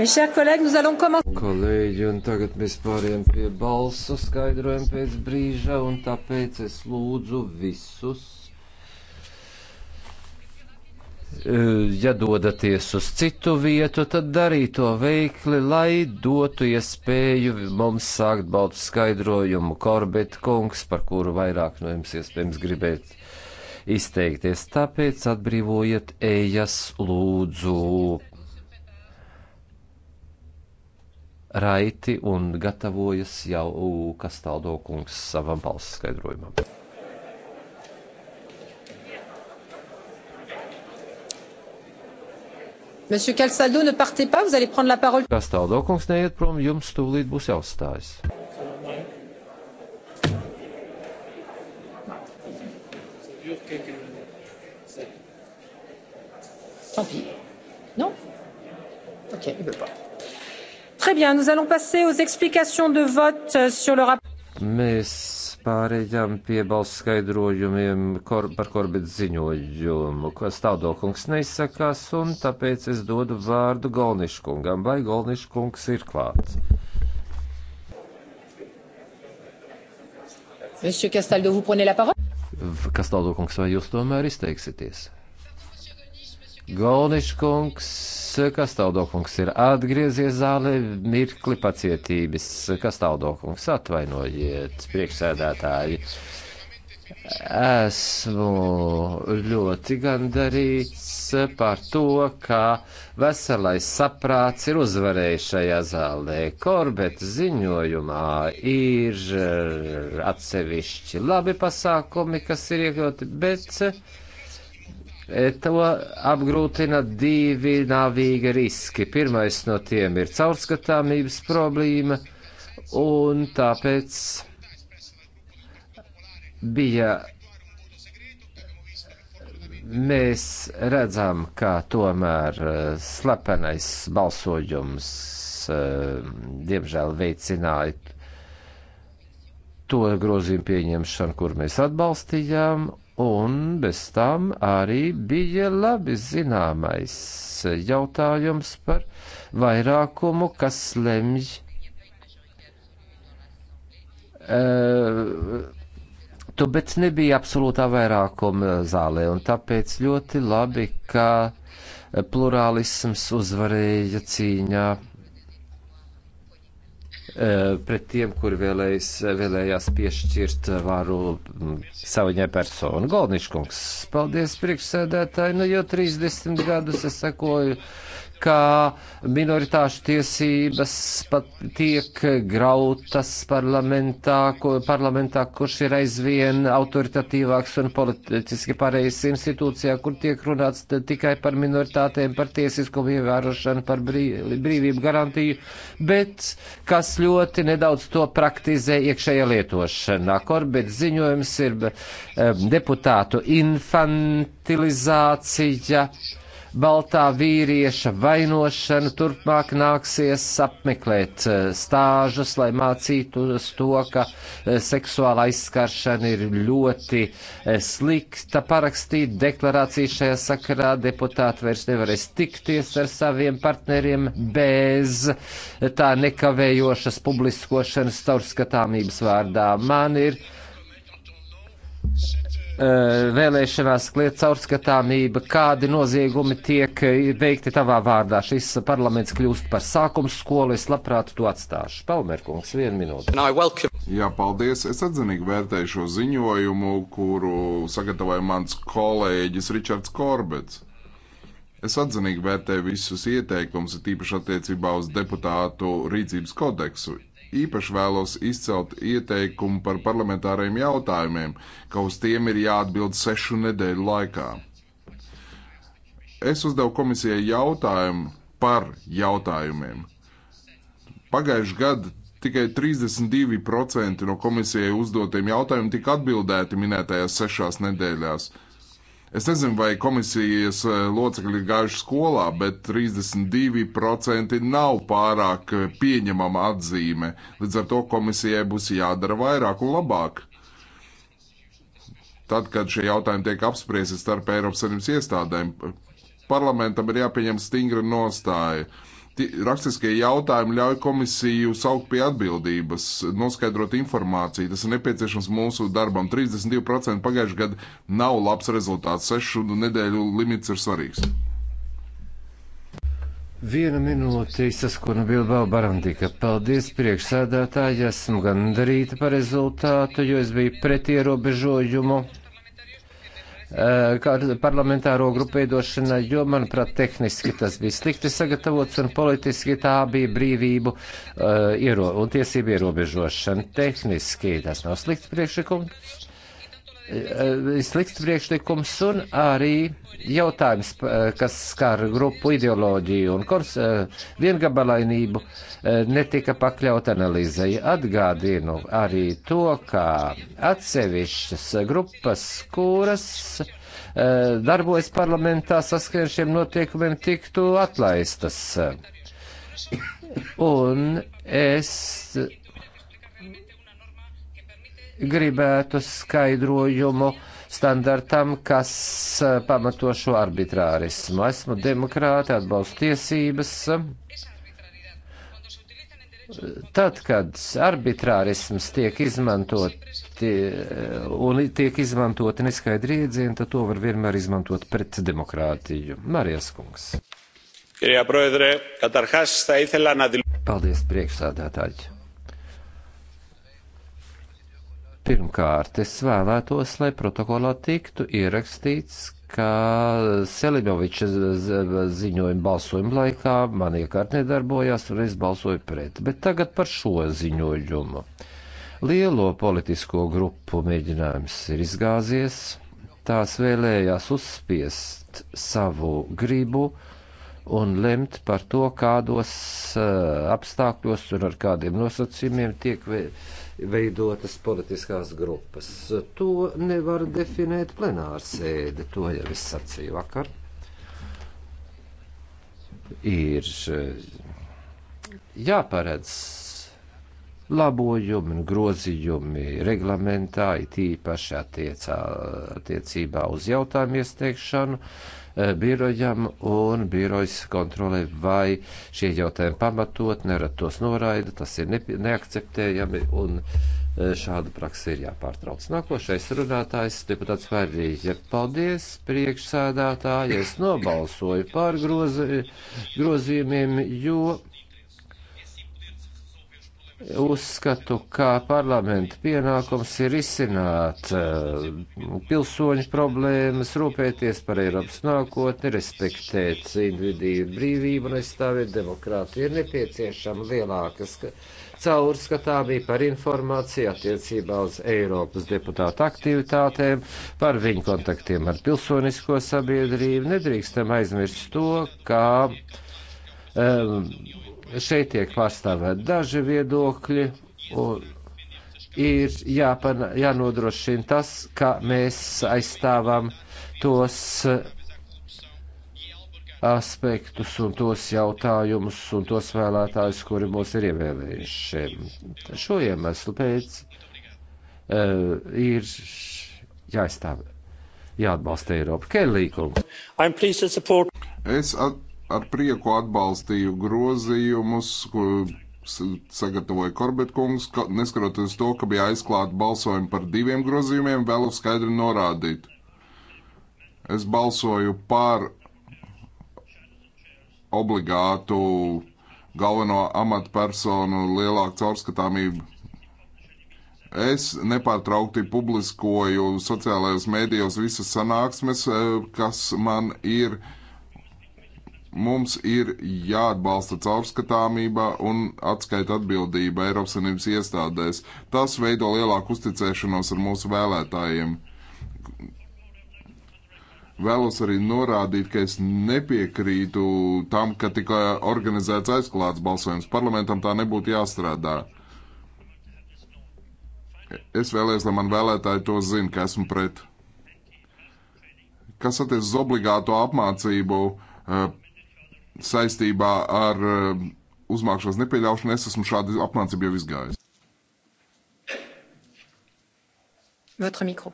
Kolēģi, un tagad mēs pāriem pie balsu skaidrojumu pēc brīža, un tāpēc es lūdzu visus, e, ja dodaties uz citu vietu, tad darīt to veikli, lai dotu iespēju mums sākt baltu skaidrojumu. Korbet kungs, par kuru vairāk no jums iespējams gribēt izteikties, tāpēc atbrīvojiet ejas lūdzu raiti un gatavojas jau Kastaldo kungs savam balss skaidrojumam. Monsieur Calçado, ne partez pas, vous allez prendre la parole. Castaldo kungs neiet prom, jums tūlīt būs jāuzstājas. Tant pis. Non Ok, il veut pas. Très bien, nous allons passer aux explications de vote euh, sur le rapport. Mēs pārējām pie balss skaidrojumiem kor, par korbīt ziņojumu, ka stādokungs neizsakās, un tāpēc es dodu vārdu Golniškungam. Vai Golniškungs ir klāts? Kastaldokungs, vai jūs tomēr izteiksieties? Golniškungs, kas taudokungs ir atgriezies zālē, mirkli pacietības, kas taudokungs atvainojiet, priekšsēdētāji. Esmu ļoti gandarīts par to, ka veselais saprāts ir uzvarējis šajā zālē. Korbeta ziņojumā ir atsevišķi labi pasākumi, kas ir iekļauti, bet E, to apgrūtina divi navīgi riski. Pirmais no tiem ir caurskatāmības problēma, un tāpēc bija mēs redzam, ka tomēr e, slepenais balsojums e, diemžēl veicināja to grozījumu pieņemšanu, kur mēs atbalstījām, Un bez tam arī bija labi zināmais jautājums par vairākumu, kas lemj uh, tu, bet nebija absolūtā vairākuma zālē, un tāpēc ļoti labi, ka plurālisms uzvarēja cīņā Eh, pret tiem, kuri vēlējas, vēlējās piešķirt eh, varu mm, saviņai personu. Goldniškungs, paldies priekšsēdētāji, nu jau 30 gadus es sekoju ka minoritāšu tiesības pat tiek grautas parlamentā, ko, parlamentā kurš ir aizvien autoritatīvāks un politiski pareizs institūcijā, kur tiek runāts tikai par minoritātēm, par tiesiskumu ievērošanu, par brīv, brīvību garantiju, bet kas ļoti nedaudz to praktizē iekšējā lietošanā. Korbet ziņojums ir um, deputātu infantilizācija. Yeah baltā vīrieša vainošanu. Turpmāk nāksies apmeklēt eh, stāžus, lai mācītos to, ka eh, seksuāla aizskaršana ir ļoti eh, slikta. Parakstīt deklarāciju šajā sakarā deputāti vairs nevarēs tikties ar saviem partneriem bez tā nekavējošas publiskošanas caurskatāmības vārdā. Man ir Eh, vēlēšanās kliedz caurskatāmība, kādi noziegumi tiek eh, veikti tavā vārdā. Šis parlaments kļūst par sākumu skolu, es labprāt to atstāšu. Palmerkungs, vienu minūti. Jā, paldies. Es atzinīgi vērtēju šo ziņojumu, kuru sagatavoja mans kolēģis Ričards Korbets. Es atzinīgi vērtēju visus ieteikumus, tīpaši attiecībā uz deputātu rīcības kodeksu. Īpaši vēlos izcelt ieteikumu par parlamentāriem jautājumiem, ka uz tiem ir jāatbild sešu nedēļu laikā. Es uzdevu komisijai jautājumu par jautājumiem. Pagājuši gadu tikai 32% no komisijai uzdotiem jautājumiem tika atbildēti minētajās sešās nedēļās. Es nezinu, vai komisijas eh, locekļi gājuši skolā, bet 32% nav pārāk eh, pieņemama atzīme. Līdz ar to komisijai būs jādara vairāk un labāk. Tad, kad šie jautājumi tiek apspriesti starp Eiropas Savienības iestādēm, parlamentam ir jāpieņem stingra nostāja. Uh, Rakstiskie jautājumi ļauj komisiju saukt pie atbildības, noskaidrot informāciju. Tas ir nepieciešams mūsu darbam. 32% pagājušajā gadā nav labs rezultāts. Sešu nedēļu limits ir svarīgs. Viena minūte saskona Bilbao Barandika. Paldies priekšsēdētāji, esmu gandarīta par rezultātu, jo es biju pret ierobežojumu Eh, parlamentāro grupu veidošanai, jo, manuprāt, tehniski tas bija slikti sagatavots un politiski tā bija brīvību uh, iero, un tiesību ierobežošana. Tehniski tas nav slikts priekšlikums, Eh, eh, slikts priekšlikums un arī jautājums, eh, kas skar grupu ideoloģiju un kors, viengabalainību, netika pakļaut analīzai. Atgādinu arī to, ka atsevišķas grupas, kuras darbojas parlamentā saskaņā ar šiem notiekumiem, tiktu atlaistas. Un es gribētu skaidrojumu standartam, kas eh, pamato šo arbitrārismu. Esmu demokrāti, atbalstu tiesības. Tad, kad arbitrārisms tiek izmantot eh, un tiek izmantoti neskaidri iedzieni, tad to var vienmēr izmantot pret demokrātiju. Marijas kungs. Paldies, priekšsādātāji. Pirmkārt, es vēlētos, lai protokolā tiktu ierakstīts, ka Selimoviča ziņojuma balsojuma laikā man iekārt nedarbojās un es balsoju pret. Bet tagad par šo ziņojumu. Lielo politisko grupu mēģinājums ir izgāzies, tās vēlējās uzspiest savu gribu un lemt par to, kādos eh, apstākļos un ar kādiem nosacījumiem tiek veikts veidotas politiskās grupas. To nevar definēt plenārsēde, to jau es sacīju vakar. Ir eh, jāparedz labojumi un grozījumi reglamentā, it īpaši attiecā, attiecībā uz jautājumu iesniegšanu. Uh, Eh, birojam, un birojs kontrolē, vai šie jautājumi pamatot, nerad tos noraida, tas ir neakceptējami, un eh, šāda praksa ir jāpārtrauc. Nākošais runātājs, deputāts Vērrīģe, paldies priekšsēdātāji, es nobalsoju pār grozi, grozījumiem, jo Uzskatu, ka parlamenta pienākums ir izsināt uh, eh, pilsoņu problēmas, rūpēties par Eiropas nākotni, respektēt individu brīvību un aizstāvēt demokrātiju. Ir nepieciešama lielāka caurskatāmība par informāciju attiecībā uz Eiropas deputātu aktivitātēm, par viņu kontaktiem ar pilsonisko sabiedrību. Nedrīkstam aizmirst to, ka. Um, šeit tiek pārstāvēt daži viedokļi un ir jāpana, jānodrošina tas, ka mēs aizstāvam tos eh, aspektus un tos jautājumus un tos vēlētājus, kuri mūs ir ievēlējuši. Šo iemeslu pēc uh, ir jāizstāv, jāatbalsta Eiropa. Kelly, kungs. Es at ar prieku atbalstīju grozījumus, ko sagatavoja Korbetkungs, neskatoties to, ka bija aizklāta balsojuma par diviem grozījumiem, vēlos skaidri norādīt. Es balsoju par obligātu galveno amatpersonu lielāku caurskatāmību. Es nepārtraukti publiskoju sociālajos mēdījos visas sanāksmes, eh, kas man ir uh, Mums ir jāatbalsta caurskatāmība un atskaita atbildība Eiropas Savienības iestādēs. Tas veido lielāku uzticēšanos ar mūsu vēlētājiem. Vēlos arī norādīt, ka es nepiekrītu tam, ka tika organizēts aizklāts balsojums. Parlamentam tā nebūtu jāstrādā. Es vēlējos, lai man vēlētāji to zina, ka esmu pret. Kas attiecas uz obligāto apmācību? Uh, saistībā ar um, uzmākšanas nepieļaušanu es esmu šādu apmācību jau izgājis. Votre micro.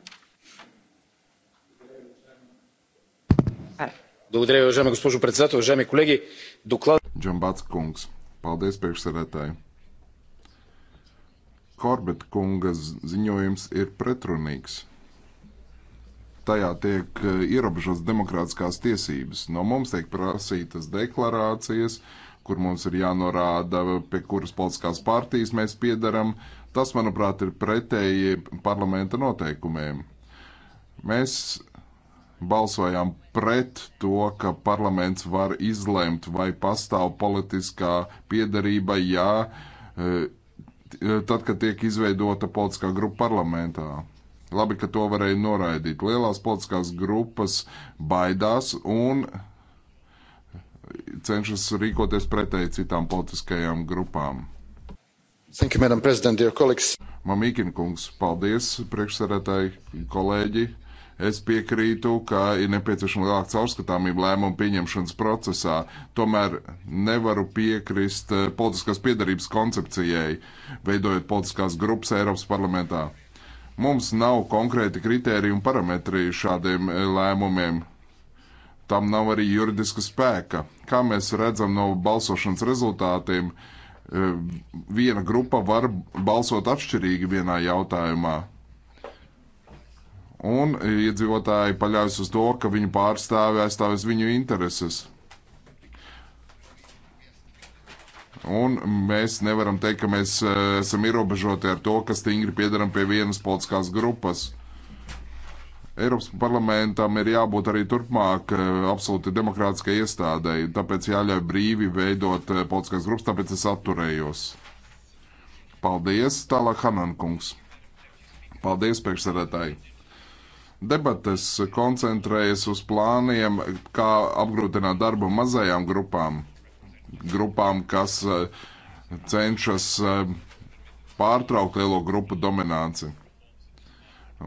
Voilà. Благодаря, уважаема госпожо председател. Уважаеми колеги, доклад... Джамбац Кунгс. Paldies, priekšsēdētāji. Korbet kunga ziņojums ir pretrunīgs tajā tiek eh, ierobežotas demokrātiskās tiesības. No mums tiek prasītas deklarācijas, kur mums ir jānorāda, pie kuras politiskās partijas mēs piedaram. Tas, manuprāt, ir pretēji parlamenta noteikumiem. Mēs balsojām pret to, ka parlaments var izlemt, vai pastāv politiskā piedarība, ja eh, tad, kad tiek izveidota politiskā grupa parlamentā. Labi, ka to varēja noraidīt. Lielās politiskās grupas baidās un cenšas rīkoties pretēji citām politiskajām grupām. Thank you, Madam President, dear colleagues. Mamīkina kungs, paldies priekšsarētāji, kolēģi. Es piekrītu, ka ir nepieciešama lielāka caurskatāmība lēmumu pieņemšanas procesā. Tomēr nevaru piekrist eh, politiskās piedarības koncepcijai, veidojot politiskās grupas Eiropas parlamentā. Mums nav konkrēti kriteriji un parametri šādiem eh, lēmumiem. Tam nav arī juridiska spēka. Kā mēs redzam no balsošanas rezultātiem, eh, viena grupa var balsot atšķirīgi vienā jautājumā. Un iedzīvotāji paļaujas uz to, ka viņu pārstāvi aizstāvēs viņu intereses. Un mēs nevaram teikt, ka mēs eh, esam ierobežoti ar to, ka stingri piedaram pie vienas politiskās grupas. Eiropas parlamentam ir jābūt arī turpmāk eh, absolūti demokrātiskai iestādēji, tāpēc jāļauj brīvi veidot eh, politiskās grupas, tāpēc es atturējos. Paldies, tālāk Hanankungs. Paldies, priekšsēdētāji debates koncentrējas uz plāniem, kā apgrūtināt darbu mazajām grupām grupām, kas eh, cenšas eh, pārtraukt lielo grupu dominanci.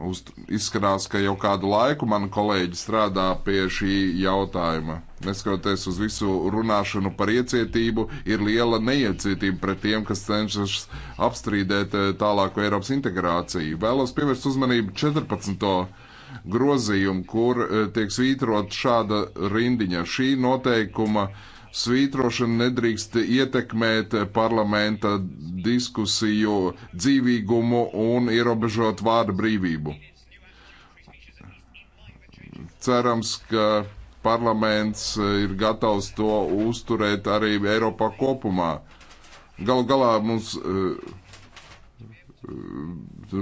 Uz, izskatās, ka jau kādu laiku mani kolēģi strādā pie šī jautājuma. Neskatoties uz visu runāšanu par iecietību, ir liela neiecietība pret tiem, kas cenšas apstrīdēt eh, tālāko Eiropas integrāciju. Vēlos pievērst uzmanību 14. grozījumu, kur tiek svītrot šāda rindiņa. Šī noteikuma uh, svītrošana nedrīkst ietekmēt parlamenta diskusiju dzīvīgumu un ierobežot vārdu brīvību. Cerams, ka parlaments ir gatavs to uzturēt arī Eiropā kopumā. Galu galā mums eh,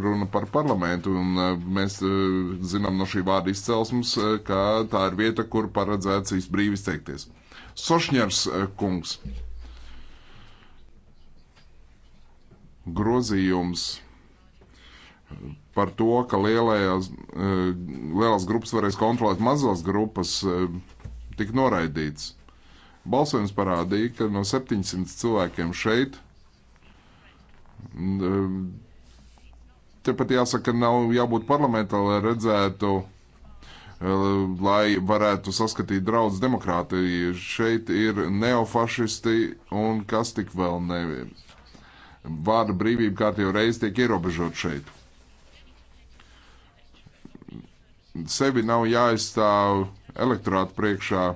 runa par parlamentu, un eh, mēs eh, zinām no šī vārda izcelsmes, ka tā ir vieta, kur paredzēts brīvi izteikties. Sošņers e, kungs. Grozījums e, par to, ka lielajās, e, lielās grupas varēs kontrolēt mazās grupas, tika noraidīts. Balsojums parādīja, ka no 700 cilvēkiem šeit Tepat jāsaka, nav jābūt parlamentā, lai redzētu lai varētu saskatīt draudz demokrātiju. Šeit ir neofašisti un kas tik vēl nevien. Vārda brīvība kārtīgi reiz tiek ierobežot šeit. Sevi nav jāizstāv elektorātu priekšā.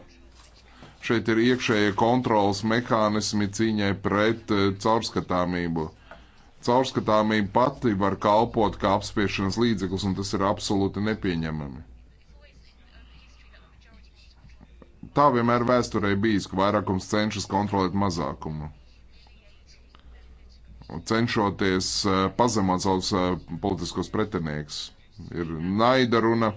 Šeit ir iekšējie kontrolas mehānismi cīņai pret eh, caurskatāmību caurskatāmība pati var kalpot kā apspiešanas līdzeklis, un tas ir absolūti nepieņemami. Tā vienmēr vēsturē bijis, ka vairākums cenšas kontrolēt mazākumu. Cenšoties eh, pazemot savus eh, politiskos pretinieks. Ir naida runa,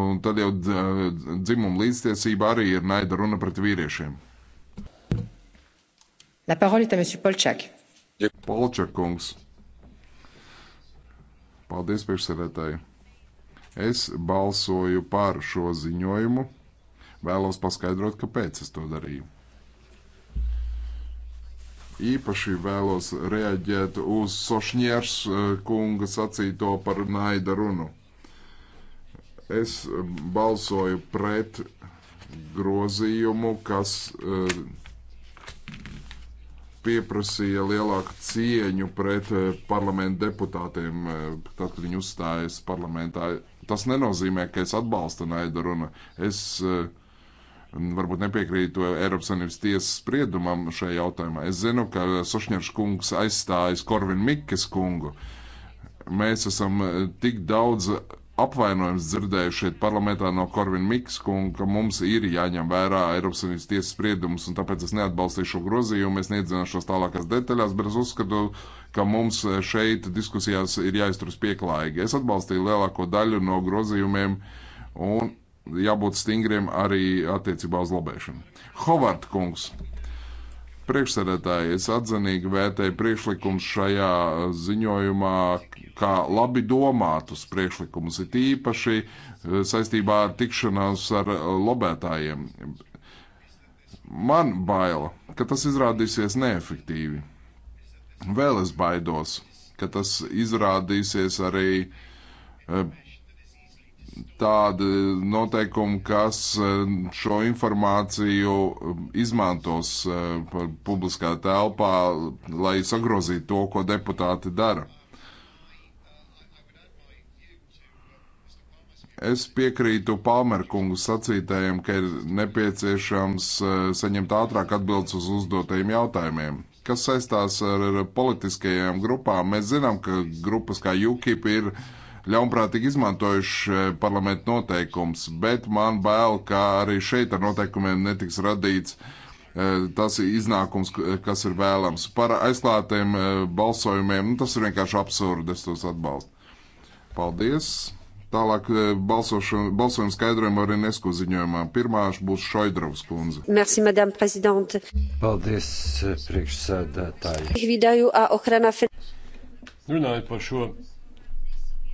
un tad jau dzimuma līdztiesība arī ir naida runa pret vīriešiem. La parole est à monsieur Polčak. Polčak kungs. Paldies priekšsēdētāji. Es balsoju par šo ziņojumu. Vēlos paskaidrot, kāpēc es to darīju. Īpaši vēlos reaģēt uz Sošņērs eh, kunga sacīto par naida runu. Es balsoju pret grozījumu, kas eh, pieprasīja lielāku cieņu pret eh, parlamentu deputātiem, tad, kad viņi uzstājas parlamentā. Tas nenozīmē, ka es atbalstu Naidu runu. Es uh, varbūt nepiekrītu Eiropas Savienības tiesas spriedumam šajā jautājumā. Es zinu, ka Sošņevs kungs aizstājas Korvin Mikkes kungu. Mēs esam eh, tik daudz apvainojums dzirdēju šeit parlamentā no Korvina Mikskunga, ka mums ir jāņem vērā Eiropas Savienības tiesas spriedums, un tāpēc es neatbalstīšu šo grozījumu, es neiedzināšos tālākās detaļās, bet es uzskatu, ka mums šeit diskusijās ir jāizturas pieklājīgi. Es atbalstīju lielāko daļu no grozījumiem, un jābūt stingriem arī attiecībā uz lobēšanu. Hovard kungs. Priekšsēdētāji, es atzinīgi vērtēju priekšlikumus šajā ziņojumā, kā labi domātus priekšlikumus, it īpaši eh, saistībā ar tikšanās ar eh, lobētājiem. Man baila, ka tas izrādīsies neefektīvi. Vēl es baidos, ka tas izrādīsies arī eh, tādi noteikumi, kas e, šo informāciju izmantos e, publiskā telpā, lai sagrozītu to, ko deputāti dara. Es piekrītu Palmerkungu sacītējiem, ka ir nepieciešams e, saņemt ātrāk atbildes uz uzdotajiem jautājumiem. Kas saistās ar politiskajām grupām? Mēs zinām, ka grupas kā UKIP ir uh, ļaunprātīgi izmantojuši eh, parlamentu noteikums, bet man bail, ka arī šeit ar noteikumiem netiks radīts eh, tas iznākums, kas ir vēlams. Par aizklātiem eh, balsojumiem, nu, tas ir vienkārši absurdi, es tos atbalstu. Paldies! Tālāk balsojumu skaidrojumu arī nesku ziņojumā. Pirmā būs Šoidrovs kundze. Merci, madame prezidente. Paldies, priekšsēdētāji. Runāju par šo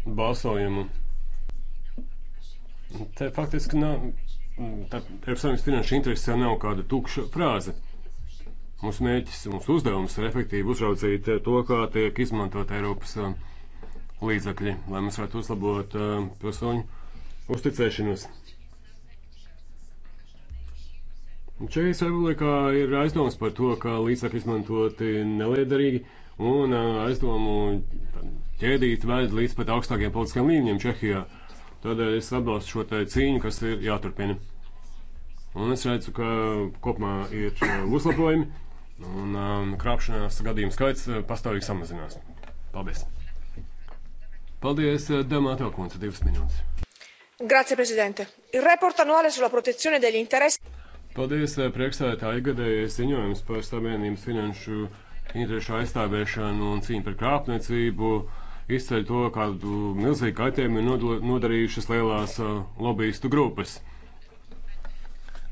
balsojumu. Te faktiski nav, Eiropas Savienības finanšu interesē nav kāda tukša frāze. Mūsu mērķis, mūsu uzdevums ir efektīvi uzraudzīt eh, to, kā tiek izmantot Eiropas eh, līdzakļi, lai mēs varētu uzlabot eh, pilsoņu uzticēšanos. Čehijas Republikā ir aizdomas par to, ka līdzekļi izmantoti neliederīgi un aizdomu ķēdīt ved līdz pat augstākiem politiskiem līmeņiem Čehijā. Tādēļ es atbalstu šo te cīņu, kas ir jāturpina. Un es redzu, ka kopumā ir eh, uzlabojumi un um, krāpšanās gadījumu skaits eh, pastāvīgi samazinās. Paldies! Paldies, eh, Damato kundze, divas minūtes. Grazie, prezidente. Il report annuale sulla protezione degli interessi. Paldies, priekšsēdētāji, gadējais ziņojums par savienības finanšu interešu aizstāvēšanu un cīņu par krāpniecību izceļ to, kādu milzīgu kaitējumu ir nodarījušas lielās uh, lobbyistu grupas.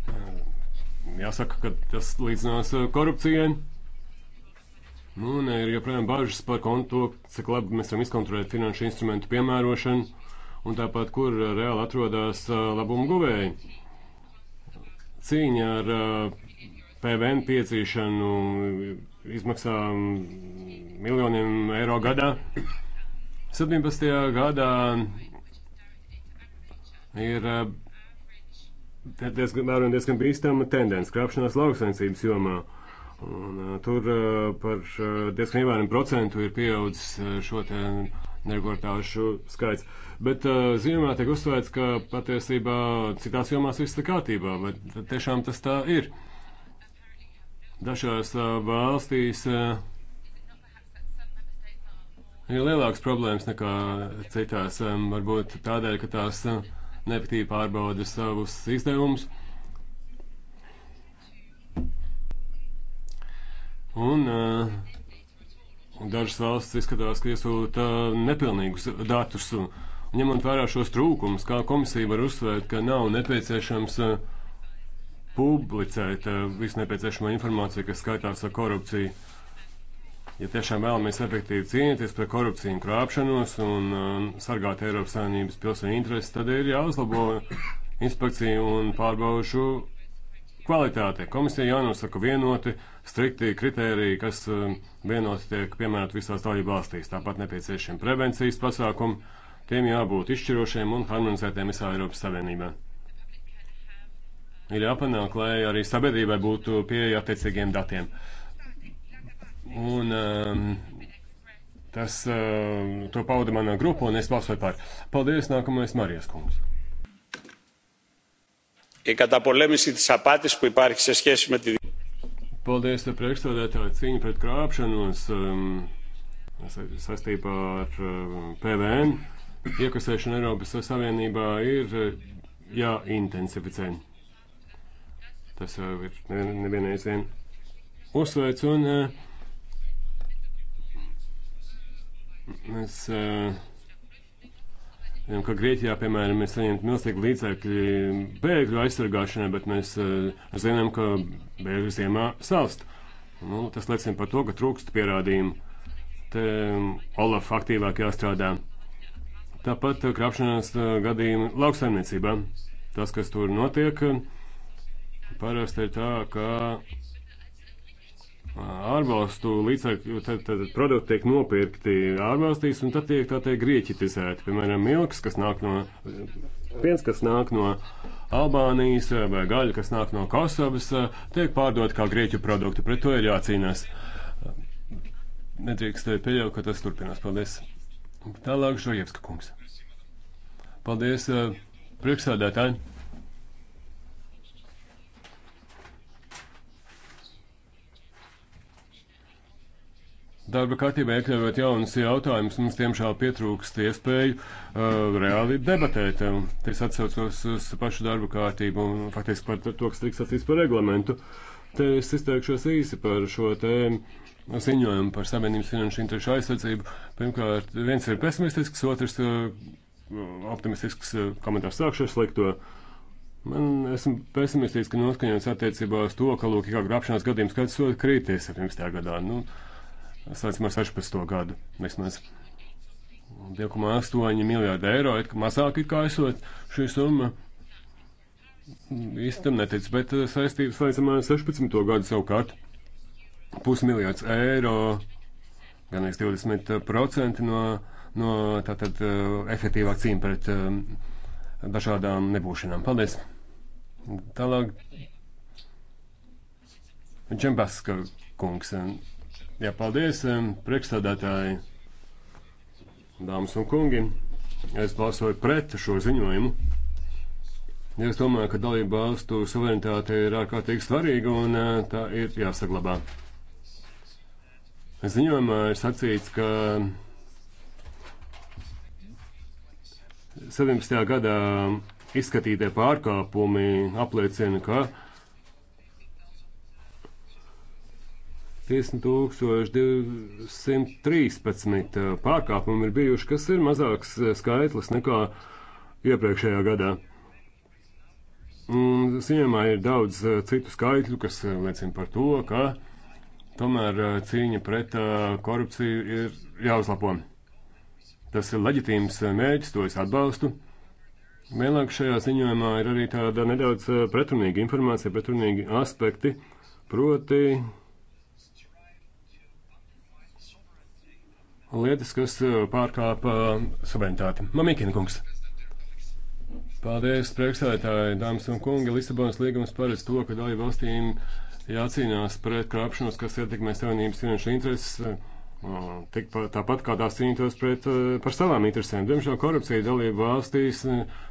Uh, jāsaka, ka tas līdzinās uh, korupcijai. Nu, un ir joprojām bažas par kontu, cik labi mēs varam izkontrolēt finanšu instrumentu piemērošanu un tāpat, kur reāli atrodas labumu guvēji. Cīņa ar PVN piecīšanu izmaksā miljoniem eiro gadā. 17. gadā ir eh, diezgan, vērojam diezgan bīstama tendence krāpšanās lauksainicības jomā. Un, eh, tur eh, par diezgan ievērojumu procentu ir pieaudzis šo te neregulātāšu skaits. Bet ziņojumā tiek uzsvērts, ka patiesībā citās jomās viss ir kārtībā, bet tiešām tas tā ir. Dažās valstīs uh, ir lielāks problēmas nekā citās. Varbūt tādēļ, ka tās nepatīk pārbauda savus izdevumus. Un uh, dažas valsts izskatās, ka iesūta nepilnīgus datus. Un, ņemot vērā šos trūkumus, kā komisija var uzsvērt, ka nav nepieciešams uh, publicēt uh, visu nepieciešamo informāciju, kas skaitās ar korupciju. Uh, ja tiešām vēlamies efektīvi cīnīties pret korupciju un krāpšanos un um, sargāt Eiropas Savienības pilsoņu intereses, tad ir jāuzlabo inspekciju un pārbaušu kvalitāte. Komisija jānosaka vienoti, strikti kriteriji, kas um, vienoti tiek piemērot visās dalību valstīs. Tāpat nepieciešami prevencijas pasākumi, tiem jābūt izšķirošiem un harmonizētiem visā Eiropas Savienībā. Ir jāpanāk, lai arī sabiedrībai būtu pieeja attiecīgiem datiem. Un um, tas, uh, to pauda manā grupā, un es balsoju par. Paldies, nākamais Marijas kungs. Η καταπολέμηση της απάτης που υπάρχει σε σχέση με τη... Paldies, priekšstādētāji, cīņa pret krāpšanos um, saistībā ar um, PVN. Iekasēšana Eiropas Savienībā ir uh, jāintensificē. Tas jau ir nevienreiz vien uzsveic un uh, Mēs zinām, eh, ka Grieķijā, piemēram, mēs saņemam milzīgi līdzekļi bēgļu aizsargāšanai, bet eh, mēs zinām, ka bēgļi ziemā salst. Nu, tas liecina par to, ka trūkst pierādījumu. Te mm, Olaf aktīvāk jāstrādā. Tāpat eh, krāpšanās gadījumi lauksaimniecībā. Tas, kas tur notiek, parasti ir tā, ka ārvalstu līdzekļu, tad, tad produkti tiek nopirkti ārvalstīs un tad tiek tā teikt grieķitizēti. Piemēram, milks, kas nāk no, piens, kas nāk no Albānijas vai gaļa, kas nāk no Kosovas, tiek pārdot kā grieķu produkti. Pret to ir jācīnās. Nedrīkst pieļaut, ka tas turpinās. Paldies. Tālāk Žojevska kungs. Paldies priekšsādātāji. Darba kārtībā iekļaujot jaunas jautājumus, mums tiemžēl pietrūkst iespēju uh, reāli debatēt. Um, es atsaucos uz pašu darba kārtību un faktiski par to, kas tiks atsīts par reglamentu. Te es izteikšos īsi par šo tēmu ziņojumu par sabiedrības finanšu interesu aizsardzību. Pirmkārt, viens ir pesimistisks, otrs uh, optimistisks uh, komentārs sākšu ar slikto. Man esmu pesimistiski noskaņots attiecībā uz to, ka, lūk, kā grābšanās gadījums, kad soda krītīs 17. gadā. Nu, uh, salīdzinām ar 16. gadu. Vismaz 2,8 miljārdi eiro, it kā mazāk it kā esot šī summa. Īstam netic, bet eh, saistības salīdzinām ar 16. gadu savukārt pusmiljards eiro, gan arī 20% no, no tātad eh, efektīvā cīņa pret eh, dažādām nebūšanām. Paldies! Tālāk Džembaska kungs. Jā, paldies, priekšstādātāji, dāmas un kungi. Es balsoju pret šo ziņojumu. Es domāju, ka dalību valstu suverenitāte ir ārkārtīgi svarīga un eh, tā ir jāsaglabā. Ziņojumā ir sacīts, ka 17. gadā izskatītie pārkāpumi apliecina, ka 10213 eh, pārkāpumi ir bijuši, kas ir mazāks eh, skaitlis nekā iepriekšējā gadā. Un ziņā ir daudz eh, citu skaitļu, kas liecina par to, ka tomēr cīņa pret korupciju ir jāuzlabo. Tas ir leģitīms mērķis, to es atbalstu. Vienlāk šajā ziņojumā ir arī tāda nedaudz pretrunīga informācija, pretrunīgi aspekti, proti lietas, kas eh, pārkāpa eh, suverenitāti. Mamikina kungs. Paldies, priekšsēdētāji, dāmas un kungi. Lisabonas līgums paredz to, ka dalību valstīm jācīnās pret krāpšanos, kas ietekmē savienības finanšu intereses. Eh, Tik, tāpat kā tās cīnītos pret, par savām interesēm. Diemžēl korupcija dalību valstīs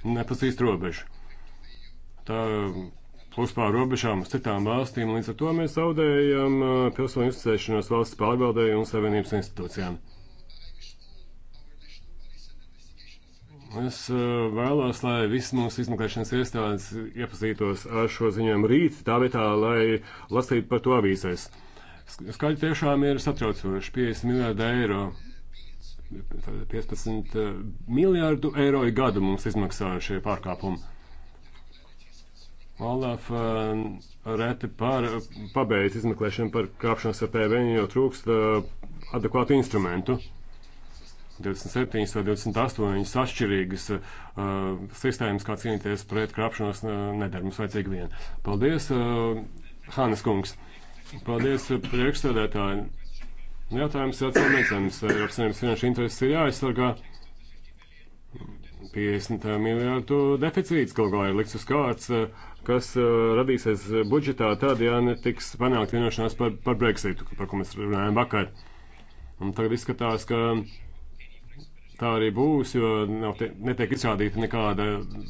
nepazīst robežu. Tā plus pār robežām uz citām valstīm, līdz ar to mēs zaudējam pilsoņu uzticēšanos valsts pārvaldēju un savienības institūcijām. Es eh, vēlos, lai visas mūsu izmeklēšanas iestādes iepazītos ar šo ziņojumu rīt, tā vietā, lai lasītu par to avīzēs. Skaļi tiešām ir satraucoši 50 eh, miljārdu eiro. 15 miljārdu eiro ir gadu mums izmaksāja šie pārkāpumi. Olaf eh, reti pār, pabeidz izmeklēšanu par krāpšanos ar PVN, jo trūkst adekvātu instrumentu. 27 vai 28 atšķirīgas uh, sistēmas, kā cīnīties pret krāpšanos, uh, nedara mums vajadzīga viena. Paldies, uh, Hānes kungs! Paldies, uh, priekšstādētāji! Jautājums ir atcīmredzams. Eiropas Savienības finanšu intereses ir jāaizsargā. 50 uh, miljārdu deficīts kaut kā ir likts uz kārts, uh, kas radīsies budžetā tad, ja netiks panākt vienošanās par, par Brexitu, par ko mēs runājām vakar. Un tagad izskatās, ka tā arī būs, jo nav te, netiek izrādīta nekāda,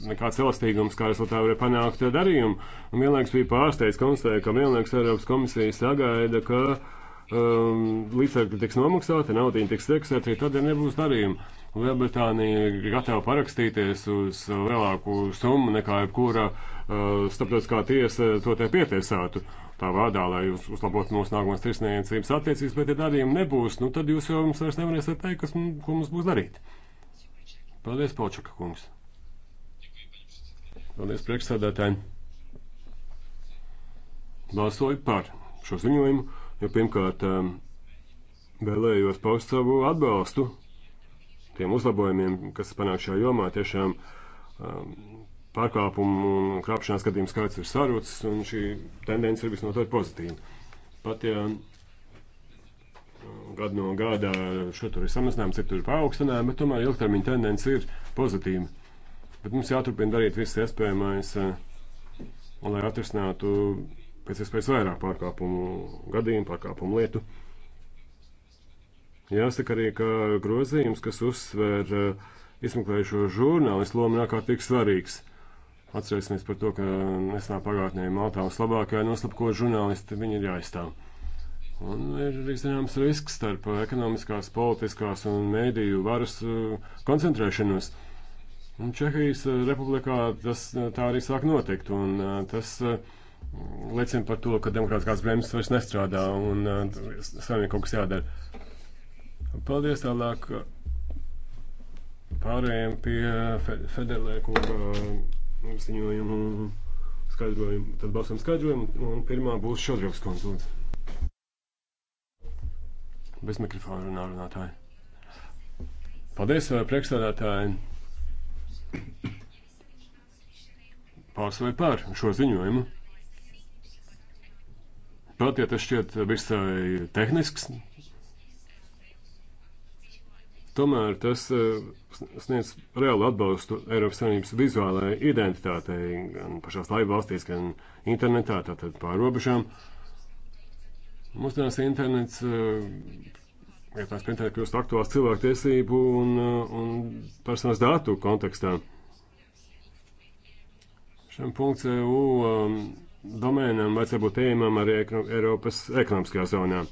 nekāds elastīgums, kā rezultātā var panākt darījumu. Un vienlaiks bija pārsteigts konstatēt, ka vienlaiks Eiropas komisija sagaida, ka um, līdzekļi tiks nomaksāti, naudiņi tiks eksēti, tad ja nebūs darījumu. Lielbritānija ir gatava parakstīties uz lielāku summu nekā jebkura uh, starptautiskā tiesa to te pietiesātu. Uh, tā vārdā, lai jūs uzlabotu mūsu nākamās tirsniecības attiecības, bet, ja darījumi nebūs, nu, tad jūs jau mums vairs nevarēsiet teikt, kas, mums, ko mums būs darīt. Paldies, Polčaka kungs. Paldies, priekšsēdētāji. Balsoju par šo ziņojumu, jo pirmkārt um, vēlējos paust savu atbalstu tiem uzlabojumiem, kas panāk šajā jomā. Tiešām um, pārkāpumu un krāpšanās gadījumu skaits ir sarūcis, un šī tendence ir visnotaļ pozitīva. Pat ja uh, gadu no gada šeit tur ir samazinājums, cik tur ir paaugstinājumi, bet tomēr ilgtermiņa tendence ir pozitīva. Bet mums jāturpina darīt viss iespējamais, uh, un lai atrisinātu pēc iespējas vairāk pārkāpumu gadījumu, pārkāpumu lietu. Jāsaka arī, ka grozījums, kas uzsver uh, izmeklējušo žurnālistu lomu, ir ārkārtīgi svarīgs. Atcerēsimies par to, ka nesenā pagātnē Maltā un Slovākijā noslapko žurnālisti, viņi ir jāizstāv. Un ir arī zināms risks starp ekonomiskās, politiskās un mēdīju varas eh, koncentrēšanos. Un Čehijas eh, republikā tas eh, tā arī sāk notikt, un tas liecina par to, ka demokrātiskās bremzes vairs nestrādā, un saviem kaut kas jādara. Paldies tālāk pārējiem pie Federlē kunga ziņojumu skaidrojumu, tad balsam skaidrojumu, un pirmā būs Šodrovs konsults. Bez mikrofona runā runātāji. Paldies, eh, priekšstādātāji! Pārsvarā par šo ziņojumu. Pat ja tas šķiet visai tehnisks, Tomēr tas eh, sniedz reālu atbalstu Eiropas Savienības vizuālajai identitātei gan pašās laivu valstīs, gan internetā, tātad pār robežām. Mūsdienās internets, ja tās pintēt kļūst aktuāls cilvēktiesību un, eh, un personas datu kontekstā. Šiem punkts EU eh, domēnam vajadzētu būt ejamam arī Eiropas ekonomiskajā zonā.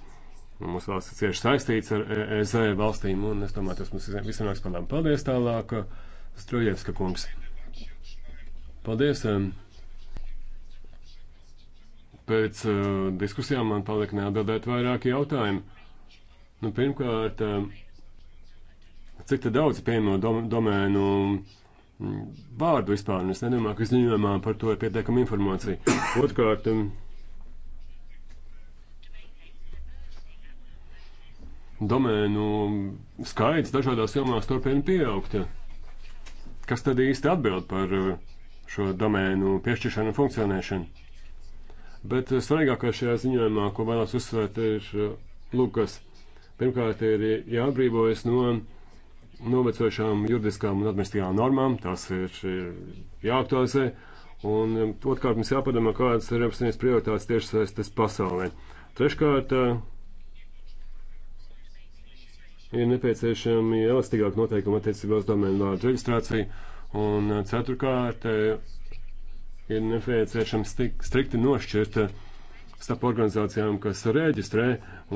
Mūsu valsts ir cieši saistīts ar EZ e valstīm, un es domāju, tas mums visiem nāks padām. Paldies tālāk, Strojevska kungs. Paldies. Pēc uh, diskusijām man palika neatbildēt vairāki jautājumi. Nu, pirmkārt, uh, cik te daudz pieņemo dom domēnu mm, vārdu vispār, un es nedomāju, ka ziņojumā par to ir pietiekama informācija. Otrkārt, um, domēnu skaits dažādās jomās turpina pieaugt. Kas tad īsti atbild par uh, šo domēnu piešķiršanu un funkcionēšanu? Bet uh, svarīgākais šajā ziņojumā, ko vēlos uzsvērt, ir uh, Lukas. Pirmkārt, ir jāatbrīvojas no novecojušām juridiskām un administratīvām normām, tās ir, ir jāaktualizē. Un um, otrkārt, mums jāpadomā, kādas ir Eiropas Savienības prioritātes tiešsaistes pasaulē. Treškārt, uh, ir nepieciešami elastīgāk noteikumi attiecībā uz domēnu vārdu reģistrāciju, un uh, ceturkārt uh, ir nepieciešams strikti nošķirt uh, starp organizācijām, kas reģistrē,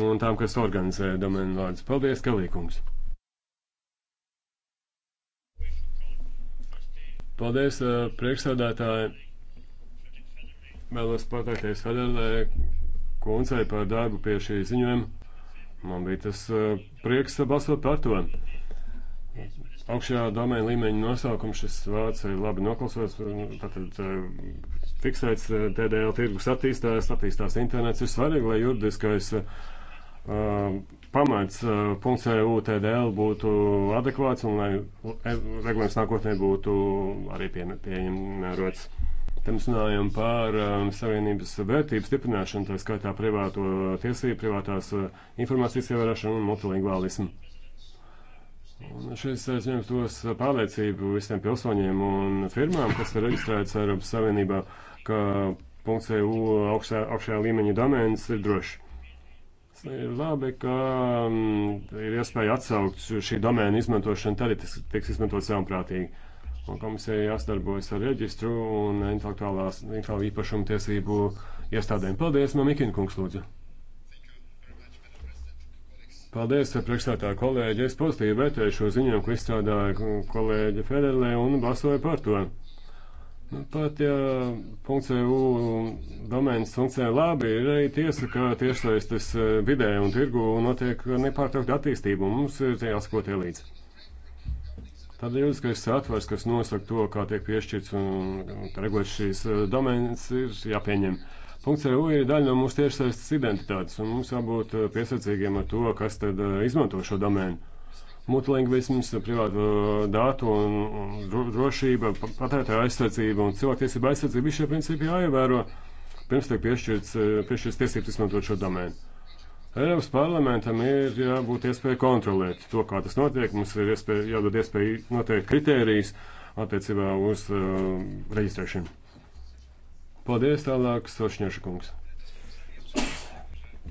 un tām, kas organizē domēnu vārdus. Paldies, Kalīkums! Paldies, priekšsādātāji! Vēlos pateikties Federlē kundzei par darbu pie šī ziņojuma. Man bija tas eh, prieks balsot par to. Augšējā domēna līmeņa nosaukums šis vārds ir labi noklausīts. Tātad eh, fiksēts eh, DDL tirgus attīstās, attīstās internets. Ir svarīgi, lai juridiskais uh, pamats uh, punkts EU TDL būtu adekvāts un lai e-, regulējums nākotnē būtu arī piemērots. Pie, pie, pie, pie, pie, pie, pie, pie, pie, Te mēs runājam par um, savienības vērtību stiprināšanu, tā skaitā privāto tiesību, privātās uh, informācijas ievērošanu un multilingvālismu. Un šis aizņems dos pārliecību visiem pilsoņiem un firmām, kas ir reģistrētas Eiropas Savienībā, ka .eu augšā, augšējā līmeņa domēns ir drošs. Ir e, labi, ka um, ir iespēja atsaukt šī domēna izmantošanu, tad tiks, tiks izmantot saunprātīgi. Un komisija jāsadarbojas ar reģistru un intelektuālās intelektuālā īpašuma tiesību iestādēm. Paldies, Mamikina kungs, lūdzu. Paldies, priekšstādā kolēģi. Es pozitīvi vērtēju šo ziņojumu, ko izstrādāja kolēģi Federlē un balsoju par to. Nu, pat, ja .eu domēns funkcionē labi, ir arī tiesa, ka tiešsaistes eh, vidē un tirgu notiek nepārtraukta attīstība, un mums ir jāsako tie līdzi. Tad ir juridiskais satvers, kas nosaka to, kā tiek piešķirts un regulēts šīs eh, domēnas, ir jāpieņem. Punkts EU ir daļa no mūsu tiešsaistes identitātes, un mums jābūt eh, piesardzīgiem ar to, kas tad eh, izmanto šo domēnu. Mutlingvisms, privāto datu un, un drošība, patērētāja aizsardzība un cilvēktiesība aizsardzība, visi šie principi jāievēro, pirms tiek piešķirts, piešķirts tiesības izmantot šo domēnu. Eiropas parlamentam ir jābūt iespēja kontrolēt to, kā tas notiek. Mums ir iespēja, jādod iespēja noteikt kritērijas attiecībā uz uh, reģistrēšanu. Paldies tālāk, Sošņieša kungs.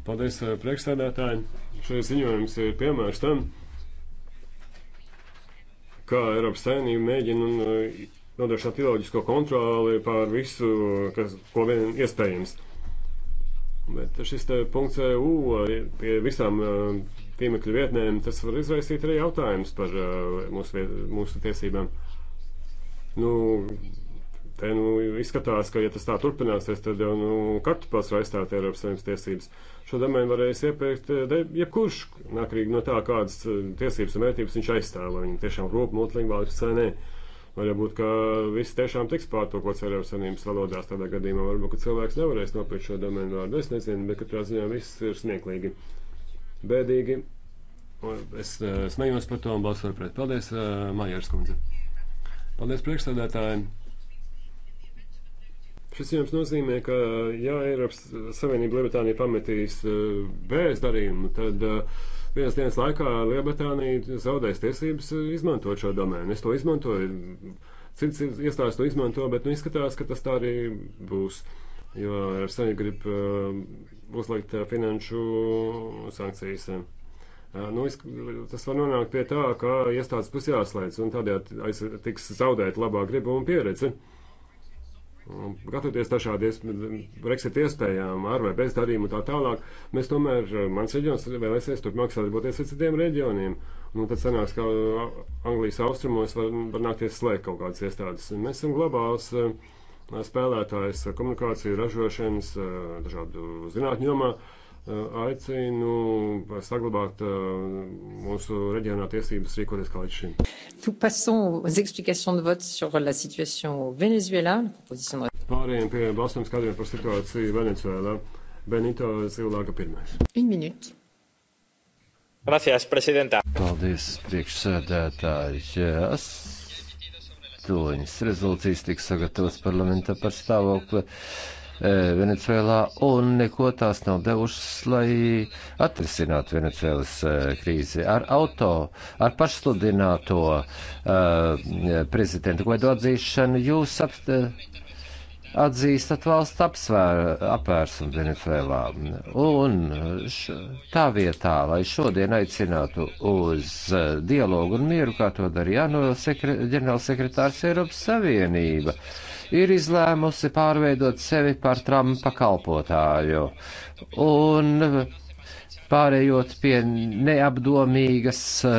Paldies uh, priekšstādātājiem. Šajā ziņojums ir piemērs tam, kā Eiropas saimnība mēģina uh, nodrošināt ideoloģisko kontroli pār visu, kas, ko vien iespējams. Bet šis punkts EU e, pie visām e, tīmekļa vietnēm, tas var izraisīt arī jautājumus par e, mūsu, viet, mūsu tiesībām. Nu, te nu izskatās, ka ja tas tā turpināsies, tad jau nu, kartupēs raistāt Eiropas Savienības tiesības. Šo domēnu varēs iepirkt jebkurš, ja nakarīgi no tā, kādas tiesības un vērtības viņš aizstāv, vai viņam tiešām rūp notlīgvālis vai nē. Varbūt, ka viss tiešām tiks pārtulkots Eiropas Savienības valodās tādā gadījumā. Varbūt, ka cilvēks nevarēs nopirkt šo domēnu vārdu. Es nezinu, bet katrā ziņā viss ir smieklīgi. Bēdīgi. Es uh, smējos par to un balsoju pret. Paldies, uh, eh, Mājērs kundze. Paldies, priekšsēdētāji. Šis jums nozīmē, ka, ja Eiropas Savienība Lielbritānija pametīs uh, bez darījumu, tad uh, vienas dienas laikā Lielbritānija zaudēs tiesības izmantot šo domēnu. Es to izmantoju, cits iestāsts to izmanto, bet nu izskatās, ka tas tā arī būs. Jo ar sevi grib uh, uzlikt uh, finanšu sankcijas. Uh, nu, tas var nonākt pie tā, ka iestādes būs jāslēdz un tādējādi tiks zaudēta labā griba un pieredze. Uh, gatavoties dažādiem Brexit iespējām, ar vai bez darījuma un tā tālāk, mēs tomēr, eh, mans reģions vēlēsies turpmāk sadarboties ar citiem reģioniem. Nu, tad sanāks, ka Anglijas austrumos var, var nākties slēgt kaut kādas iestādes. Mēs esam globāls eh, spēlētājs komunikāciju, ražošanas, eh, dažādu zinātņu jomā. Eh, aicinu saglabāt eh, mūsu reģionā tiesības rīkoties kā līdz šim. Pārējiem pie balsojuma skatriem par situāciju Venecuēlā. Benito Zilāga pirmais. Une minūte. Gracias, prezidentā. Paldies, priekšsēdētāji. Astoņas rezolūcijas tika sagatavotas parlamentā par stāvokli. Uh, E, Venecuēlā un neko tās nav devušas, lai atrisinātu Venecuēlas e, krīzi. Ar auto, ar pašsludināto uh, e, prezidenta godu atzīšanu jūs ap, atzīstat valsts apsvēr, apvērsumu Venecuēlā. Un š, tā vietā, lai šodien aicinātu uz dialogu un mieru, kā to darīja ANO sekre, ģenerālsekretārs Eiropas Savienība. Uh, ir izlēmusi pārveidot sevi par Trumpa kalpotāju. Un pārējot pie neapdomīgas eh,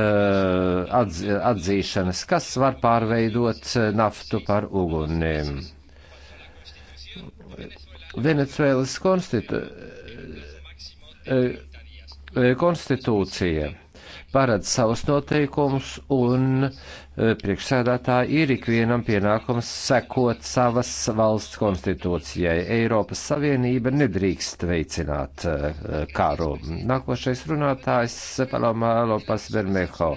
atz, atzīšanas, kas var pārveidot eh, naftu par uguniem. Venecuēlas konstitu, eh, konstitūcija paredz savus noteikumus un uh, Eh, priekšsēdētāji ir ikvienam pienākums sekot savas valsts konstitūcijai. Eiropas Savienība nedrīkst veicināt eh, karu. Nākošais runātājs eh, Paloma Lopas Bermeho.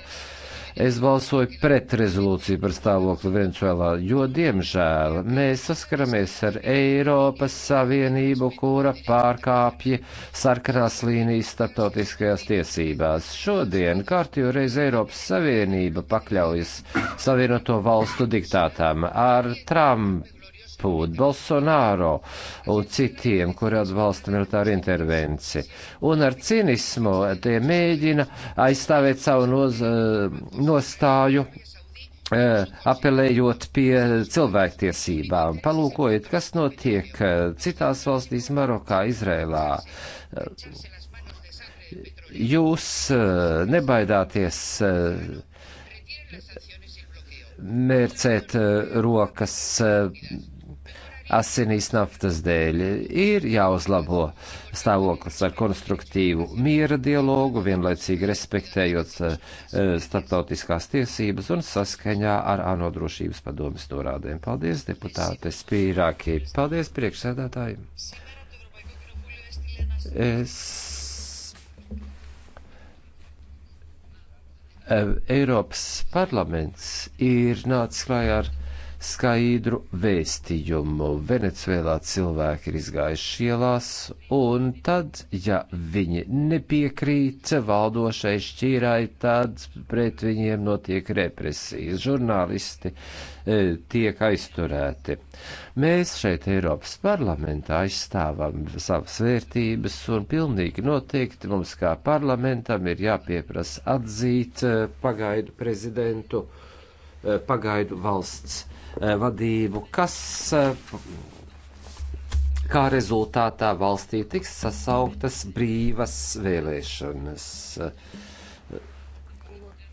Es balsoju pret rezolūciju par stāvokli Venecuēlā, jo, diemžēl, mēs saskaramies ar Eiropas Savienību, kura pārkāpja sarkanās līnijas starptautiskajās tiesībās. Šodien kārtīgi reiz Eiropas Savienība pakļaujas Savienoto valstu diktātām ar Trumpu atpūtu Bolsonaro un citiem, kuri atbalsta militāru intervenci. Un ar cinismu tie mēģina aizstāvēt savu noz, eh, nostāju eh, apelējot pie cilvēktiesībām. Palūkojiet, kas notiek eh, citās valstīs, Marokā, Izrēlā. Jūs nebaidāties mērcēt rokas asinīs naftas dēļ. Ir jāuzlabo stāvoklis ar konstruktīvu miera dialogu, vienlaicīgi respektējot eh, starptautiskās tiesības un saskaņā ar ANO drošības padomjas norādēm. Paldies, deputāte Spīrākī. Paldies, priekšsēdētāji. Es Eiropas parlaments ir nācis klājā ar skaidru vēstījumu. Venecuēlā cilvēki ir izgājuši ielās, un tad, ja viņi nepiekrīt valdošai šķīrai, tad pret viņiem notiek represijas. Žurnālisti e, tiek aizturēti. Mēs šeit Eiropas parlamentā aizstāvam savas vērtības, un pilnīgi noteikti mums kā parlamentam ir jāpieprasa atzīt e, pagaidu prezidentu, e, pagaidu valsts Eh, vadību, kas eh, kā rezultātā valstī tiks sasauktas brīvas vēlēšanas.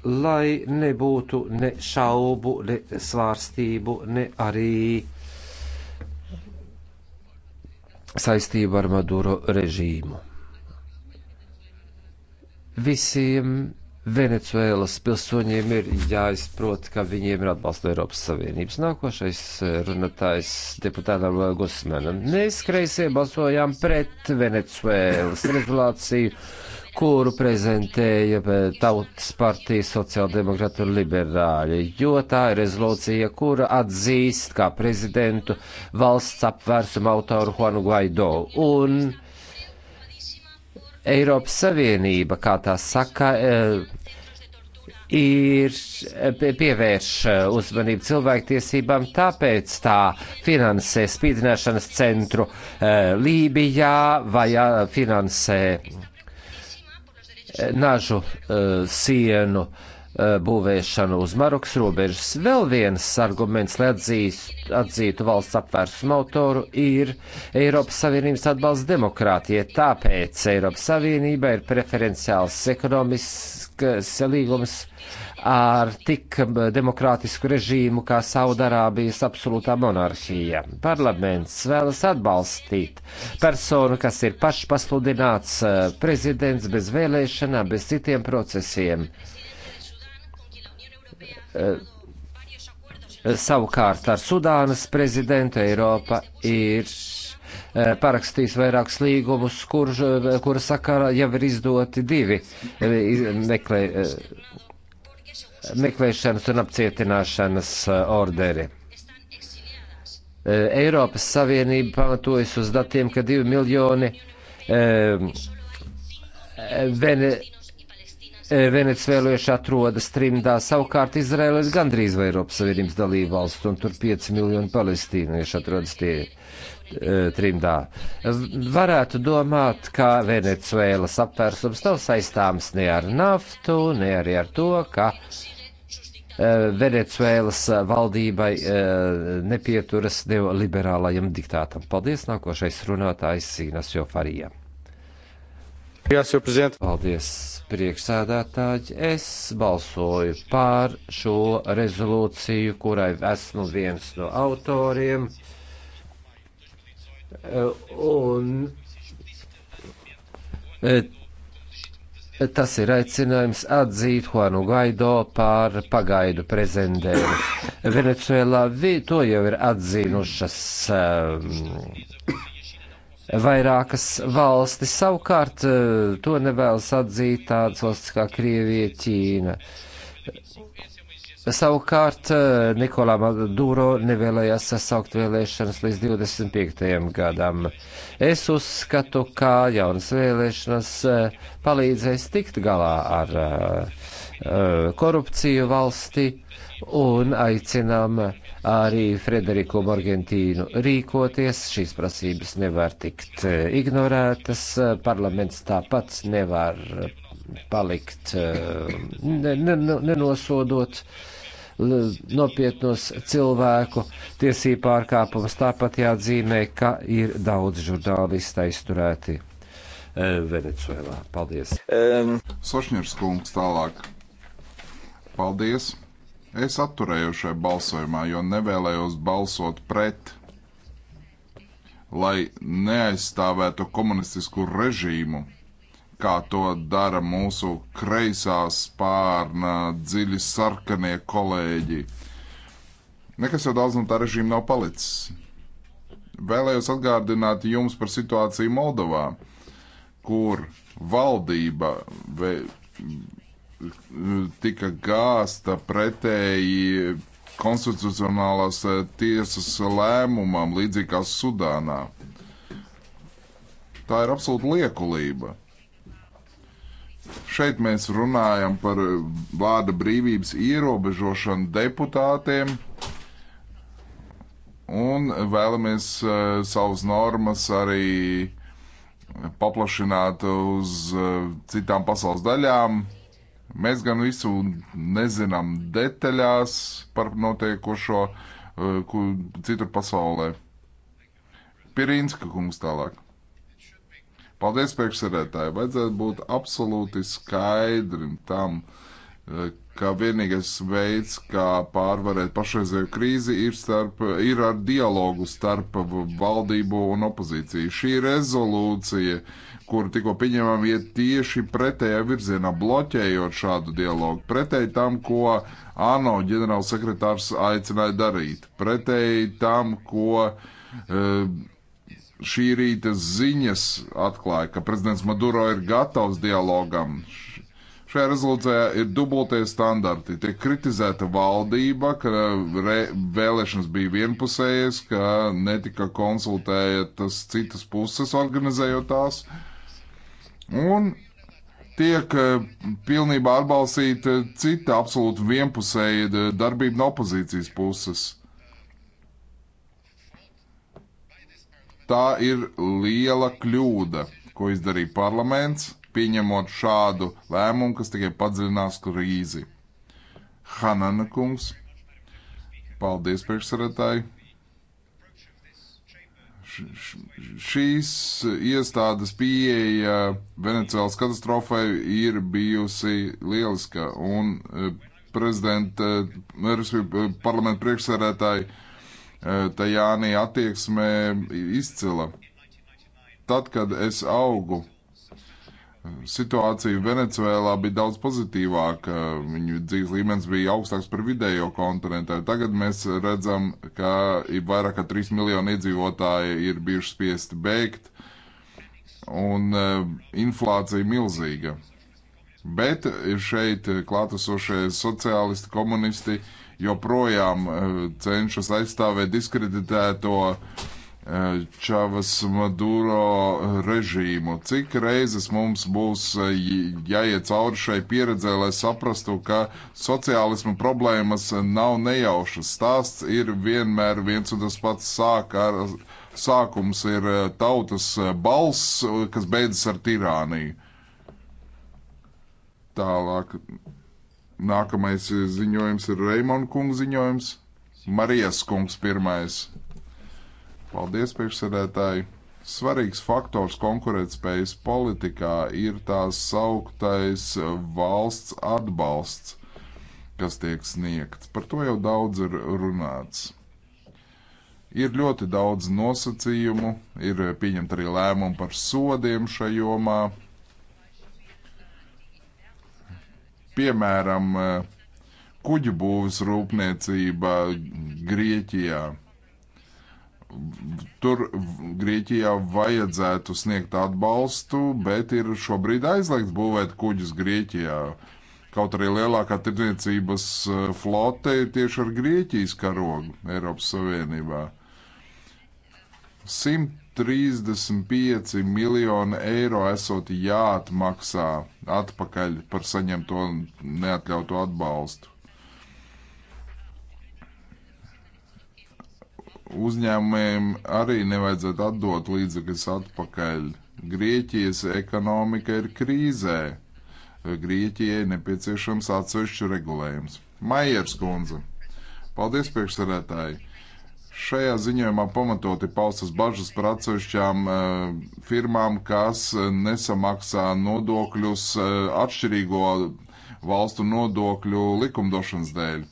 Lai nebūtu ne šaubu, ne svārstību, ne arī saistību ar Maduro režīmu. Visiem Venecuēlas pilsoņiem ir jāizprot, ka viņiem ir atbalsts no Eiropas Savienības. Nākošais runātājs deputātam Gusmanam. Mēs kreisie balsojām pret Venecuēlas regulāciju, kuru prezentēja Tautas partija sociāldemokrāti un liberāļi, jo tā ir rezolūcija, kura atzīst kā prezidentu valsts apvērsuma autoru Juanu Guaido. Un Eiropas Savienība, kā tā saka, eh, ir eh, pievērš eh, uzmanību cilvēktiesībām, tāpēc tā finansē spīdzināšanas centru Lībijā vai finansē nažu sienu uh, Uh, būvēšanu uz Marokas robežas. Vēl viens arguments, lai atzīst, atzītu valsts apvērsumu autoru, ir Eiropas Savienības atbalsts demokrātijai. Tāpēc Eiropas Savienība ir preferenciāls ekonomisks līgums ar tik demokrātisku režīmu kā Saudarābijas absolūtā monarhija. Parlaments vēlas atbalstīt personu, kas ir pašpasludināts uh, prezidents bez vēlēšanām, bez citiem procesiem. Eh, savukārt ar Sudānas prezidentu Eiropa ir eh, parakstījis vairākus līgumus, kur, eh, kura sakarā jau ir izdoti divi meklē, meklēšanas un apcietināšanas orderi. Eiropas Savienība pamatojas uz datiem, ka divi miljoni Vene, venecuēlieši atrodas trimdā, savukārt Izraela ir gandrīz vai Eiropas Savienības dalība valsts, un tur 5 miljoni palestīnieši atrodas tie e, trimdā. Varētu domāt, ka Venecuēlas apvērsums nav saistāms ne ar naftu, ne arī ar to, ka e, Venecuēlas valdībai e, nepieturas neoliberālajam diktātam. Paldies, nākošais runātājs Sīnas Jofarija. Paldies, priekšsēdētāji, es balsoju pār šo rezolūciju, kurai esmu viens no autoriem. Un eh, tas ir aicinājums atzīt Juanu Gaido par pagaidu prezidentēru. Venecuēlā to jau ir atzinušas. Um, Vairākas valstis savukārt eh, to nevēlas atzīt tādas valstis kā Krievija, Ķīna. Savukārt eh, Nikolā Maduro nevēlējās sasaukt vēlēšanas līdz 25. gadam. Es uzskatu, ka jaunas vēlēšanas eh, palīdzēs tikt galā ar korupciju valsti un aicinām uh, arī Frederiku Morgentīnu rīkoties. Šīs prasības nevar tikt e, ignorētas. Parlaments tāpat nevar palikt e, nenosodot nopietnos cilvēku tiesību pārkāpumus. Tāpat jāatzīmē, ka ir daudz žurnālisti aizturēti e, Venecuēlā. Paldies! Um. Sošņers kungs tālāk. Paldies! Es atturējos šajā balsojumā, jo nevēlējos balsot pret, lai neaizstāvētu komunistisku režīmu, kā to dara mūsu kreisā spārna dziļi sarkanie kolēģi. Nekas jau daudz no tā režīma nav palicis. Vēlējos atgādināt jums par situāciju Moldovā, kur valdība tika gāsta pretēji konstitucionālās eh, tiesas lēmumam, līdzīgi kā Sudānā. Tā ir absolūta liekulība. Šeit mēs runājam par eh, vārda brīvības ierobežošanu deputātiem un vēlamies uh, savas normas arī paplašināt uz uh, citām pasaules daļām, Mēs gan visu nezinām detaļās par notiekošo eh, citur pasaulē. Pirīnska kungs tālāk. Paldies, priekšsēdētāji. Vajadzētu būt absolūti skaidrim tam, eh, ka vienīgais veids, kā pārvarēt pašreizējo krīzi, ir, starp, ir ar dialogu starp valdību un opozīciju. Šī rezolūcija uh, kuru tikko pieņemam, iet tieši pretējā virzienā, bloķējot šādu dialogu, pretēji tam, ko ANO ģenerālsekretārs aicināja darīt, pretēji tam, ko eh, šī rīta ziņas atklāja, ka prezidents Maduro ir gatavs dialogam. Šajā rezolūcijā ir dubultie standarti. Tiek kritizēta valdība, ka re, vēlēšanas bija vienpusējas, ka netika konsultētas citas puses organizējot tās. Uh, Un tiek eh, pilnībā atbalstīta cita absolūti vienpusēja eh, darbība no opozīcijas puses. Tā ir liela kļūda, ko izdarīja parlaments, pieņemot šādu lēmumu, kas tikai padziļinās krīzi. Hanana kungs, paldies priekšsarētāji! šīs iestādes pieeja Venecijas katastrofai ir bijusi lieliska, un e, prezidenta, e, e, parlamenta priekšsēdētāji Tajānī attieksme izcila. Tad, kad es augu Situācija Venecuēlā bija daudz pozitīvāka, viņu dzīves līmenis bija augstāks par vidējo kontinentu. Tagad mēs redzam, ka ir vairāk kā 3 miljoni iedzīvotāji ir bijuši spiesti beigt, un e, inflācija milzīga. Bet šeit klātesošie sociālisti, komunisti joprojām e, cenšas aizstāvēt diskreditēto uh, Čavas Maduro režīmu. Cik reizes mums būs e, jāiet cauri šai pieredzē, lai saprastu, ka sociālismu problēmas nav nejaušas. Stāsts ir vienmēr viens un tas pats sāk ar, sākums ir e, tautas e, balss, kas beidzas ar tirāniju. Tālāk. Nākamais ziņojums ir Reimonda kungu ziņojums. Marijas kungs pirmais. Paldies, priekšsēdētāji! Svarīgs faktors konkurētspējas politikā ir tās sauktais valsts atbalsts, kas tiek sniegts. Par to jau daudz ir runāts. Ir ļoti daudz nosacījumu, ir pieņemta arī lēmumi par sodiem šajā jomā. Piemēram, kuģu būvniecības rūpniecība Grieķijā Tur Grieķijā vajadzētu sniegt atbalstu, bet ir šobrīd aizliegts būvēt kuģus Grieķijā. Kaut arī lielākā tirdzniecības eh, flote ir tieši ar Grieķijas karogu Eiropas Savienībā. 135 miljoni eiro esot jāatmaksā atpakaļ par saņemto neatļautu atbalstu. uzņēmumiem arī nevajadzētu atdot līdzekļus atpakaļ. Grieķijas ekonomika ir krīzē. Grieķijai nepieciešams atsevišķu regulējums. Maiers kundze. Paldies, priekšsarētāji. Šajā ziņojumā pamatoti paustas bažas par atsevišķām uh, firmām, kas eh, nesamaksā nodokļus uh, atšķirīgo valstu nodokļu likumdošanas dēļ.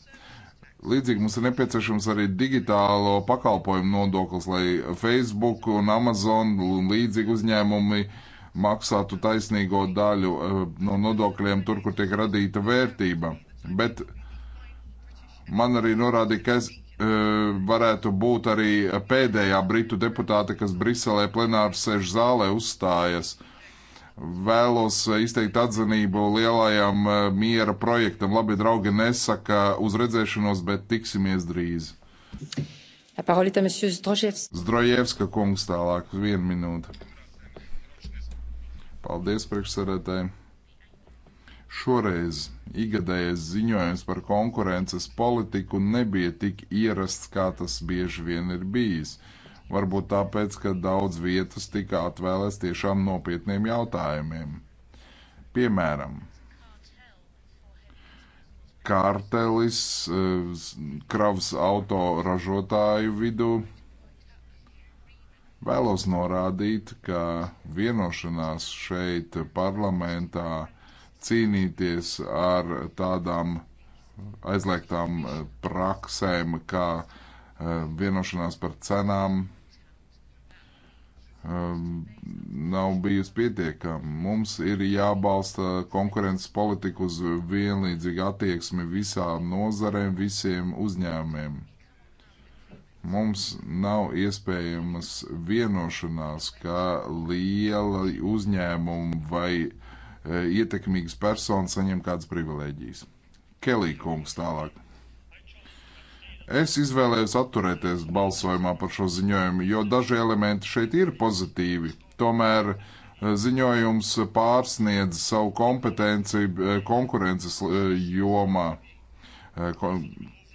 Līdzīgi mums ir nepieciešams arī digitālo pakalpojumu nodoklis, lai Facebook un Amazon un līdzīgi uzņēmumi maksātu taisnīgo daļu eh, no nodokļiem tur, kur tiek radīta vērtība. Bet man arī norādīja, ka es eh, varētu būt arī pēdējā britu deputāte, kas Briselē plenāru sēž zālē uzstājas. Uh, Vēlos eh, izteikt atzinību lielajam eh, miera projektam. Labi, draugi, nesaka uz redzēšanos, bet tiksimies drīz. La parole est à monsieur Zdrojevska. Zdrojevska kungs tālāk, viena minūte. Paldies, priekšsēdētāji. Šoreiz igadējais ziņojums par konkurences politiku nebija tik ierasts, kā tas bieži vien ir bijis. Uh, Varbūt tāpēc, ka daudz vietas tika atvēlēts tiešām nopietniem jautājumiem. Piemēram, kārtelis e, kravas auto ražotāju vidū. Vēlos norādīt, ka vienošanās šeit parlamentā cīnīties ar tādām aizliegtām e, praksēm, kā e, vienošanās par cenām Ehm, nav bijusi pietiekama. Mums ir jābalsta konkurences politika uz vienlīdzīgu attieksmi visām nozarēm, visiem uzņēmumiem. Mums nav iespējamas vienošanās, ka liela uzņēmuma vai e, ietekmīgas personas saņem kādas privilēģijas. Kelī kungs tālāk. Es izvēlējos atturēties balsojumā par šo ziņojumu, jo daži elementi šeit ir pozitīvi. Tomēr eh, ziņojums pārsniedz savu kompetenci eh, konkurences eh, jomā.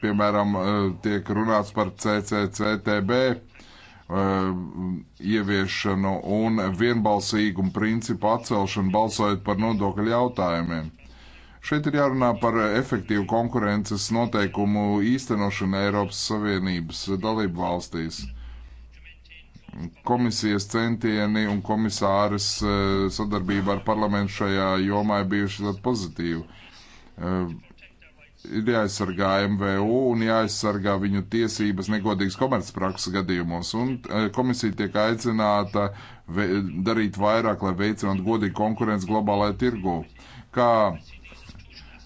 Piemēram, tiek runāts par CCCTB ieviešanu un vienbalsīgumu principu atcelšanu balsojot par nodokļu jautājumiem. Šeit ir jārunā par eh, efektīvu konkurences noteikumu īstenošanu Eiropas Savienības dalību valstīs. Komisijas centieni un komisāras eh, sadarbība ar parlamentu šajā jomā ir bijuši ļoti pozitīvi eh, ir jāaizsargā MVU un jāaizsargā viņu tiesības negodīgas komercprakses gadījumos. Un komisija tiek aicināta darīt vairāk, lai veicinātu godīgu konkurenci globālajā tirgu. Kā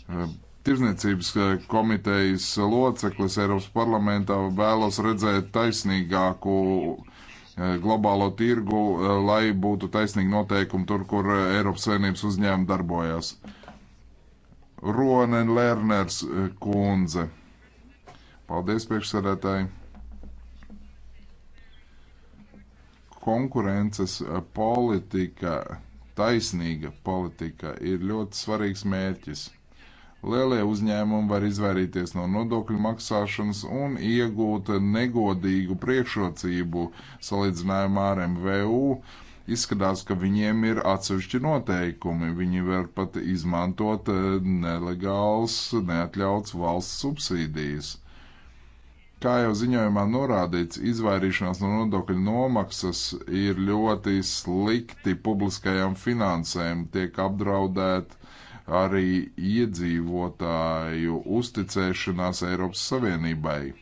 Eh, Tirzniecības eh, komitejas loceklis Eiropas parlamentā vēlos redzēt taisnīgāku eh, globālo tirgu, lai būtu taisnīgi noteikumi tur, kur Eiropas Savienības uzņēmumi darbojas. Ronen Lerners kundze. Paldies, priekšsēdētāji. Konkurences politika, taisnīga politika ir ļoti svarīgs mērķis. Lielie uzņēmumi var izvairīties no nodokļu maksāšanas un iegūt negodīgu priekšrocību salīdzinājumā ar MVU. Izskatās, ka viņiem ir atsevišķi noteikumi. Viņi var pat izmantot eh, nelegāls, neatļauts valsts subsīdijas. Kā jau ziņojumā norādīts, izvairīšanās no nodokļu nomaksas ir ļoti slikti publiskajām finansēm, tiek apdraudēt arī iedzīvotāju uzticēšanās Eiropas Savienībai.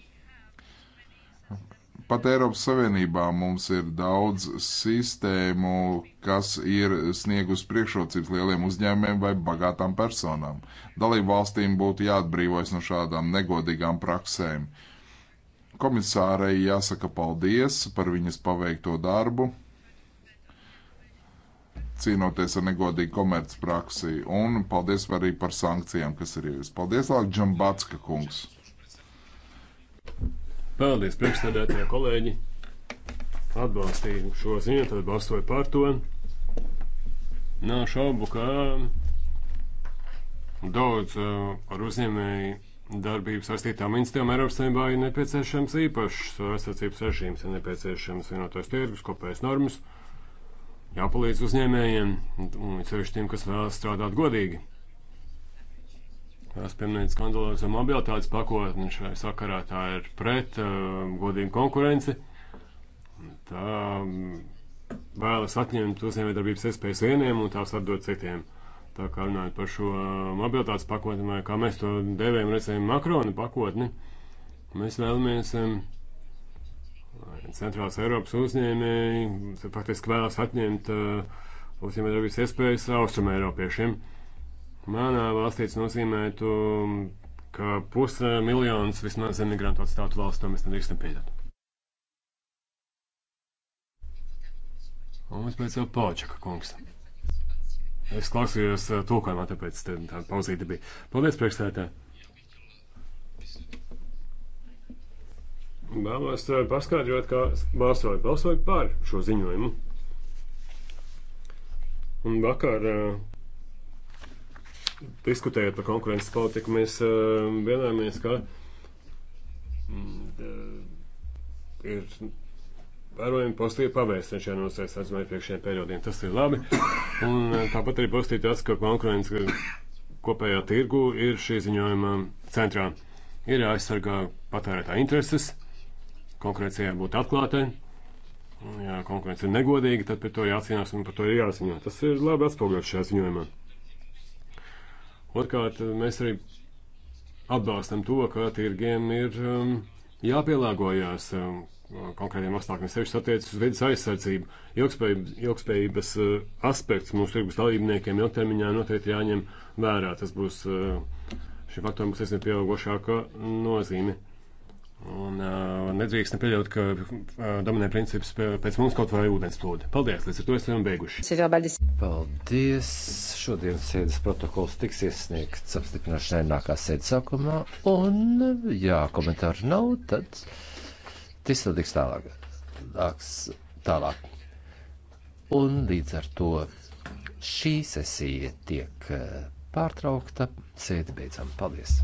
Pat Eiropas Savienībā mums ir daudz sistēmu, kas ir sniegus priekšrocības lieliem uzņēmumiem vai bagātām personām. Dalību valstīm būtu jāatbrīvojas no šādām negodīgām praksēm. Komisārei jāsaka paldies par viņas paveikto darbu cīnoties ar negodīgu komercpraksi. Un paldies arī par sankcijām, kas ir jūs. Paldies, Lāk, Džambatska kungs. Paldies, priekšstādētie kolēģi. Atbalstīju šo ziņu, tad balsoju par to. Nav šaubu, ka daudz eh, ar uzņēmēju darbību saistītām institūcijām Eiropas Savienībā ir nepieciešams īpašs aizsardzības režīms, ir nepieciešams vienotais tirgus, kopējas normas jāpalīdz uzņēmējiem, un sevišķi tiem, kas vēlas strādāt godīgi. Es pieminēju skandalos ar mobilitātes pakotni šai sakarā, tā ir pret uh, godīgu konkurenci. Tā um, vēlas atņemt uzņēmējdarbības iespējas vieniem un tās atdot citiem. Tā kā runājot par šo uh, mobilitātes pakotni, vai kā mēs to devējam, redzējām, Makrona pakotni, mēs vēlamies um, Centrālās Eiropas uzņēmēji faktiski vēlas atņemt uzņēmējdarbības iespējas austrumu eiropiešiem. Manā valstī tas nozīmētu, ka puse miljonus vismaz emigrantu atstātu valsts, to mēs nedrīkstam pieļaut. Un vispēc jau Paučaka kungs. Es klausījos tulkojumā, tāpēc tāda pauzīte bija. Paldies, priekšstādātāji! vēlos paskaidrot, kā balsoju. Balsoju par šo ziņojumu. Un vakar uh, diskutējot par konkurences politiku, mēs uh, vienojāmies, ka mm, ir vērojami pozitīvi pavērsieni šajā nozarē, esmu iepriekšējiem periodiem. Tas ir labi. Un uh, tāpat arī pozitīvi tas, ka konkurence kopējā tirgu ir šī ziņojuma centrā. Ir jāaizsargā patērētā intereses konkurencija jābūt atklātai. Ja konkurence ir negodīga, tad par to jācīnās un par to ir jāziņo. Tas ir labi atspoguļots šajā ziņojumā. Otrkārt, mēs arī atbalstam to, ka tirgiem ir um, jāpielāgojās um, konkrētiem apstākļiem, sevišķi attiecas uz vidas aizsardzību. Ilgspējības, ilgspējības uh, aspekts mūsu tirgus dalībniekiem ilgtermiņā noteikti jāņem vērā. Tas būs, uh, šim faktoram būs iesniegt pieaugošāka nozīme. Uh, Un uh, nedrīkst nepieļaut, ka uh, dominē princips pēc mums kaut vai ūdens plūdi. Paldies, līdz ar to esam beiguši. Paldies. Šodienas sēdes protokols tiks iesniegts apstiprināšanai nākā sēdes sākumā. Un, ja komentāru nav, tad tas notiks tālāk. Lāks, tālāk. Un līdz ar to šī sesija tiek pārtraukta. Sēde beidzam. Paldies.